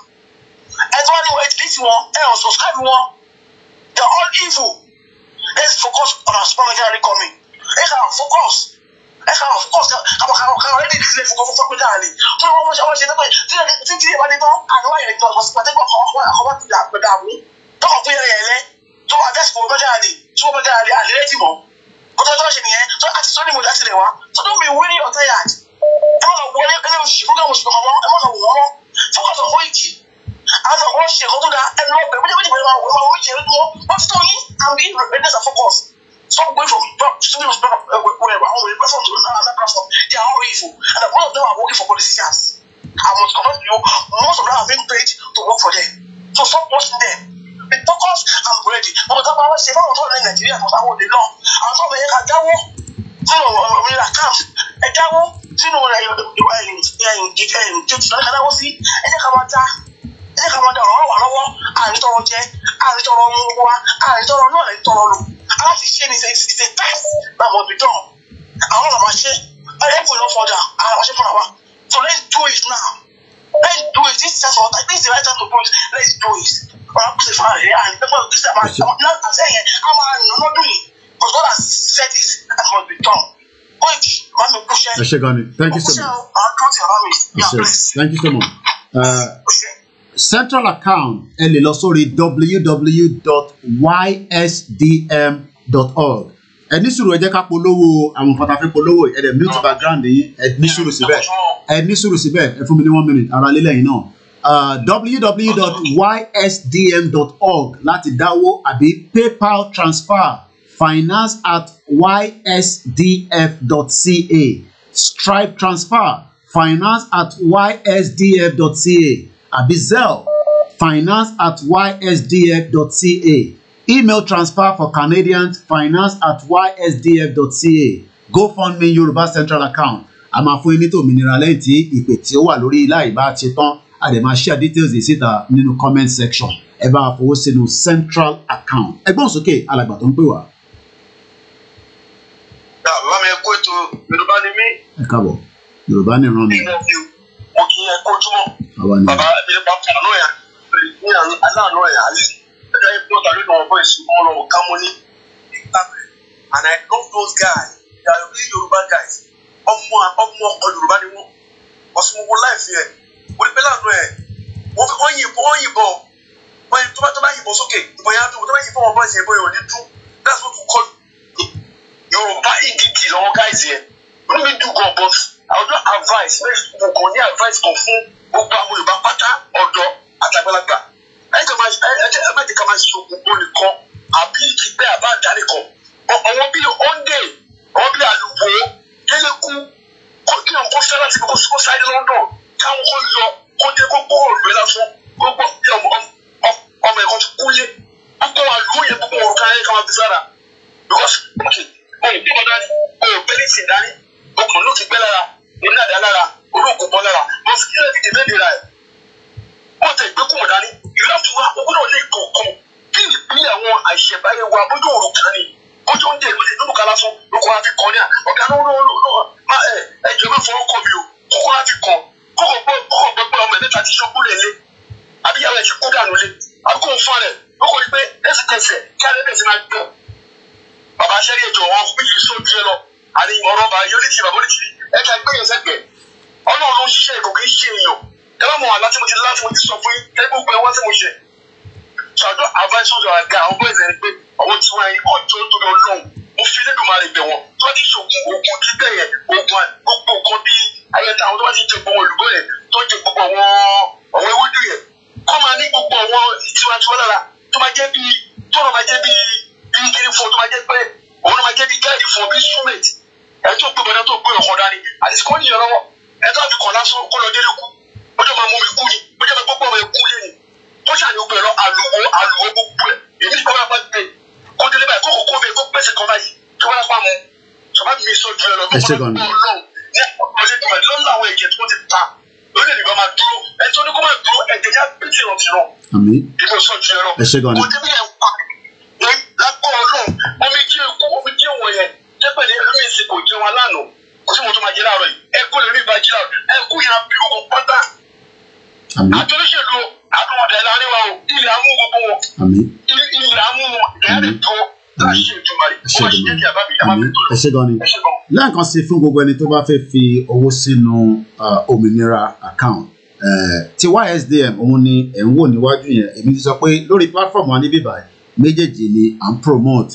ẹ̀tọ́ wọn ni wọ́n edit wọn ẹ̀ ọ̀ subscribe wọn they are all evil let's focus on our small Nigeria recovery ẹ̀ kà focus ẹ̀ kà focus kàmọ́ kàmọ́ kàmọ́ ẹ̀dí ìdílé fún kọ́kọ́ fọ́pẹ́ dáhà ni tó wọ́n mọ̀ ṣe wọ́n ṣe tó pé tí tí ìbá ní tán àríwá yẹn tó ọ̀sán pàtẹ́ pọ̀ àkọ́kọ́ ti dàgbẹ̀dàmú tó ọ̀ kọtọ tó bá ṣe nìyẹn tó àti sọ ni mo láti rẹ wá tó tó ń bẹ wírí ọtá yà àti ẹ má lọ wọlé ẹ lọ sí fúnkà mùsùlùmí ọmọ ẹ má lọ wọ ọmọ fúnkà tó kọ ìjì àti ọkọ ṣe ẹkọ tó da ẹ lọ bẹ méjì méjì máa wọ ọmọ méjì ẹdínwó wọn fún yín and be readiness and focus stop going from job to student to wherever àwọn wẹ̀rẹ̀ platform to another platform they are all evil and one of them are working for politicians I must confirm to you most of them have been paid to work for them so stop watching them be focused and ready gbogbo tó bá wá ṣe fáwọn ọ̀dọ́ ní nàìjíríà kò sáwọn òde náà àwọn tó bá yẹ ká dáwọ́ sínú òmìnira um, um, camp ẹ dáwọ́ sínú um, jòjì náà ká dáwọ́ sí ẹ jẹ́ ká máa dá ẹ jẹ́ ká máa dá ọ̀rọ̀ wà lọ́wọ́ àrítọ́rọ̀ jẹ àrítọ́rọ̀ mú wa àrítọ́rọ̀ náà àrítọ́rọ̀ lò aláti ṣe ni ṣe test náà mọ̀ bí dán àwọn ọ̀rọ̀ máa ṣe ẹ̀ ẹ̀ kò yọ fọdà àwọn ọ̀ṣẹ́ fúnra wa so let's do it now. Let's do it. This is just what I think is the right time to do it. Let's do it. Ọ̀rọ̀ kò sì fún àrẹ̀ and this time I'm I'm saying I'm an ọdún yìí because God has said it and must be done. Bọ́ọ̀dì bá mi kú ṣẹ́. Ẹ ṣe gan ni, thank you so much. Thank you so much. Uh, Central account ẹ lè lọ www.ysdm.org ẹ ní sùúrù ẹ jẹ́ ká polówó àwọn nǹkan tá a fẹ́ polówó ẹ dẹ̀ mute background yín ẹ ní sùúrù síbẹ̀ ẹ ní sùúrù síbẹ̀ ẹ fún mi ní one minute ara lílẹ̀ yìí náà www.ysdm.org láti dáwó àbí paypal transfer finance at ysdf.ca stripe transfer finance at ysdf.ca àbí zelle finance at ysdf.ca Email transfer for Canadians finance at ysdf.ca GoFundMe Yorùbá Central account. A máa fún yín ní tòmìnira lẹ́yìn tí ìpè tí ó wà lórí ilá ìbá ti tán. A dẹ̀ máa share details yìí síta nínú comment section. Ẹ bá a fowó sínú Central account. Ẹgbọ́n sókè alàgbà tó ń pè wá. Bàbá mi kó ètò Yorùbá ni mí. Ẹ káàbọ̀, Yorùbá ni ràn mí. Mo kí ẹ kó túmọ̀. Bàbá mi pa àánú ẹ̀ aláàánú ẹ̀ àlejò. I thought I don't know about small or Kamoni, and I love those guys. They are really Yoruba guys. Ọmọ ọmọ Yorùbá ni wọ́n. Ọ̀sùn wo láìfi ẹ̀. Olùpẹ̀lẹ̀ àná ẹ̀. Wọ́n yìnbọn wọ́n yìnbọn. Wọ́n yìnbọn tó bá tó bá yìnbọn sókè. Ìbọn yà á dùn. Tó bá yìnbọn wọn bá yìnbọn yìnbọn ní dùn. That's what we call Yorùbá ìkìkì lọ́wọ́ guys yẹn. Inú mi dùn gan but I would advice advise. Mo kàn ní advice kan fún gbogbo àwọn Yorùbá pátá ọ̀dọ́ àtàgbàlagbà ẹ má ti ká máa ṣe òkùnkùn nìkan àbí ìgbẹ́ àbá àdáni kan ọ̀wọ́n bí ọ̀ndẹ̀ ọ̀wọ́n bí àlùbọ̀ yẹlẹ́kú kò kí wọn kó fẹ́ láti kó kó sáré London káwọn kó yọ kó dé kó gbó òrùlé lásán kó gbó bí ọmọ ẹ̀kọ́ ti kú yé gbogbo àlùyẹ gbogbo òrùka yẹ ká máa fi sára because ọ̀gbìn ọ̀dà ni ọ̀gbẹ́ni sì dání ọkùnrin ló ti gbẹ́ lára ìnádàá lára olóògùn bọ́ lára lọ sí ilé ìdílé ìdílé rà ẹ̀ wọ́n tẹ̀ gbé kùmọ̀ dání ìlú àti wa ó gbọ́dọ̀ lé kọ̀ọ̀kan kí ni bí àwọn àìṣẹ̀báyé wa bójú òru kan ni bójú oúnjẹ ìlú ìlú kan lásán lóko láti kàn ní à ọ̀gá náà náà náà má ẹ ẹ jẹ́ máa fọwọ́ kọ́ mi o kókó láti kàn kókó gbọ́ kókó gbọ́ pé ọmọ ẹ̀mẹ́ta ti ṣọ́kú lẹ̀ lé abíyáwó ẹ̀ ti kú dànù lé àbíkó fún rẹ̀ lóko ni pé ẹsẹ̀kẹsẹ̀ kí alẹ́ bẹ̀ sí máa gbọ́ bàbá sẹ́rí ẹ̀jọ̀ wọn fún yìí sóòtú ẹ lọ àní ìmọ̀ràn bá yọlítì bàbá olítì ẹ̀ka gbẹ̀yẹsẹ̀ gbẹ̀ ọlọ́run ṣiṣẹ́ ìkòkè ṣe èèyàn ẹ bá mọ àlá tí mo ti lá ti sọ fún yín ẹ gbogbo ẹwọ́ tí mo ṣe ṣàjọ advisors are ga àwọn bẹ́ẹ̀ sẹ́ni pé àwọn tí wọ́n yẹn ọjọ́ tó lọ lọ́hùn mo fi lẹ́dùn máa rìn bẹ̀ wọ́n tó bá ti ṣògùn oògùn títẹ̀ yẹn oògùn gbogbo nǹkan bíi ayẹta àwọn tó bá ti jẹ gbogbo olùgbọ́ yẹn tó jẹ gbogbo àwọn àwọn ewédú yẹn kó máa ní gbogbo àwọn tiwantiwa lára tó máa jẹ́ bíi tọ́rọ̀ máa jẹ́ bíi bíi fún ọ tó máa jẹ́ pé òun máa jẹ́ bíi gáàdì fún ọ bíi súmẹ̀tì ẹ̀ tó gbé bọ̀dá tó gbé ọ̀kọ̀ dání àti kò ní ìrànlọ́wọ́ ẹ̀ tó àfikàn lásán kó lọ délé kú wọ́n jẹ́ máa mú mi kú ni wọ́n máa gbọ́ pọ̀ ẹ̀kú yé ni wọ́n ṣàní ogun ẹ̀rọ àlùwò àlùwò gbogbo ẹ̀ èmi nìkan bá gbé kó délé báyìí kó kókó bẹ́ẹ̀ kó pèsè kan báyìí kí wọ́n lápá mu sọ̀bá mi sọ ju ẹ̀rọ mi ọmọ mi lápò ọlọ́run omi jẹ́ ikú omi jẹ́ wọ̀nyẹn jẹ́pẹ̀lẹ́ ẹlòmíì sì kò jẹun alánà kò sí mo tó máa jẹ láàárọ̀ yìí ẹkú lè rí ìbàjẹ́ láàárọ̀ ẹkú yẹn á bí ogun pátá àti olóṣèlú àtúwọ̀dà ìlànà wa o ilẹ̀ amú gbogbo wọn ilẹ̀ amú wọn ìdáyàrí tó ẹ ṣe gan ni lẹ́ẹ̀kan sí fún gbogbo ẹni tó bá fẹ́ fi owó sínú òmìnira account ti YSDM òun ni ẹ̀ ń wò níwájú yẹn èmi ti sọ pé lórí platform wa méjèèjì ni à ń promote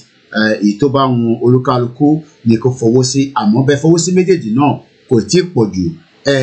èyí tó bá wọn olúkálukú ni kò fowó sí àmọ́ bẹ́ẹ̀ fowó sí méjèèjì náà kò tí ì pọ̀ jù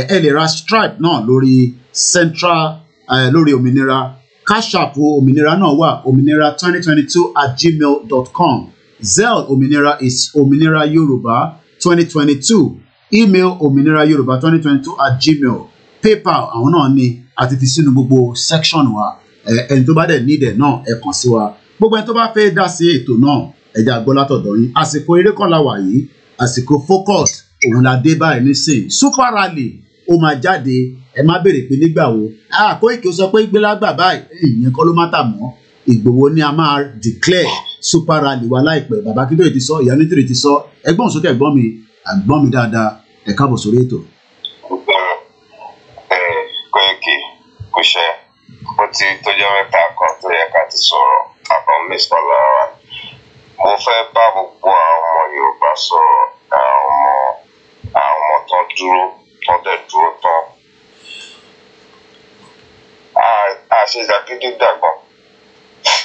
ẹ lè ra Stripe náà lórí central uh, lórí òmìnira cash app òmìnira náà wà òmìnira twenty twenty two at gmail dot com zelle òmìnira is òmìnira yorùbá twenty twenty two email òmìnira yorùbá twenty twenty two at gmail paypal àwọn náà ni àti fi sínú gbogbo section wa eh, ẹni tó bá dẹ̀ ní ìdẹ̀ náà ẹ kàn sí wa gbogbo ẹni tó bá fẹ́ dá sí ètò náà ẹ̀dá gbọ́ látọ̀dọ̀ yín àsìkò eré kan la wà yìí àsìkò focus òun la dé báyìí nísìnyí super rally ó máa jáde ẹ má béèrè pé nígbà wo ah, Koiki sọ pé gbélágbà báyìí ìyẹn kọ́ ló má tà mọ́ Ìgbòho ni a máa declare super rally wa láìpẹ́ bàbá kí lóye ti sọ ìyá nítorí ti sọ ẹgbọ́n sókè ẹ̀gbọ́n mi ẹ̀gbọ́n mi dáadáa ẹ káàbọ̀ sórí ètò. ọgbà ẹ Koiki kò ṣe ó ti tọjọ mẹ́ta kan tó yẹ ká ti sọ̀rọ̀ àbọ̀ mẹ́sàn án lára mo fẹ́ bá gbogbo àwọn ọmọ Yorùbá sọ̀rọ̀ àwọn ọmọ àwọn ọmọ tó dúró tó dẹ̀ dúró tán that Asheshakidudagbon.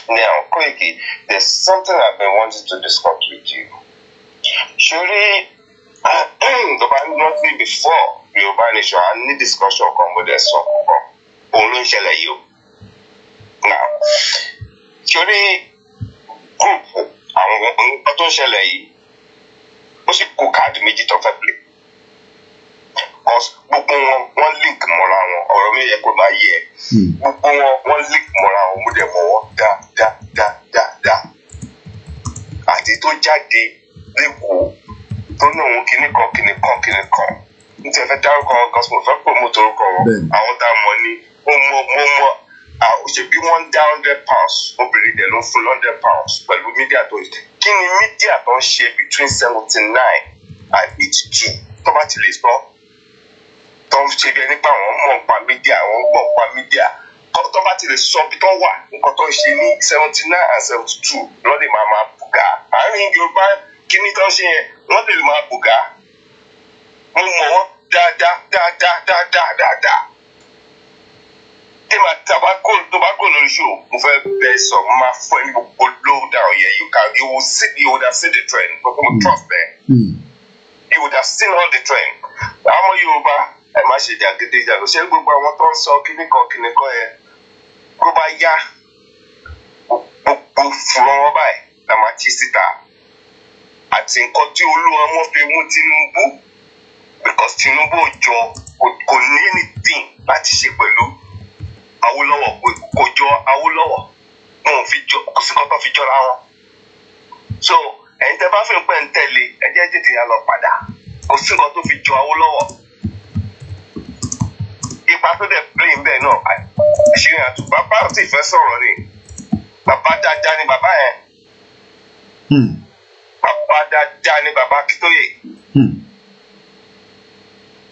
Now, quickly, there's something I've been wanting to discuss with you. Surely, the not before Yoruba Nation, I Any discussion come with the song. Only shall you. Now, surely, group, àwọn nǹkan tó ń ṣẹlẹ̀ yìí, ó sì kú káàdì méjì tó because gbogbo wọn wọ́n link mọ́ra wọn ọ̀rọ̀ mi yẹ kó máa yẹ hmm. gbogbo wọn wọ́n link mọ́ra wọn mo dẹ̀ mọ̀ wọ́n dáadáadáadáa àti tó jáde lẹ́kọ̀ọ́ tó ní òun kíní kan kíní kan kíní kan n tẹ fẹ́ dárúkọ wọn kan sọ fẹ́ pé mo torúkọ wọn àwọn tá a mọ̀ ni mo mọ̀ mo mọ̀ àwòṣe bí wọ́n ń dá hundred pounds obìnrin dẹ̀ ló ń fún hundred pounds pẹ̀lú mídíà tó ṣe kí ni mídíà tó ń ṣe between seventy nine and eighty two tó bá ti lè sọ tó ń ṣe bí ẹni pé àwọn mọ̀ nípa mídíà àwọn gbọ̀ nípa mídíà tó bá ti lè sọ bí tó wà nǹkan tó ń ṣe ní seventy nine and seventy two lọ́dẹ̀ máa máa bùgà àárín yorùbá kíní tó ń ṣe yẹn lọ́dẹ̀ máa bùgà mo mọ̀ wọ́n dáadáa dáadáa dáadáa dáadáa tema tabako tobako lórí show mo fẹ́ bẹ sọ mo máa fọ ẹni gbogbo lóòdà ọyẹ you can you will see you would have seen the trend gbogbo mo trust bẹ hmm. you would have seen all the trend àmọ́ yorùbá ẹ má ṣe jàgídíjàgò ṣé gbogbo àwọn tó ń sọ kíníkan kíníkan yẹn ló bá yá gbogbo fúnra wọn báyìí la máa ti síta àti nǹkan tí olúwọmọ fi mú Tinubu because Tinubu ò jọ kò ní anything láti ṣe pẹ̀lú Awólọ́wọ̀ kò jọ Awólọ́wọ̀ wọn ò fi jọ kò sí kọ́tọ́ fi jọra wọn so ẹ̀yin tẹ́ bá fi ń pẹ́ ń tẹ̀lé ẹ jẹ́ tètè yà lọ padà kò sí nǹkan tó fi jọ Awólọ́wọ̀ ipa tó dẹ̀ play ń bẹ̀ náà ṣírin àtù bàbá ò fẹ́ sọ̀rọ̀ ni bàbá dáadáa ni bàbá yẹn hmm. bàbá dáadáa ni bàbá Akíntóyè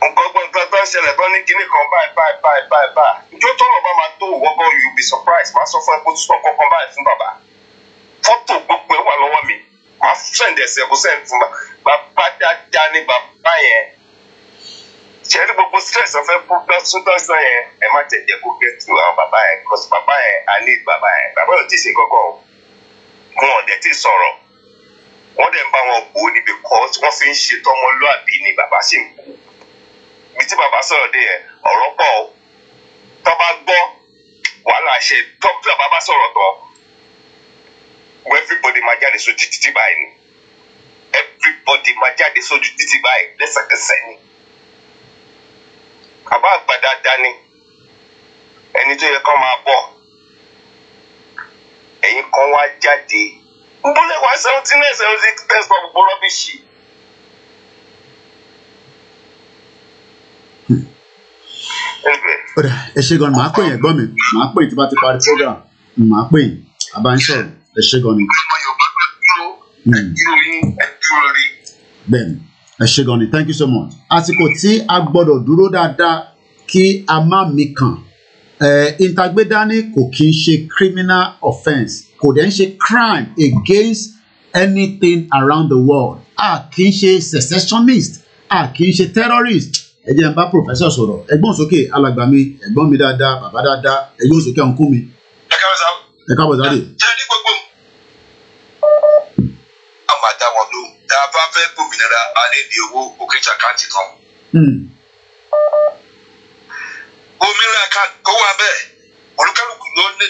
nǹkan gbọ́ngàn tó ń ṣẹlẹ̀ tó ní kinní kan báyìí báyìí báyìí báyìí báyìí njó tọrọ bá máa tó wọ́gọ́ you be surprised máa sọ fún ẹ kó tó sọ kọ́kọ́ báyìí fún bàbá fọ́tò gbogbo ẹ wà lọ́wọ́ mi máa sẹ̀ǹdẹ̀ kó sẹ̀ǹdẹ̀ fún bàbá dáadáa ni bàbá yẹn ṣẹ́rí gbogbo stress ọ̀fẹ́ kó gbọ́ sódọ́sọ yẹn ẹ má tẹ̀ jẹ́ kó gẹ̀ tu àwọn bàbá yẹn because bàbá yẹn i need bàbá yẹn bàbá yóò ti ṣe kọ́kọ́ o wọn ò dẹ̀ ti sọ̀rọ̀ wọ́n dẹ̀ ń bá wọn bò ní because wọ́n fi ń ṣe tọmọlúàbí ni bàbá sì ń kú bí tí bàbá sọ̀rọ̀ dé yẹn ọ̀rọ̀ pọ̀ o tó bá gbọ́ wàhálà ṣe tó bí bàbá bá sọ̀rọ̀ tán wọ́n everybody máa jáde so títí báyìí ni everybody máa jáde sójú títí báyìí lẹ́sẹ̀kẹsẹ̀ ni àbá àgbà dáadáa ni ẹni tó yẹ kán máa bọ̀ ẹ̀yin kan wá jáde nbúlẹ̀ wá seventy nine seventy test of gbogbo rọ́bìṣì. ọ̀rẹ́ ẹ ṣe gan màá pè yẹn gbọ́ mi màá pè tí bá ti parí program màá pè yín àbá ń sọ̀rọ̀ ẹ ṣe gan ni. bẹ́ẹ̀ni ẹ ṣé ni thank you so much àsìkò tí a gbọ́dọ̀ dúró dáadáa kí a má mi kàn ìtagbédání kò kí ń ṣe criminal offence kò dẹ̀ ń ṣe crime against anything around the world a kì í ṣe secessionist a kì í ṣe terrorist ẹ jẹ́ n bá professor sọ̀rọ̀ ẹ̀gbọ́n sókè alàgbà mi ẹ̀gbọ́n mi dáadáa bàbá dáadáa ẹ̀yọ́ sókè ọ̀nkú mi. ẹ káàbọ̀ sáré. ẹ káàbọ̀ sáré. ṣé ní gbogbo fẹ́ gbòmìnira a di owó òkè jàkáǹtì kan. omira hmm. kó wà bẹ́ẹ̀ olúkálùkù ló ní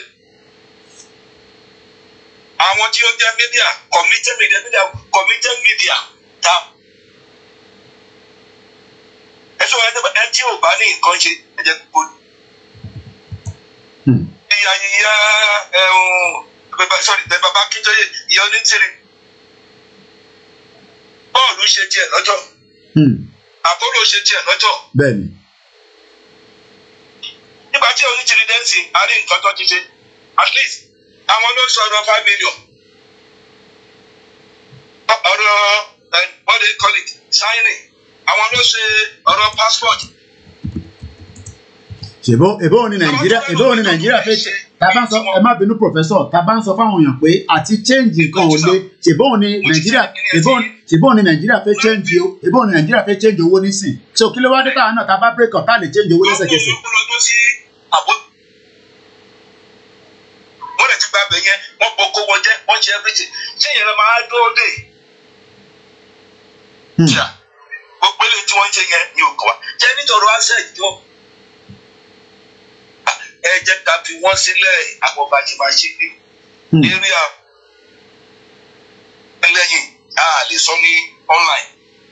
àwọn tí ó jẹ́ mídíà committed media media committed ta ẹ sọ ẹ tí ò bá ní nǹkan ṣe ẹ jẹ́ kó hmm. ìyá ìyá ẹ̀ ń bàbá bàbá kíjọ́ ìyá onítìrì. Paul ṣe tiẹ̀ lọ́jọ́ hmm. Apollo ṣe tiẹ̀ lọ́jọ́. bẹ́ẹ̀ni. nígbà tí òní ti rí dẹ́nsì a rí nǹkan tó ti ṣe at least àwọn ló sọ̀rọ̀ five million ọ̀rọ̀ what do you call it signing àwọn ló ṣe ọ̀rọ̀ passport. ṣèbó èbó ni nàìjíríà èbó ni nàìjíríà fẹ́ ṣe tàbá sọ ẹ má bínú pòfẹ́sọ̀ tàbá sọ fáwọn èèyàn pé àti change nǹkan ò le ṣèbọn ni nàìjíríà ṣèbọn ni nàìjíríà fẹ́ change o ṣèbọn ni nàìjíríà fẹ́ change owó nísìn so kí ló wá dé táwọn náà tàbá break up tá a lè change owó lẹ́sẹ̀kẹsẹ̀. wọ́n lè ti gba abẹ yẹn wọ́n bọ kó wọn jẹ́ wọ́n ṣe everything ṣé ìyẹn máa dúró dé. Hmm. gbogbo ilé tí wọ́n ń ṣe yẹn ni ò kọ́ wa jẹ́ nítorí wá sẹ́yìn tí wọ́n ẹ jẹ́ ká fi wọ́n sílẹ̀ àwọn bàjẹ́bàjẹ́ pé eré hmm. ẹlẹ́yìn a lè sọ ní online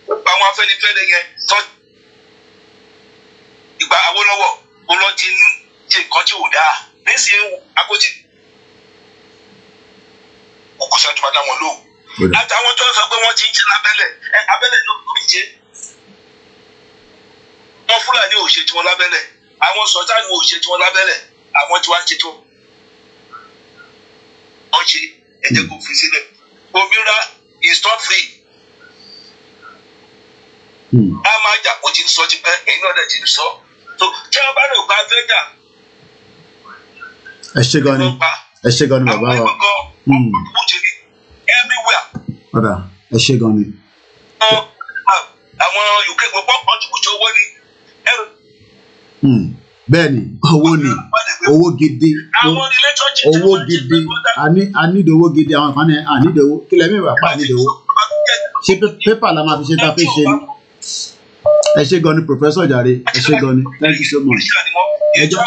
gbogbo àwọn afẹ́nifẹ́re yẹn tọ́ ìgbà Awólọ́wọ̀ ó lọ ti ní ti nǹkan tí ò dáa nísìnyí akóti kókó sàtúmọ̀ dáwọn lóhùn àtàwọn tó ń sọ pé wọ́n ti ń jẹ́ lábẹ́lẹ̀ abẹ́lẹ̀ ló ń jẹ́ wọn Fúlàní ò ṣe tiwọn lábẹ́lẹ̀ àwọn sọ̀tà ni wọ́n ò ṣe tí wọ́n lábẹ́lẹ̀ àwọn tí wọ́n á tó wọ́n ṣe ẹ̀jẹ̀ kò fi sílẹ̀ òmìnira is not free a hmm. máa jà kó ti ń sọ tipẹ́ ẹ̀yin náà dẹ̀ ti ń sọ tó tí wọ́n bá lè pa fẹ́ jà. ẹ ṣe gan ni ẹ ṣe gan ni bàbá wa ọ̀dà hmm. ẹ ṣe gan ni. àwọn UK gbogbo ọ̀tún kùtù owó ni ẹrù. Hmm. bẹ́ẹ̀ ni owó ni owó gidi owó gidi a need owó gidi àwọn kan ní a need owó kílẹ̀ mi wà pa a need owó ṣé pépà la máa fi ṣe ta fi ṣe ni ẹ ṣé gan ni professor jare ẹ ṣé gan ni thank you so much ẹjọ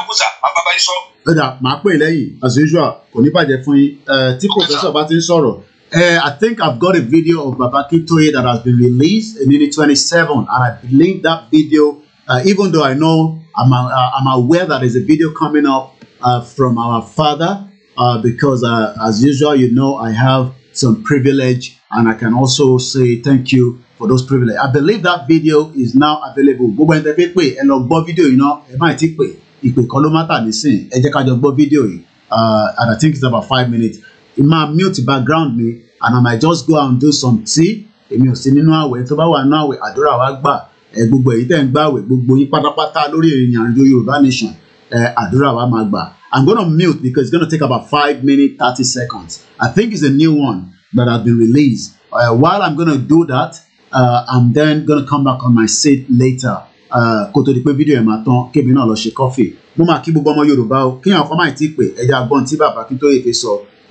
ẹdá màá pè lẹ́yìn as usual kò ní bàjẹ́ fún yín tí professor bá ti ń sọ̀rọ̀ Uh, I think I got a video of Babaki Toye that has been released in 2027, and I believe that video Uh, even though I know I'm, uh, I'm aware that there's a video coming up uh, from our father, uh, because uh, as usual, you know, I have some privilege and I can also say thank you for those privilege. I believe that video is now available. Gbogbo ẹni tẹ́ fẹ́ pè ẹ lọ gbọ́ fídíò yìí náà ẹ má ti pè ìpè kan ló má tà nísìn ẹ jẹ́ ká jọ gbọ́ fídíò yìí uh, and I think it's about five minutes. Ìmá mute background mi and I might just go and do some tea. Èmi ò sí nínú àwẹ̀ tó bá wà nínú àwẹ̀ àdúrà wa gbà gbogbo èyí tẹ̀ ń gbàwẹ̀ gbogbo yín pátápátá lórí ìrìn àjò Yorùbá Nation àdúrà wa máa gbà I'm gonna mute because it's gonna take about five minutes thirty seconds I think it's a new one that has been released uh, while I'm gonna do that uh, I'm then gonna come back on my seat later uh, kó tó di pé fídíò ẹ̀ máa tán kébì náà lọ ṣe kọ́fì mo máa kí gbogbo ọmọ Yorùbá o kíyàn ọkọ máa ti pè ẹja gbọ́n tí bàbá kí tó yèké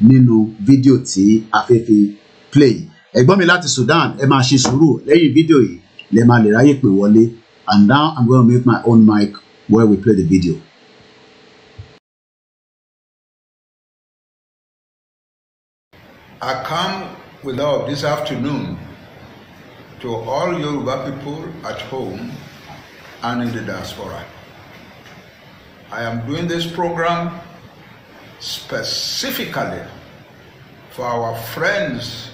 nínú fídíò tí a fi play ẹ̀gbọ́n mi láti Sudan ẹ máa ṣe sùúrù lẹ́yìn fídíò yìí lè ráyè pè wọlé and now i'm gonna make my own mic where we play the video. I come with love this afternoon to all Yoruba people at home and in the diaspora. I am doing this program specifically for our friends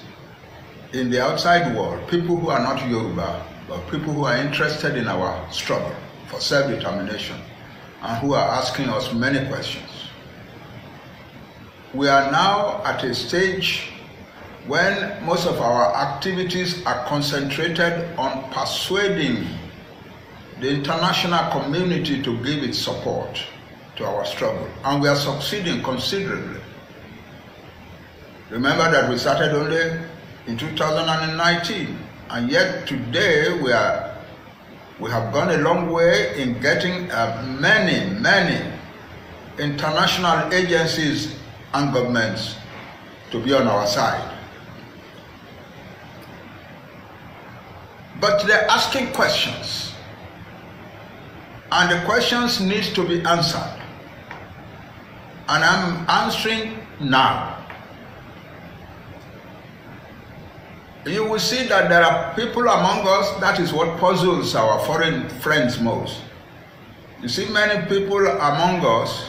in the outside world, people who are not Yoruba, but people who are interested in our struggle for self-determination and who are asking us many questions. We are now at a stage when most of our activities are concentrated on persuading the international community to give its support to our struggle, and we are succeeding considerably. Remember that we started only in 2019 and yet today we are we have gone a long way in getting uh, many many international agencies and governments to be on our side but they're asking questions and the questions need to be answered and i'm answering now you will see that there are people among us that is what puzzles our foreign friends most. You see many people among us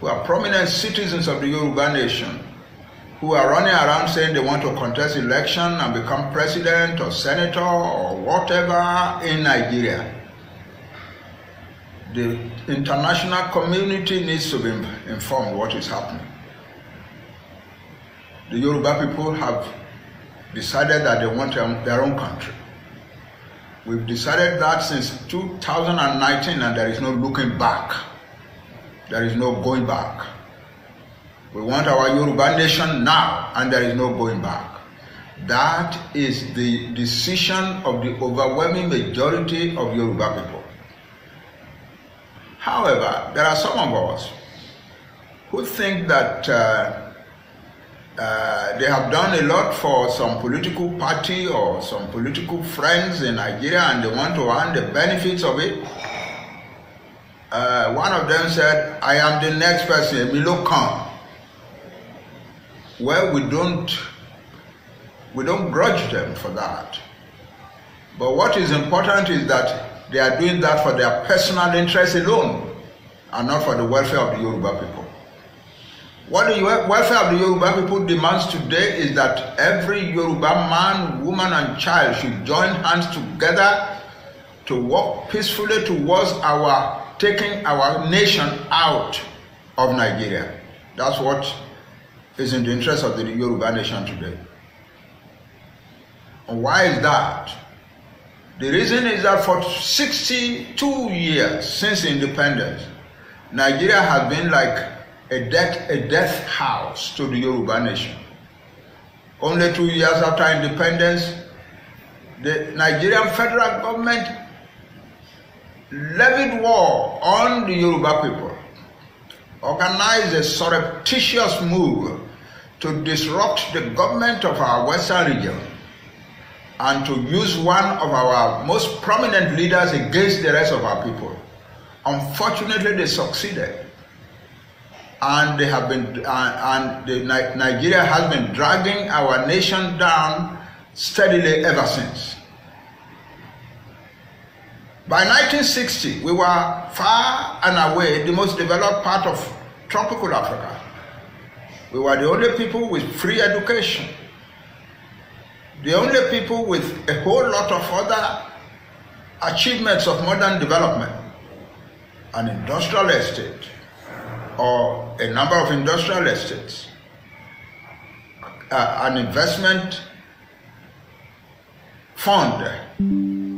who are prominent citizens of the Yoruba nation who are running around saying they want to contest election and become president or senator or whatever in Nigeria. The international community needs to be informed what is happening. The Yoruba people have decided that they want their own country. We've decided that since 2019 and there is no looking back. There is no going back. We want our Yoruba nation now and there is no going back. That is the decision of the overwhelming majority of Yoruba people. However, there are some of us who think that uh, Uh, they have done a lot for some political party or some political friends in Nigeria and they want to earn the benefits of it. Uh, one of them said, I am the next person, Emilio Khan. Well, we don't, we don't grudge them for that. But what is important is that they are doing that for their personal interest alone and not for the welfare of the Yoruba people. What the welfare of the Yoruba people demands today is that every Yoruba man, woman, and child should join hands together to work peacefully towards our taking our nation out of Nigeria. That's what is in the interest of the Yoruba nation today. And why is that? The reason is that for 62 years since independence, Nigeria has been like a death, a death house to the Yoruba nation. Only two years after independence, the Nigerian federal government levied war on the Yoruba people, organized a surreptitious move to disrupt the government of our western region and to use one of our most prominent leaders against the rest of our people. Unfortunately, they succeeded and they have been uh, and the, Nigeria has been dragging our nation down steadily ever since. By 1960, we were far and away the most developed part of tropical Africa. We were the only people with free education, the only people with a whole lot of other achievements of modern development, an industrial estate, or a number of industrial estates, uh, an investment fund,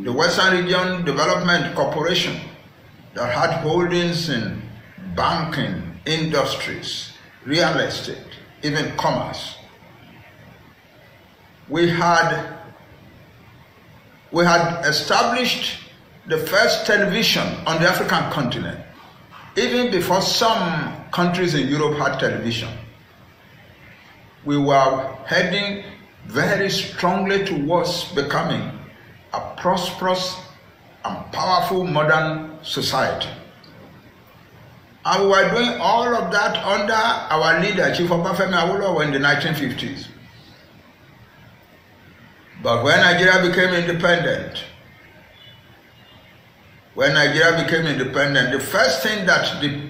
the Western Region Development Corporation that had holdings in banking, industries, real estate, even commerce. We had, we had established the first television on the African continent even before some countries in Europe had television, we were heading very strongly towards becoming a prosperous and powerful modern society. And we were doing all of that under our leader, Chief Obafemi Awolowo, in the 1950s. But when Nigeria became independent, when Nigeria became independent, the first thing that the,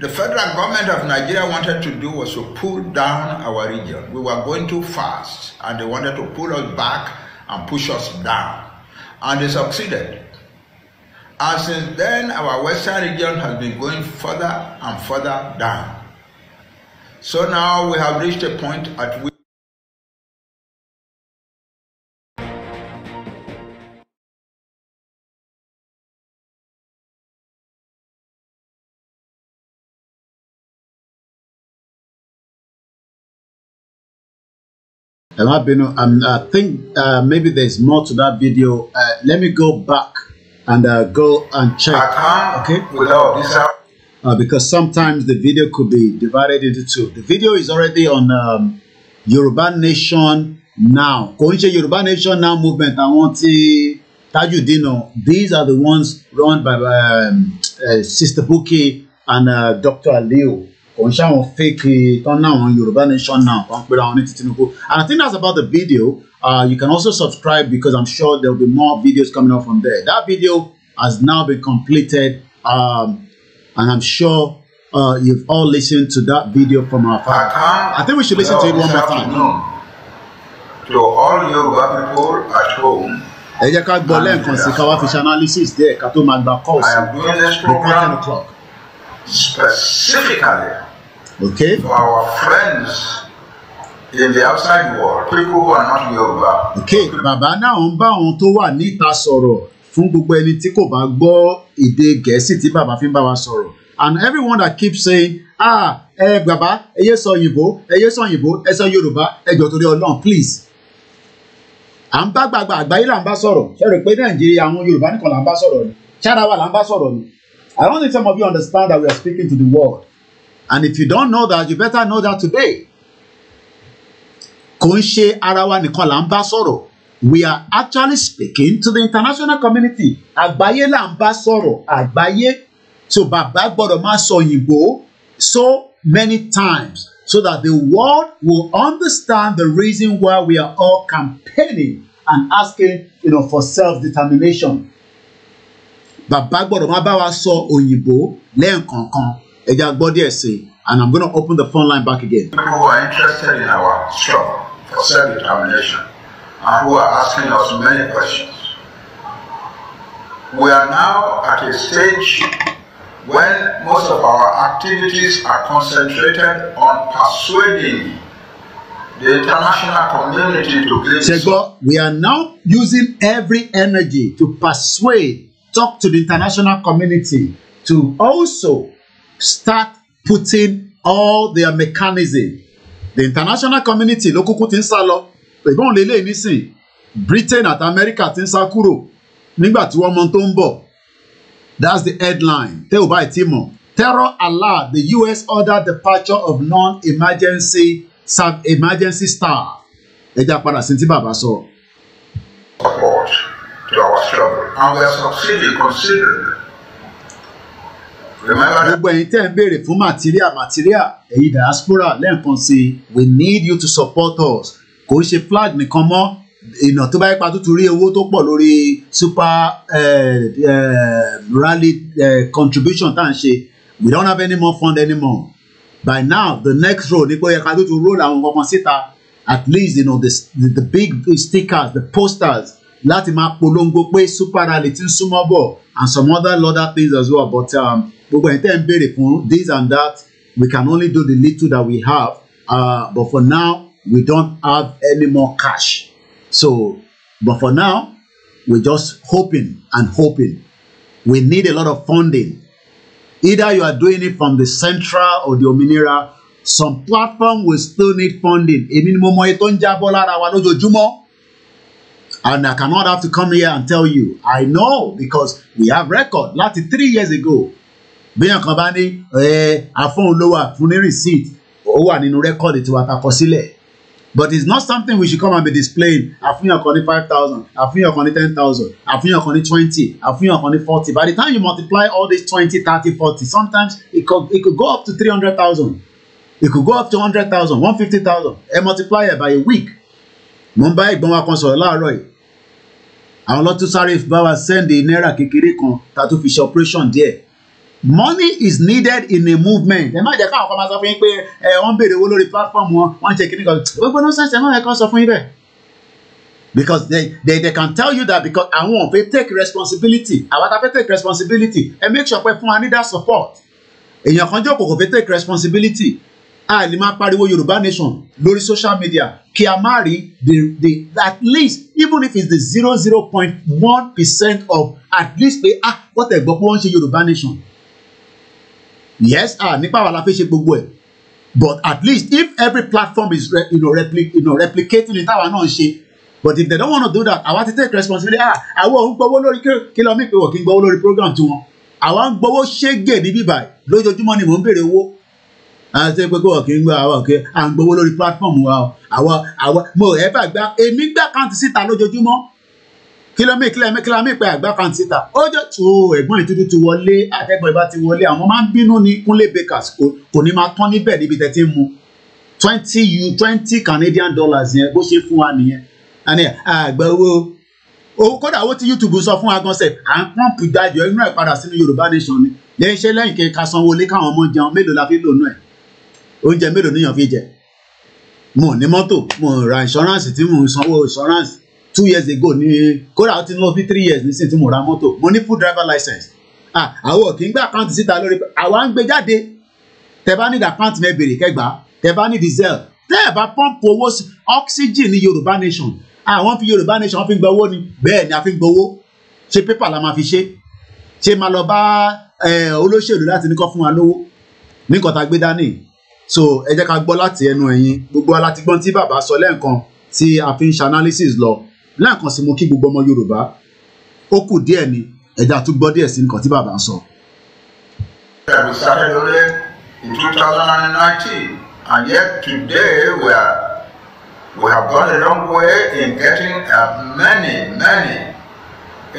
the federal government of Nigeria wanted to do was to pull down our region. We were going too fast, and they wanted to pull us back and push us down. And they succeeded. And since then, our western region has been going further and further down. So now we have reached a point at which I've been. bínú i think uh, maybe there's more to that video uh, let me go back and uh, go and check okay without visa uh, because sometimes the video could be divided into two the video is already on um, Yoruba Nation Now Koinche ń Yoruba Nation Now movement I àwọn tí Dino. these are the ones run by um, uh, Sister Buki and uh, Dr. Aliu kò ṣàwọn fake tán náà Yorùbá Nation now kan pera wọn ní ti and I think that's about the video uh, you can also subscribe because I'm sure there will be more videos coming up from there that video has now been completed um, and I'm sure uh, you've all listened to that video from our father I, think we should listen to it one more time. To all Yoruba people at home. ẹ jẹ́ ká gbọ́ lẹ́ẹ̀kan sí ká wá fi ṣe analysis díẹ̀ ká tó máa gba calls sí before ten specifically okay. for our friends in the outside world people who are not Yoruba, okay bàbá now ń bá àwọn tó wà níta sọ̀rọ̀ fún gbogbo ẹni tí kò bá gbọ́ èdè gẹ̀ẹ́sì tí bàbá fi ń bá wa sọ̀rọ̀ and everyone that keep saying ah ẹ bàbá ẹ yé sọ òyìnbó ẹ yé sọ òyìnbó ẹ sọ Yorùbá ẹ jọ torí Ọlọ́run please à ń bá gbàgbà àgbáyé là ń bá sọ̀rọ̀ ṣe rò pé Nàìjíríà àwọn Yorùbá nìkan là ń bá sọ̀rọ̀ ni ṣáàdá là ń bá sọ̀rọ̀ ni I don't think some of you understand that we are speaking to the world. And if you don't know that, you better know that today. Kò ń ṣe ara We are actually speaking to the international community. Àgbáyé là ń bá sọ̀rọ̀ àgbáyé. So bàbá gbọ́dọ̀ máa so many times so that the world will understand the reason why we are all campaigning and asking you know, for self-determination bàbá gbọ́dọ̀ máa bá wa sọ òyìnbó lẹ́ẹ̀kọ̀ọ̀kan ẹja gbọ́ díẹ̀ sí and i'm gonna open the phone line back again. people who are interested in our struggle for self-determination and who are asking us many questions. We are now at a stage when most of our activities are concentrated on persuading the international community to give. Sego, we are now using every energy to persuade talk to the international community to also start putting all their mechanism the international community ló kúkú ti ń sá lọ ìbọn lélẹ̀ nísìn Britain àti America ti ń sá kúrò nígbà tí wọ́n mọ tó ń bọ̀ that's the headline tẹ́ ò báyìí ti mọ̀ terror alert the US order departure of non-emergency emergency staff ẹ já padà sí ti bàbá sọ. support to our struggle and were succeeding considerably. Gbogbo ẹ̀yin tẹ́ ń béèrè fún material material ẹ̀yin diaspora lẹ́ẹ̀kan sí we need you to support us kò ń ṣe flag nìkan mọ́ ìnà tó bá yípa tuntun rí owó tó pọ̀ lórí super uh, uh, rally uh, contribution tá à ṣe we don't have any more fund anymore by now the next roll ní pé ẹ̀ka tó tún roll àwọn kankan síta at least you know, the, the, the big stickers the posters láti máa polongo pé super rally ti ń súnmọ́ bọ̀ and some other other things as well but um, gbogbo ẹ̀ tẹ́ ń béèrè fún this and that we can only do the little that we have uh, but for now we don't have any more cash so but for now we're just hoping and hoping we need a lot of funding either you are doing it from the central or the Ominira some platform will still need funding èmi ni mo mọ ètò ń jábọ́ lára wa lójoojúmọ́. And I cannot have to come here and tell you. I know because we have record láti three years ago. Béèyàn kan bá ní afóhùnlówó àfúnni receipt ó wà nínú rẹ́kọ̀dì tí wàá takọ sílẹ̀. But it's not something we should come and be displaying. Àfihàn kan ní five thousand, àfihàn kan ní ten thousand, àfihàn kan ní twenty, àfihàn kan ní forty. By the time you multiply all these twenty, thirty, forty, sometimes it could, it could go up to three hundred thousand. It could go up to hundred thousand, one fifty thousand. Ẹ multiply it by a week. Mo ń bá ìgbọ́n wa kan sọ̀rọ̀ láàárọ̀ yìí àwọn lọ́tún sáré bá wa sẹ́ndì náírà kékeré kan ta tó fi ṣe operation díẹ̀ money is needed in a movement ẹ má jẹ́ káwọn kan máa sọ fún yín pé ẹ wọ́n ń béèrè owó lórí platform wọn wọ́n ń ṣe kíní kan gbogbo náà sẹ́sẹ̀ má yẹ kán sọ fún yín bẹ́ẹ̀ because they, they they can tell you that because àwọn ò fẹ́ take responsibility àwọn ta fẹ́ take responsibility ẹ make sure pé fún wa ní that support èèyàn kan jókòó kò fẹ́ take responsibility a lè máa pariwo yorùbá nation lórí social media kí a má rí the the at least even if it's the zero zero point one percent of at least pé ah what tẹ̀ gbọ́ pé wọ́n ń ṣe yorùbá nation yes ah nípa wàhálà fi ṣe gbogbo ẹ̀ but at least if every platform is re, you know, repli, you know, replicating it táwa náà ń ṣe but if they don't wanna do that àwa ti take responsibility ah àwọn òun gbowó lórí kí lọ́ọ́ mi pé wọ́n kí n gbowó lórí program tiwọn àwa ń gbowó ṣégè ní bíbáyìí lójoojúmọ́ ni mò ń béèrè owó àti pé kí wọn kì í gbọ́ àwọn kì í à ń gbowó lórí platform wa o àwọn àwọn mo ẹ bá gba èmi gbà àkáǹtì síta lójoojúmọ́ kílómì kílómì kílómì pé àgbà kan ti ta ó jẹ́ tó ẹ̀gbọ́n ìtútù ti wọlé àtẹ́gbọ́n ìbá ti wọlé àwọn máa ń bínú ní kúnlé bakers kò ní máa tán níbẹ̀ níbi tẹ́tí mu twenty u twenty Canadian dollars yẹn bó ṣe fún wa nìyẹn àní àgbà owó owó kódà owó tí YouTube sọ fún wa gan sẹ à ń pọ́ǹpù dájọ́ inú ẹ̀ padà sínú Yorùbá nation ni lẹ́yìn iṣẹ́ lẹ́yìn kẹ́ka sanwó lé káwọn ọmọ jẹun mélòó la fi lò nù ẹ̀ oúnjẹ mélòó níyàn fi jẹ mo ní mọ́tò mo ra insurance tí mo sanwó insurance two years ago ní kódà ó ti lọ bí three years nísìnyí tí mo ra mọ́tò mo ní full driver license ah àwọn kì í gbà àkáǹtì síta lórí àwa ń gbé jáde tẹ bá ní àkáǹtì náà béèrè kẹgbàá tẹ bá ní diesel tẹ ẹ bá pọ́ǹpù owó oxygen ní Yorùbá nation àwọn fi Yorùbá nation wọn fi ń gbowó ni bẹ́ẹ̀ ni a fi ń gbowó ṣe pépà la máa fi ṣe ṣe máa lọ bá olóṣèlú láti ní kọ́ fún wa lówó ní nǹkan tá a gbé dání so ẹ jẹ́ ká gbọ́ láti ẹnu ẹ̀yin gbogbo wa tí bàbá sọ lẹ́ẹ̀kan tí a fi ń ṣe analysis lọ lẹ́ẹ̀kan sí mo kí gbogbo ọmọ Yorùbá ó kù díẹ̀ ni ẹ jẹ́ gbọ́ díẹ̀ sí nǹkan tí bàbá sọ. we started only in 2019 and yet today we are we have gone a long way in getting uh, many many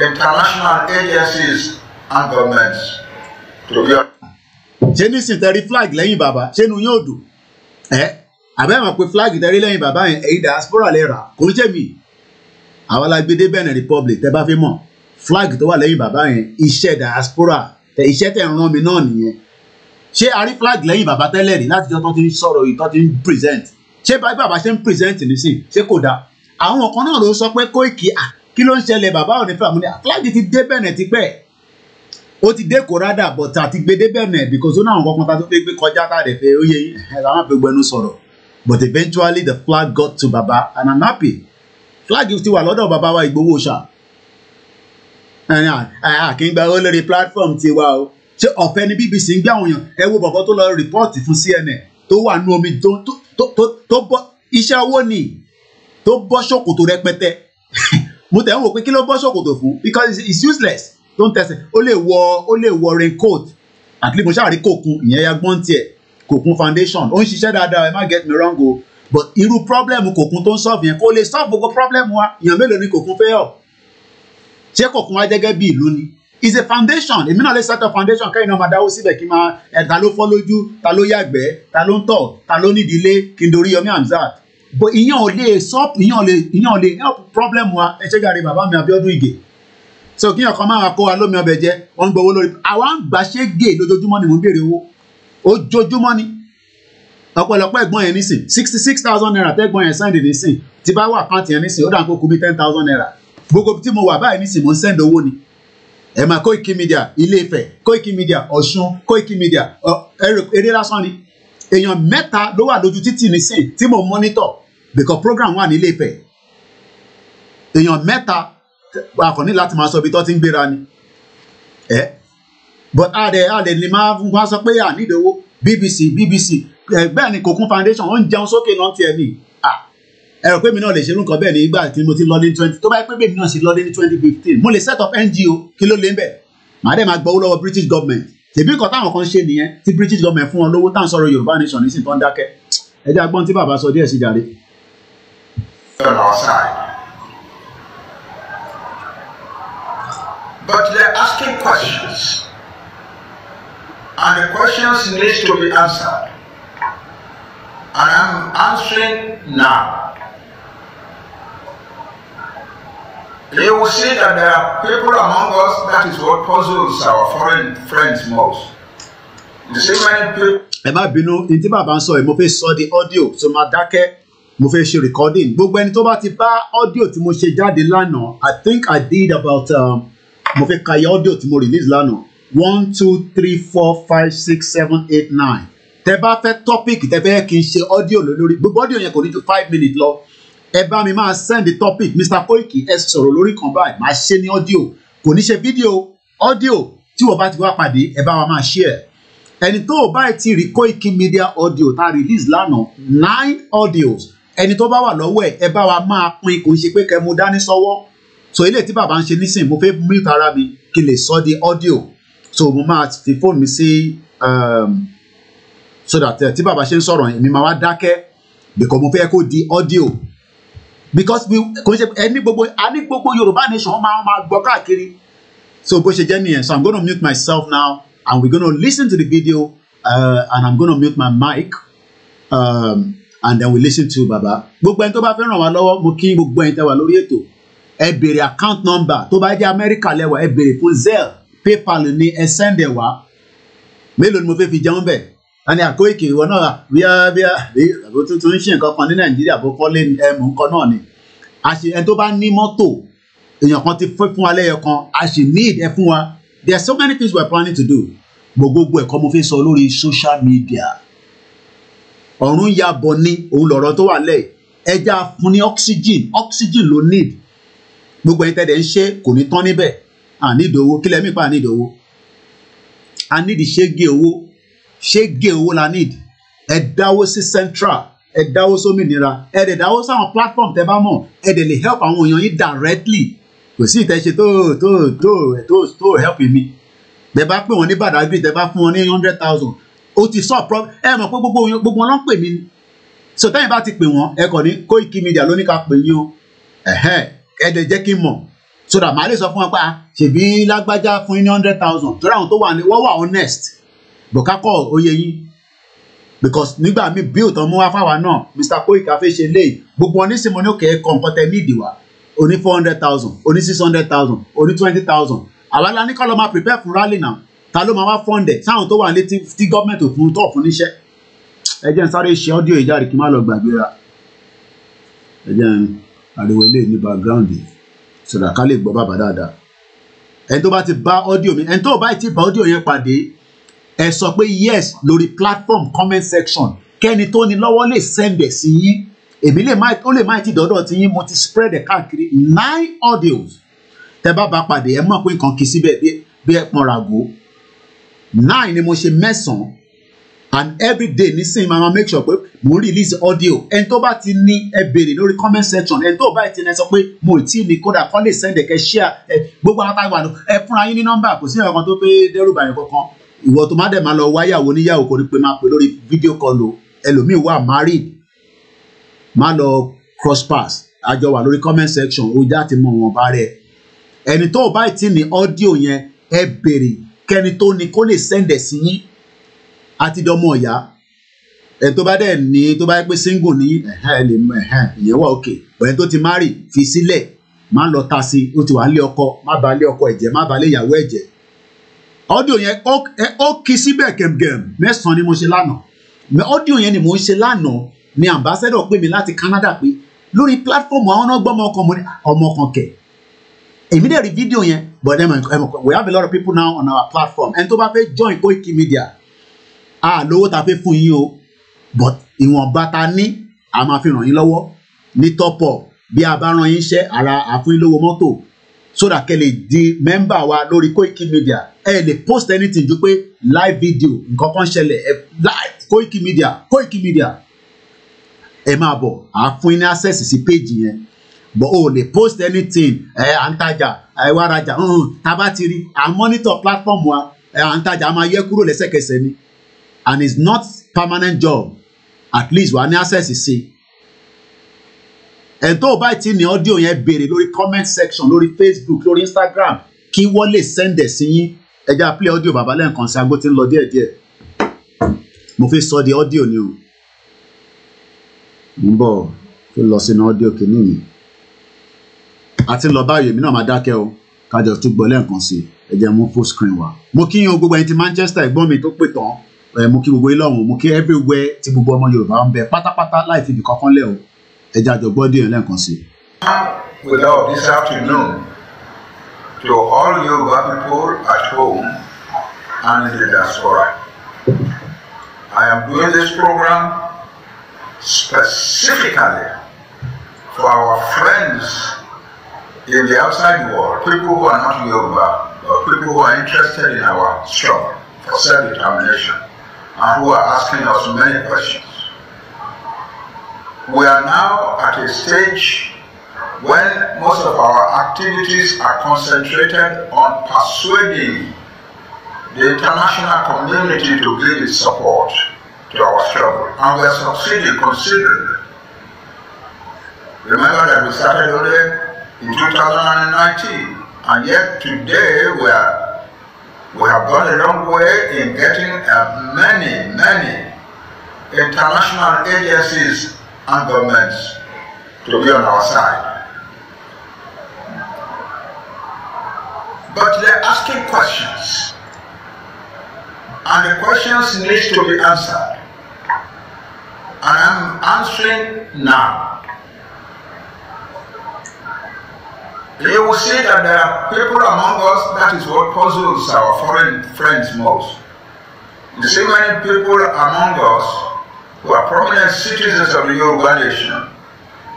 international agencies and governments to be ṣé nísìnyí tẹ flag lẹ́yìn bàbá ṣé nu yóò dùn ẹ àbẹ́ pé flag tẹ rí lẹ́yìn bàbá yẹn èyí diaspora lè rà kò ń jẹ́ mi àwa la Benin Republic tẹ bá fi mọ̀ flag tó wà lẹ́yìn bàbá yẹn iṣẹ́ diaspora tẹ iṣẹ́ tẹ ràn mí náà nìyẹn ṣé a rí flag lẹ́yìn bàbá tẹ́lẹ̀ rí láti jọ tó ti ń sọ̀rọ̀ yìí tó ti ń present ṣé bàbá ṣe ń present nísìn ṣé kò dáa àwọn kan náà ló sọ pé Koiki ah, kí ló ń ṣẹlẹ̀ bàbá ò fẹ́ àmúlẹ̀ ah, flag ti dé Benin tipẹ́ ó ti dé kórádà but àti gbedebẹ̀ nẹ̀ because ó náà kankan ta tó fẹ́ gbé kọjá tá fẹ́ ó yẹ àwọn àfẹ́ sọ̀rọ̀ but eventually the flag got to baba and i'm happy flag ti wà lọ́dọ̀ baba wa Ìgbòho ṣá àkíngbà ó lórí platform ti wa o ṣé ọ̀fẹ́ ni BBC ń gbé àwọn èèyàn ẹ wo bọ̀bọ̀ tó lọ rìpọ́ọ̀tì fún CNN tó wà nú omi tó bọ́ iṣẹ́ owó ni tó bọ́ ṣòkòtò rẹpẹtẹ mo tẹ̀ ń wò pé kí ló bọ́ ṣòkòtò fún because it's useless tó ń tẹsẹ̀ ó lè wọ ó lè wọ raincoat at least mo ṣáà rí kòkun ìyẹn yagbọ́n tiẹ̀ kòkun foundation ó ń ṣiṣẹ́ dáadáa ẹ má get me wrong o but irú problem kòkun tó ń solve yẹn kò lè solve gbogbo problem wa èèyàn mélòó ni kòkun fẹ́ ọ̀ ṣé kòkun wa jẹ́gẹ́ bí ìlú ni is a foundation èmi náà lè set up foundation kẹ́yìn náà máa dáwó síbẹ̀ kí n máa ẹ̀ ta ló fọ́ lójú ta ló yàgbẹ́ ta ló ń tọ̀ ta ló nídìílé kí n dorí Yomi Hamzat but ìyẹn ò lè solve ìyẹn ò lè ìyẹn ò lè help problem wa ẹ ṣe gàrí bàbá mi Abíọ́dún Ìgè so kí ọkàn máa kó wa lómi ọbẹ̀ jẹ wọ́n ń gbowó lórí àwa ń gbàṣẹ́ gé lójoojúmọ́ ni mò ń béèrè owó ojoojúmọ́ ni ọ̀pọ̀lọpọ̀ ẹ̀gbọ́n yẹn nísìn sixty six thousand naira tẹ́gbọ́n yẹn sẹ́ndì nísìn tí bá wà àkáǹtì yẹn nísìn ó dà ń kó kú bí ten thousand naira gbogbo tí mo wà báyìí nísìn mo ń sẹ́ndì owó ni ẹ máa Koiki Media Ilé Ifẹ̀ Koiki Media Ọ̀ṣun Koiki Media eré lásán ni èèyàn mẹ́ta ló wà lójú títì nísìn tí mo mọ́nítọ̀ because program wà ní Ilé Ifẹ̀ èèyàn mẹ́ta a kò ní láti máa sọ ibi tó ti ń gbéra ni ẹ but a lè a lè ní máa wá sọ pé à nídìí owó bbc bbc bẹ́ẹ̀ ni Kokun Foundation wọ́n ń jẹun sókè náà tiẹ̀ ni à ẹ rò pé mi náà lè ṣe irú nǹkan bẹ́ẹ̀ ní ìgbà tí mo ti lọ ní twenty tó bá yẹ pé bèmi náà ṣe lọ ní twenty fifteen mo lè set up NGO kí ló lé ń bẹ̀ màá dẹ̀ máa gbowó lọ́wọ́ British government tèmi kan táwọn kan ṣe nìyẹn tí British government fún wọn lówó tá à ń sọ̀rọ̀ Yorùbá nation nísìnyí tó ń dákẹ́ ẹ jẹ́ agbọ́n tí bàbá sọ díẹ̀ sí jàre. But they are asking questions. And the questions need to be answered. And am answering now. You will see that there are people among us that is what puzzles our foreign friends most. You see many people. Ẹ má bínú, ní tí bàbá ń sọ yìí, mo fẹ́ sọ di ọ́díò tó máa dákẹ́ mo fẹ́ ṣe recording gbogbo ẹni tó bá ti bá ọ́díò tí mo ṣe jáde lánàá i think i did about um, mo fẹ́ ka yẹ ọ́díò tí mo release lánàá one two three four five six seven eight nine tẹ bá fẹ́ topic tẹ fẹ́ kí n ṣe ọ́díò lórí gbogbo ọ́díò yẹn kò ní ju five minutes lọ ẹ bá mi máa send topic Mr Koiki ẹ sọ̀rọ̀ lórí kan báyìí máa ṣe ní ọ́díò kò ní ṣe fídíò ọ́díò tí wọ́n bá ti wá pàdé ẹ bá wa máa share ẹni tó o báyìí ti rí Koiki Media audio tá a release lánàá nine audios ẹni tó bá wà lọ́wọ́ ẹ̀ ẹ bá wa máa pín kò ń ṣe pé kẹ́ mú dání sọ́wọ́ so ilé tí bàbá ń ṣe nísìn mo fẹ́ mute ara mi kí n lè sọ di audio so mo máa fi fóònù mi sí um, so that eh, tí bàbá ṣe ń sọ̀rọ̀ yẹn mi máa wá dákẹ́ because mo fẹ́ kó di audio because we kò ṣe ẹni gbogbo àní gbogbo Yorùbá nation wọn máa máa gbọ́ káàkiri so bó ṣe jẹ́ nìyẹn so i'm gonna mute myself now and we're gonna listen to the video uh, and i'm gonna mute my mic. Um, and then we listen to baba gbogbo ẹni tó bá fẹ́ ràn wá lọ́wọ́ mo kí gbogbo ẹni tẹ́ wà lórí ètò ẹ béèrè account number tó bá jẹ́ amẹ́ríkà lẹ́wà ẹ béèrè fún zelle paypal ni ẹ send ẹ wá mélòó ni mo fẹ́ fi jẹun bẹ̀ àní àkóyèké ìwọ náà bíá bíá àbí tuntun ń ṣe nǹkan kan ní nàìjíríà bó kọ́lé ẹmu nǹkan náà ni àṣe ẹni tó bá ní mọ́tò èèyàn kan ti fẹ́ fún wa lẹ́yọ kan a sì need ẹ fún wa there are so many things we are planning to do gbogbogbò ẹ̀kọ́ mo fi sọ lórí social media ọ̀run yabọ̀ ni òun lọ̀rọ̀ tó wà lẹ́yìn ẹja fún ní oxygen oxygen ló need gbogbo ẹni tẹ́lẹ̀ ń ṣe kò ní tán níbẹ̀ à ní ìdòwò kí lẹ́mí pa à ní ìdòwò a ní ìdí ṣége owó ṣége owó la ní ìdí ẹ dáwó sí central ẹ dáwó sómìnira ẹ dẹ̀ dáwó sáwọn platform tẹ́ bá mọ̀ ẹ dẹ̀ lè help àwọn èèyàn yín directly kò sí ìtẹ́ṣe tó tó tó tó tó help mi bẹ bá pè wọn ní Badagry tẹ́ bá fún wọn ní hundred thousand ó ti sọ pro ẹ mọ̀ pé gbogbo gbogbo wọn ló ń pè mí so tẹ́yìn bá ti pè wọ́n ẹ kàn ní Koiki Media ló ní ká pè yín o ẹ̀hẹ́n ẹ̀ẹ́dẹ̀ jẹ́ kí n mọ̀ so that màá lè sọ fún wọn pé ah, ṣèbí lágbájá fún yín ní hundred thousand torí àwọn tó wà ní wọ́n wà honest bùkákọ̀ oyè yín because nígbà míì bill tán mú wá fáwa náà Mr Koika fẹ́ ṣe léyìí gbogbo wọn nísìnyí mo ní òkè ẹ̀kọ́ nǹkan tẹ ní ìdìwà oní four hundred thousand oní six hundred thousand oní twenty thousand àwa la ní kọ́ ló máa prepare fún rally náà ta ló máa wá fọ́ndẹ̀ sáwọn tó wà létí tí gọ́ọ̀mẹ̀ntì ò fún tọ̀ fún níṣẹ́ ẹ jẹ́ n sáré ṣe ọ́díò ìjáde kí n má lọ gbàgbéra ẹ jẹ́ n ariwo ilé ní background sọ̀rọ̀ ká lè gbọ́ bàbá dáadáa ẹni tó bá ti bá ọ́díò mi ẹni tó bá ti bá ọ́díò yẹn pàdé ẹ sọ pé yes lórí platform comment section kẹ́ni tó ní lọ́wọ́ lè send ẹ̀ sí yín èmi lè má ó lè má ti dọ́dọ̀ tí yín mo ti spread ẹ̀ káàkiri nine audios tẹ bá bá pàdé ẹ mọ̀ pé nǹkan kì í síbẹ̀ bí ẹ pọnra go nine ni mo ṣe mẹ́sàn and every day nísìnyí máa make sure pé mò ń release audio ẹni tó bá ti ní ẹ béèrè lórí comment section ẹni tó bá ti ní ẹ sọ pé mo ì tí ì ní kódà kọ́ lè send ẹ̀kẹ́ share ẹ gbogbo àwọn táwọn àná ẹ fúnra yín ní nọ́mbà kò sí ẹ̀kan tó fẹ́ dẹ́rù bàyẹ̀ kankan ìwọ tó má dẹ̀ máa lọ wáyàwó níyàwó kò ní pe máa pè lórí fídíò call o ẹlòmíì wà married má lọ cross pass àjọ wà lórí comment section ó já ti mọ wọn bá rẹ ẹni tó bá ti ní audio yẹn ẹ béèrè kẹni tó ní kó lè send ẹ sí yín àti dọmọ ìyá ẹ̀ tó bá dẹ̀ ní tó bá pé single ní ẹ̀hán ẹ̀ lè mọ ẹ̀hán ìyẹn wà òkè ọ̀yẹ́ tó ti márì fi sílẹ̀ má lọ ta sí ó ti wà ń lé ọkọ má ba lé ọkọ ẹ̀jẹ̀ má ba lé ìyàwó ẹ̀jẹ̀ ọ́díò yẹn ó kí síbẹ̀ gẹ̀mgẹ̀m mẹ́sàn-án ni mo ṣe lánàá ọ́díò yẹn ni mo ń ṣe lánàá ni ambassador pè mí láti Canada pé lórí platform àwọn náà gbọ́mọ ọkàn ọmọ ọkàn kẹ̀ èmi dẹ̀ rí fídíò yẹn but then we have a lot of people now on our platform ẹni tó bá fẹ́ join Koiki Media a lówó ta fẹ́ fún yín o but ìwọ̀nba ta ní a máa fi ràn yín lọ́wọ́ ní tọ́pọ̀ bí a bá rán yín iṣẹ́ ara àfún yín lówó mọ́tò sódà kẹ́ lè di mẹ́mbà wa lórí Koiki Media ẹ lè post anything ju pé live video nǹkan kan ṣẹlẹ̀ ẹ live Koiki Media Koiki Media ẹ máa bọ̀ àfún yín access sí page yẹn but o lè post anything ẹ à ń tajà ẹ wá rajà tá a bá ti rí à ń monitor platform wa ẹ à ń tajà a máa yẹ kúrò lẹ́sẹ̀kẹsẹ̀ ni and it's not permanent job at least wà á ní access sí ẹ̀ tó o bá ti ní ọ́díò yẹn béèrè lórí comment section lórí Facebook lórí Instagram kí wọ́n lè send ẹ̀ sí yín ẹ já play ọ́díò bàbá lẹ́ǹkan sí agbó tí ń lọ díẹ̀díẹ̀ mo fi sọ di ọ́díò ni o ń bọ̀ fi lọ sínú ọ́díò kìíní mi àti lọ báyìí èmi náà máa dákẹ́ o kájọ tún gbọ́ lẹ́ǹkan sí ẹ jẹ́ mú full screen wá mo kíyàn gbogbo ẹni ti Manchester ẹ̀gbọ́n mi tó pè tán mo kí gbogbo ilọ̀hún mo kí everywhere tí gbogbo ọmọ Yorùbá ń bẹ pátápátá láì fi ibìkan fọ́nlẹ̀ o ẹja àjọgbọ́n dé lẹ́ẹ̀kan sí. without this afternoon to all Yoruba people at home and in the diaspora I am doing this program specifically for our friends in the outside world people who are not Yoruba but people who are interested in our struggle for self-determination and who are asking us many questions. We are now at a stage when most of our activities are concentrated on persuading the international community to give its support to our struggle, and we are succeeding considerably. Remember that we started only in 2019, and yet today we are We have gone a long way in getting uh, many, many international agencies and governments to be on our side. But they're asking questions. And the questions need to be answered. And I'm answering now. You will see that there are people among us that is what puzzles our foreign friends most. The same many people among us who are prominent citizens of the Yoruba nation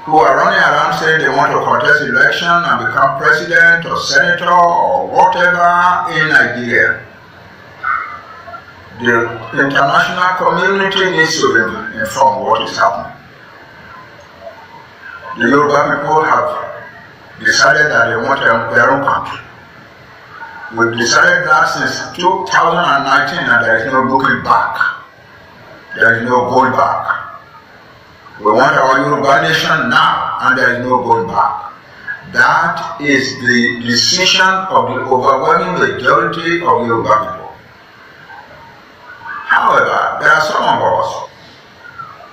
who are running around saying they want to contest election and become president or senator or whatever in Nigeria. The international community needs to be informed what is happening. The Yoruba people have decided that they want their own country. We've decided that since 2019 and there is no looking back. There is no going back. We want our Yoruba nation now and there is no going back. That is the decision of the overwhelming majority of Yoruba people. However, there are some of us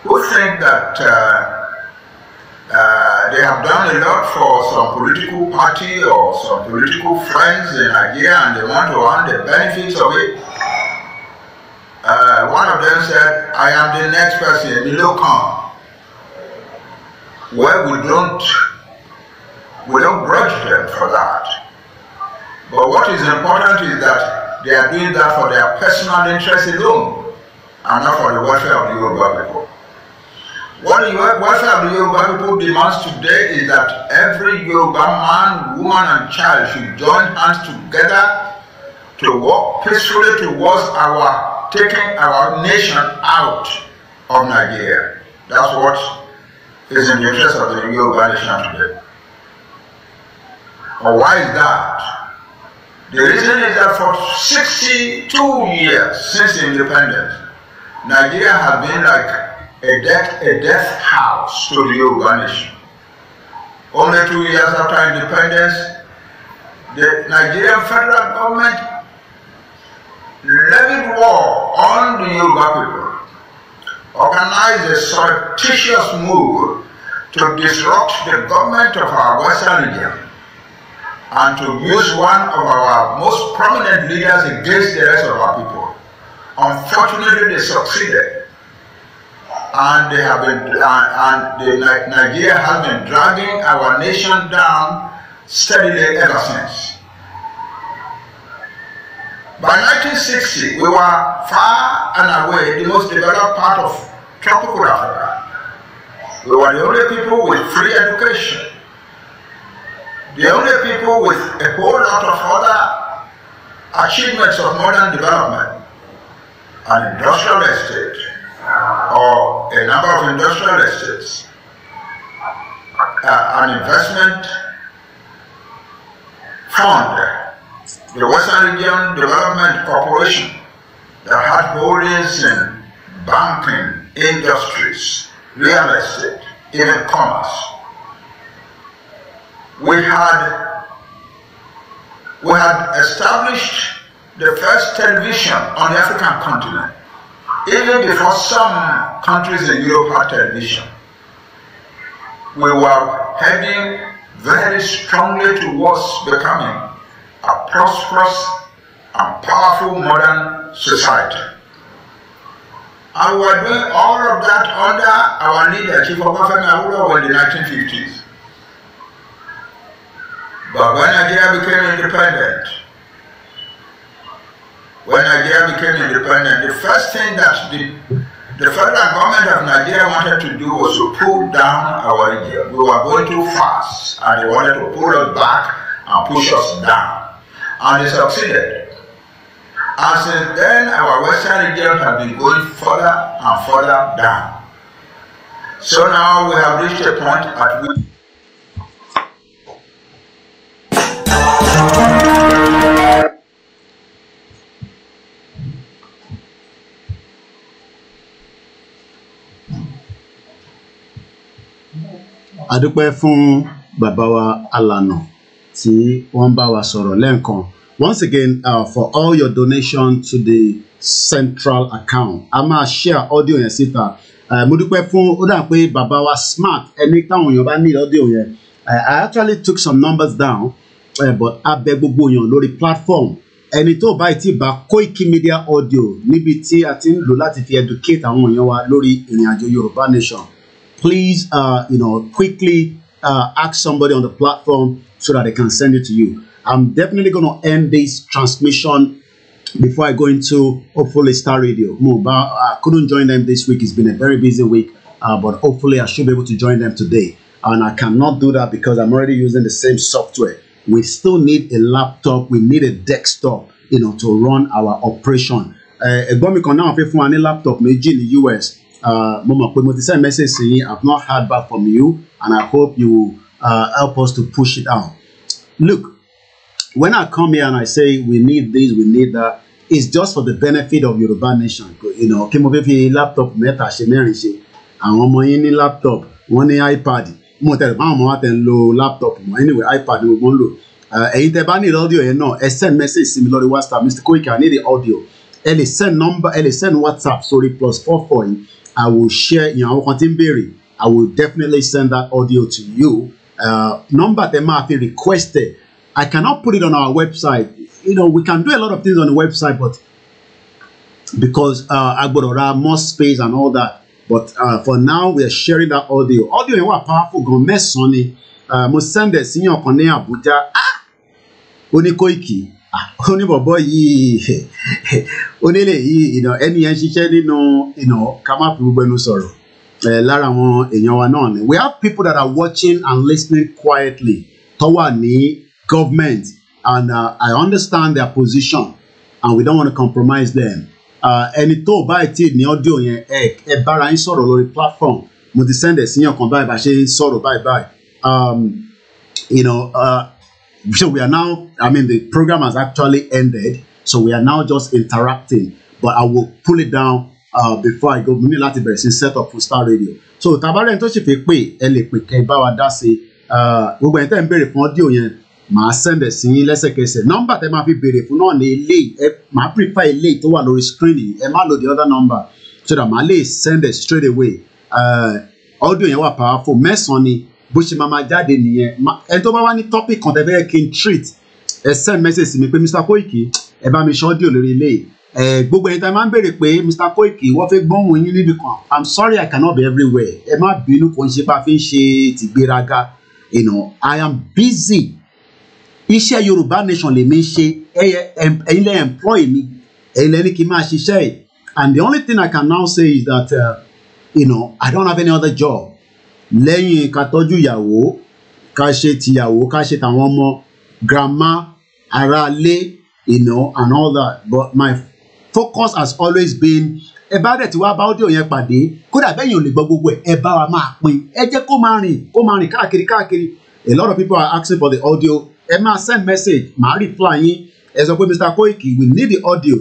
who think that uh, uh, they have done a lot for some political party or some political friends in Nigeria and they want to earn the benefits of it. Uh, one of them said, I am the next person in the Well, we don't, we don't grudge them for that. But what is important is that they are doing that for their personal interest alone and not for the welfare of the Yoruba people. What, what our Yoruba people demands today is that every Yoruba man, woman, and child should join hands together to work peacefully towards our taking our nation out of Nigeria. That's what is in the interest of the Yoruba nation today. But why is that? The reason is that for 62 years since independence, Nigeria has been like a death, a death house to the Yoruba nation. Only two years after independence, the Nigerian federal government levied war on the Yoruba people, organized a surreptitious move to disrupt the government of our Western region and to use one of our most prominent leaders against the rest of our people. Unfortunately, they succeeded. and they have been and, and the, Nigeria has been dragging our nation down steadily ever since. By 1960, we were far and away the most developed part of tropical Africa. We were the only people with free education, the only people with a whole lot of other achievements of modern development, an industrial estate, or a number of industrial estates, uh, an investment fund, the Western Region Development Corporation, that had holdings in banking, industries, real estate, even commerce. We had, we had established the first television on the African continent. even before some countries in Europe had television, we were heading very strongly towards becoming a prosperous and powerful modern society. And we were doing all of that under our leader, Chief of Government, Awolowo, in the 1950s. But when Nigeria became independent, when Nigeria became independent, the first thing that the, the federal government of Nigeria wanted to do was to pull down our region. We were going too fast, and they wanted to pull us back and push us down. And they succeeded. And since then, our western region has been going further and further down. So now we have reached a point at which a dúpẹ́ fún bàbá wa alànà tí wọ́n bá wa sọ̀rọ̀ lẹ́ẹ̀kan once again uh, for all your donation to the central account a máa share audio yẹn síta uh, mo dúpẹ́ fún ó dà pé bàbá wa smart ẹni táwọn èèyàn bá ní audio yẹn uh, I actually took some numbers down uh, but a bẹ̀ gbogbo èèyàn lórí platform ẹni tó bá ti bá Koiki Media Audio níbi tí a ti ń lò láti fi educate àwọn èèyàn wa lórí ìrìn àjò Yorùbá Nation please, uh, you know, quickly uh, ask somebody on the platform so that they can send it to you. I'm definitely going to end this transmission before I go into hopefully Star Radio. Move. I couldn't join them this week. It's been a very busy week, uh, but hopefully I should be able to join them today. And I cannot do that because I'm already using the same software. We still need a laptop. We need a desktop, you know, to run our operation. Uh, ẹ̀gbọ́n mi kan náà fi fún wa ní laptop méjì the US Uh, mo mọ̀ pé mo ti send message sí yín I have not heard back from you and I hope you will uh, help us to push it out. Look, when I come here and I say we need this, we need that, it's just for the benefit of Yoruba nation. You know, kí mo fẹ́ fi laptop mẹ́ta ṣe mẹ́rin ṣe àwọn ọmọ yín ní laptop wọ́n ní iPad mo tẹ̀lé báwọn ọmọ wa tẹ̀ ń lo laptop mọ́ anyway iPad ni mo ń lò uh, ẹ̀yin tẹ́ bá ní ìlú audio yẹn náà ẹ send message sí mi lórí WhatsApp Mr. Koiki I need the audio ẹ lè send number ẹ lè send WhatsApp Sorry, plus four four yìí I will share ìyàn àwọn kan tí ń béèrè I will definitely send that audio to you uh, number tẹ máa fi request ẹ I cannot put it on our website you know we can do a lot of things on the website but because uh, agbodora more space and all that but uh, for now we are sharing that audio audio yẹn wà powerful gan mẹ́sàn-án ni uh, mo send ẹ̀ síyàn kan ní Abuja ah oníkóìkì. Ah, oníbọ̀bọ̀ yìí onílé yìí ìnà ẹni yẹn ṣiṣẹ́ nínú ìnà ká má fi lára àwọn èèyàn wa náà ni we have people that are watching and listening quietly tó wà ní government and uh, I understand their position and we don't want to compromise them uh, ẹni tó o báyìí tí ní ọ́díò yẹn ẹ ẹ bára yín sọ̀rọ̀ lórí platform mo ti send ẹ̀ síyàn kan báyìí bá ṣe sọ̀rọ̀ báyìí báyìí um, you know. Uh, so we are now i mean the program has actually ended so we are now just interacting but i will pull it down uh, before i go mi ní láti bẹ̀rẹ̀ sí set up for Star Radio so tabarẹ́ni tó sì fi pè ẹ lè pè kẹ́ ẹ bá wa dá sí uh, gbogbo ẹ̀yin tẹ́ ń béèrè fún ọ́díò yẹn màá sẹ́ndẹ̀ sí yín lẹ́sẹ̀kẹsẹ̀ nọ́mbà tẹ́ máa fi béèrè fún náà ní eléyìí ẹ màá prefer eléyìí tó wà lórí screen yìí ẹ má lo the other number so that màá lè sẹ́ndẹ̀ straight away ọ́díò uh, yẹn wà powerful mẹ́sàn-án ni bó ṣe máa máa jáde nìyẹn ẹni tó bá wá ní topic kan tẹ́fẹ́ kí n treat ẹ send message sí mi pé Mr Koiki ẹ bá mi ṣe ọ́díò lórí ilé ẹ gbogbo ẹni tá a máa ń béèrè pé Mr Koiki wọ́n fẹ́ gbọ́hùn yín níbi kan I'm sorry I cannot be everywhere ẹ má bínú kò ń ṣe bá a fi ń ṣe tìgbéraga you know I am busy iṣẹ́ Yorùbá nation lèmi ń ṣe ẹ̀yin lẹ́ employ mi ẹ̀yin lẹ́ ní kí máa ṣiṣẹ́ and the only thing I can now say is that uh, you know I don't have any other job lẹ́yìn ká tọ́jú ìyàwó ká ṣe tìyàwó ká ṣe tàwọn ọmọ grandma aráalé you know and all that but my focus has always been ẹ bá dẹ̀ tí wá bá audio yẹn pàdé kódà bẹ́yìn ò lè gbọ́ gbogbo ẹ̀ ẹ bá wa máa pín ẹ jẹ́ kó máa rìn kó máa rìn káàkiri káàkiri a lot of people are asking for the audio ẹ máa send message màá reply yín ẹ sọ pé Mr. Koiki we need the audio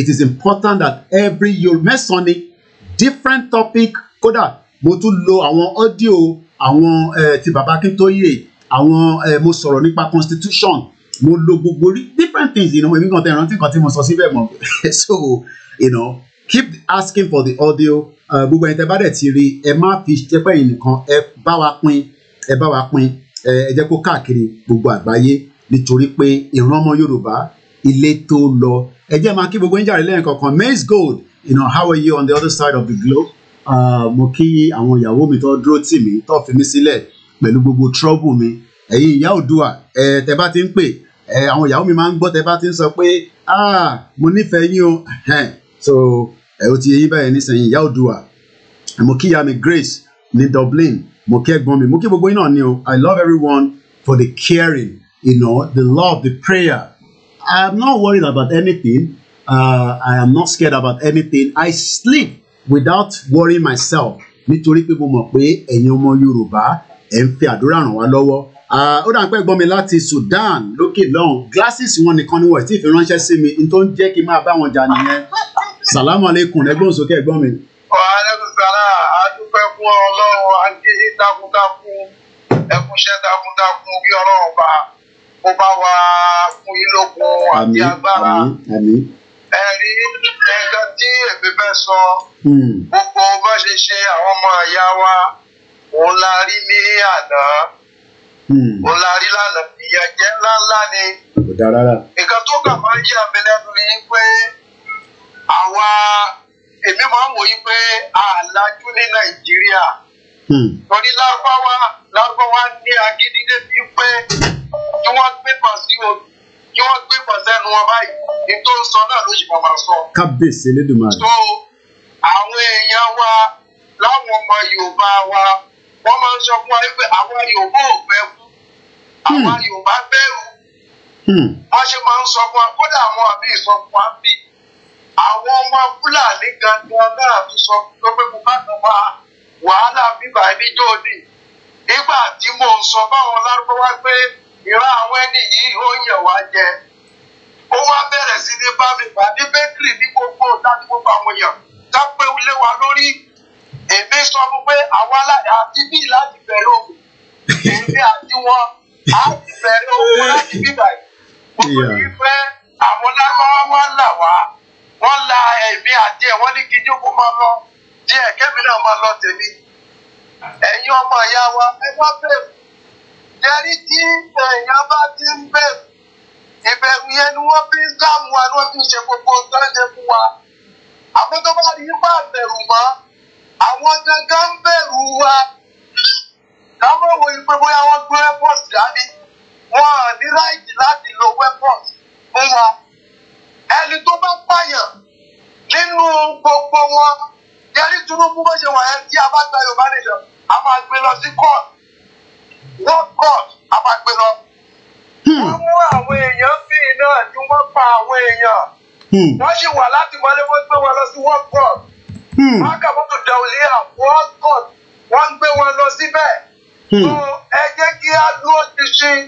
it is important that every year mẹ́sàn-án ni different topic kódà mo tún lo àwọn ọ́díò àwọn ti bàbá Akíntóyè àwọn mo sọ̀rọ̀ nípa constitution mo lo gbogbo different things ìnáwó èmi kan tẹ ìrántí kan tí mo sọ síbẹ̀ mọ́ so you know, keep asking for the audio gbogbo ẹni tẹ bá dẹ̀ ti rí ẹ má fi jẹ́pẹ́ yìí nìkan ẹ bá wa pín ẹ bá wa pín ẹ jẹ́ kó káàkiri gbogbo àgbáyé nítorí pé ìran ọmọ Yorùbá ilé tó lọ ẹ jẹ́ máa kí gbogbo ń jàre lẹ́yìn kankan maize gold you know how are you on the other side of the globe. Ah, mo kí àwọn ìyàwó mi tó dúró tì mí tó fi mí sílẹ̀ pẹ̀lú gbogbo trọ́bù mi ẹ̀yin ìyá òdùà ẹ tẹ bá ti ń pè ẹ àwọn ìyàwó mi máa ń gbọ́ tẹ bá ti ń sọ pé ah mo nífẹ̀ẹ́ yín o so ẹ o ti yẹ yín báyẹn nísìnyí ìyá òdùà mo kí ìyá mi Grace ní Dublin mo kí ẹ̀gbọ́n mi mo kí gbogbo yín náà ni o I love everyone for the caring you know the love the prayer I am not worried about anything uh, I am not scared about anything I sleep without worrying myself nítorí pé mo mọ̀ pé ẹ̀yin ọmọ Yorùbá ẹ̀ ń fi àdúrà ràn wá lọ́wọ́ ó dà ń pẹ́ gbọ́n mi láti Sudan lókè lọ́hùn glasses wọn nìkan ni wọ́n ti fi ránṣẹ́ sí mi n tó ń jẹ́ kí n máa bá wọn jà nìyẹn salamu aleykum ẹgbọ́n sókè ẹgbọ́n mi. ọ̀hánẹ́sì sara àdúpẹ́ fún Ọlọ́run àti takuntakun ẹkúnṣẹ́ takuntakun bí Ọlọ́run bá kó bá wa fún ilókun àti agbára. àmín àmín ẹ̀rí nǹkan tí èmi fẹ́ sọ hmm. gbogbo bá ṣe ṣe àwọn ọmọ àyà wa òun la rí ní àná hmm. òun la rí lánàá ìyà jẹ́ ńláńlá ni nǹkan tó kà máa ń yà mí lẹ́nu ni pé àwa èmi máa ń wòye pé àlájú ní Nàìjíríà hmm. torí lárúbáwá lárúbáwá ní agídí débi pé tí wọ́n gbé pàṣẹ òdu kí wọ́n gbé pọ̀sẹ́nu wọn báyìí ní tó ń sọ náà ló yìnbọn máa sọ. kábíyèsí Elédùmarè. so àwọn èèyàn wa láwọn ọmọ Yorùbá wa wọ́n máa ń sọ fún wa pé àwa Yorùbá ò fẹ́ kú àwa hmm. Yorùbá bẹ̀rù. Hmm. wọ́n ṣe máa ń sọ fún wa kódà àwọn àbí sọ fún wa bí àwọn ọmọ Fúlàní gangan náà tún sọ fún pé mo bá kàn wá wàhálà bíbá ẹni jóòdì nígbà tí mo sọ báwọn lárúbáwá pé ìran àwọn ẹni yìí ó yàn wá jẹ ó wá bẹ̀rẹ̀ sí ní bá mi gbà ní bẹ́kìrì ní gbogbo láti gbogbo àwọn èèyàn dápẹ́ ilé wa lórí èmi sọ fún pé àwa àti bí láti bẹ̀rẹ̀ òkú èmi àti wọn á ti bẹ̀rẹ̀ òkú láti bíbà yìí gbogbo yìí fẹ́ àwọn lágbáwá wọn là wá wọn la èmi àti ẹ̀ wọ́n ní kí jókòó máa lọ díẹ̀ kẹ́mi náà máa lọ tèmi ẹ̀yin ọmọ ìyá wa ẹ wá bẹ̀rù jẹ́rí tí èèyàn bá ti ń bẹ̀rù ìbẹ̀rù yẹn ni wọ́n fi ń dààmú wa ni wọ́n fi ń ṣe gbogbo nǹkan ṣe fún wa àwọn tó bá rí bá bẹ̀rù mọ́ àwọn gangan ń bẹ̀rù wa kámọ́ wo ìpè bóyá wọ́n gbé weapons dání wọ́n ní láìjì láti lo weapons fún wa ẹni tó bá pààyàn nínú gbogbo wọn jẹ́rí Tinubu bó ṣe wà ẹ́ tí a bá gba Yorùbá nìyẹn a máa gbé lọ sí kóòtù wọ́n god a máa gbé lọ. Hmm. wọ́n mú àwọn èèyàn bíi náà tí wọ́n pa àwọn èèyàn. Hmm. wọ́n sì wà láti wọlé wọ́n gbé wọn lọ sí wọ́n god. Hmm. wọ́n kà mọ́tò dàwọlé àwọn god wọ́n gbé wọn lọ síbẹ̀. ẹ jẹ́ kí á dúró ṣinṣin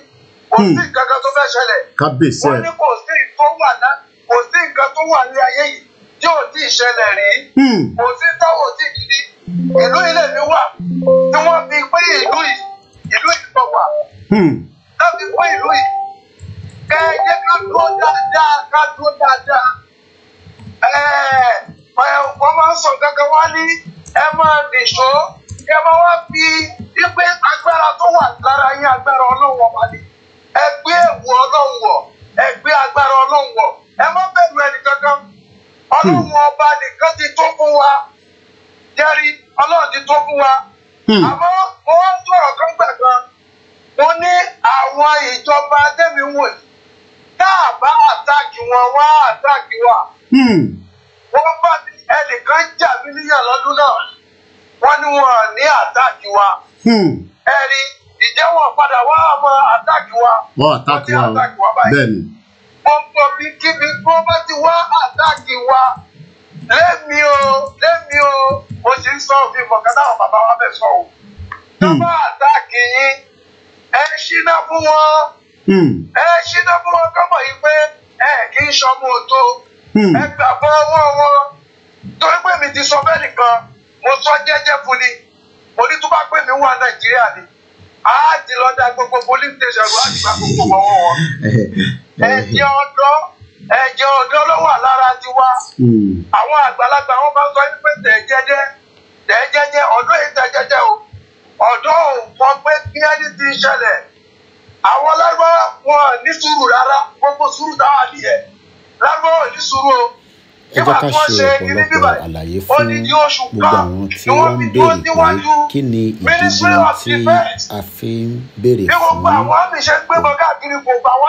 kò sí nǹkan kan tó fẹ́ ṣẹlẹ̀. kábíyèsí ẹ wọ́n ní kò sí tó wà ná kò sí nǹkan tó wà ní ayé yìí tí ò tí ì ṣẹlẹ̀ rí. kò sí táwọn tí ì kiri ìlú ilé mi wà tí wọ́n fi pín ìlú yìí ìlú ìtọ́ wà. láti fún ìlú yìí hmm. ẹ jẹ́ ká dúró dáadáa ká dúró dáadáa. wọ́n máa ń sọ̀n kankan wá ní ẹ máa nìṣó ẹ máa wá fi wípé agbára tó wà lára yín agbára ọlọ́wọ́ wà ní. ẹ gbé ẹ̀wù ọlọ́wọ́ ẹ gbé agbára ọlọ́wọ́ ẹ má bẹ̀rù ẹnì kankan. Hmm. ọlọ́wọ́ ọba nìkan ti tó fún wa jẹ́rìí ọlọ́run ti tó fún wa. Hmm. àmọ́ mo wá ń tọrọ kan gbà kan mo ní àwọn ìjọba tẹ́mi wò yìí tá a bá àtàkì wọn wá àtàkì wa. Hmm. wọ́n bá ẹnìkan jà mí níyà lọ́dún náà wọ́n ní wọn ní àtàkì wa. Hmm. ẹ̀rí ìjẹ́ wọn padà wá àmọ́ àtàkì wa. wọ́n àtàkì wa bẹ́ẹ̀ ni. mo gbọ́ bí kíbi kó bá ti wá àtàkì wa lẹ́mi o lẹ́mi o mo ṣe ń sọ òfin mọ̀kán táwọn bàbá wa fẹ́ sọ o. tọ́ba hmm. àtàkì yín ẹ ṣínà fún wọn hmm. ẹ ṣínà fún wọn kọ́mọ̀ yìí pé ẹ kì í ṣọmọ òtó hmm. ẹ gbàgbọ́ ọwọ́ wọn torí pé mi ti sọ bẹ́ẹ̀ nìkan mo sọ jẹ́jẹ́ fún ni mo ní tó bá pè mí wà Nàìjíríà ni a ti lọ da gbogbo police station ló ti gba gbogbo ọwọ́ wọn. ẹ̀yin ọ̀dọ́ ẹ̀jẹ̀ ọ̀dọ́ ló wà lára tiwa hmm. àwọn àgbàlagbà wọn bá sọ pé tẹ̀jẹ̀jẹ̀ tẹ̀jẹ̀jẹ̀ ọ̀dọ́ yìí tẹ̀jẹ̀jẹ̀ o ọ̀dọ́ ò mọ pé kí ẹni ti ṣẹlẹ̀ àwọn lárúbáwá wọn ní sùúrù rárá gbogbo sùúrù táwa nìyẹn lárúbáwá ò ní sùúrù o ẹ jẹ́ ká ṣe ọ̀pọ̀lọpọ̀ àlàyé fún gbogbo àwọn tí wọ́n ń béèrè pé kí ni ìdí tí a fi ń béèrè fún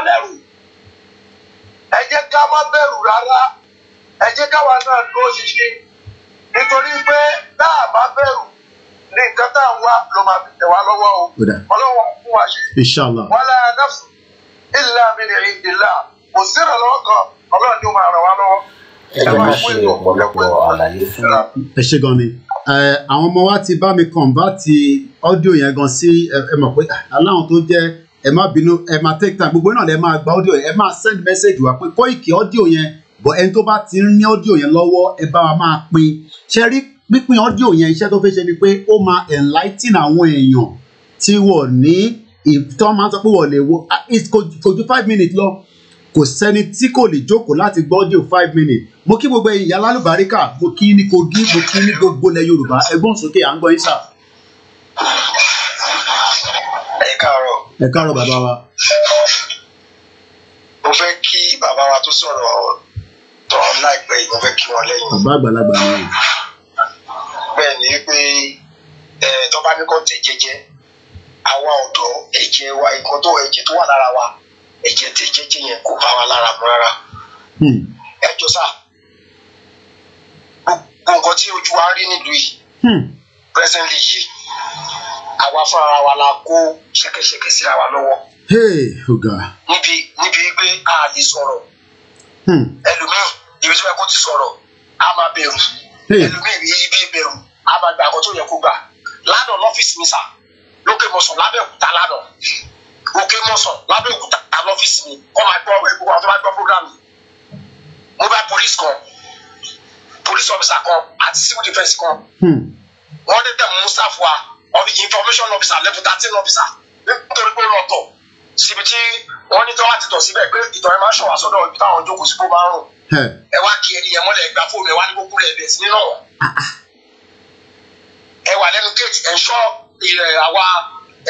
ìjọba ẹ jẹ́ ká má bẹ̀rù rárá ẹ jẹ́ káwa náà dúró ṣinṣin nítorí pé tá a bá bẹ̀rù ní nǹkan tá à ń wá ló máa fi tẹ̀ wá lọ́wọ́ o ọlọ́wọ́ fún wa ṣe wàhálà nafsu illa min indillah kò sí ìrànlọ́wọ́ kan ọlọ́run ni ó máa ràn wá lọ́wọ́ ẹ máa fún ìlú ọ̀pọ̀lọpọ̀ àlàyé fún wa. ẹ ṣe gan ni àwọn ọmọ wa ti bá mi kàn bá ti ọ́díò yẹn gan sí ẹ mọ̀ pé ah, aláwọn tó jẹ́ ẹ má bínú ẹ má take time gbogbo náà lẹ máa gba audio yẹn ẹ máa send message wá pé Koiki audio yẹn bọ̀ ẹni tó bá ti ní audio yẹn lọ́wọ́ ẹ bá wa máa pín ṣe rí pínpín audio yẹn iṣẹ́ tó fẹ́ ṣe ni pé ó máa enlightening àwọn èèyàn tí wọ́n ní ìtọ́ máa sọ pé wọ́n lè wo ah, kò ju five minutes lọ kò sẹ́ni tí kò lè jókòó láti gbọ́ audio five minutes mo kí gbogbo ìyá lálùbáríkà mo kí ní Kogi mo kí ní gbogbo ilẹ̀ Yorùbá ẹgbọ́n sókè à ń gbọ́ yín sà ẹ káàárọ̀ bàbá wa. mo fẹ́ kí bàbá wa tó sọ̀rọ̀ tọ̀rọ̀ láìpẹ́ yìí mo fẹ́ kí wọ́n lẹ́yìn. bàbá àgbàlagbà ni. bẹ́ẹ̀ ni pé tọ́ba ní kò tẹ̀ jẹ́jẹ́ àwa ọ̀dọ́ ẹ̀jẹ̀ wa nǹkan tó ẹ̀jẹ̀ tó wà lára wa ẹ̀jẹ̀ tẹ̀ jẹ́jẹ́ yẹn kò bá wa lára mu rárá. Hmm. ẹ jọ sá gbogbo nǹkan tí ojú wa rí nílùú yìí hmm. presently yìí àwa fúnra wa la kó ṣẹ̀kẹ̀ṣẹ̀kẹ̀ síra wa lọ́wọ́. níbi níbi pé a lè sọ̀rọ̀ hmm. ẹlòmíì ibi tí wọ́n kó ti sọ̀rọ̀ a máa bẹ̀rù ẹlòmíì ibi bẹ̀rù a máa gba àkọ́tò yẹ kó gbà lánàá lọ́fíìsì mi sà lókè mọ̀sán lábẹ́òkúta lánàá òkè mọ̀sán lábẹ́òkúta lọ́fíìsì mi kọ́ máa gbọ́ ẹ̀kọ́ àwọn tó bá gbọ́ programme mobile police kan police officer kan àti civil defence kan. Hmm wọ́n dẹ̀ mú sáfùwà of information officer level thirteen officer nítorí pé wọ́n tọ̀ síbi tí wọ́n ní tọ́wọ́ ti tọ̀ síbẹ̀ pé ìtọ̀ ẹ máa ń ṣọ̀wá sọ́dọ̀ ibi táwọn jókòó sí kó máa ń rùn ẹ wá kí ẹni yẹn mọ́lẹ̀ fóònù ẹ wá ní kókó rẹ̀ bẹ̀ sí nínú wọn. ẹ wà lẹ́nu gate ẹ̀ṣọ́ eh, àwa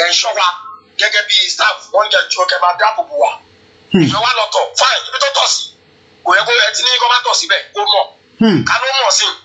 ẹ̀ṣọ́ wa gẹ́gẹ́ bí staff wọ́n jẹ́ ju ọkẹ́ máa dáàbò bò wá. Hmm. ìfẹ́ wa lọ tọ̀ fáìn ibi tó tọ̀ sí kò yẹ kó ẹ ti ní kó má tọ̀ síbẹ̀ kó mọ̀ hmm. ká ló mọ̀ sí i.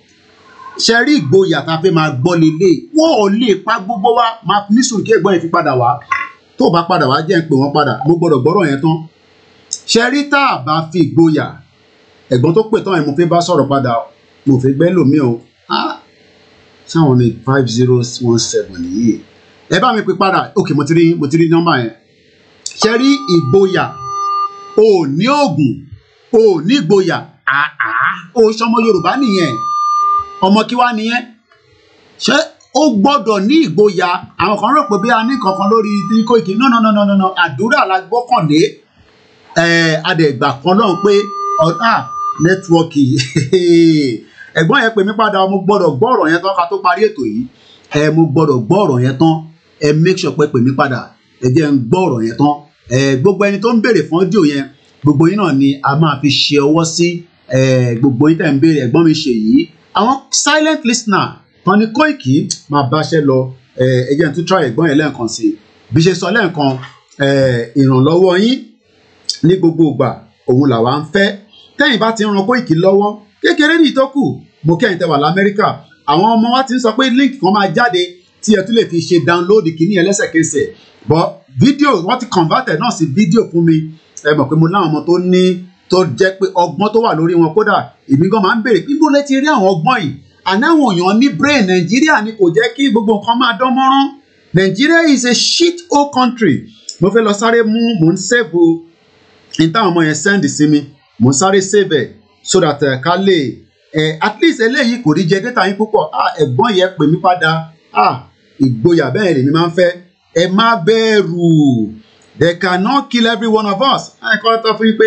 ṣe rí ìgboyà tá a fẹ́ máa gbọ́ lélẹ̀ wọ́n ò lè pa gbogbo wa máa ní sùn kí ẹ̀gbọ́n yẹn fi padà wá tó bá padà wá jẹ́ ń pè wọ́n padà mo gbọ́dọ̀ gbọ́rọ̀ yẹn tán ṣe rí tá a bá fi ìgboyà ẹ̀gbọ́n tó pè tán yẹn mo fẹ́ bá sọ̀rọ̀ padà mo fẹ́ gbẹ́ lómi o sáwọn ní five zero one seven yìí ẹ bá mi pè padà ok mo ti rí mo ti rí nọ́mbà yẹn ṣe rí ìgboyà ò ní oògùn ò ní ìgboyà àá ò sọmọ Yorùbá nìyẹn ọmọ kí wá nìyẹn ṣé ó gbọ́dọ̀ ní ìgboyà àwọn kan rò pé bí a ní kankan lórí ikó ìkí no no no no no àdúrà la gbọ́kànlé adẹ̀gbà kan náà pé ọ̀tá ah, nẹ́tíwọ́ọ̀kì ẹ̀gbọ́n yẹn pè mí padà mo gbọ́dọ̀ gbọ́ ọ̀rọ̀ yẹn tán ká tó parí ètò yìí ẹ mo gbọ́dọ̀ gbọ́ yẹn tán ẹ make sure pé pè mí padà ẹ jẹ́ ń gbọ́ ọ̀rọ̀ yẹn tán ẹ gbogbo ẹni tó ń béèrè fún ọ́díò yẹn gbogbo yín náà ni a máa fi ṣe ọwọ́ sí gbogbo yín tẹ̀ ń béèrè ẹ̀gbọ́n mi ṣèyí àwọn silent listener kan ní Kóìkì máa báṣẹ́ lọ ẹjẹ́ tún try ẹ̀gbọ́n yẹn lẹ́ẹ̀kan sí i bí ṣe sọ lẹ́ẹ̀kan ìrànlọ́wọ́ yín ní gbogbo ìgbà òun làwa ń fẹ́ tẹ́yìn bá ti ń ran Kóìkì lọ́wọ́ kékeré ní ìtọ́kù mo kẹ́yìn tẹ́ wà lamẹ́ríkà àwọn ọmọ wa ti ń sọ pé link kan máa jáde tí ẹ tún lè fi ṣe download kìíní ẹ lẹ́sẹ̀kẹsẹ̀ but video wọ́n ti converted náà sí video fún mi ẹ mọ̀ pé mo láwọn ọmọ tó ní tó jẹ́ pé ọgbọ́n tó wà lórí wọn kódà èmi gan máa ń béèrè pé bóle ti rí àwọn ọgbọ́n yìí àná àwọn èèyàn ní brain nàìjíríà ni kò jẹ́ kí gbogbo nǹkan máa dán mọ́rán nàìjíríà is a shit hole country mo fẹ́ lọ sáré mú mò ń sẹ́ẹ̀bù ní táwọn ọmọ yẹn sẹ́ǹdì sí mi mò ń sáré save ẹ̀ so that eh, ká lè ẹ̀ eh, at least eléyìí kò rí jẹ data yín púpọ̀ ah ẹ̀gbọ́n yẹn pè mí padà ah ìgboyà bẹ́ẹ̀ lèmi máa ń fẹ́ ẹ má bẹ̀rù they cannot kill every one of us. ẹ̀kọ́ tó fún yín pé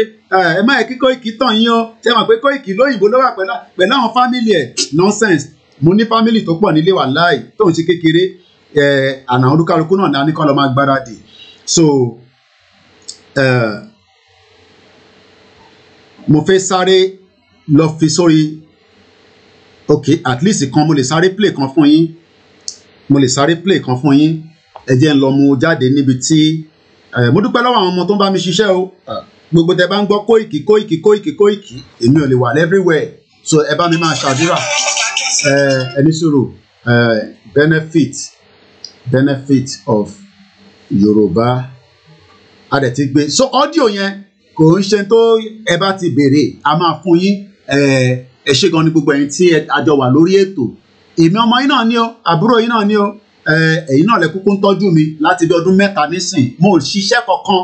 ẹ má yẹ kí Kóìkì tàn yín o ṣe mọ̀ pé Kóìkì lóyìnbó ló wà pẹ̀lú àwọn fámìlì ẹ̀ nonsense mo ní fámìlì tó pọ̀ nílé wa láì tóun ṣe kékeré àná olúkálukú náà ní kọ́ lọ́ máa gbáradì so uh, mo fẹ́ sáré lọ fi sórí ok at least kan mo lè sáré play kan fún yín mo lè sáré play kan fún yín ẹ jẹ́ ń lọ mú jáde níbi tí. Eh, mo dúpẹ́ lọ́wọ́ àwọn ọmọ tó ń bá mi ṣiṣẹ́ o ah. gbogbo tẹ bá ń gbọ́ Kóìkì Kóìkì Kóìkì Kóìkì èmi ò lè wà everywhere so ẹ bá mi máa ṣàdúrà eh, ẹni sòrò eh, benefit benefit of Yorùbá adẹ̀tígbé so ọ́díò yẹn kò ń ṣe tó ẹ bá ti béèrè a máa fún yín ẹ ṣé gan ni gbogbo ẹ̀yin tí a jọ wà lórí ètò èmi ọmọ yín náà ni o àbúrò yín náà ni o ẹ̀yin náà lẹ kúkú ń tọ́jú mi láti bí ọdún mẹ́ta nísìn mo ò ṣiṣẹ́ kankan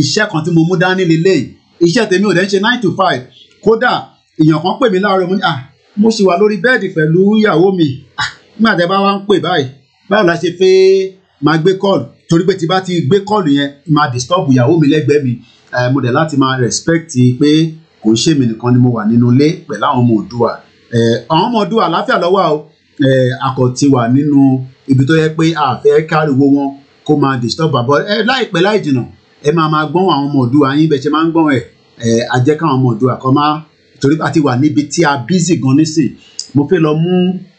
iṣẹ́ kan tí mo mú dání lélẹ́yìí iṣẹ́ tèmi ò dẹ́ ń ṣe nine to five kódà èèyàn kan pè mí láàárọ̀ mo ní à mo sì wà lórí bẹ́ẹ̀dì pẹ̀lú ìyàwó mi à nígbà tí a bá wá ń pè báyìí báwo la ṣe fẹ́ máa gbé kọ́ọ̀lù torí pé tí bá ti gbé kọ́ọ̀lù yẹn máa disturb ìyàwó mi lẹ́gbẹ̀ẹ́ mi mo dẹ̀ láti máa respect pé kò ń ṣèmi nìkan ni mo wà nínú ilé pẹ̀lú àwọn ọmọ òdùà àwọn ọmọ òdùà àláfíà lọ́wọ́ àkọ́tí wà nínú ibi tó yẹ pé àfẹ́ káriwo wọn kó máa disturb àbọ̀ ẹ láìpẹ́ láì jìnà ẹ máa máa gbọ́n àwọn ọmọ òdua yín bẹ́ẹ̀ ṣe máa ń gbọ́n ẹ̀ ẹ̀ ajẹ́ káwọn ọmọ òdua kan máa torí àti wà níbi tí a busy gan nísìn mo fẹ́ lọ mú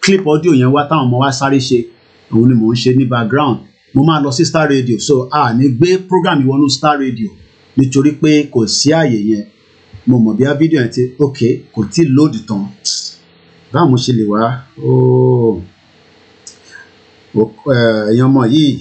clip audio yẹn wá táwọn ọmọ wa sáré ṣe òun ni mò ń ṣe ní background mo máa lọ sí star radio so a ah, ní gbé program ìwọnú star radio nítorí pé kò sí àyè yẹn mo mọ̀ bí a fídíò yẹn ti ok kò tí ì lóòdì tán báwo mo ṣe lè wá ooo. Oh ẹ̀yin ọmọ yìí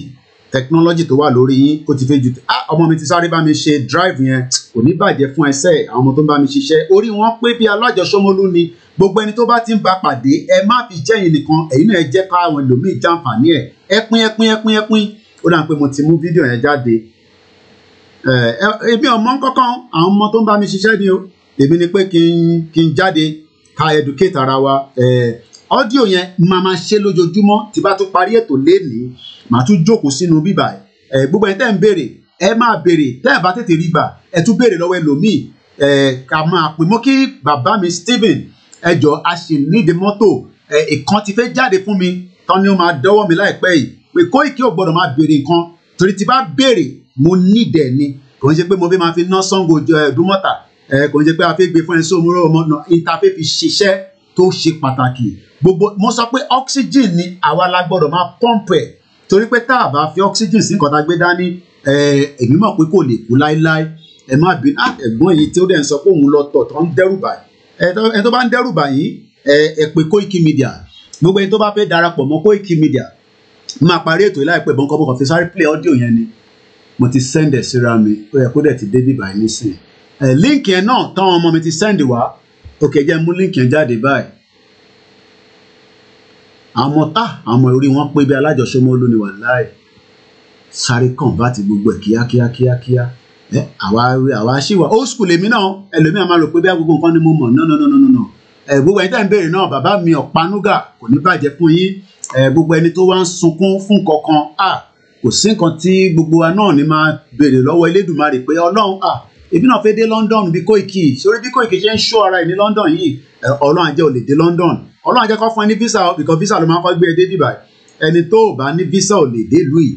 technology tó wà lórí yín ó ti fẹ́ ju ah, ọmọ mi ti sáré bá mi ṣe drive yẹn kò ní bàjẹ́ fún ẹsẹ̀ àwọn ọmọ tó ń bá mi ṣiṣẹ́ orí wọn pé bí alájọsọmọlú ni gbogbo ẹni tó bá ti ń ba pàdé ẹ má fi jẹ́yìn nìkan ẹ̀yin náà ẹ jẹ́ káwọn ẹlòmíì jàǹfààní ẹ̀ ẹ pín ẹ pín ẹ pín ẹ pín ó dà pé mo ti mú fídíò yẹn jáde èmi ọmọ kankan àwọn ọmọ tó ń bá mi ṣiṣẹ́ ni o èmi ni pé kí n jáde ká educate ara wa ọ́díò yẹn máa máa ṣe lójoojúmọ́ tí bá tún parí ètò lénìí màá tún jókòó sínú bíbà ẹ gbogbo ẹni tẹ́ ń béèrè ẹ máa béèrè tẹ́ ẹ bá tètè rí gbà ẹ tún béèrè lọ́wọ́ ẹlòmíì ẹ ká máa pè mọ́ kí bàbá mi Stephen ẹ jọ a sì nídìí mọ́tò ẹ ìkan ti fẹ́ jáde fún mi tán ni ó máa dọ́wọ́ mi láìpẹ́ yìí pé Kóìkí ò gbọ́dọ̀ máa béèrè nǹkan torí ti bá béèrè mo nídẹ̀ ni kò ń ṣe pé mo fẹ́ máa fi ná Ṣàngó Ẹ̀dùmọ̀tà ẹ kò ń ṣe pé a fẹ́ gbé fún ẹ sóhun rọ ọmọ náà ìta fẹ́ fi ṣiṣẹ́ tó ṣe pàtàkì gbogbo mo sọ pé oxygen ni àwa la gbọ́dọ̀ máa pump torí pé tá a bá fi oxygen sí nǹkan tá a gbé dání èmi mọ̀ pé kò lè kú láéláé ẹ má bínú ah, ẹ̀gbọ́n yìí tí ó dẹ̀ ń sọ pé òun lọ tọ̀ tó ń dẹ́rùbà ẹ tó bá ń dẹ́rùbà yìí ẹ pé Koiki Media gbogbo ẹni tó bá fẹ́ darapọ̀ mọ́ Koiki Media máa parí ètò láìpẹ́ bọ́ńkọ́ bọ́ńkọ́ fi sáré play audio yẹn ni mo ti send ẹ̀ síra mi ó yẹ kó dẹ̀ ti débì báyìí nísìnyí líǹkì yẹn náà táwọn ọmọ mi ti send wá òkè jẹ́ mú líǹkì yẹn jáde báyìí àwọn ọmọ tá àwọn ọmọ orí wọn pé bí alájọṣọmọ olóni wà láì sáré kàn bá ti gbogbo ẹ kíákíá kíákíá ẹ àwa àwa ṣì wà old school èmi náà ẹlòmíràn máa rò pé bí agogo nǹkan ni mo mọ̀ no no no no no ẹ gbogbo ẹni tá ń béèrè náà bàbá mi ọ̀pánúgà kò ní bàjẹ́ fún yín ẹ gbogbo ẹni tó wá ń sunkún fún kankan à kò sí nǹkan tí gbogbo wa náà ni máa béèrè lọ́wọ́ Elédùmarè pé Ọlọ́run à èmi náà fẹ́ dé London bí Kóìkì sórí bí Kóìkì ṣe ń ṣó ara ẹ̀ ní London yìí Ọlọ́run àjẹ́ ò lè dé London ọlọ́run àjẹkọ́ fún ẹ ní visa because visa ló máa kọ́ gbé ẹ dé dìbà ẹni tó o bá ní visa ò lè dé ìlú yìí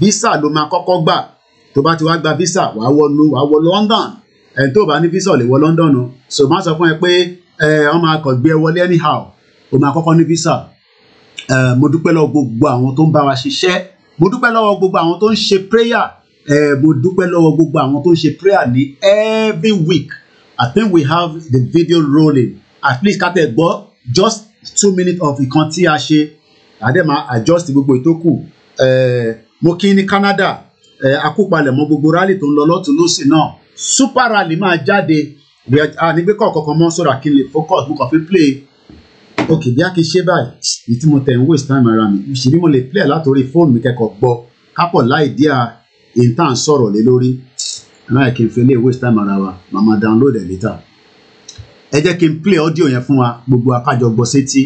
visa ló máa kọ́kọ́ gbà tó bá ti wá gba visa wàá wọlú wàá wọ London ẹni tó o bá ní visa ò lè wọ London o so máa sọ fún ẹ pé ẹ ọ máa kàn gbé ẹ wọlé anyhow o máa kọ́kọ́ ní visa ẹ mo dúpẹ́ lọ́wọ́ gbogbo àwọn tó ń bá wa ṣiṣẹ́ mo dúpẹ́ lọ́wọ́ gbogbo àwọn tó ń ṣe prayer ẹ mo dúpẹ́ lọ́wọ́ gbogbo àwọn tó ń ṣe prayer ní every week I think we have the video rolling at least ká tẹ̀ gbọ́ just two minutes of ìkan tí a ṣe àdèmà adjust gbogbo ìtókù mo kí ní Canada akópalẹ̀ mọ́ gbogbo rally tó ń lọ lọ́tún lọ́sìn náà super rally máa jáde ànígbé kọ̀ọ̀kan mọ́ sọ̀rọ̀ kí n lè focus mo kàn fi play ok bí a kì í ṣe báyìí èyí tí mo tẹ̀ ń waste time ara mi ṣèbí mo lè play látòrí fóònù mi kẹ́kọ̀ọ́ gbọ́ kápọ̀ láì dí à èyí tá à ń sọ̀rọ̀ lé lórí náà kì í fi lè waste time ara wa màmá download ẹ̀ later ẹ jẹ́ kí n play audio yẹn fún wa gbogbo àkájọ gbọ́ sétí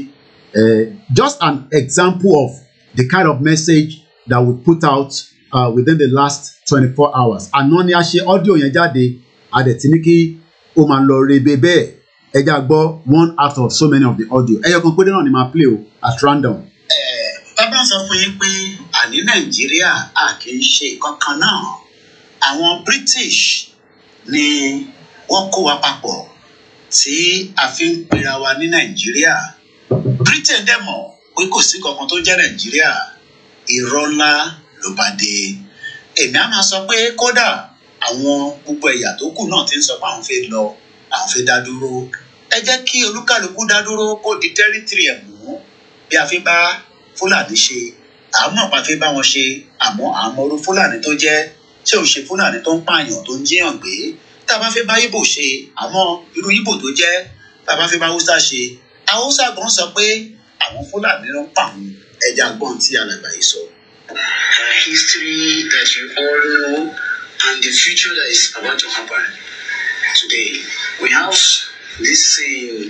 just an example of the kind of message that we put out uh, within the last twenty-four hours àná ni a ṣe audio yẹn jáde a dẹ̀ ti ní kí ó máa lọ rebe bẹ́ẹ̀ ẹ já gbọ́ one out of so many of the audio ẹyọ kan péré náà ni màá play o at random. ẹ bá sọ fún yín pé àní nàìjíríà a kì í ṣe kankan náà àwọn british ni wọ́n kó wa papọ̀ tí a fi ń pera wa ní nàìjíríà britain dẹ̀ mọ̀ pé kò sí kankan tó jẹ́ nàìjíríà irọ́ ńlá ló bá dé èmi á máa sọ pé kódà àwọn gbogbo ẹ̀yà tó kù náà ti ń sọ pé àwọn fẹ́ lọ àwọn fẹ́ dá dúró ẹ jẹ́ kí olúkàlùkù dá dúró kó di tẹ́rítìrì ẹ̀ mú bí a fi bá fúlàní ṣe àmọ́ àpá fi bá wọn ṣe àmọ́ àmọ́ orú fúlàní tó jẹ́ ṣé òun ṣe fúlàní tó ń pààyàn tó ń jíyàn gbé tá a bá fẹ́ bá ibo ṣe àmọ́ irú ibo tó jẹ́ tá a bá fẹ́ bá haúsá ṣe haúsá gan sọ pé àwọn fúlàní ló ń pa àwọn ẹja gbọ́n tí alàgbà yìí sọ. the history that we all know and the future that is about to happen today we have this saying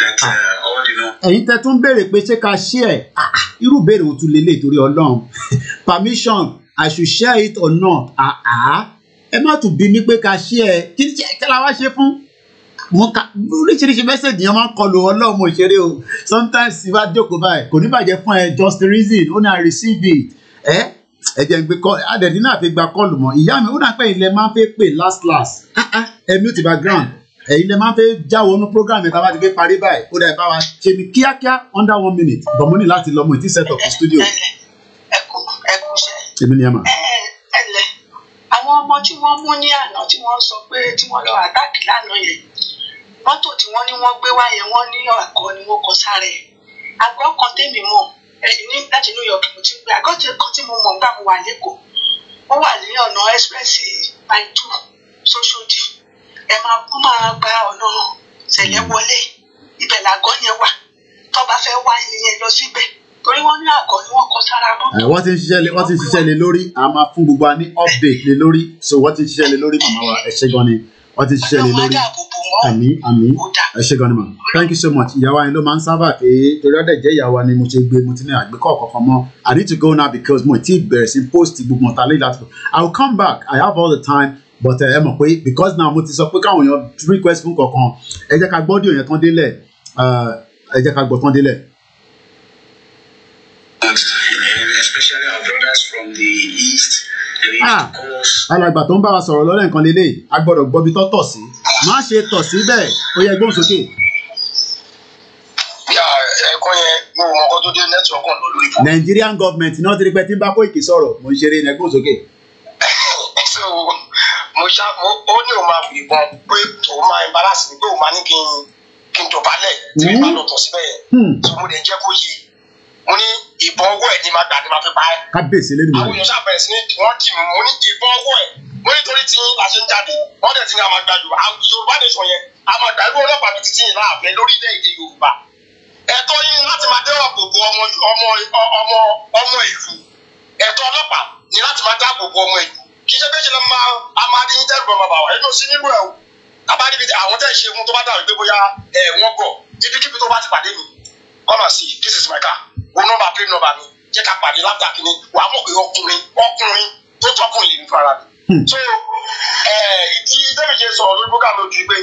that uh, all the know. ẹ̀yin tẹ́ tún béèrè pé ṣé ká ṣí ẹ̀ ah, ah, irú béèrè òtún lélẹ̀ torí ọlọ́run permission I should share it or not. Uh -uh ẹ má tún bí mi pé ká ṣí ẹ kí ṣe kí la wá ṣe fún mo ka oríṣiríṣi mẹ́sẹ̀gì yẹn máa ń kọlu ọlọ́run mo ṣeré o sometimes ìbá jókòó báyìí kò ní bàjẹ́ fún ẹ just reason ó I receive it ẹ ẹ jẹ́ gbé kọ́ adẹ̀dín náà fi gba kọ́ọ̀lù mọ́ ìyá mi ó náà pẹ́ ilẹ̀ máa ń fẹ́ pè last last ẹ mute background ẹ̀yin lè máa fẹ́ jáwọ́ nínú program yẹn tá a bá ti fẹ́ parí báyìí ó dà bá wa ṣe ní kíákíá under one minute bọ̀mọ́nì láti lọ́mọ ìtí set up studio. ẹ kú ẹ kú ṣe. èmi ni ẹ máa àwọn ọmọ tí wọ́n mú ní àná tí wọ́n sọ pé tí wọ́n lọ àtàkì lánàá yẹn mọ́tò tí wọ́n ní wọ́n gbé wá yẹn ní àgọ́ ni wọ́n kọ sára ẹ̀ àgọ́ kan tèmi mọ̀ ẹ̀yìn ní láti New York mo ti ń gbé àgọ́ kan tí mo mọ̀ nígbà mo wà lẹ́kọ̀ọ́ wọ́n wà ní ọ̀nà express by two Sóṣódì ẹ máa kú máa gba ọ̀nà Ṣẹ̀lẹ̀ wọlé ibẹ̀ làgọ́ yẹn wà tó fẹ́ wá ẹni yẹn lọ síbẹ̀ torí wọ́n ní àgọ́ ni wọ́n kọ́ sára mọ́tò. wọ́n ti ń ṣiṣẹ́ lé wọ́n ti ń ṣiṣẹ́ lé lórí a máa fún gbogbo wa update lé lórí so wọ́n ti ń ṣiṣẹ́ lé lórí màmá wa ẹ ṣé gan ni wọ́n ti ń ṣiṣẹ́ lé lórí àmì àmì ẹ ṣé gan ni ma thank you so much ìyàwó yẹn ló máa ń sábà pé torí ọ̀dẹ̀ jẹ́ ìyàwó ni mo ṣe gbé mo ti ní àgbékọ̀ kankan mọ́ i need to go now because mo ti bẹ̀rẹ̀ sí post gbogbo ọ̀tá lẹ́yìn láti i will come back i have all the time but ẹ mọ̀ pé because now mo ti sọ pé káwọn èèyàn request fún kankan ẹ jẹ́ ká gbọ́dọ̀ yẹn tán délẹ̀ uh, ẹ jẹ́ gbọ́ Ah, our brothers from the east. Ah, alàgbà tó ń bá wa sọ̀rọ̀ lọ́rẹ̀ nǹkan lélẹ̀ a gbọ́dọ̀ gbọ́ bí tó tọ̀ sí má ṣe tọ̀ sí bẹ́ẹ̀ ó yẹ gbóhùn sókè. mo mọ ọkọ tó dé nẹ́tíwọ́kù lọ Nigerian government náà ti rí pé tí n bá kó ìkì sọ̀rọ̀ mo ń ṣeré ẹ̀gbọ́n sókè. mo ṣá ó ní òun máa fi ìbọn pé òun máa embarrass mi pé òun máa ní kí n dọ̀bálẹ̀ tí mi bá hmm. lọ tọ̀ síbẹ̀ yẹn hmm. so mo lè jẹ́ kó yé mo ní ìbọn ọwọ́ ẹ̀ ní máa gbà ní máa fi pa ẹ́. kábíyèsí lẹ́nu mi. àwọn èèyàn ṣàbẹ̀rẹ̀ sí ní wọ́n dì mí mo ní ìbọn ọwọ́ ẹ̀ mo ní torí tí a ṣe ń jáde wọ́n dẹ̀ ti ní a máa gbàdùn Yorùbá nation yẹn a máa gbà ọlọ́pàá bíi títí yìí láàfẹ́ lórílẹ̀‐èdè Yorùbá ẹ̀tọ́ yín láti máa dáàbò bo ọmọ ọmọ ọmọ ìlú ẹ̀tọ́ ọlọ́pàá ni láti máa dáàbò bo ọmọ ìlú wo nọ́mbà pé nọ́mbà mi jẹ́ ká pàdé lápá kìíní wàá mọ̀ pé ọkùnrin ọkùnrin tó tọkùnrin lè ní fara mi. Hmm. so ìdí débi jẹ sọ̀rọ̀ lórí bókà lójú pé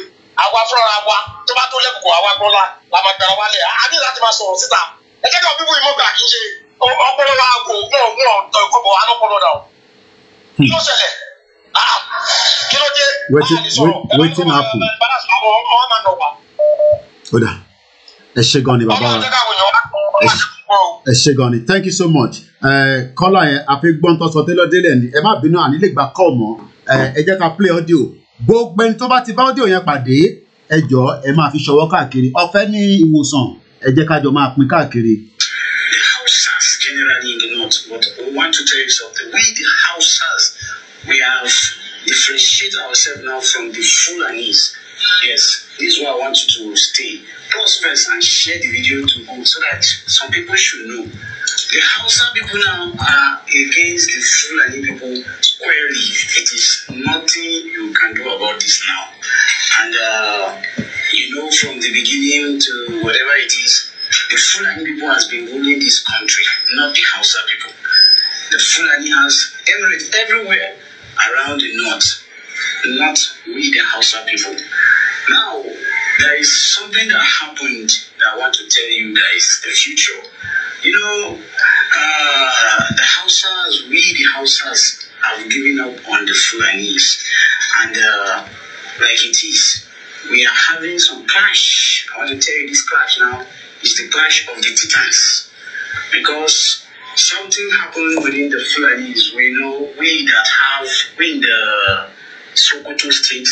àwa fúnra wa tó bá tó lẹ́kọ̀ọ́ àwa gbọ́ la la máa gbára wálẹ̀ a ní láti máa sọ̀rọ̀ síta ẹ jẹ́ káwọn bíbú ìmọ̀gbà kì í ṣe ọpọlọ wa kò gún ọgún ọ̀tọ̀ ìkọ̀bọ̀ alọ́pọlọ dà o. kí ló ṣẹlẹ̀ ah, kí ló dé wetin happen. ó dà ẹ ṣe gan ni bàbá wa wọn ẹ ṣe ni thank you so much kọ́lá yẹn àfi sọ tẹ́lọ̀ délẹ̀ ni ẹ má bínú àní lè gbà kọ́ mọ́ ẹ jẹ́ ká play audio gbogbo ẹni tó bá ti bá audio yẹn pàdé ẹ jọ ẹ máa fi ṣọwọ́ káàkiri ọ̀fẹ́ ní ìwòsàn ẹ jẹ́ ká jọ máa pín káàkiri. the Hausas generally in the north but we want to tell you something we the Hausas we have differentiated ourselves now from the Fulanis yes. This is why I want you to stay. Post first and share the video to go so that some people should know. The Hausa people now are against the Fulani people squarely. It is nothing you can do about this now. And uh, you know, from the beginning to whatever it is, the Fulani people has been ruling this country, not the Hausa people. The Fulani has everywhere around the north not we the Hausa people. Now, there is something that happened that I want to tell you guys the future. You know, uh, the Hausas, we the Hausas, have given up on the Fulanese. And uh, like it is, we are having some clash. I want to tell you this clash now is the clash of the titans. Because something happened within the Fulanese. We know we that have, we in the Sokoto state,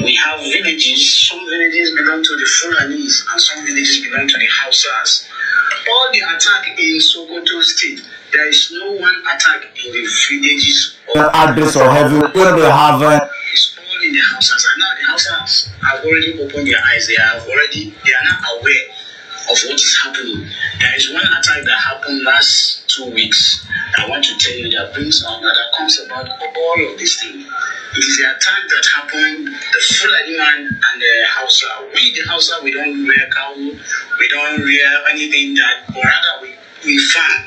we have villages. Some villages belong to the Fulanis and some villages belong to the Hausas. All the attack in Sokoto state, there is no one attack in the villages. Or address or have you they have uh... It's all in the Hausas. And now the Hausas have already opened their eyes. They have already, they are now aware of what is happening. There is one attack that happened last two weeks. I want to tell you that brings on that comes about all of this thing. It is the attack that happened, the Fulani man and the Hausa. We, the Hausa, we don't wear cow, we don't wear anything that, or rather, we, we farm,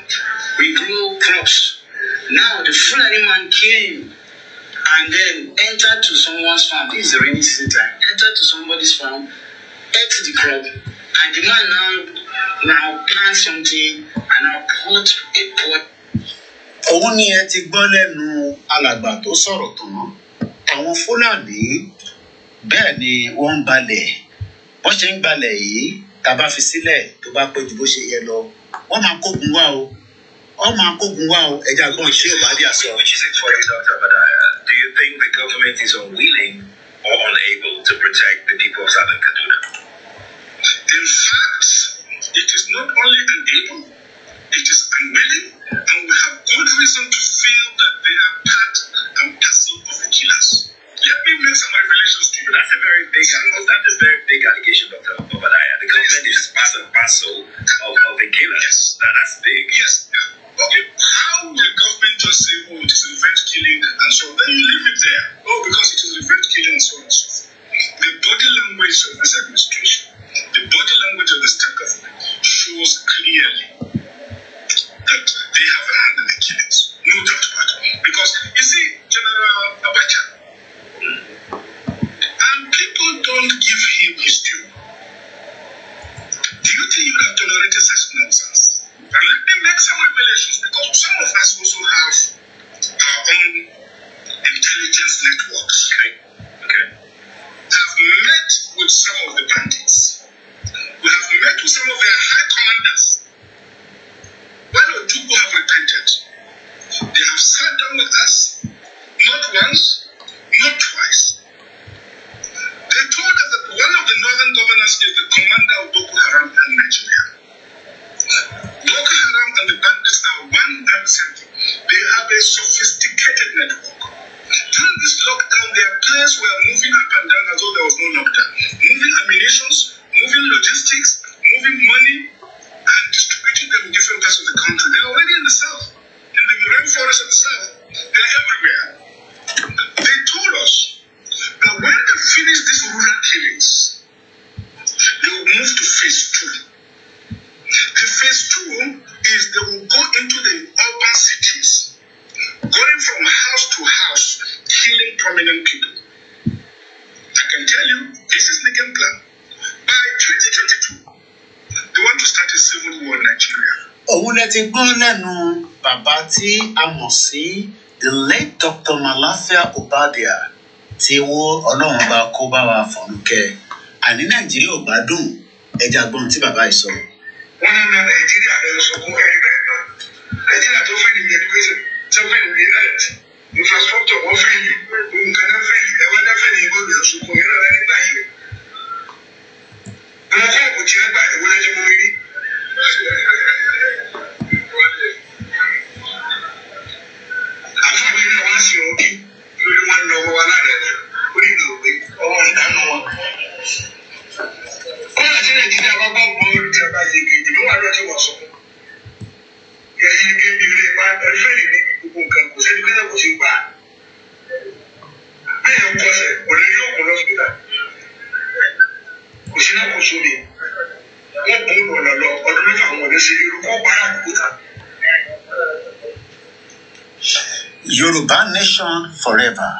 we grow crops. Now, the Fulani man came and then entered to someone's farm. This is the rainy season time. Entered to somebody's farm, ate the crop, And the man now something and now put Òun ni ẹ ti gbọ́ lẹ́nu alàgbà tó sọ̀rọ̀ tán. Àwọn Fúlàní bẹ́ẹ̀ ni wọ́n ń balẹ̀. Wọ́n ṣe ń balẹ̀ yìí tá fi sílẹ̀ tó bá pẹ́ ju bó ṣe yẹ lọ. Wọ́n máa kógun wá o. Wọ́n máa kógun wá o. Ẹja gan ṣé ò bá dé àṣọ. Which is it for you, Dr. Badaya? Do you think the government is unwilling or unable to protect the people of Southern Kaduna? In fact, it is not only unable, it is unwilling, and we have good reason to feel that they are part and parcel of the killers. Let me make some revelations to you. That's a very big, so, that's very big allegation, Dr. Obadiah. The government is part and parcel of, of the killers. Yes. That, that's big. Yes. Okay, how will the government just say, oh, it is revenge killing and so on? Then you leave it there. Oh, because it is revenge killing and so on and so forth. The body language of this administration the body language of the state government shows clearly that they have a hand in the killings. No doubt about it. Because, you see, General Abacha, and people don't give him his due. Do you think you have tolerated such nonsense? And let me make some revelations because some of us also have our own intelligence networks. Okay? okay. Have met with some of the bandits. We have met with some of their high commanders. One or two who have repented. They have sat down with us, not once, not twice. They told us that one of the northern governors is the commander of Boko Haram and Nigeria. Boko Haram and the bandits are one and same. They have a sophisticated network. During this lockdown, their players were moving up and down as though there was no lockdown, moving ammunitions, moving logistics, moving money, and distributing them in different parts of the country. They're already in the south, in the rainforest of the south. They're everywhere. They told us that when they finish these rural killings, they will move to phase two. The phase two is they will go into the urban cities, going from house to house, killing prominent people. I can tell you, this is the game plan. by 2022, they want to start a civil war in Nigeria. Òun lẹ ti gbọ́n lẹ́nu bàbá tí a mọ̀ sí the late Dr. Malafia Obadia tí wó ọlọ́run bá kó bá wa fọ̀nùkẹ́. Àní Nàìjíríà ò gbádùn ẹja gbọ́n tí bàbá yìí sọ. Wọ́n ní na Nàìjíríà lọ sọ̀kún ẹ̀rí bẹ́ẹ̀ náà. Nàìjíríà tó fẹ́ nìyí education tó fẹ́ nìyí health infrastructure wọ́n fẹ́ yìí nǹkan náà fẹ́ yìí ẹ̀wọ́n náà fẹ́ yìí gbọ́dọ̀ sọ̀kún yẹn náà nígbà ọmọ tí mo kò tiẹ̀ gbà ìwé lẹ́yìn mú mi rí. àfọwọ́ ilé wọn sì rọ bí lórí wọn lọ ọmọ wa lára ẹ̀ ó ní ìlú pé ọwọ́ ń dáná wọn. kọ́lá sí nàìjíríà bá gbọ́ gbọ́ ti ọba yege ìdìbò wà lọ́jọ́ wọ̀ sọ. yẹ̀yẹ́ gẹ́gẹ́ bí ilé ìpa ẹ̀fẹ́rì ní gbogbo nǹkan kò sẹ́ni pé kò ti gbà á bẹ́ẹ̀ ń kọsẹ̀ kò lè rí òkun lọ́sítà kò sí náà kò sómi wọn lọ ọdún mẹ́fà wọn ní sí irú kó kúta. Yorùbá nation forever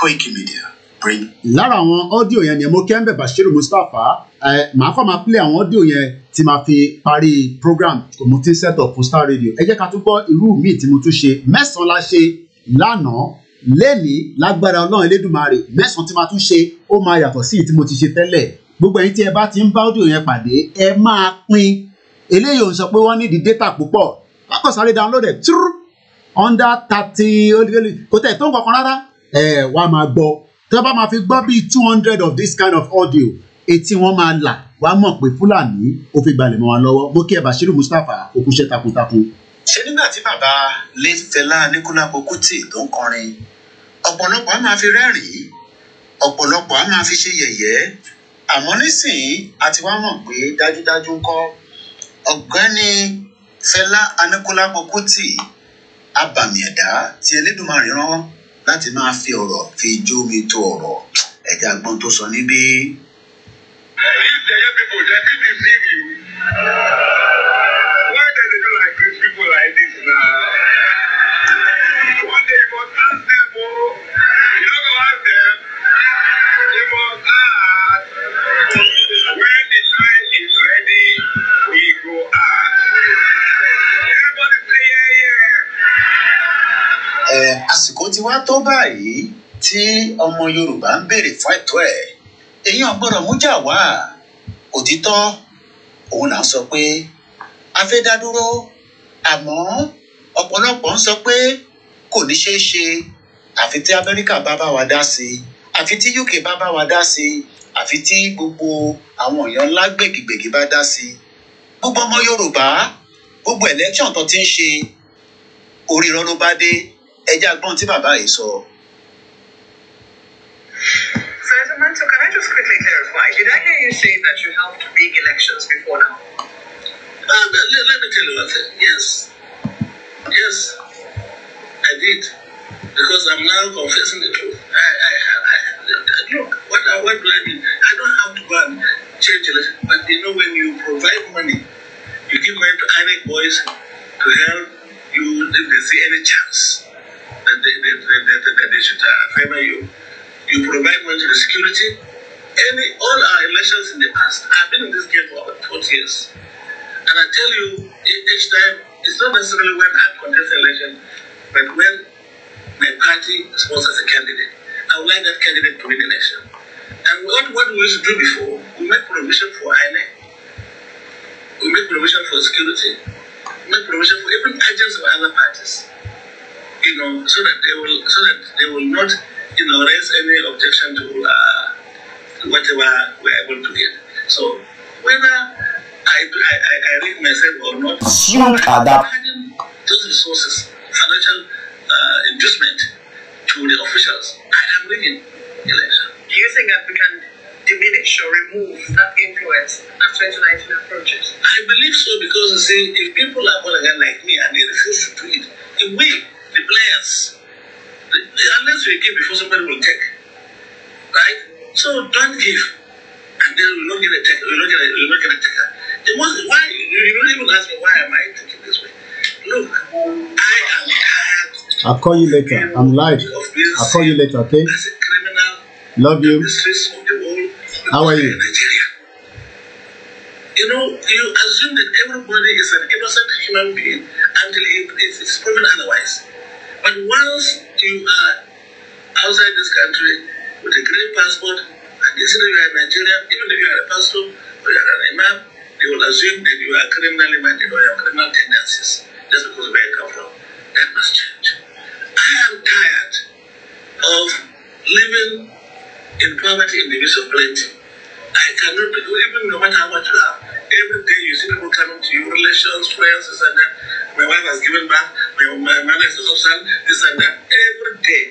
Quick Media bring. lára àwọn ọ́díò yẹn ni mo kẹ́ ń bẹ̀ Bashiru Mustapha màá kọ́ máa play àwọn ọ́díò yẹn tí màá fi parí program tó mo ti ń set up for Star Radio ẹ jẹ́ ká tún gbọ́ irú míì tí mo tún ṣe mẹ́sàn-án la ṣe lánàá lẹ́nìí lágbára ọlọ́run elédùnmarè mẹ́sàn-án tí màá tún ṣe ó máa yàtọ̀ sí ìtí mo ti ṣe tẹ́lẹ̀ gbogbo ẹ̀yin tí ẹ bá ti ń bá audio yẹn pàdé ẹ máa pín eléyìí ò ń sọ pé wọ́n nídìí data púpọ̀ akọ̀sáré download ẹ̀ túrú under thirty olùkẹ́lẹ́ kò tẹ̀ tó ń kankan rárá ẹ̀ wá máa gbọ́ tí wọ́n bá máa fi gbọ́ bíi two hundred of this kind of audio etí wọn máa là wá mọ̀ pé fúlàní ó fi gbalẹ̀ mọ́ wa lọ́wọ́ mo kí ẹ Bashiru Mustapha okúṣẹ́ takuntakun. ṣé nígbà tí bàbá late Fẹlá Aníkúlápó Kútì tó ń kọrin ọ̀pọ̀lọpọ̀ á máa fi rẹ́rìn-ín ọ̀pọ̀lọpọ̀ á máa fi ṣe yẹ̀yẹ́ àmọ́ nísìnyí a ti wá mọ̀ pé dájúdájú ń kọ́ ọ̀gbẹ́ni Fẹlá Aníkúlápó Kútì abàmì ẹ̀dá tí Elédùmarè rán láti máa fi ọ̀rọ̀ fi jómi tó ọ̀rọ̀ ẹ̀já gbọ́n tó sọ níbí. ẹ̀yin ìtẹ̀yẹ́ pípò jẹ́ kí fíìmù àsìkò ti wá tó báyìí tí ọmọ Yorùbá ń béèrè fún ẹ̀tọ́ ẹ̀ èyàn gbọ́dọ̀ mújà wá òtítọ́ òun là sọ pé a fẹ́ dá dúró àmọ́ ọ̀pọ̀lọpọ̀ ń sọ pé kò ní ṣeé ṣe àfi tí Amẹ́ríkà bá bá wa dá sí i àfi tí UK bá bá wa dá sí i àfi tí gbogbo àwọn èèyàn ńlá gbègbègbè bá dá sí i gbogbo ọmọ Yorùbá gbogbo election tó ti ń ṣe orí irọ́ dé. ẹjẹ́ agbọ́n tí bàbá yìí sọ. can I just quickly clarify? Did I hear you say that you helped big elections before now? Uh, um, let, let me tell you one thing. Yes. Yes, I did. Because I'm now confessing the truth. I, I, I, I look, what, uh, what do I mean? I don't have to go and change But you know, when you provide money, you give money to any boys to help you if they see any chance the, the, the, the uh, favor you. You provide military security. Any all our elections in the past, I've been in this game for about 40 years. And I tell you, each time, it's not necessarily when I contest an election, but when my party sponsors a candidate, I would like that candidate to win the election. And what, what we used to do before, we make provision for INEC, we make provision for security, we make provision for even agents of other parties you know, so that they will, so that they will not, you know, raise any objection to uh, whatever we're able to get. So whether I, I, I, read myself or not, Shoot I those resources, financial uh, inducement to the officials. I am reading election. Do you think that we can diminish or remove that influence as 2019 approaches? I believe so because, you see, if people are born again like me and they refuse to do it, in a the players. The, the, unless we give before somebody will take. Right? So don't give. And then we'll not get a take. We'll not get a, we don't get a taker. The most, why, you, don't even ask me, why am I thinking this way? Look, I am tired. I'll call you later. I'm live. I'll call you later, okay? As a criminal, love you. The of the world, How are you? Nigeria. You know, you assume that everybody is an innocent human being until it, is proven otherwise. But once you are outside this country with a green passport, and considering you are Nigerian, even if you are a pastor or you are an imam, they will assume that you are criminally minded or you have criminal tendencies just because where you come from. That must change. I am tired of living in poverty in the midst of plenty. I cannot, even no matter how much you have, every day you see people coming to you, relations, friends, and that. My wife has given birth. My, my mother is a substance, this and that, every day.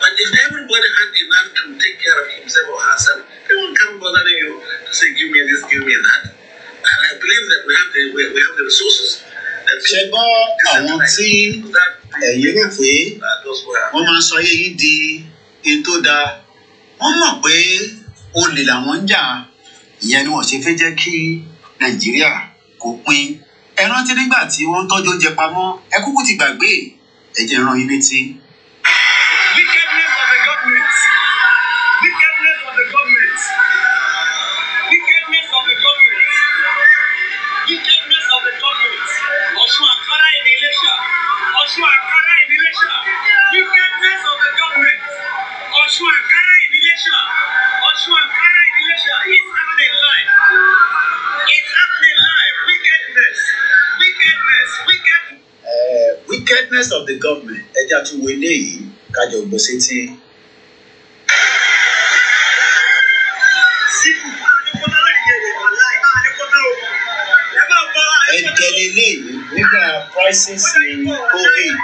But if everybody had enough to take care of himself or herself, they won't come bothering you to say, give me this, give me that. And I believe that we have the, we, we have the resources. ṣe gbọ́ àwọn tí ẹ̀yin rò pé wọ́n máa ń sọ yéyí di in tó dáa wọ́n mọ̀ pé olè làwọn ń jà ìyẹn ni wọ́n ṣe fẹ́ jẹ́ kí nàìjíríà kó pín ẹ rántí nígbà tí wọ́n ń tọ́jú oúnjẹ pamọ́ ẹ kúkú ti gbàgbé ẹ jẹ́ yín létí. wickedness of the government wickedness of the government wickedness of the government wickedness of the government ọ̀ṣun àkàrà ìnílẹ̀ṣà ọ̀ṣun àkàrà ìnílẹ̀ṣà wickedness of the government ọ̀ṣun àkàrà ìnílẹ̀ṣà. wickedness of the government ẹja tún wo eléyìí kájọ gbọ́ sétí. ẹ̀jẹ̀ lélẹ́yìí nígbà crisis covid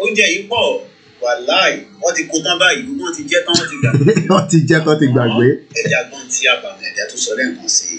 oúnjẹ yìí pọ̀ wàláì wọ́n ti kó tán báyìí wọ́n ti jẹ tán wọ́n ti gbàgbé. wọ́n ti jẹ tán ti gbàgbé. ẹja gbọ́n tí àbàmì ẹ̀jẹ̀ tó sọ lẹ́ẹ̀kan sí i.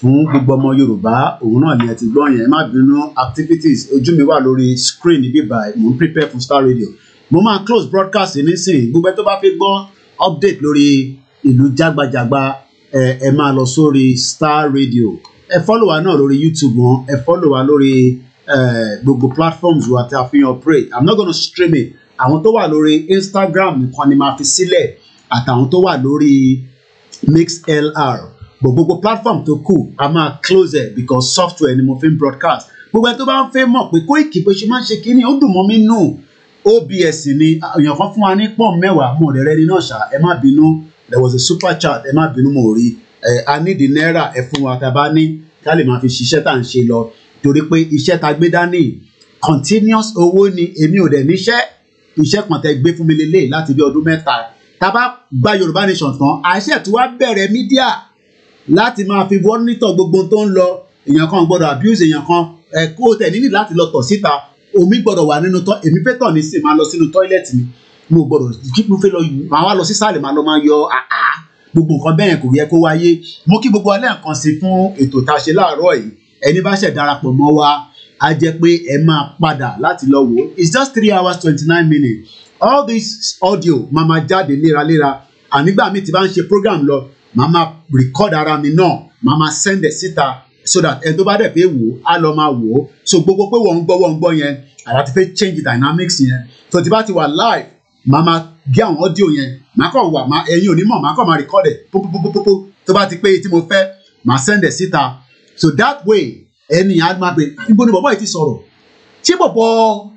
fún gbogbo ọmọ yorùbá òun náà ni ẹ ti gbọ́ yẹn má bínú activities ojú mi wà lórí screen níbí báyìí mò ń prepare for star radio mo máa close broadcast nísìnyí gbogbo ẹ tó bá fi gbọ́ update lórí ìlú jágbajàgba ẹ ẹ máa lọ sórí star radio ẹ follow wa náà lórí youtube wọn ẹ follow wa lórí gbogbo platforms wa tí a fi yan pray i'm not gonna stream it àwọn tó wà lórí instagram nìkan ni màá fi sílẹ̀ àtàwọn tó wà lórí mixlr but gbogbo platform tó kù a máa close ẹ̀ because software ni mo fi ń broadcast gbogbo ẹ̀ tó bá ń fẹ́ mọ̀ pé Koiki bó ṣe máa ń ṣe kínní ó dùn mọ́ mi nù OBS ni èèyàn kan fún wa ní pọ́n mẹ́wàá mo rẹ̀ rẹ́ni náà ṣá ẹ má bínú there was a super chat ẹ má bínú mo rí ẹ a ní di náírà ẹ fún wa tá a bá ní ká lè máa fi ṣiṣẹ́ tá à ń ṣe lọ torí pé iṣẹ́ tá gbé dání continuous owó ni èmi ò dẹ̀ níṣẹ́ iṣẹ́ kan tẹ gbé fún mi lélẹ̀ láti bí ọdún mẹ́ta tá a bá gba Yorùbá Nation tán àṣẹ tí wàá bẹ̀rẹ̀ mídíà láti máa fi wọ́nítọ̀ gbogbo tó ń lọ èèyàn kan gbọ́dọ̀ abuse èèyàn kan ẹ̀kọ́ tẹ̀ nílì láti lọ tọ̀ síta omi gbọ́dọ̀ wà nínú tọ́ èmi fẹ́ tọ̀ ní sè máa lọ sínú tọ́ílẹ̀tì mi mo gbọ́dọ̀ mo fẹ́ lọ máa wá lọ sísàlẹ̀ máa lọ máa yọ àá gbogbo nǹkan bẹ́ẹ̀ kò yẹ kó wáyé mo kí gbogbo alẹ́ nǹkan sí fún ètò tá a ṣe láàárọ̀ yìí ẹni bá ṣẹ̀ darapọ̀ mọ́ wa a jẹ́ pé ẹ máa padà láti lọ wò it's just three hours twenty nine minutes all this audio máa máa jáde léraléra ànígbà mi ti bá ń ṣe program lọ màá record ara mi náà màá send ẹ̀ síta so that ẹni tó bá dẹ̀ pé wò ó á lọ máa wò ó so gbogbo pé wọ́n ń gbọ́ wọ́n ń gbọ́ yẹn àwa ti fẹ́ change dynamics yẹn so tí bá ti wà live màá máa gé àwọn audio yẹn màá kàn wà má ẹ̀yin ò ní mọ̀ màá kàn máa record ẹ̀ pópópópópó tó bá ti pé tí mo fẹ́ màá send ẹ̀ síta so that way ẹni yẹn á máa pè níbo ni bọ̀bọ̀ yìí ti sọ̀rọ̀ ṣé bọ̀bọ̀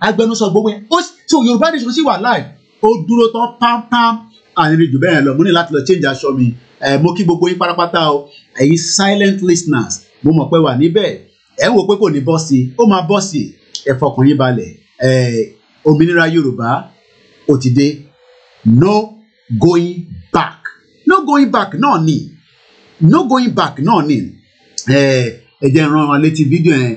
agbẹnusọ gbogbo yẹn ó so Yorùbá nation sì wà live ó dúró tán pámpám àìrìn jù bẹ́ẹ̀ lọ mo ní láti lọ change aṣọ mi ẹ mo kí gbogbo yín pátápátá o ẹ̀yin silent listeners mo mọ̀ pé wà níbẹ̀ ẹ ń wò pé kò ní bọ́ sí i ó máa bọ́ sí i ẹ fọkàn yín balẹ̀ ẹ òmìnira Yorùbá ó ti dé no going back no going back náà ni no going back náà ni ẹ ẹ jẹ́ ràn án létí fídíò yẹn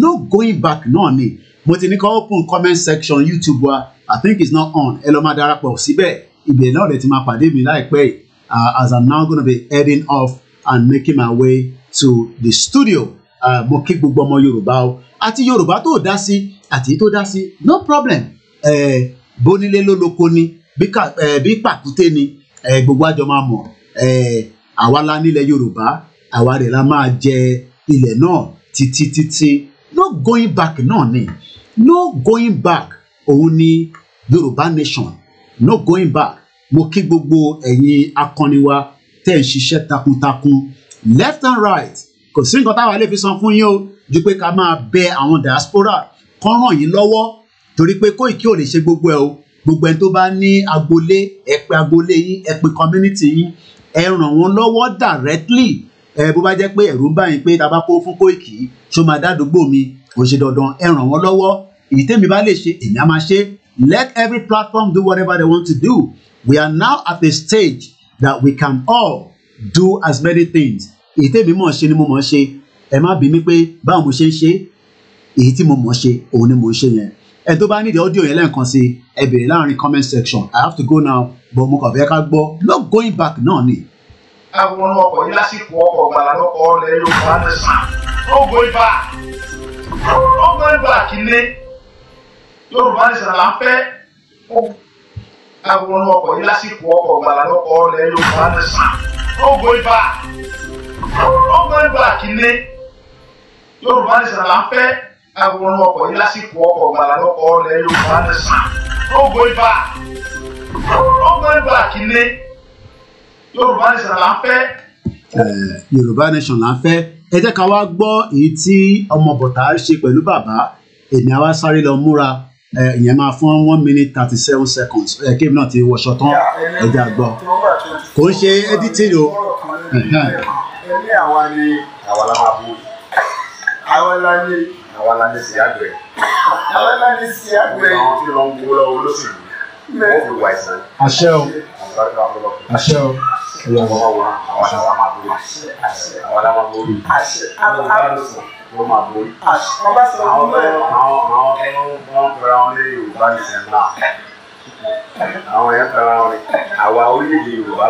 no going back náà ni mo ti ní ká open comment section YouTube wa I think it's not on ẹ lọ máa darapọ̀ síbẹ̀ ibẹ̀ náà lè ti máa pàdé mi láìpẹ́ yìí uh, as I'm now going to be heading off and making my way to the studio. Uh, mo kí gbogbo ọmọ Yorùbá o àti Yorùbá tó dá sí àti tó dá sí no problem bónílé lóloko ni bí pàkúté ni gbogbo àjọ máa mọ̀ àwa la nílẹ̀ Yorùbá àwa rẹ̀ la máa jẹ ilẹ̀ náà títí títí no going back náà ni no going back òun ni Yorùbá nation no going back mo kí gbogbo ẹ̀yin akọni wa tẹ́ ń ṣiṣẹ́ takuntakun left and right kò sí nǹkan táwa lè fi san fún yín o ju pé ká máa bẹ àwọn diaspora kán ràn yín lọ́wọ́ torí pé Kóìkí ò lè ṣe gbogbo ẹ o gbogbo ẹni tó bá ní agboolé ẹ pe agboolé yín ẹ community yín ẹ ràn wọ́n lọ́wọ́ directly ẹ bó bá jẹ́ pé ẹ̀rù ń bá yín pé tá a bá kó fún Kóìkí ṣó máa dádúgbò mi kò ṣe dandan ẹ ràn wọ́n lọ́wọ́ èyí tèmi bá lè ṣe èmi á máa ṣe let every platform do whatever they want to do we are now at the stage that we can all do as many things èyí tèmi mọ̀ ṣe ni mo mọ̀ ṣe ẹ má bí mi pé báwo mo ṣe ń ṣe èyí tí mo mọ̀ ṣe òun ni mo ṣe yẹn ẹ tó bá nídìí ọ́díò yẹn lẹ́ẹ̀kan sí ẹ bèrè láàrin comment section i have to go now but mo kàn fẹ́ ká gbọ́ no going back náà ni. àwọn ọkọ̀ yìí lásìkò ọkọ̀ ọ̀gbàlà lọ́kọ̀ ọ̀lẹ́ yóò fún anderson no going back no going back ilé yorùbá nìṣẹ̀lá ń fẹ́ agbọnú ọkọ̀ yìí lásìkò ọkọ̀ gbàrà lọ́kọ̀ ọ̀lẹ́ yorùbá rẹ̀ sàn. ogo ibà ogo ibà kìíní yorùbá rẹ̀ sàn là ń fẹ́ agbọnú ọkọ̀ yìí lásìkò ọkọ̀ gbàrà lọ́kọ̀ ọ̀lẹ́ yorùbá rẹ̀ sàn. ogo ibà ogo ibà kìíní yorùbá rẹ̀ sàn là yorùbá nation là ń fẹ́ ẹ jẹ́ ká wá gbọ́ èyí tí ọmọ bọ̀tà ṣe pẹ̀lú bàbá èmi àwa sáré lọ múra ìyẹn máa fún one minute thirty seven seconds kéèmù náà ti wọṣọ tán ẹja gbọ́ kò ń ṣe editing o. ẹni àwa ni àwa la máa bú àwa la ni àwa la ni sí àgbẹ̀ àwa la ni sí àgbẹ̀ àwọn tí wọn ń wúlọ olóṣèlú wọn fi wà ìsàn. àṣẹ o àṣẹ o ìyàwó àwa la máa bú àṣẹ àwa la máa bú àṣẹ àwa la máa bú wọ́n máa borí. àwọn àwọn àwọn wọ́n fẹ́ra wọn lé yorùbá nìyẹn náà àwọn yẹn fẹ́ra wọn ni àwa orílẹ̀-èdè yorùbá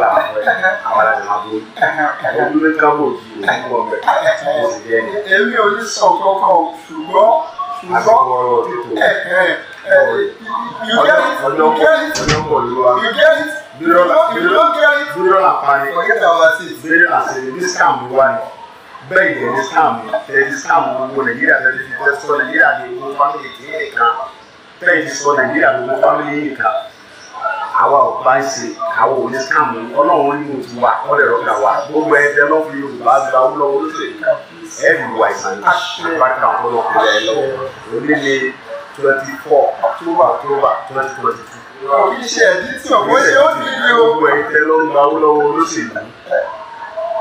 bẹ́ẹ̀ yẹn ní sáàmù ẹni sáàmù gbogbo nàìjíríà tẹ́lẹ̀ fi tẹ́ sọ nàìjíríà ní gbogbo fámìlì tí yẹn kan bẹ́ẹ̀ ti sọ nàìjíríà gbogbo fámìlì yẹn kan àwa ò bá ń ṣe àwa ò ní sáàmù ọlọ́run ní oṣù wa wọ́n lè rọ́gà wa gbogbo ẹ̀ tẹ́ lọ́ fi yorùbá gba olówó ṣe ẹ̀ lù wà ìsàn ìpàkà ọ̀pọ̀lọpọ̀ rẹ̀ lọ onílé twenty four october october twenty twenty two. òbí ṣe ẹ̀dí tí ọ̀pọ̀ ṣe ó ti di o. gbogbo ẹ̀ tẹ́ lọ́ gba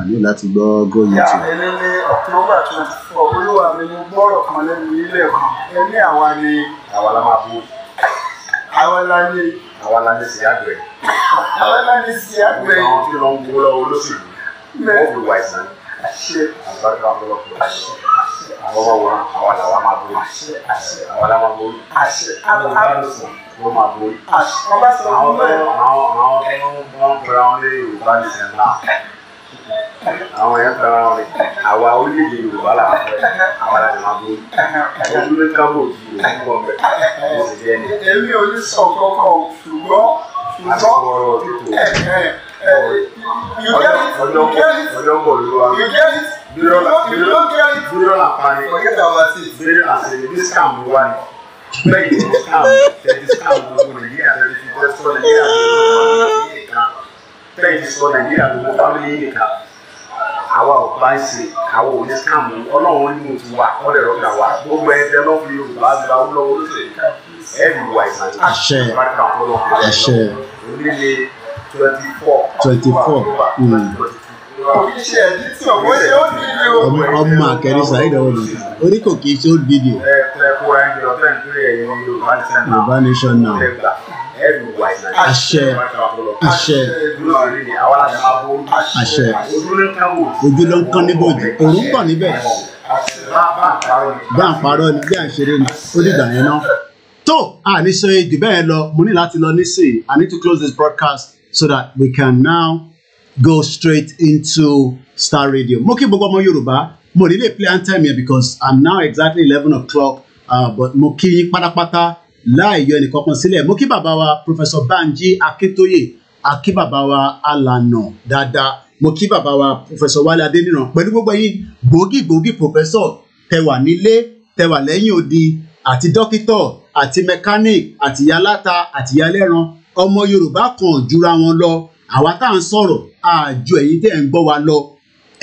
àní láti gbọ́ góòlù tì. ìyá ẹni ní october twenty four olúwa mi mo gbọ́rọ̀ kan lẹ́nu ilé kan ẹni àwa ni. àwa la máa bú. àwa la ni. àwa la ni sí àgbẹ̀. àwa la ni sí àgbẹ̀. àwọn tí wọn ń gbó lọ olóṣèlú wọn fi wà ìsàn. àṣẹ àgbàdo àpọlọpọ àṣẹ àwọn ọmọ wọn àwa la wa máa bú. àṣẹ àṣẹ àwa la máa bú. àṣẹ àwọn àlùsùn ló máa bú. àṣẹ wọn bá sọ fún mi. àwọn ọmọ àwọn ọmọ ọmọ ọmọ ọmọ ọmọ ọmọ ọmọ ọmọ ọmọ ọmọ ọmọ ọmọ àwọn yẹn fẹ́ràn wọn rẹ̀ àwa orílẹ̀-èdè yorùbá là wà fẹ́ àwọn àti máa bó ojúlé kábò ti rò fún ọbẹ̀ ó sì jẹ́ ni. èmi ò ní sọ kọ́kọ́ o ṣùgbọ́n ṣùgbọ́n you get it you get it you get it you don't you don't get it. bílíọ̀nù àpárí bílíọ̀nù àṣírí dísàmù wà ní bẹ́ẹ̀ ni dísàmù tẹ̀ dísàmù gbogbo nàìjíríà tẹ̀ dísàmù tẹ̀ sọ nàìjíríà tẹ̀ sọ nàìjíríà bẹ́ẹ̀ ti sọ nàìjíríà ló mọ fámìlì yìí nìkan àwa ò bá ń ṣe àwa ò ní sàmù ọlọ́run ní mo ti wà kọ́lẹ̀ rọ́gà wa gbogbo ẹ̀jẹ̀ lọ́ fi yorùbá gba olówó lóṣèlú ẹ̀rù ìwà ìsàlẹ̀ àṣẹ àṣẹ onílé twenty four twenty four ọmọ akẹ́rẹ́ ṣáìdá wọlé orí kò kì ṣe old video Yorùbá nation now àṣẹ àṣẹ àṣẹ ojú ló ń kán níbòjú òru ń bọ̀ níbẹ̀ bí à parọ́ ni bí à ṣeré ni ó dìgbà yẹn náà tó àní sọ ejò bẹ́ẹ̀ lọ mo ní láti lọ nísìnyí I need to close this broadcast so that we can now go straight into Star Radio mo kí gbogbo ọmọ Yorùbá mo ní lè play anthem here because I'm now exactly eleven o'clock uh, but mo kí yín pátápátá láì yọ ẹnìkankan sílẹ̀ mo kí bàbá wa professor Banji Akíntóyè akí bàbá wa alànà dáadáa mo kí bàbá wa professor Wálé Adéníran pẹ̀lú gbogbo yín gbòógì gbòógì professor tẹwà nílé tẹwà lẹ́yìn odi àti dókítọ̀ àti mechanic àti yálàta àti yálẹ́ran ọmọ Yorùbá kan jura wọn lọ àwa tá à ń sọ̀rọ̀ àjọ ẹ̀yin tẹ́ ń gbọ́ wa lọ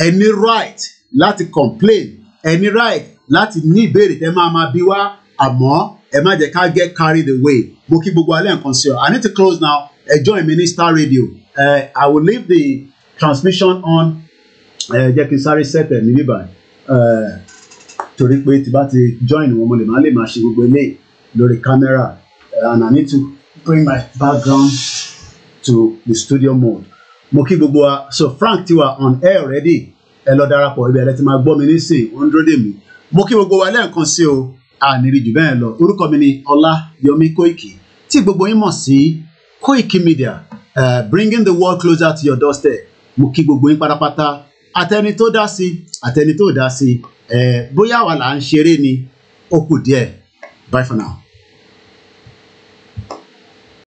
ẹ right láti complain ẹ right láti ní ìbéèrè tẹ́ máa máa bí wá àmọ́ ẹ má jẹ́ ká get carried away mo kí gbogbo alẹ́ nǹkan sí ọ i need to close now ẹ join me ní Star Radio uh, i will leave the transmission on jẹ́ kí n sáré sẹ́tẹ̀ ní bíbá torí pé tí bá ti join wọn mo lè má lè má ṣe gbogbo eléyìí lórí camera and i need to bring my background to the studio mode mo kí gbogbo wa so Frank ti wà on air already ẹ lọ darapọ̀ ibi ẹ̀ lẹ́tí máa gbọ́ mi nísìnyí ó ń dúró dè mí mo kí gbogbo wa lẹ́ẹ̀kan sí o àníri jù bẹ́ẹ̀ lọ orúkọ mi ni ọlá yomi kóìkì tí gbogbo yín mọ̀ sí kóìkì media uh, bringing the world closer to your doorstep mo kí gbogbo yín pátápátá àtẹni tó dá sí àtẹni tó dá sí bóyá wà là ń ṣeré ni ó kù díẹ̀ bye for now.